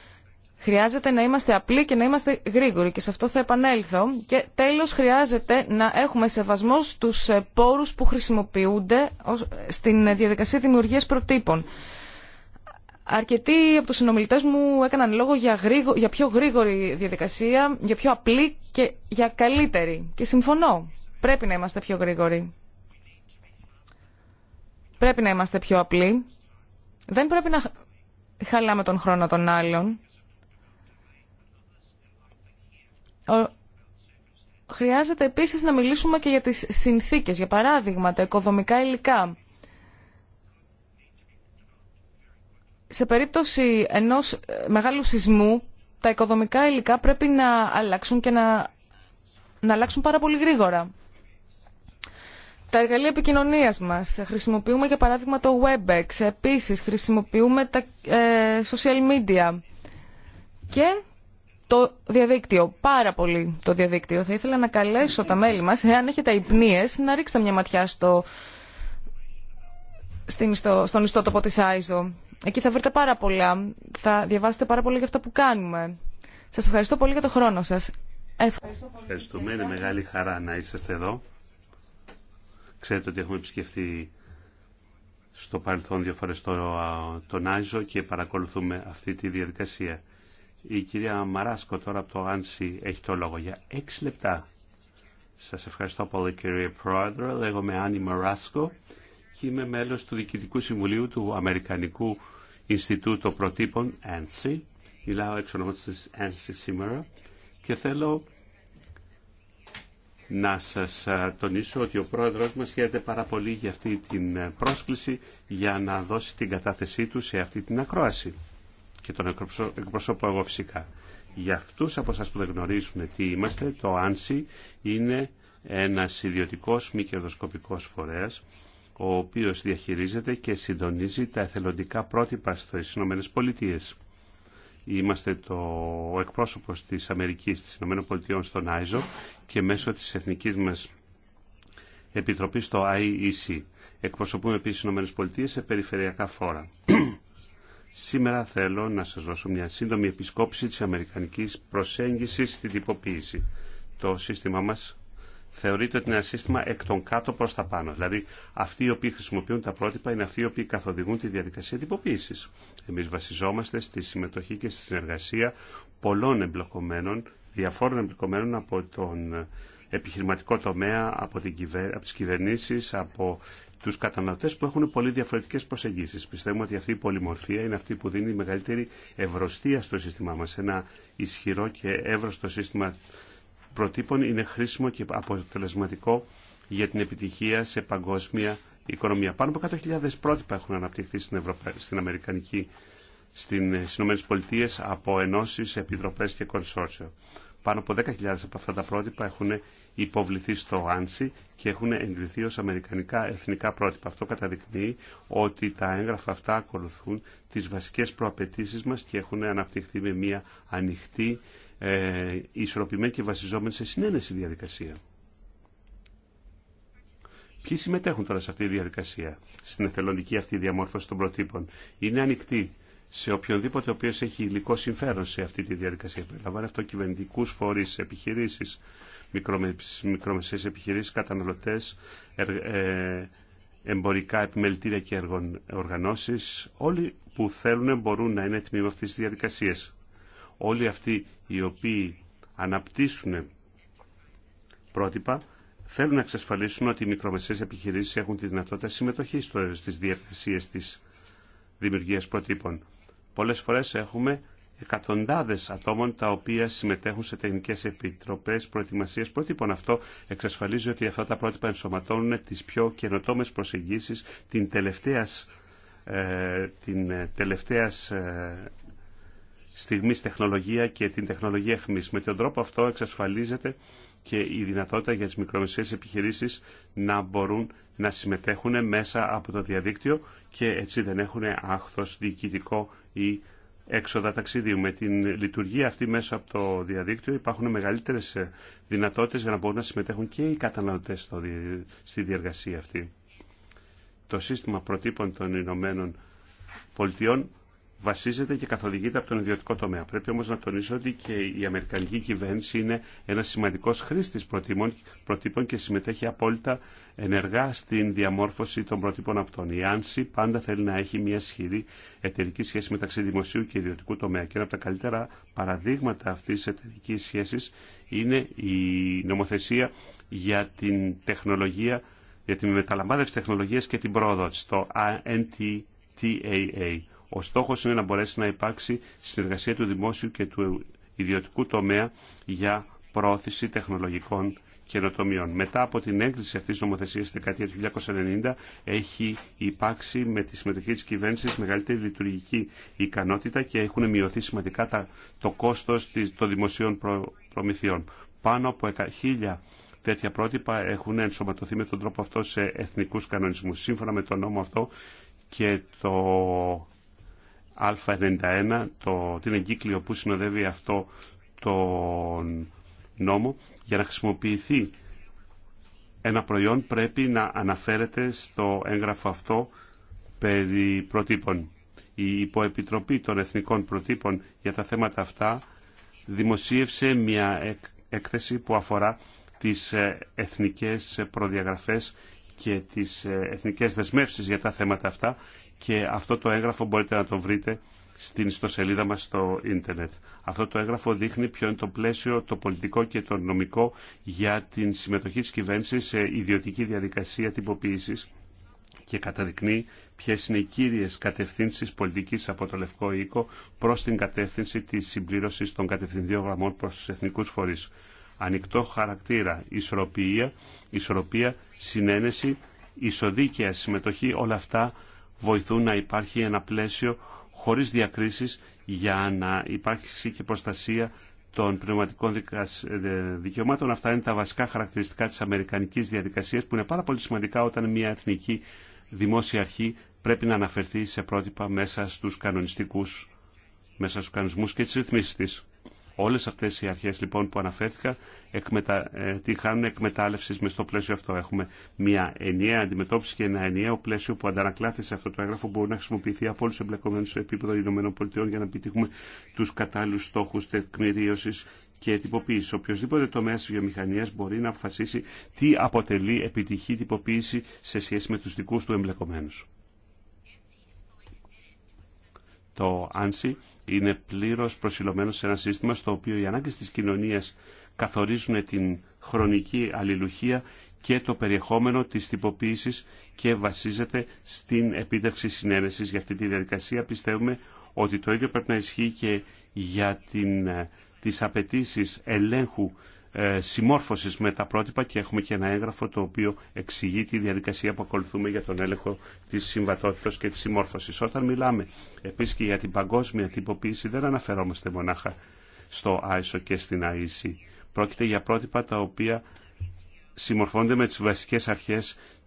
Χρειάζεται να είμαστε απλοί και να είμαστε γρήγοροι και σε αυτό θα επανέλθω. Και τέλος χρειάζεται να έχουμε σεβασμό στους ε, πόρους που χρησιμοποιούνται στην διαδικασία δημιουργίας προτύπων. Αρκετοί από τους συνομιλητές μου έκαναν λόγο για, για πιο γρήγορη διαδικασία, για πιο απλή και για καλύτερη. Και συμφωνώ, πρέπει να είμαστε πιο γρήγοροι. Πρέπει να είμαστε πιο απλοί. Δεν πρέπει να χαλάμε τον χρόνο των άλλων. Χρειάζεται επίσης να μιλήσουμε και για τις συνθήκες, για παράδειγμα τα οικοδομικά υλικά. Σε περίπτωση ενός ε, μεγάλου σεισμού, τα οικοδομικά υλικά πρέπει να αλλάξουν και να, να αλλάξουν πάρα πολύ γρήγορα. Τα εργαλεία επικοινωνίας μας. Χρησιμοποιούμε για παράδειγμα το WebEx. Επίσης χρησιμοποιούμε τα ε, social media. Και το διαδίκτυο, πάρα πολύ το διαδίκτυο. Θα ήθελα να καλέσω τα μέλη μας, εάν έχετε υπνίες, να ρίξετε μια ματιά στο, στην, στον ιστότοπο της ΆΙΖΟ. Εκεί θα βρείτε πάρα πολλά, θα διαβάσετε πάρα πολύ για αυτό που κάνουμε. Σας ευχαριστώ πολύ για το χρόνο σας. Ευχαριστώ πολύ. Ευχαριστούμε, είναι μεγάλη χαρά να είσαστε εδώ. Ξέρετε ότι έχουμε επισκεφθεί στο παρελθόν δύο φορές τον Άιζο και παρακολουθούμε αυτή τη διαδικασία. Η κυρία Μαράσκο τώρα από το Άνση έχει το λόγο για έξι λεπτά. Σας ευχαριστώ πολύ κύριε Πρόεδρε. Λέγομαι Άννη Μαράσκο και είμαι μέλος του Διοικητικού Συμβουλίου του Αμερικανικού Ινστιτούτου Προτύπων, ANSI. Μιλάω εξ ονόματος της ANSI σήμερα και θέλω να σας ε, τονίσω ότι ο πρόεδρος μας χαίρεται πάρα πολύ για αυτή την ε, πρόσκληση για να δώσει την κατάθεσή του σε αυτή την ακρόαση και τον εκπροσώπω εγώ φυσικά. Για αυτούς από εσάς που δεν γνωρίζουν τι είμαστε, το ANSI είναι ένας ιδιωτικό μη κερδοσκοπικός φορέας ο οποίος διαχειρίζεται και συντονίζει τα εθελοντικά πρότυπα στι Ηνωμένες Είμαστε το εκπρόσωπο της Αμερικής, τη Ηνωμένων Πολιτείων στον Άιζο και μέσω της Εθνική μας επιτροπής το IEC. Εκπροσωπούμε επίσης τις Ηνωμένες Πολιτείες σε περιφερειακά φόρα. Σήμερα θέλω να σας δώσω μια σύντομη επισκόπηση της αμερικανικής προσέγγισης στη τυποποίηση. Το σύστημα μας θεωρείται ότι είναι ένα σύστημα εκ των κάτω προς τα πάνω. Δηλαδή αυτοί οι οποίοι χρησιμοποιούν τα πρότυπα είναι αυτοί οι οποίοι καθοδηγούν τη διαδικασία τυποποίησης. Εμείς βασιζόμαστε στη συμμετοχή και στη συνεργασία πολλών εμπλοκομένων, διαφόρων εμπλοκομένων από τον επιχειρηματικό τομέα, από, την κυβε... τις κυβερνήσεις, από τους καταναλωτές που έχουν πολύ διαφορετικές προσεγγίσεις. Πιστεύουμε ότι αυτή η πολυμορφία είναι αυτή που δίνει μεγαλύτερη ευρωστία στο σύστημά μας. Ένα ισχυρό και εύρωστο σύστημα προτύπων είναι χρήσιμο και αποτελεσματικό για την επιτυχία σε παγκόσμια οικονομία. Πάνω από 100.000 πρότυπα έχουν αναπτυχθεί στην, στην Αμερικανική ε, στις Ηνωμένες Πολιτείες από ενώσεις, επιτροπέ και κονσόρτσια. Πάνω από 10.000 από αυτά τα πρότυπα έχουν υποβληθεί στο Άνσι και έχουν εγκριθεί ως αμερικανικά εθνικά πρότυπα. Αυτό καταδεικνύει ότι τα έγγραφα αυτά ακολουθούν τις βασικές προαπαιτήσεις μας και έχουν αναπτυχθεί με μια ανοιχτή, ε, ισορροπημένη και βασιζόμενη σε συνένεση διαδικασία. Ποιοι συμμετέχουν τώρα σε αυτή τη διαδικασία, στην εθελοντική αυτή διαμόρφωση των προτύπων. Είναι ανοιχτή σε οποιονδήποτε ο οποίο έχει υλικό συμφέρον σε αυτή τη διαδικασία. Περιλαμβάνει αυτό κυβερνητικού φορεί, επιχειρήσει, μικρομεσαίες επιχειρήσεις, καταναλωτές, ε, εμπορικά επιμελητήρια και οργανώσεις. Όλοι που θέλουν μπορούν να είναι με αυτές τις διαδικασίες. Όλοι αυτοί οι οποίοι αναπτύσσουν πρότυπα θέλουν να εξασφαλίσουν ότι οι μικρομεσαίες επιχειρήσεις έχουν τη δυνατότητα συμμετοχής στις διαδικασίες της δημιουργίας προτύπων. Πολλές φορές έχουμε Εκατοντάδε ατόμων τα οποία συμμετέχουν σε τεχνικέ επιτροπέ, προετοιμασία. πρότυπων. Αυτό εξασφαλίζει ότι αυτά τα πρότυπα ενσωματώνουν τι πιο καινοτόμε προσεγγίσει την τελευταία ε, ε, ε στιγμή τεχνολογία και την τεχνολογία χμής. Με τον τρόπο αυτό εξασφαλίζεται και η δυνατότητα για τις μικρομεσαίες επιχειρήσεις να μπορούν να συμμετέχουν μέσα από το διαδίκτυο και έτσι δεν έχουν άχθος διοικητικό ή έξοδα ταξιδίου. Με την λειτουργία αυτή μέσω από το διαδίκτυο υπάρχουν μεγαλύτερε δυνατότητε για να μπορούν να συμμετέχουν και οι καταναλωτέ στη διεργασία αυτή. Το σύστημα προτύπων των Ηνωμένων Πολιτειών βασίζεται και καθοδηγείται από τον ιδιωτικό τομέα. Πρέπει όμως να τονίσω ότι και η Αμερικανική κυβέρνηση είναι ένας σημαντικός χρήστης προτύπων και συμμετέχει απόλυτα ενεργά στην διαμόρφωση των προτύπων αυτών. Η Άνση πάντα θέλει να έχει μια σχηρή εταιρική σχέση μεταξύ δημοσίου και ιδιωτικού τομέα. Και ένα από τα καλύτερα παραδείγματα αυτής της εταιρικής σχέσης είναι η νομοθεσία για την τεχνολογία για τη μεταλαμβάνευση τεχνολογίας και την πρόοδο, το NTTAA. Ο στόχο είναι να μπορέσει να υπάρξει συνεργασία του δημόσιου και του ιδιωτικού τομέα για πρόθεση τεχνολογικών καινοτομιών. Μετά από την έγκριση αυτή τη νομοθεσία στην δεκαετία του 1990 έχει υπάρξει με τη συμμετοχή τη κυβέρνηση μεγαλύτερη λειτουργική ικανότητα και έχουν μειωθεί σημαντικά το κόστο των δημοσίων προμηθειών. Πάνω από χίλια τέτοια πρότυπα έχουν ενσωματωθεί με τον τρόπο αυτό σε εθνικού κανονισμού, Σύμφωνα με τον νόμο αυτό και το Α91, το, την εγκύκλιο που συνοδεύει αυτό τον νόμο, για να χρησιμοποιηθεί ένα προϊόν πρέπει να αναφέρεται στο έγγραφο αυτό περί προτύπων. Η Υποεπιτροπή των Εθνικών Προτύπων για τα θέματα αυτά δημοσίευσε μια έκθεση που αφορά τις ε, εθνικές προδιαγραφές και τις ε, εθνικές δεσμεύσεις για τα θέματα αυτά και αυτό το έγγραφο μπορείτε να το βρείτε στην ιστοσελίδα μας στο ίντερνετ. Αυτό το έγγραφο δείχνει ποιο είναι το πλαίσιο, το πολιτικό και το νομικό για την συμμετοχή της κυβέρνησης σε ιδιωτική διαδικασία τυποποίησης και καταδεικνύει ποιε είναι οι κύριε κατευθύνσει πολιτική από το Λευκό Οίκο προ την κατεύθυνση τη συμπλήρωση των κατευθυντήριων γραμμών προ του εθνικού φορεί. Ανοιχτό χαρακτήρα, ισορροπία, ισορροπία συνένεση, ισοδίκαια συμμετοχή, όλα αυτά βοηθούν να υπάρχει ένα πλαίσιο χωρίς διακρίσεις για να υπάρξει και προστασία των πνευματικών ε, δικαιωμάτων. Αυτά είναι τα βασικά χαρακτηριστικά της αμερικανικής διαδικασίας που είναι πάρα πολύ σημαντικά όταν μια εθνική δημόσια αρχή πρέπει να αναφερθεί σε πρότυπα μέσα στους κανονιστικούς, μέσα στους κανονισμούς και τις ρυθμίσεις της. Όλες αυτές οι αρχές λοιπόν που αναφέρθηκα εκμετα... Ε, τη χάνουν εκμετάλλευσης με στο πλαίσιο αυτό. Έχουμε μια ενιαία αντιμετώπιση και ένα ενιαίο πλαίσιο που αντανακλάται σε αυτό το έγγραφο που μπορεί να χρησιμοποιηθεί από όλους τους εμπλεκομένους σε επίπεδο ΗΠΑ για να επιτύχουμε τους κατάλληλους στόχους τεκμηρίωσης και τυποποίηση. Οποιοδήποτε τομέα τη βιομηχανία μπορεί να αποφασίσει τι αποτελεί επιτυχή τυποποίηση σε σχέση με τους δικούς του εμπλεκομένου το ANSI είναι πλήρως προσιλωμένο σε ένα σύστημα στο οποίο οι ανάγκες της κοινωνίας καθορίζουν την χρονική αλληλουχία και το περιεχόμενο της τυποποίησης και βασίζεται στην επίτευξη συνένεσης για αυτή τη διαδικασία. Πιστεύουμε ότι το ίδιο πρέπει να ισχύει και για την, ε, τις απαιτήσει ελέγχου ε, συμμόρφωση με τα πρότυπα και έχουμε και ένα έγγραφο το οποίο εξηγεί τη διαδικασία που ακολουθούμε για τον έλεγχο τη συμβατότητα και τη συμμόρφωση. Όταν μιλάμε επίση και για την παγκόσμια τυποποίηση δεν αναφερόμαστε μονάχα στο ISO και στην IEC. Πρόκειται για πρότυπα τα οποία συμμορφώνται με τι βασικέ αρχέ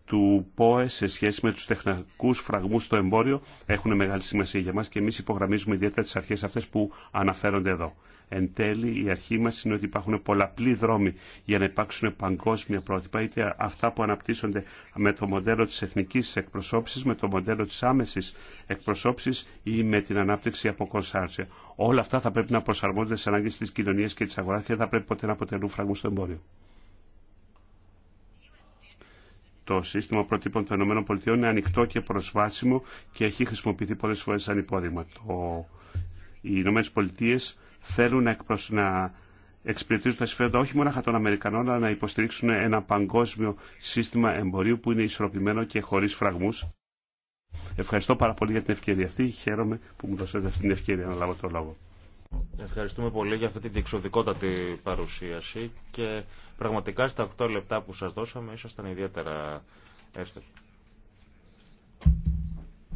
του ΠΟΕ σε σχέση με τους τεχνικούς φραγμούς στο εμπόριο έχουν μεγάλη σημασία για μας και εμείς υπογραμμίζουμε ιδιαίτερα τις αρχές αυτές που αναφέρονται εδώ. Εν τέλει, η αρχή μας είναι ότι υπάρχουν πολλαπλοί δρόμοι για να υπάρξουν παγκόσμια πρότυπα, είτε αυτά που αναπτύσσονται με το μοντέλο της εθνικής εκπροσώψης, με το μοντέλο της άμεσης εκπροσώψης ή με την ανάπτυξη από κονσάρτσια. Όλα αυτά θα πρέπει να προσαρμόζονται στις ανάγκες της κοινωνίας και της αγοράς και δεν θα πρέπει ποτέ να αποτελούν φραγμού στο εμπόριο. Το σύστημα προτύπων των ΗΠΑ είναι ανοιχτό και προσβάσιμο και έχει χρησιμοποιηθεί πολλές φορές σαν υπόδειγμα. Το... Οι Ηνωμένε θέλουν να, να εξυπηρετήσουν τα συμφέροντα όχι μόνο των Αμερικανών, αλλά να υποστηρίξουν ένα παγκόσμιο σύστημα εμπορίου που είναι ισορροπημένο και χωρί φραγμού. Ευχαριστώ πάρα πολύ για την ευκαιρία αυτή. Χαίρομαι που μου δώσατε αυτή την ευκαιρία να λάβω το λόγο. Ευχαριστούμε πολύ για αυτή την διεξοδικότατη παρουσίαση και πραγματικά στα 8 λεπτά που σας δώσαμε ήσασταν ιδιαίτερα εύστοχοι.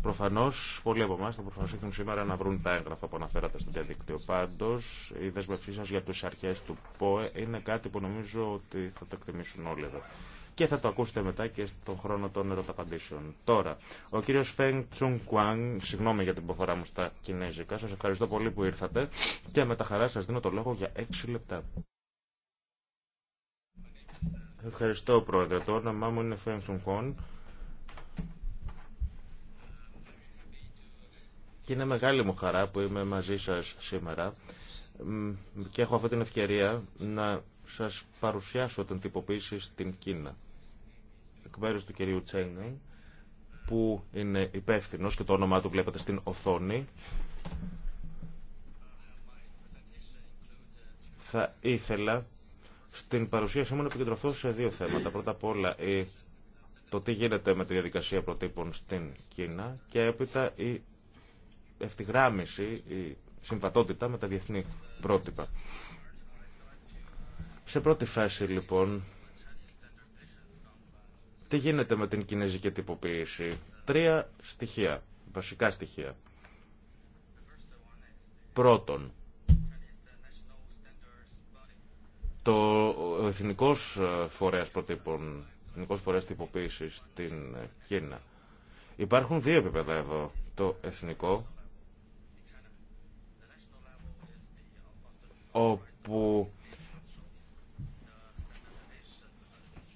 Προφανώ, πολλοί από εμά θα προσπαθήσουν σήμερα να βρουν τα έγγραφα που αναφέρατε στο διαδίκτυο. Πάντω, η δεσμευσή σα για τι αρχέ του ΠΟΕ είναι κάτι που νομίζω ότι θα το εκτιμήσουν όλοι εδώ. Και θα το ακούσετε μετά και στον χρόνο των ερωταπαντήσεων. Τώρα, ο κύριο Φeng Τσουν Κουάν, συγγνώμη για την προφορά μου στα κινέζικα, σα ευχαριστώ πολύ που ήρθατε και με τα χαρά σα δίνω το λόγο για 6 λεπτά. Ευχαριστώ, Πρόεδρε. Το όνομά μου είναι Και είναι μεγάλη μου χαρά που είμαι μαζί σας σήμερα και έχω αυτή την ευκαιρία να σας παρουσιάσω την τυποποίηση στην Κίνα. Εκ μέρους του κυρίου Τσέινγκ που είναι υπεύθυνος και το όνομά του βλέπετε στην οθόνη, θα ήθελα στην παρουσίασή μου να επικεντρωθώ σε δύο θέματα. Πρώτα απ' όλα το τι γίνεται με τη διαδικασία προτύπων στην Κίνα και έπειτα η ευθυγράμμιση, η συμβατότητα με τα διεθνή πρότυπα. Σε πρώτη φάση λοιπόν, τι γίνεται με την κινέζικη τυποποίηση. Τρία στοιχεία, βασικά στοιχεία. Πρώτον, το εθνικός φορέας προτύπων, εθνικός φορέας τυποποίησης στην Κίνα. Υπάρχουν δύο επίπεδα εδώ. Το εθνικό όπου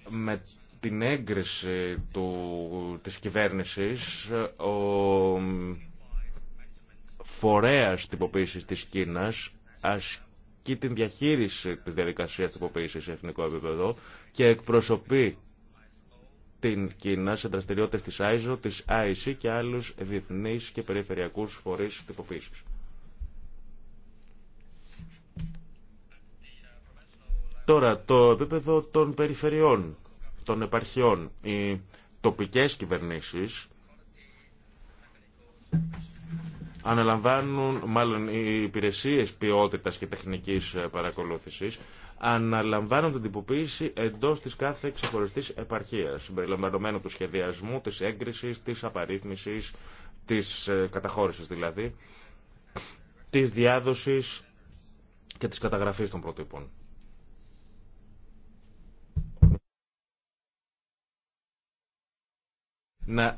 με την έγκριση του, της κυβέρνησης ο φορέας τυποποίησης της Κίνας ασκεί την διαχείριση της διαδικασίας τυποποίησης σε εθνικό επίπεδο και εκπροσωπεί την Κίνα σε δραστηριότητες της ΆΙΖΟ, της IC και άλλους διεθνείς και περιφερειακούς φορείς τυποποίησης. Τώρα, το επίπεδο των περιφερειών, των επαρχιών, οι τοπικές κυβερνήσεις αναλαμβάνουν, μάλλον οι υπηρεσίες ποιότητας και τεχνικής ε, παρακολούθησης, αναλαμβάνουν την τυποποίηση εντός της κάθε ξεχωριστής επαρχίας, συμπεριλαμβανομένου του σχεδιασμού, της έγκρισης, της απαρίθμησης, της ε, καταχώρησης δηλαδή, της διάδοσης και της καταγραφής των προτύπων. Να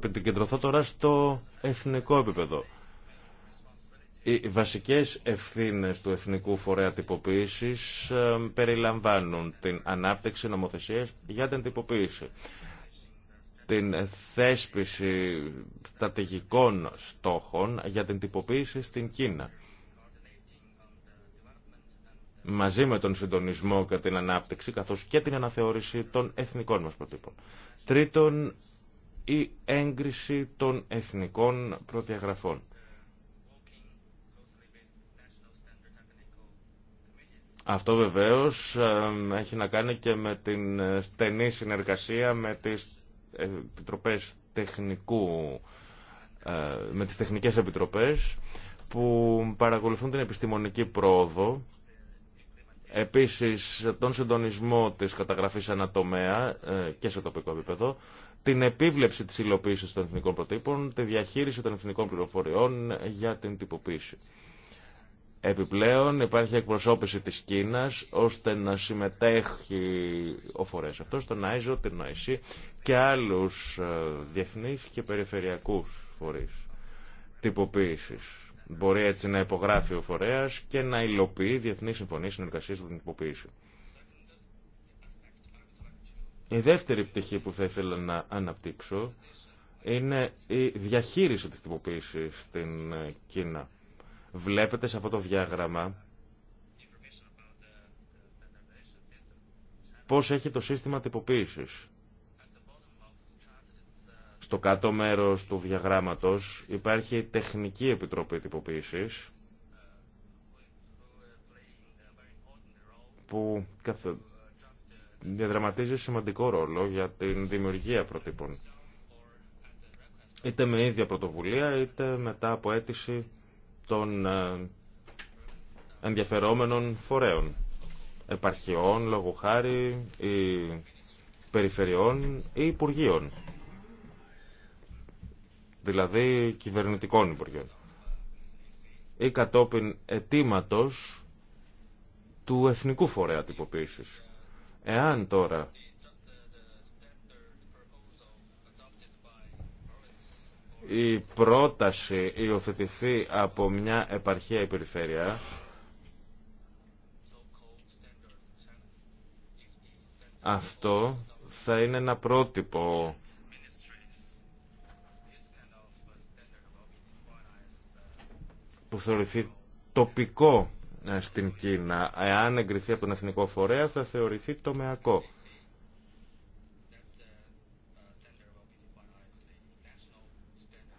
επικεντρωθώ τώρα στο εθνικό επίπεδο. Οι βασικές ευθύνες του Εθνικού Φορέα Τυποποίησης ε, περιλαμβάνουν την ανάπτυξη νομοθεσίας για την τυποποίηση, την θέσπιση στατηγικών στόχων για την τυποποίηση στην Κίνα, μαζί με τον συντονισμό και την ανάπτυξη, καθώς και την αναθεώρηση των εθνικών μας προτύπων. Τρίτον, η έγκριση των εθνικών προδιαγραφών. Αυτό βεβαίως έχει να κάνει και με την ε, στενή συνεργασία με τις ε, επιτροπές τεχνικού, ε, με τις τεχνικές επιτροπές που παρακολουθούν την επιστημονική πρόοδο επίσης τον συντονισμό της καταγραφής ανατομεία ε, και σε τοπικό επίπεδο, την επίβλεψη της υλοποίησης των εθνικών προτύπων, τη διαχείριση των εθνικών πληροφοριών για την τυποποίηση. Επιπλέον υπάρχει εκπροσώπηση της Κίνας ώστε να συμμετέχει ο φορέας αυτός, τον ΆΙΖΟ, την ΟΕΣΥ και άλλους ε, διεθνείς και περιφερειακούς φορείς τυποποίησης Μπορεί έτσι να υπογράφει ο φορέα και να υλοποιεί διεθνή συμφωνίε συνεργασία που την τυποποίηση. Η δεύτερη πτυχή που θα ήθελα να αναπτύξω είναι η διαχείριση της τυποποίησης στην ε, Κίνα. Βλέπετε σε αυτό το διάγραμμα πώς έχει το σύστημα τυποποίησης στο κάτω μέρος του διαγράμματος υπάρχει η Τεχνική Επιτροπή Τυποποίησης που διαδραματίζει σημαντικό ρόλο για την δημιουργία προτύπων. Είτε με ίδια πρωτοβουλία, είτε μετά από αίτηση των ε, ενδιαφερόμενων φορέων. Επαρχιών, λόγου ή περιφερειών ή υπουργείων δηλαδή κυβερνητικών υπουργείων ή κατόπιν αιτήματο του Εθνικού Φορέα Τυποποίησης. Εάν τώρα η πρόταση υιοθετηθεί από μια επαρχία ή αυτό θα είναι ένα πρότυπο που θεωρηθεί τοπικό ε, στην Κίνα, εάν εγκριθεί από τον Εθνικό Φορέα, θα θεωρηθεί τομεακό.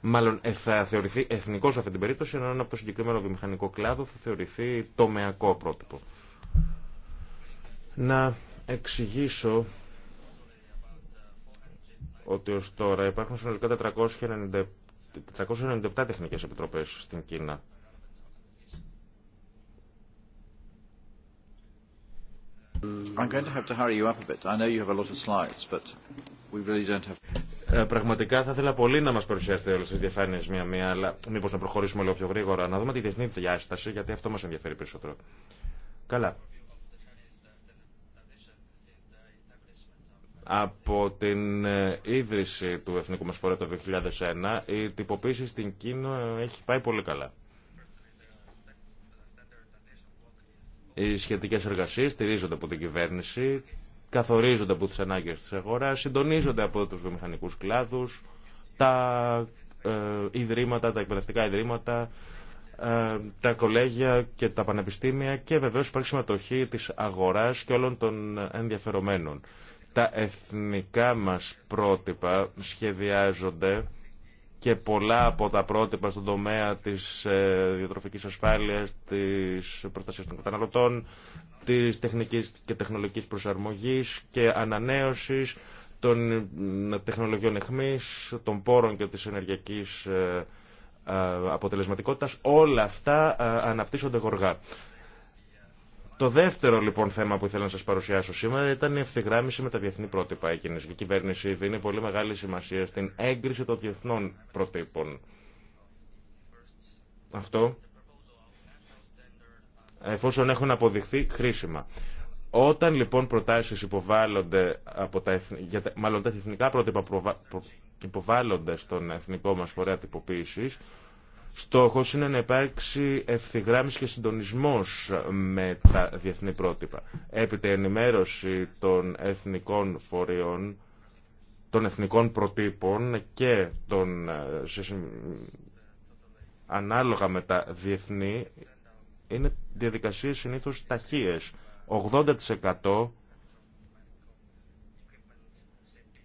Μάλλον ε, θα θεωρηθεί εθνικό σε αυτή την περίπτωση, ενώ από το συγκεκριμένο βιομηχανικό κλάδο θα θεωρηθεί τομεακό πρότυπο. Να εξηγήσω ότι ως τώρα υπάρχουν συνολικά 497 τεχνικές επιτροπές στην Κίνα πραγματικά θα ήθελα πολύ να μα παρουσιάσετε όλε τι διαφάνειε μία-μία, αλλά μήπω να προχωρήσουμε λίγο πιο γρήγορα, να δούμε τη διεθνή διάσταση, γιατί αυτό μα ενδιαφέρει περισσότερο. Καλά. από την ε, ίδρυση του Εθνικού φορέα το 2001, η τυποποίηση στην Κίνα έχει πάει πολύ καλά. Οι σχετικέ εργασίε στηρίζονται από την κυβέρνηση, καθορίζονται από τι ανάγκες της αγορά, συντονίζονται από τους βιομηχανικού κλάδους, τα ε, ιδρύματα, τα εκπαιδευτικά ιδρύματα, ε, τα κολέγια και τα πανεπιστήμια και βεβαίως υπάρχει συμμετοχή της αγοράς και όλων των ενδιαφερομένων. Τα εθνικά μας πρότυπα σχεδιάζονται και πολλά από τα πρότυπα στον τομέα της ε, διατροφικής ασφάλειας, της προστασίας των καταναλωτών, της τεχνικής και τεχνολογικής προσαρμογής και ανανέωσης των ε, τεχνολογιών εχμής, των πόρων και της ενεργειακής ε, αποτελεσματικότητας. Όλα αυτά αναπτύσσονται γοργά. Το δεύτερο λοιπόν θέμα που ήθελα να σα παρουσιάσω σήμερα ήταν η ευθυγράμμιση με τα διεθνή πρότυπα. Η κυβέρνηση δίνει πολύ μεγάλη σημασία στην έγκριση των διεθνών προτύπων. Αυτό εφόσον έχουν αποδειχθεί χρήσιμα. Όταν λοιπόν προτάσει υποβάλλονται από τα, για μάλλον τα εθνικά πρότυπα υποβάλλονται στον εθνικό μα φορέα τυποποίηση, Στόχος είναι να υπάρξει ευθυγράμμιση και συντονισμός με τα διεθνή πρότυπα. Έπειτα η ενημέρωση των εθνικών φορείων, των εθνικών προτύπων και των, ε, ανάλογα με τα διεθνή είναι διαδικασίες συνήθως ταχείες. 80%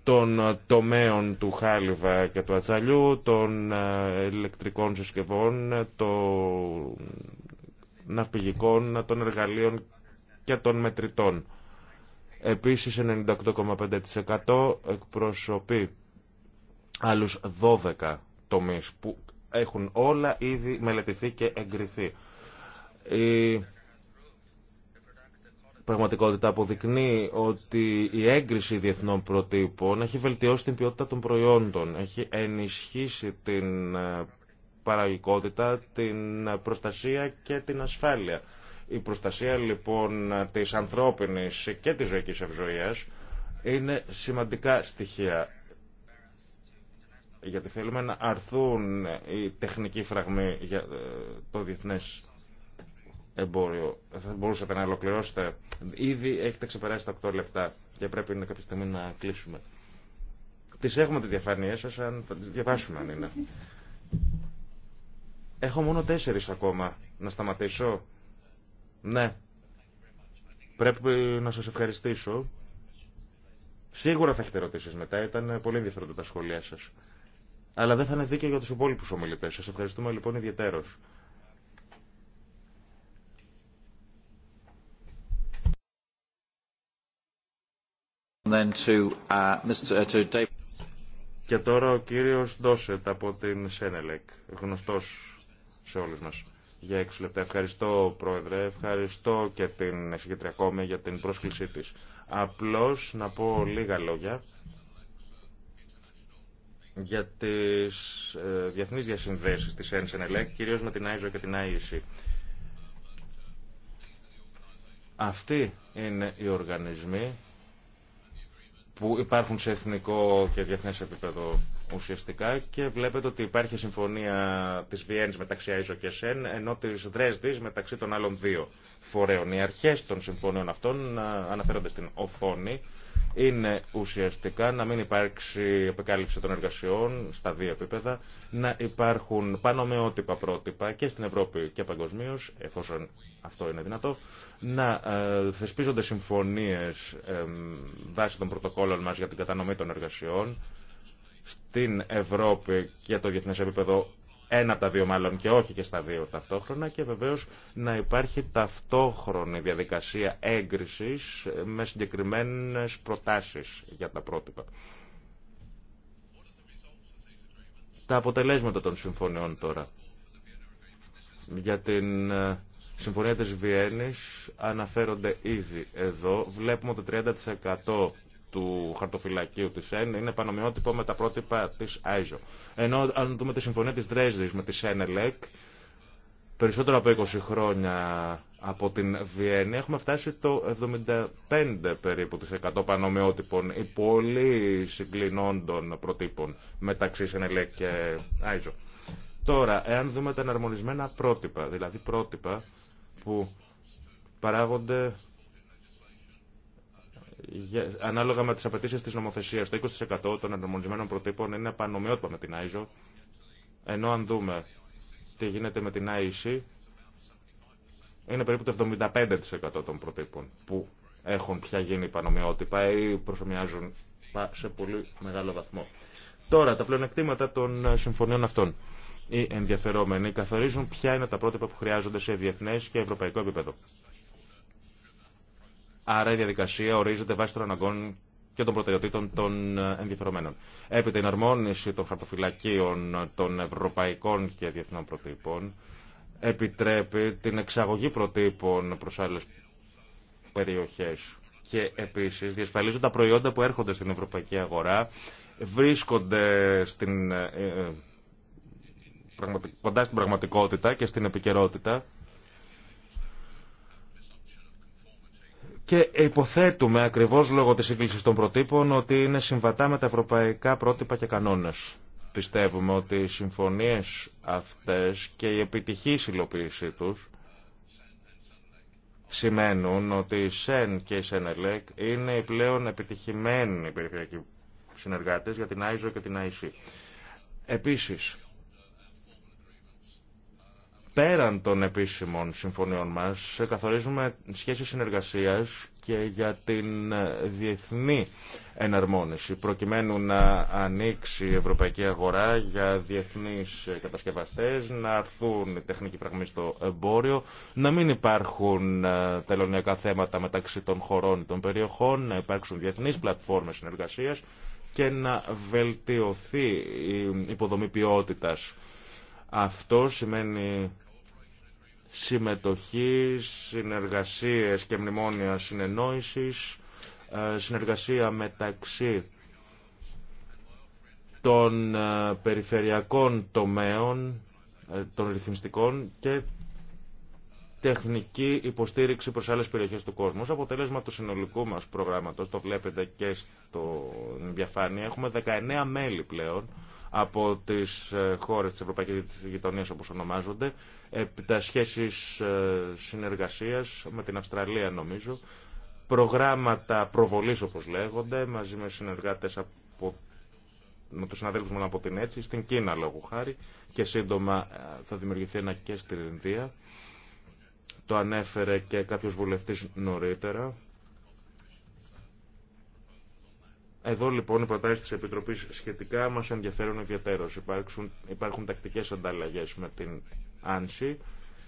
των ε, τομέων του χάλιβα και του ατσαλιού, των ε, ηλεκτρικών συσκευών, ε, των ναυπηγικών, των εργαλείων και των μετρητών. Επίσης 98,5% εκπροσωπεί άλλους 12 τομείς που έχουν όλα ήδη μελετηθεί και εγκριθεί πραγματικότητα αποδεικνύει ότι η έγκριση διεθνών προτύπων έχει βελτιώσει την ποιότητα των προϊόντων, έχει ενισχύσει την ε, παραγωγικότητα, την ε, προστασία και την ασφάλεια. Η προστασία λοιπόν της ανθρώπινης και της ζωικής ευζοίας είναι σημαντικά στοιχεία γιατί θέλουμε να αρθούν οι τεχνικοί φραγμοί για ε, το διεθνές εμπόριο. Θα μπορούσατε να ολοκληρώσετε. Ήδη έχετε ξεπεράσει τα 8 λεπτά και πρέπει να κάποια στιγμή να κλείσουμε. Τις έχουμε τις διαφάνειές σα, αν θα τις διαβάσουμε αν είναι. Έχω μόνο τέσσερις ακόμα. Να σταματήσω. Ναι. Πρέπει να σας ευχαριστήσω. Σίγουρα θα έχετε ερωτήσει μετά. Ήταν πολύ ενδιαφέροντα τα σχόλιά σα. Αλλά δεν θα είναι δίκαιο για του υπόλοιπου ομιλητέ. Σα ευχαριστούμε λοιπόν ιδιαίτερω. Uh, uh, και τώρα ο κύριος Ντόσετ από την Σένελεκ, γνωστός σε όλους μας. Για έξι λεπτά. Ευχαριστώ, Πρόεδρε. Ευχαριστώ και την συγκεκριά για την πρόσκλησή της. Απλώς να πω λίγα λόγια για τις ε, διεθνείς διασυνδέσεις της ΕΝΣΕΝΕΛΕΚ, κυρίως με την ΆΙΖΟ και την ΆΙΣΗ. Αυτοί είναι οι οργανισμοί που υπάρχουν σε εθνικό και διεθνέ επίπεδο ουσιαστικά και βλέπετε ότι υπάρχει συμφωνία της Βιέννης μεταξύ ΑΙΖΟ και ΣΕΝ ενώ της Δρέσδης μεταξύ των άλλων δύο φορέων. Οι αρχές των συμφωνίων αυτών ε, αναφέρονται στην οθόνη είναι ουσιαστικά να μην υπάρξει επεκάλυψη των εργασιών στα δύο επίπεδα, να υπάρχουν πάνω πανομοιότυπα πρότυπα και στην Ευρώπη και παγκοσμίω, εφόσον αυτό είναι δυνατό, να ε, θεσπίζονται συμφωνίες βάσει των πρωτοκόλων μα για την κατανομή των εργασιών, στην Ευρώπη και το διεθνέ επίπεδο ένα από τα δύο μάλλον και όχι και στα δύο ταυτόχρονα και βεβαίως να υπάρχει ταυτόχρονη διαδικασία έγκρισης με συγκεκριμένες προτάσεις για τα πρότυπα. Τα αποτελέσματα των συμφωνιών τώρα. Για την ε, Συμφωνία της Βιέννης αναφέρονται ήδη εδώ. Βλέπουμε ότι 30% του χαρτοφυλακίου τη ΕΝ είναι πανομοιότυπο με τα πρότυπα τη ΆΙΖΟ. Ενώ αν δούμε τη συμφωνία τη Δρέσδης με τη ΣΕΝΕΛΕΚ, περισσότερο από 20 χρόνια από την Βιέννη έχουμε φτάσει το 75 περίπου τη 100 πανομοιότυπων ή πολύ συγκλινόντων προτύπων μεταξύ ΣΕΝΕΛΕΚ και ΆΙΖΟ. Τώρα, εάν δούμε τα εναρμονισμένα πρότυπα, δηλαδή πρότυπα που παράγονται ανάλογα με τι απαιτήσει τη νομοθεσία, Το 20% των εναρμονισμένων προτύπων είναι πανομοιότυπα με την ISO, ενώ αν δούμε τι γίνεται με την IEC, είναι περίπου το 75% των προτύπων που έχουν πια γίνει πανομοιότυπα ή προσωμιάζουν σε πολύ μεγάλο βαθμό. Τώρα, τα πλεονεκτήματα των ε, συμφωνιών αυτών. Οι ενδιαφερόμενοι καθορίζουν ποια είναι τα πρότυπα που χρειάζονται σε διεθνέ και ευρωπαϊκό επίπεδο. Άρα η διαδικασία ορίζεται βάσει των αναγκών και των προτεραιοτήτων των ε, ενδιαφερομένων. Έπειτα η εναρμόνιση των χαρτοφυλακίων των ευρωπαϊκών και διεθνών προτύπων επιτρέπει την εξαγωγή προτύπων προς άλλες περιοχές και επίσης διασφαλίζουν τα προϊόντα που έρχονται στην ευρωπαϊκή αγορά βρίσκονται στην, ε, ε, κοντά στην πραγματικότητα και στην επικαιρότητα και υποθέτουμε ακριβώς λόγω της σύγκλησης των προτύπων ότι είναι συμβατά με τα ευρωπαϊκά πρότυπα και κανόνες. Πιστεύουμε ότι οι συμφωνίες αυτές και η επιτυχής υλοποίησή τους σημαίνουν ότι η ΣΕΝ και η ΣΕΝΕΛΕΚ είναι οι πλέον επιτυχημένοι περιφερειακοί συνεργάτες για την ΆΙΖΟ και την ΆΙΣΥ. Επίσης, πέραν των επίσημων συμφωνιών μας καθορίζουμε σχέσεις συνεργασίας και για την ε, διεθνή εναρμόνιση προκειμένου να ανοίξει η ευρωπαϊκή αγορά για διεθνείς ε, κατασκευαστές, να αρθούν οι τεχνικοί φραγμοί στο εμπόριο, να μην υπάρχουν ε, τελωνιακά θέματα μεταξύ των χωρών των περιοχών, να υπάρξουν διεθνείς πλατφόρμες συνεργασίας και να βελτιωθεί η υποδομή ποιότητας. Αυτό σημαίνει συμμετοχή, συνεργασίες και μνημόνια συνεννόησης, ε, συνεργασία μεταξύ των ε, περιφερειακών τομέων, ε, των ρυθμιστικών και τεχνική υποστήριξη προς άλλες περιοχές του κόσμου. Ως αποτέλεσμα του συνολικού μας προγράμματος, το βλέπετε και στο διαφάνεια, έχουμε 19 μέλη πλέον από τις ε, χώρες τη Ευρωπαϊκή Γειτονία όπως ονομάζονται, ε, τα σχέσεις ε, συνεργασίας με την Αυστραλία νομίζω, προγράμματα προβολής όπως λέγονται, μαζί με συνεργάτες από με τους συναδέλφους μου από την έτσι, στην Κίνα λόγω χάρη και σύντομα θα δημιουργηθεί ένα και στην Ινδία. Το ανέφερε και κάποιος βουλευτής νωρίτερα Εδώ λοιπόν οι προτάσει τη Επιτροπή σχετικά μα ενδιαφέρουν ιδιαίτερω. Υπάρχουν, υπάρχουν τακτικέ ανταλλαγέ με την Άνση.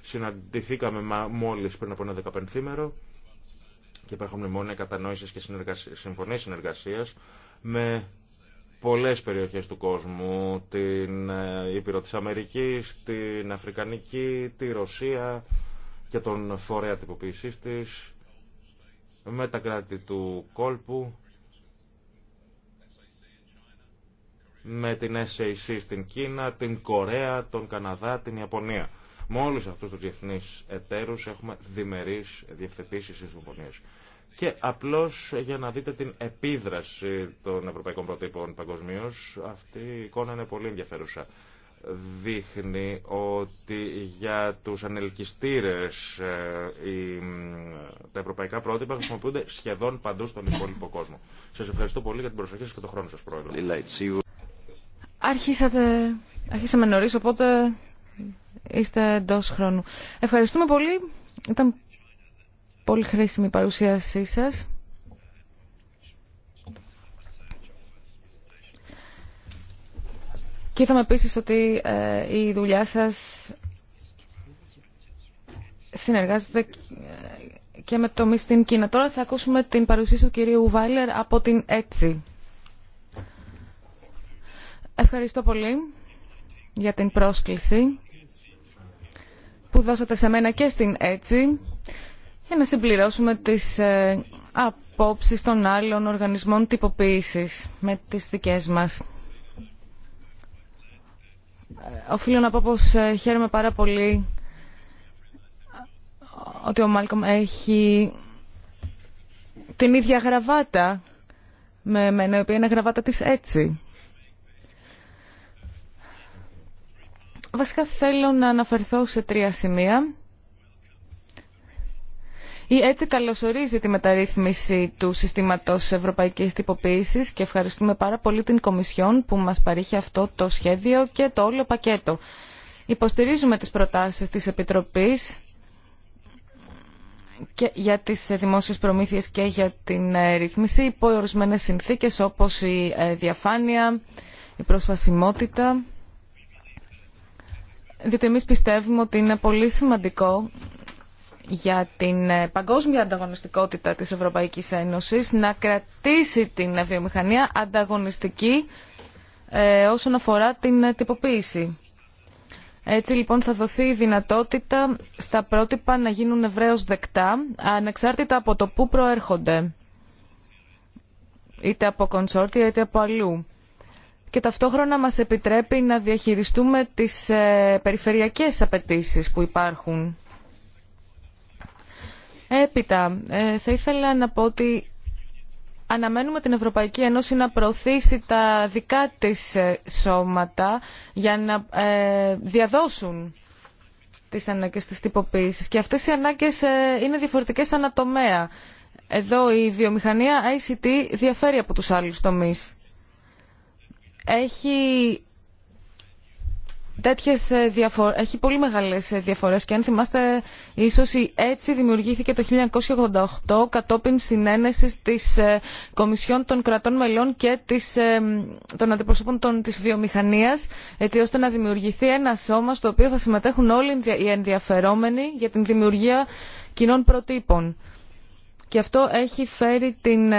Συναντηθήκαμε μόλι πριν από ένα δεκαπενθήμερο και υπάρχουν μνημόνια κατανόηση και συμφωνίε συνεργασία με πολλέ περιοχέ του κόσμου. Την ε, Ήπειρο τη Αμερική, την Αφρικανική, τη Ρωσία και τον φορέα τυποποίησή τη, με τα κράτη του κόλπου με την SAC στην Κίνα, την Κορέα, τον Καναδά, την Ιαπωνία. Με όλου αυτού του διεθνεί εταίρου έχουμε διμερεί διευθετήσει τη συμφωνίε. Και απλώ για να δείτε την επίδραση των ευρωπαϊκών προτύπων παγκοσμίω, αυτή η εικόνα είναι πολύ ενδιαφέρουσα. Δείχνει ότι για του ανελκυστήρε ε, τα ευρωπαϊκά πρότυπα χρησιμοποιούνται σχεδόν παντού στον υπόλοιπο κόσμο. Σα ευχαριστώ πολύ για την προσοχή σα και τον χρόνο σα, Πρόεδρο. Αρχίσατε, αρχίσαμε νωρίς, οπότε είστε εντό χρόνου. Ευχαριστούμε πολύ. Ήταν πολύ χρήσιμη η παρουσίασή σας. Και είδαμε επίσης ότι ε, η δουλειά σας συνεργάζεται ε, και με το Μιστίν Κίνα. Τώρα θα ακούσουμε την παρουσίαση του κυρίου Βάιλερ από την ΕΤΣΙ. Ευχαριστώ πολύ για την πρόσκληση που δώσατε σε μένα και στην ΕΤΣΙ για να συμπληρώσουμε τις ε, απόψεις των άλλων οργανισμών τυποποίησης με τις δικές μας. Ε, οφείλω να πω πως ε, χαίρομαι πάρα πολύ ότι ο Μάλκομ έχει την ίδια γραβάτα με εμένα, η οποία είναι γραβάτα της έτσι. Βασικά θέλω να αναφερθώ σε τρία σημεία. Η έτσι καλωσορίζει τη μεταρρύθμιση του συστήματος ευρωπαϊκής τυποποίησης και ευχαριστούμε πάρα πολύ την Κομισιόν που μας παρήχε αυτό το σχέδιο και το όλο πακέτο. Υποστηρίζουμε τις προτάσεις της Επιτροπής και για τις δημόσιες προμήθειες και για την ε, ρύθμιση υπό ορισμένες συνθήκες όπως η ε, διαφάνεια, η προσβασιμότητα διότι εμείς πιστεύουμε ότι είναι πολύ σημαντικό για την ε, παγκόσμια ανταγωνιστικότητα της Ευρωπαϊκής Ένωσης να κρατήσει την βιομηχανία ανταγωνιστική ε, όσον αφορά την ε, τυποποίηση. Έτσι λοιπόν θα δοθεί η δυνατότητα στα πρότυπα να γίνουν ευρέως δεκτά, ανεξάρτητα από το πού προέρχονται, είτε από κονσόρτια είτε από αλλού και ταυτόχρονα μας επιτρέπει να διαχειριστούμε τις ε, περιφερειακές απαιτήσεις που υπάρχουν. Έπειτα, ε, θα ήθελα να πω ότι αναμένουμε την Ευρωπαϊκή Ένωση να προωθήσει τα δικά της ε, σώματα για να διαδώσουν τις ανάγκες της τυποποίησης και αυτές οι ανάγκες είναι διαφορετικές ανατομέα. Εδώ η βιομηχανία ICT διαφέρει από τους άλλους τομείς έχει ε, έχει πολύ μεγάλες ε, διαφορές και αν θυμάστε ίσως έτσι δημιουργήθηκε το 1988 κατόπιν συνένεση της ε, Κομισιόν των Κρατών Μελών και της, των αντιπροσώπων των... της βιομηχανίας έτσι ώστε να δημιουργηθεί ένα σώμα στο οποίο θα συμμετέχουν όλοι οι ενδιαφερόμενοι για την δημιουργία κοινών προτύπων. Και αυτό έχει φέρει την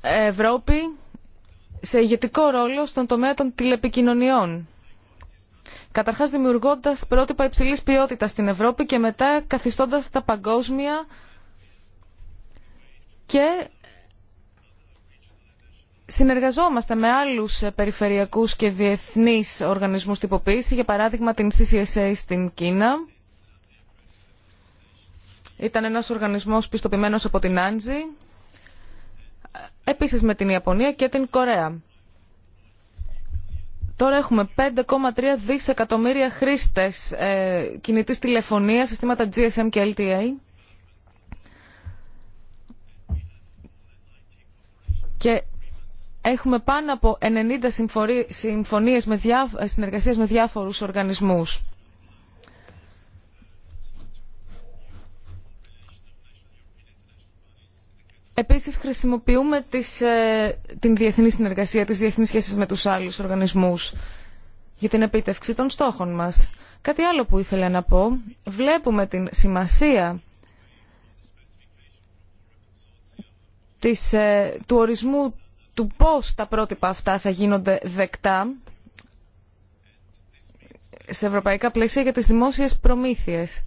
Ευρώπη σε ηγετικό ρόλο στον τομέα των τηλεπικοινωνιών. Καταρχάς δημιουργώντας πρότυπα υψηλής ποιότητας στην Ευρώπη και μετά καθιστώντας τα παγκόσμια και συνεργαζόμαστε με άλλους περιφερειακούς και διεθνείς οργανισμούς τυποποίηση, για παράδειγμα την CCSA στην Κίνα. Ήταν ένας οργανισμός πιστοποιημένος από την Άντζη επίσης με την Ιαπωνία και την Κορέα. Τώρα έχουμε 5,3 δισεκατομμύρια χρήστες ε, κινητής τηλεφωνίας, συστήματα GSM και LTA. Και έχουμε πάνω από 90 συμφωνίες με διά, συνεργασίες με διάφορους οργανισμούς. Επίσης χρησιμοποιούμε ε, την διεθνή συνεργασία, τις διεθνείς σχέσεις με τους άλλους οργανισμούς για την επίτευξη των στόχων μας. Κάτι άλλο που ήθελα να πω, βλέπουμε την σημασία της, ε, του ορισμού του πώς τα πρότυπα αυτά θα γίνονται δεκτά σε ευρωπαϊκά πλαίσια για τις δημόσιες προμήθειες.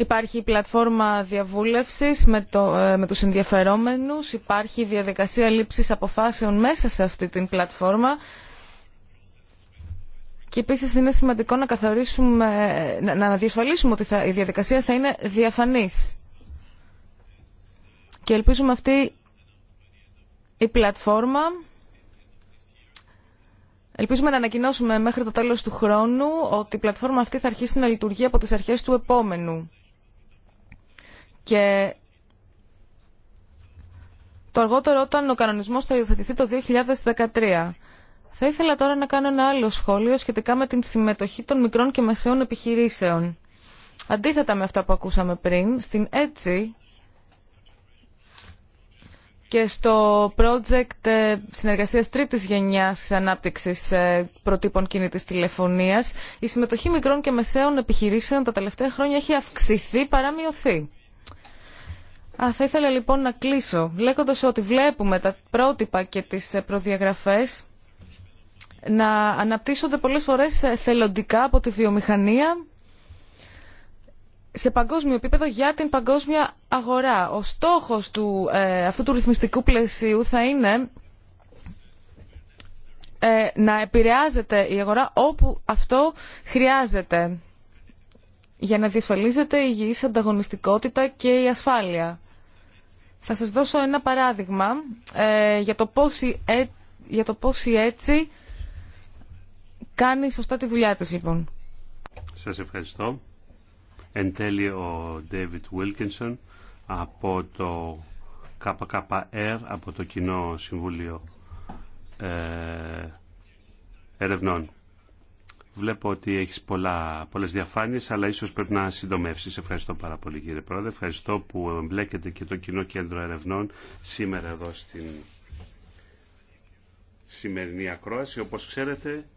Υπάρχει η πλατφόρμα διαβούλευσης με, το, ε, με τους ενδιαφερόμενους, υπάρχει η διαδικασία λήψης αποφάσεων μέσα σε αυτή την πλατφόρμα και επίσης είναι σημαντικό να, καθορίσουμε, να, να διασφαλίσουμε ότι θα, η διαδικασία θα είναι διαφανής. Και ελπίζουμε αυτή η πλατφόρμα Ελπίζουμε να ανακοινώσουμε μέχρι το τέλος του χρόνου ότι η πλατφόρμα αυτή θα αρχίσει να λειτουργεί από τις αρχές του επόμενου και το αργότερο όταν ο κανονισμός θα υιοθετηθεί το 2013. Θα ήθελα τώρα να κάνω ένα άλλο σχόλιο σχετικά με την συμμετοχή των μικρών και μεσαίων επιχειρήσεων. Αντίθετα με αυτά που ακούσαμε πριν, στην ΕΤΣΙ και στο project ε, συνεργασίας τρίτης γενιάς ανάπτυξης ε, προτύπων κινητής τηλεφωνίας, η συμμετοχή μικρών και μεσαίων επιχειρήσεων τα τελευταία χρόνια έχει αυξηθεί παρά μειωθεί. Α, θα ήθελα λοιπόν να κλείσω λέγοντας ότι βλέπουμε τα πρότυπα και τις ε, προδιαγραφές να αναπτύσσονται πολλές φορές ε, θελοντικά από τη βιομηχανία σε παγκόσμιο επίπεδο για την παγκόσμια αγορά. Ο στόχος του, ε, αυτού του ρυθμιστικού πλαισίου θα είναι να επηρεάζεται η αγορά όπου αυτό χρειάζεται για να διασφαλίζεται η υγιής ανταγωνιστικότητα και η ασφάλεια. Θα σας δώσω ένα παράδειγμα ε, για, το πώς η, ε, για το πώς η έτσι κάνει σωστά τη δουλειά της λοιπόν. Σας ευχαριστώ. Εν τέλει ο David Wilkinson από το KKR, από το Κοινό Συμβούλιο ε, Ερευνών. Βλέπω ότι έχεις πολλέ πολλές αλλά ίσως πρέπει να συντομεύσει. Ευχαριστώ πάρα πολύ κύριε Πρόεδρε. Ευχαριστώ που εμπλέκεται και το Κοινό Κέντρο Ερευνών σήμερα εδώ στην σημερινή ακρόαση. Όπως ξέρετε,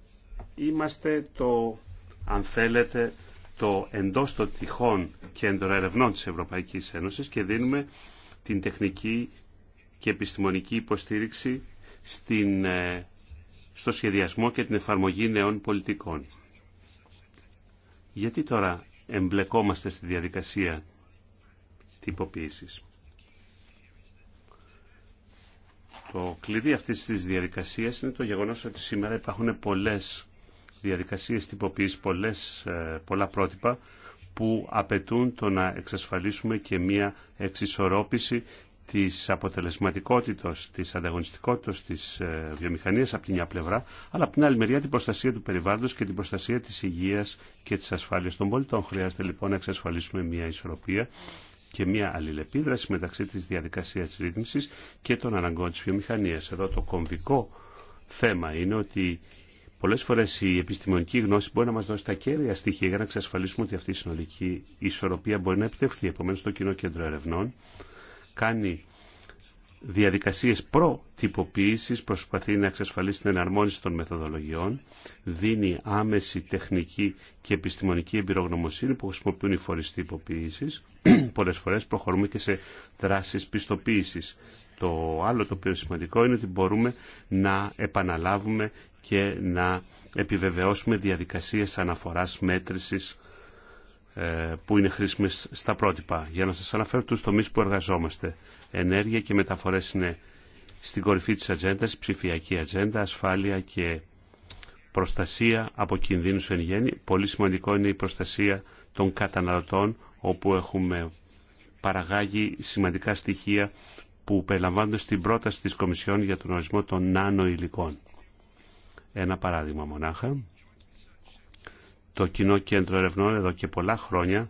είμαστε το, αν θέλετε, το εντό των τυχών κέντρο ερευνών της Ευρωπαϊκής Ένωσης και δίνουμε την τεχνική και επιστημονική υποστήριξη στην ε, στο σχεδιασμό και την εφαρμογή νέων πολιτικών. Γιατί τώρα εμπλεκόμαστε στη διαδικασία τυποποίησης. Το κλειδί αυτής της διαδικασίας είναι το γεγονός ότι σήμερα υπάρχουν πολλές διαδικασίες τυποποίησης, πολλές, ε, πολλά πρότυπα που απαιτούν το να εξασφαλίσουμε και μία εξισορρόπηση της αποτελεσματικότητας, της ανταγωνιστικότητας της ε, βιομηχανίας από την μια πλευρά, αλλά από την άλλη μεριά την προστασία του περιβάλλοντος και την προστασία της υγείας και της ασφάλειας των πολιτών. Χρειάζεται λοιπόν να εξασφαλίσουμε μια ισορροπία και μια αλληλεπίδραση μεταξύ της διαδικασίας της ρύθμισης και των αναγκών της βιομηχανίας. Εδώ το κομβικό θέμα είναι ότι πολλέ φορέ η επιστημονική γνώση μπορεί να μα δώσει τα κέρια στοιχεία για να εξασφαλίσουμε ότι αυτή η συνολική ισορροπία μπορεί να επιτευχθεί. επομένω το Κοινό Κέντρο Ερευνών κάνει διαδικασίες προτυποποίησης, προσπαθεί να εξασφαλίσει την εναρμόνιση των μεθοδολογιών, δίνει άμεση τεχνική και επιστημονική εμπειρογνωμοσύνη που χρησιμοποιούν οι φορείς τυποποίησης. (clears throat) Πολλές φορές προχωρούμε και σε δράσεις πιστοποίησης. Το άλλο το οποίο σημαντικό είναι ότι μπορούμε να επαναλάβουμε και να επιβεβαιώσουμε διαδικασίες αναφοράς μέτρησης ε, που είναι χρήσιμε στα πρότυπα. Για να σα αναφέρω τους τομεί που εργαζόμαστε. Ενέργεια και μεταφορές είναι στην κορυφή τη ατζέντα, ψηφιακή ατζέντα, ασφάλεια και προστασία από κινδύνους εν γέννη. Πολύ σημαντικό είναι η προστασία των καταναλωτών, όπου έχουμε παραγάγει σημαντικά στοιχεία που περιλαμβάνονται στην πρόταση της Κομισιόν για τον ορισμό των υλικών. Ένα παράδειγμα μονάχα. Το Κοινό Κέντρο Ερευνών εδώ και πολλά χρόνια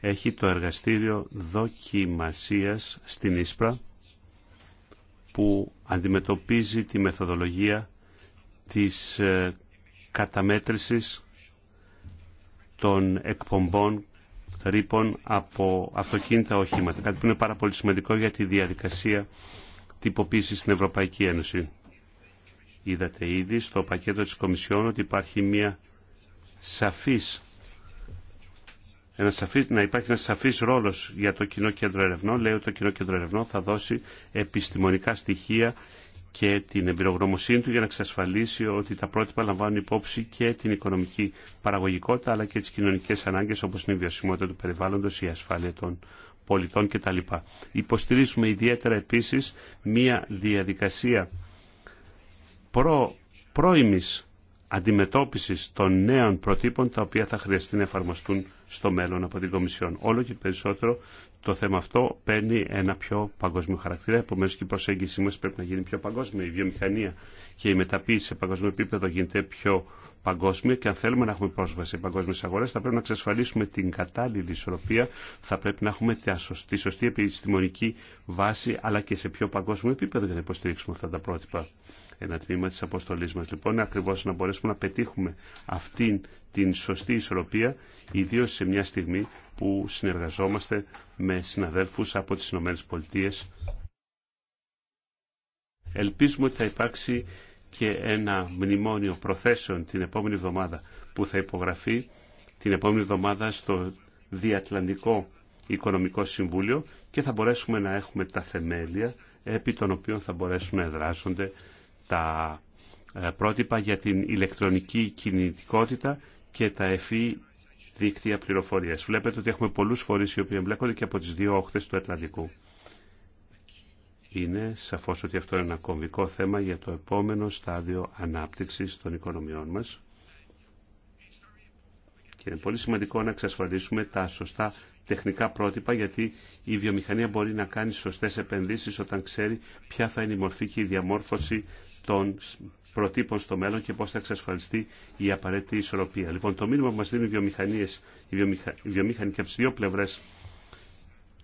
έχει το εργαστήριο δοκιμασίας στην Ίσπρα που αντιμετωπίζει τη μεθοδολογία της ε, καταμέτρησης των εκπομπών ρήπων από αυτοκίνητα οχήματα. Κάτι που είναι πάρα πολύ σημαντικό για τη διαδικασία τυποποίησης στην Ευρωπαϊκή Ένωση. Είδατε ήδη στο πακέτο της Κομισιόν ότι υπάρχει μια να υπάρχει ένα σαφή ρόλο για το κοινό κέντρο ερευνών. Λέει ότι το κοινό κέντρο ερευνών θα δώσει επιστημονικά στοιχεία και την εμπειρογνωμοσύνη του για να εξασφαλίσει ότι τα πρότυπα λαμβάνουν υπόψη και την οικονομική παραγωγικότητα αλλά και τι κοινωνικέ ανάγκε όπω είναι η βιωσιμότητα του περιβάλλοντο, η ασφάλεια των πολιτών κτλ. Υποστηρίζουμε ιδιαίτερα επίση μία διαδικασία προ, αντιμετώπισης των νέων προτύπων τα οποία θα χρειαστεί να εφαρμοστούν στο μέλλον από την Κομισιόν. Όλο και περισσότερο το θέμα αυτό παίρνει ένα πιο παγκόσμιο χαρακτήρα, Επομένω και η προσέγγιση μα πρέπει να γίνει πιο παγκόσμια. Η βιομηχανία και η μεταποίηση σε παγκόσμιο επίπεδο γίνεται πιο παγκόσμια και αν θέλουμε να έχουμε πρόσβαση σε παγκόσμιες αγορέ, θα πρέπει να εξασφαλίσουμε την κατάλληλη ισορροπία, θα πρέπει να έχουμε τη σωστή επιστημονική βάση αλλά και σε πιο παγκόσμιο επίπεδο για να υποστηρίξουμε αυτά τα πρότυπα. Ένα τμήμα της αποστολής μας λοιπόν είναι ακριβώς να μπορέσουμε να πετύχουμε αυτήν την σωστή ισορροπία, ιδίως σε μια στιγμή που συνεργαζόμαστε με συναδέλφους από τις Ηνωμένες Πολιτείες. Ελπίζουμε ότι θα υπάρξει και ένα μνημόνιο προθέσεων την επόμενη εβδομάδα που θα υπογραφεί την επόμενη εβδομάδα στο Διατλαντικό Οικονομικό Συμβούλιο και θα μπορέσουμε να έχουμε τα θεμέλια επί των οποίων θα μπορέσουν να εδράζονται τα ε, πρότυπα για την ηλεκτρονική κινητικότητα και τα εφή e δίκτυα πληροφορίας. Βλέπετε ότι έχουμε πολλούς φορείς οι οποίοι εμπλέκονται και από τις δύο όχθες του Ατλαντικού. Είναι σαφώς ότι αυτό είναι ένα κομβικό θέμα για το επόμενο στάδιο ανάπτυξης των οικονομιών μας. Και είναι πολύ σημαντικό να εξασφαλίσουμε τα σωστά τεχνικά πρότυπα γιατί η βιομηχανία μπορεί να κάνει σωστές επενδύσεις όταν ξέρει ποια θα είναι η μορφή και η διαμόρφωση των προτύπων στο μέλλον και πώς θα εξασφαλιστεί η απαραίτητη ισορροπία. Λοιπόν, το μήνυμα που μας δίνουν οι βιομηχανίες, οι, βιομηχανοί και από τις δύο πλευρές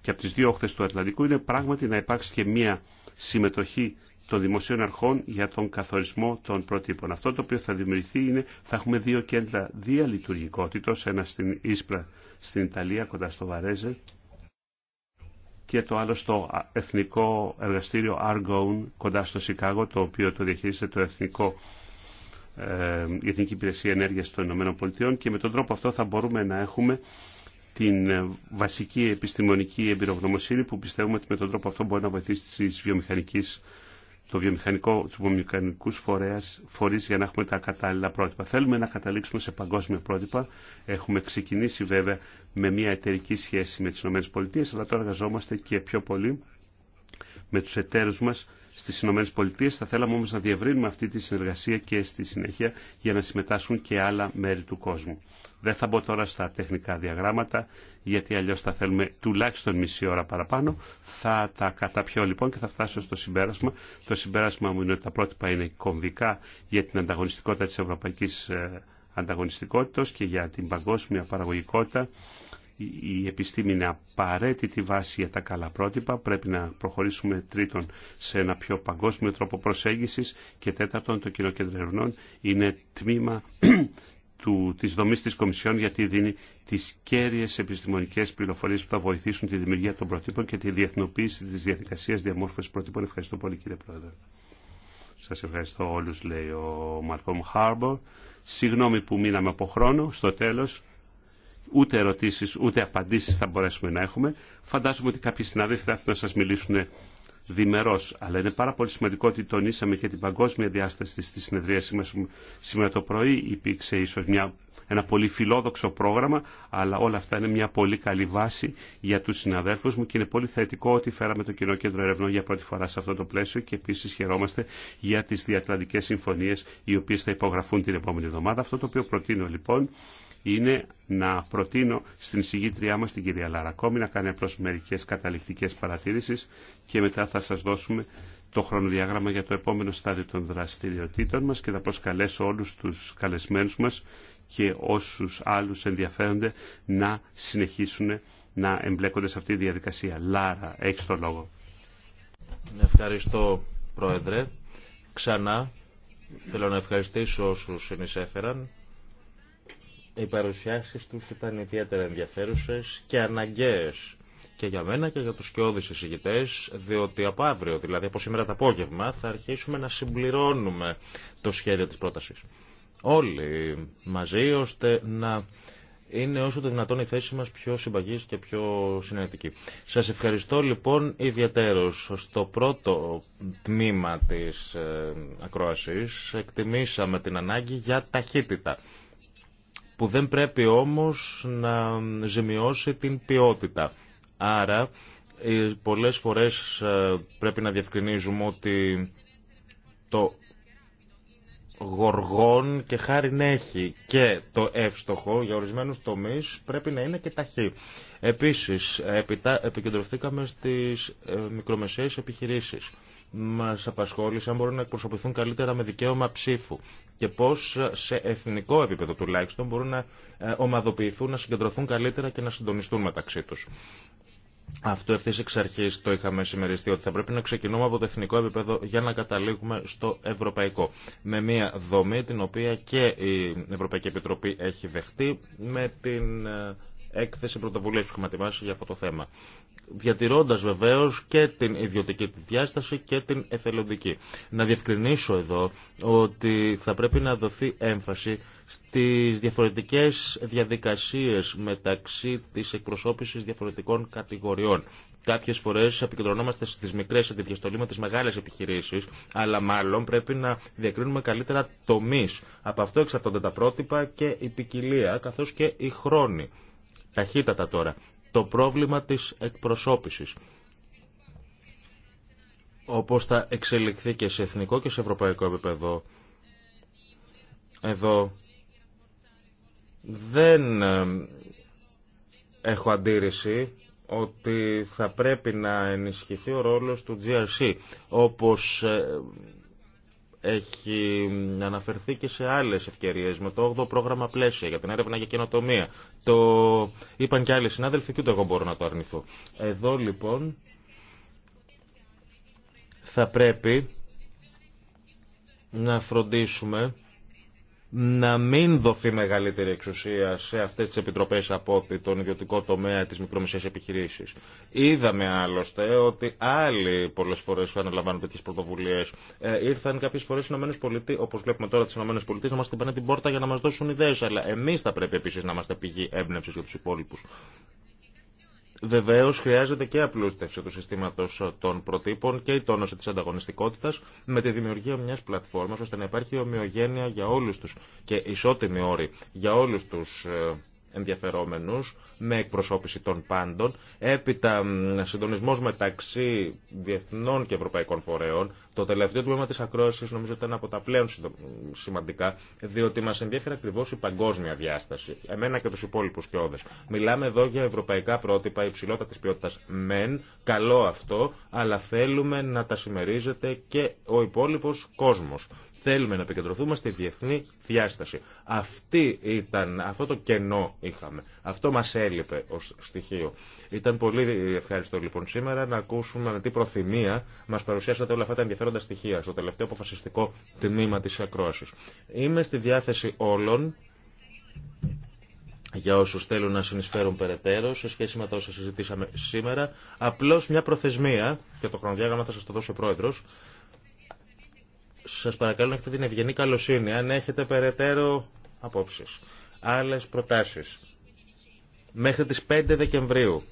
και από τις δύο όχθες του Ατλαντικού είναι πράγματι να υπάρξει και μία συμμετοχή των δημοσίων αρχών για τον καθορισμό των προτύπων. Αυτό το οποίο θα δημιουργηθεί είναι θα έχουμε δύο κέντρα διαλειτουργικότητας ένα στην Ίσπρα στην Ιταλία κοντά στο Βαρέζε και το άλλο στο Εθνικό Εργαστήριο Argon κοντά στο Σικάγο, το οποίο το διαχειρίζεται το Εθνικό ε, η Εθνική Υπηρεσία Ενέργειας των Ηνωμένων Πολιτειών και με τον τρόπο αυτό θα μπορούμε να έχουμε την ε, βασική επιστημονική εμπειρογνωμοσύνη που πιστεύουμε ότι με τον τρόπο αυτό μπορεί να βοηθήσει τις βιομηχανικές το βιομηχανικό, τους βιομηχανικούς φορέας, φορείς για να έχουμε τα κατάλληλα πρότυπα. Θέλουμε να καταλήξουμε σε παγκόσμια πρότυπα. Έχουμε ξεκινήσει βέβαια με μια εταιρική σχέση με τις ΗΠΑ, αλλά τώρα εργαζόμαστε και πιο πολύ με τους εταίρους μας στις ΗΠΑ. Θα θέλαμε όμως να διευρύνουμε αυτή τη συνεργασία και στη συνέχεια για να συμμετάσχουν και άλλα μέρη του κόσμου. Δεν θα μπω τώρα στα τεχνικά διαγράμματα, γιατί αλλιώς θα θέλουμε τουλάχιστον μισή ώρα παραπάνω. Θα τα καταπιώ λοιπόν και θα φτάσω στο συμπέρασμα. Το συμπέρασμα μου είναι ότι τα πρότυπα είναι κομβικά για την ανταγωνιστικότητα της ευρωπαϊκής ε, ανταγωνιστικότητας και για την παγκόσμια παραγωγικότητα. Η επιστήμη είναι απαραίτητη βάση για τα καλά πρότυπα. Πρέπει να προχωρήσουμε τρίτον σε ένα πιο παγκόσμιο τρόπο προσέγγισης και τέταρτον το κοινό είναι τμήμα του, της δομής της Κομισιόν γιατί δίνει τις κέρυες επιστημονικές πληροφορίες που θα βοηθήσουν τη δημιουργία των προτύπων και τη διεθνοποίηση της διαδικασίας διαμόρφωσης προτύπων. Ευχαριστώ πολύ κύριε Πρόεδρε. Σας ευχαριστώ όλους, λέει ο Μαρκόμ Χάρμπορ. Συγγνώμη που μείναμε από χρόνο, στο τέλος. Ούτε ερωτήσεις, ούτε απαντήσεις θα μπορέσουμε να έχουμε. Φαντάζομαι ότι κάποιοι συνάδελφοι θα έρθουν να σας μιλήσουν αλλά είναι πάρα πολύ σημαντικό ότι τονίσαμε και την παγκόσμια διάσταση στη συνεδρία σήμερα το πρωί. Υπήρξε ίσω ένα πολύ φιλόδοξο πρόγραμμα, αλλά όλα αυτά είναι μια πολύ καλή βάση για τους συναδέλφους μου και είναι πολύ θετικό ότι φέραμε το Κοινό Κέντρο Ερευνών για πρώτη φορά σε αυτό το πλαίσιο και επίσης χαιρόμαστε για τις διατλαντικές συμφωνίες οι οποίες θα υπογραφούν την επόμενη εβδομάδα. Αυτό το οποίο προτείνω λοιπόν είναι να προτείνω στην συγγήτριά μας την κυρία Λάρα κόμη να κάνει απλώς μερικές καταληκτικές παρατήρησεις και μετά θα σας δώσουμε το χρονοδιάγραμμα για το επόμενο στάδιο των δραστηριοτήτων μας και θα προσκαλέσω όλους τους καλεσμένους μας και όσους άλλους ενδιαφέρονται να συνεχίσουν να εμπλέκονται σε αυτή τη διαδικασία. Λάρα, έχεις το λόγο. Ευχαριστώ, Πρόεδρε. Ξανά θέλω να ευχαριστήσω όσους συνεισέφεραν οι παρουσιάσει του ήταν ιδιαίτερα ενδιαφέρουσε και αναγκαίε και για μένα και για τους σκιώδη εισηγητές, διότι από αύριο, δηλαδή από σήμερα το απόγευμα, θα αρχίσουμε να συμπληρώνουμε το σχέδιο της πρότασης. Όλοι μαζί, ώστε να είναι όσο το δυνατόν η θέση μας πιο συμπαγής και πιο συνενετική. Σας ευχαριστώ λοιπόν ιδιαίτερος. Στο πρώτο τμήμα της ε, ακρόασης εκτιμήσαμε την ανάγκη για ταχύτητα που δεν πρέπει όμως να ζημιώσει την ποιότητα. Άρα, ε, πολλές φορές ε, πρέπει να διευκρινίζουμε ότι το γοργόν και χάρη να έχει και το εύστοχο για ορισμένους τομείς πρέπει να είναι και ταχύ. Επίσης, επικεντρωθήκαμε στις ε, μικρομεσαίες επιχειρήσεις μα απασχόλησε αν μπορούν να εκπροσωπηθούν καλύτερα με δικαίωμα ψήφου και πώ σε εθνικό επίπεδο τουλάχιστον μπορούν να ε, ομαδοποιηθούν, να συγκεντρωθούν καλύτερα και να συντονιστούν μεταξύ του. Αυτό ευθύ εξ αρχή το είχαμε συμμεριστεί ότι θα πρέπει να ξεκινούμε από το εθνικό επίπεδο για να καταλήγουμε στο ευρωπαϊκό. Με μια δομή την οποία και η Ευρωπαϊκή Επιτροπή έχει δεχτεί με την ε, έκθεση πρωτοβουλία που έχουμε ετοιμάσει για αυτό το θέμα. Διατηρώντα βεβαίω και την ιδιωτική τη διάσταση και την εθελοντική. Να διευκρινίσω εδώ ότι θα πρέπει να δοθεί έμφαση στι διαφορετικέ διαδικασίε μεταξύ τη εκπροσώπηση διαφορετικών κατηγοριών. Κάποιε φορέ επικεντρωνόμαστε στι μικρέ αντιδιαστολή με τι μεγάλε επιχειρήσει, αλλά μάλλον πρέπει να διακρίνουμε καλύτερα τομεί. Από αυτό εξαρτώνται τα πρότυπα και η ποικιλία, καθώ και η χρόνη ταχύτατα τώρα. Το πρόβλημα της εκπροσώπησης όπως θα εξελιχθεί και σε εθνικό και σε ευρωπαϊκό επίπεδο. Εδώ δεν ε, έχω αντίρρηση ότι θα πρέπει να ενισχυθεί ο ρόλος του GRC, όπως ε, έχει αναφερθεί και σε άλλες ευκαιρίες με το 8ο πρόγραμμα πλαίσια για την έρευνα για καινοτομία. Το είπαν και άλλοι συνάδελφοι και ούτε εγώ μπορώ να το αρνηθώ. Εδώ λοιπόν θα πρέπει να φροντίσουμε να μην δοθεί μεγαλύτερη εξουσία σε αυτές τις επιτροπές από ότι τον ιδιωτικό τομέα της μικρομεσαίας επιχειρήσης. Είδαμε άλλωστε ότι άλλοι πολλές φορές που αναλαμβάνουν τέτοιες πρωτοβουλίες ε, ήρθαν κάποιες φορές οι ΗΠΑ, όπως βλέπουμε τώρα τις ΗΠΑ, να μας την πάνε την πόρτα για να μας δώσουν ιδέες, αλλά εμείς θα πρέπει επίσης να είμαστε πηγή έμπνευσης για τους υπόλοιπους. Βεβαίω χρειάζεται και απλούστευση του συστήματο των προτύπων και η τόνωση τη ανταγωνιστικότητα με τη δημιουργία μια πλατφόρμα ώστε να υπάρχει ομοιογένεια για όλου του και ισότιμη όρη για όλου του ε, ενδιαφερόμενους με εκπροσώπηση των πάντων, έπειτα συντονισμός μεταξύ διεθνών και ευρωπαϊκών φορέων. Το τελευταίο τμήμα της ακρόασης νομίζω ήταν από τα πλέον σημαντικά, διότι μας ενδιαφέρει ακριβώς η παγκόσμια διάσταση, εμένα και τους υπόλοιπους και Μιλάμε εδώ για ευρωπαϊκά πρότυπα υψηλότατης ποιότητας μεν, καλό αυτό, αλλά θέλουμε να τα συμμερίζεται και ο υπόλοιπος κόσμος. Θέλουμε να επικεντρωθούμε στη διεθνή διάσταση. Αυτή ήταν, αυτό το κενό είχαμε. Αυτό μα έλειπε ω στοιχείο. Ήταν πολύ ευχάριστο λοιπόν σήμερα να ακούσουμε με τι προθυμία μα παρουσιάσατε όλα αυτά τα ενδιαφέροντα στοιχεία στο τελευταίο αποφασιστικό τμήμα τη ακρόαση. Είμαι στη διάθεση όλων για όσου θέλουν να συνεισφέρουν περαιτέρω σε σχέση με τα όσα συζητήσαμε σήμερα. Απλώ μια προθεσμία και το χρονοδιάγραμμα θα σα το δώσει ο πρόεδρο Σα παρακαλώ να έχετε την ευγενή καλοσύνη, αν έχετε περαιτέρω απόψεις, Άλλε προτάσει. Μέχρι τι 5 Δεκεμβρίου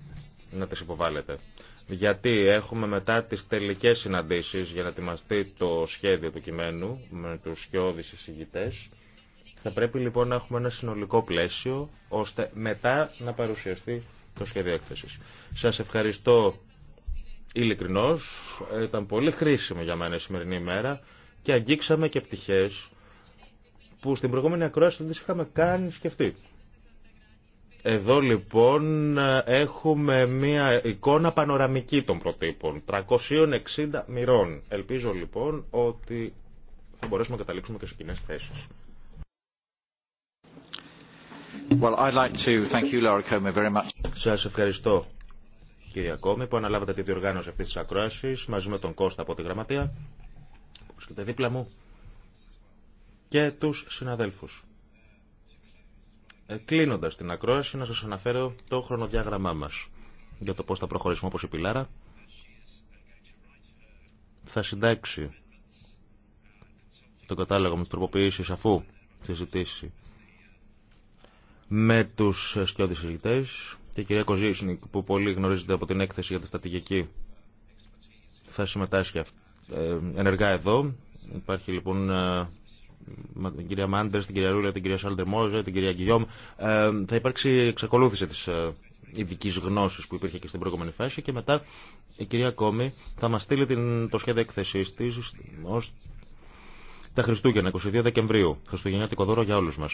να τι υποβάλλετε. Γιατί έχουμε μετά τι τελικέ συναντήσει για να ετοιμαστεί το σχέδιο του κειμένου με τους σκιώδει εισηγητέ. Θα πρέπει λοιπόν να έχουμε ένα συνολικό πλαίσιο ώστε μετά να παρουσιαστεί το σχέδιο έκθεση. Σα ευχαριστώ ειλικρινώς. Ήταν πολύ χρήσιμο για μένα η σημερινή ημέρα και αγγίξαμε και πτυχές που στην προηγούμενη ακρόαση δεν τις είχαμε καν σκεφτεί. Εδώ λοιπόν έχουμε μια εικόνα πανοραμική των προτύπων, 360 μοιρών. Ελπίζω λοιπόν ότι θα μπορέσουμε να καταλήξουμε και σε κοινέ θέσει. Well, like Σας ευχαριστώ, κύριε Κόμη, που αναλάβατε τη διοργάνωση αυτής της ακρόασης μαζί με τον Κώστα από τη Γραμματεία βρίσκεται δίπλα μου και τους συναδέλφους. Ε, κλείνοντας την ακρόαση να σας αναφέρω το χρονοδιάγραμμά μας για το πώς θα προχωρήσουμε όπως η Πιλάρα. Θα συντάξει τον κατάλογο με τις τροποποιήσεις αφού συζητήσει με τους σκιώδεις συζητές. και η κυρία Κοζίσνη, που πολύ γνωρίζεται από την έκθεση για τη στρατηγική θα συμμετάσχει ε, ενεργά εδώ. Υπάρχει λοιπόν ε, με την κυρία Μάντερ, την κυρία Ρούλα, την κυρία Σάλντερ Μόζε, την κυρία Γκυγιόμ. Ε, θα υπάρξει εξακολούθηση τη ειδική γνώση που υπήρχε και στην προηγούμενη φάση και μετά η κυρία Κόμη θα μα στείλει την, το σχέδιο εκθεσή τη ω τα Χριστούγεννα, 22 Δεκεμβρίου. Χριστουγεννιάτικο δώρο για όλου μα.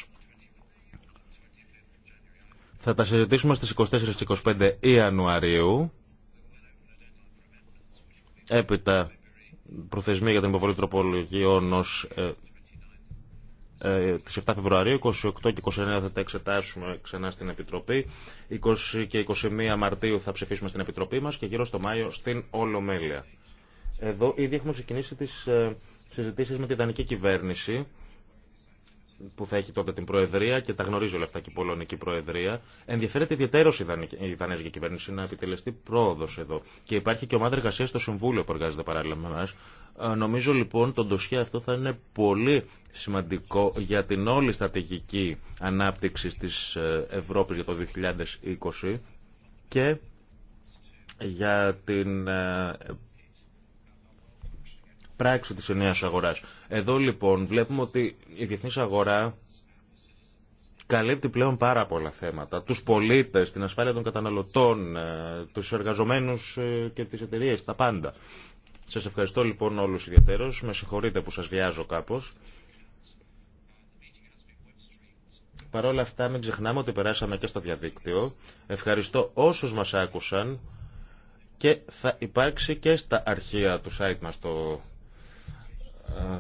Θα τα συζητήσουμε στις 24-25 Ιανουαρίου. Έπειτα προθεσμία για την υποβολή τροπολογιών ως ε, ε, ε τις 7 Φεβρουαρίου, 28 και 29 θα τα εξετάσουμε ξανά στην Επιτροπή, 20 και 21 Μαρτίου θα ψηφίσουμε στην Επιτροπή μας και γύρω στο Μάιο στην Ολομέλεια. Εδώ ήδη έχουμε ξεκινήσει τις ε, συζητήσεις με την δανική κυβέρνηση που θα έχει τότε την Προεδρία και τα γνωρίζει όλα αυτά και η Πολωνική Προεδρία. Ενδιαφέρεται ιδιαίτερω η Δανέζικη κυβέρνηση να επιτελεστεί πρόοδο εδώ. Και υπάρχει και ομάδα εργασία στο Συμβούλιο που εργάζεται παράλληλα με εμά. Ε, νομίζω λοιπόν το ντοσιά αυτό θα είναι πολύ σημαντικό για την όλη στρατηγική ανάπτυξη τη ε, Ευρώπη για το 2020 και για την ε, πράξη της ενιαίας αγοράς. Εδώ λοιπόν βλέπουμε ότι η διεθνή αγορά καλύπτει πλέον πάρα πολλά θέματα. Τους πολίτες, την ασφάλεια των καταναλωτών, ε, τους εργαζομένους ε, και τις εταιρείες, τα πάντα. Σας ευχαριστώ λοιπόν όλους ιδιαίτερως. Με συγχωρείτε που σας βιάζω κάπως. Παρ' όλα αυτά μην ξεχνάμε ότι περάσαμε και στο διαδίκτυο. Ευχαριστώ όσους μας άκουσαν και θα υπάρξει και στα αρχεία του site μας το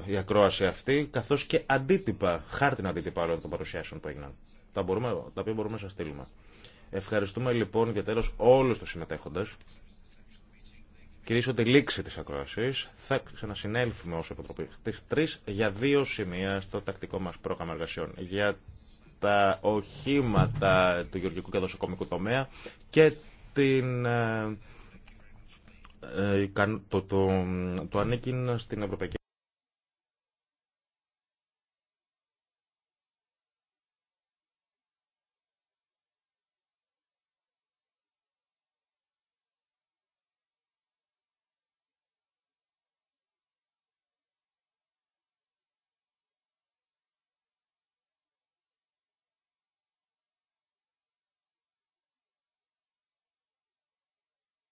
ε, η ακρόαση αυτή, καθώς και αντίτυπα, χάρτινα αντίτυπα όλων των παρουσιάσεων που έγιναν, τα, μπορούμε, τα οποία μπορούμε να σας στείλουμε. Ευχαριστούμε λοιπόν για τέλος όλους τους συμμετέχοντες. Κυρίσω τη λήξη της ακρόασης. Θα ξανασυνέλθουμε ως Επιτροπή στις 3 για δύο σημεία στο τακτικό μας πρόγραμμα εργασιών. Για τα οχήματα του γεωργικού και δοσοκομικού τομέα και την, ε, ε, το, το, το, το στην Ευρωπαϊκή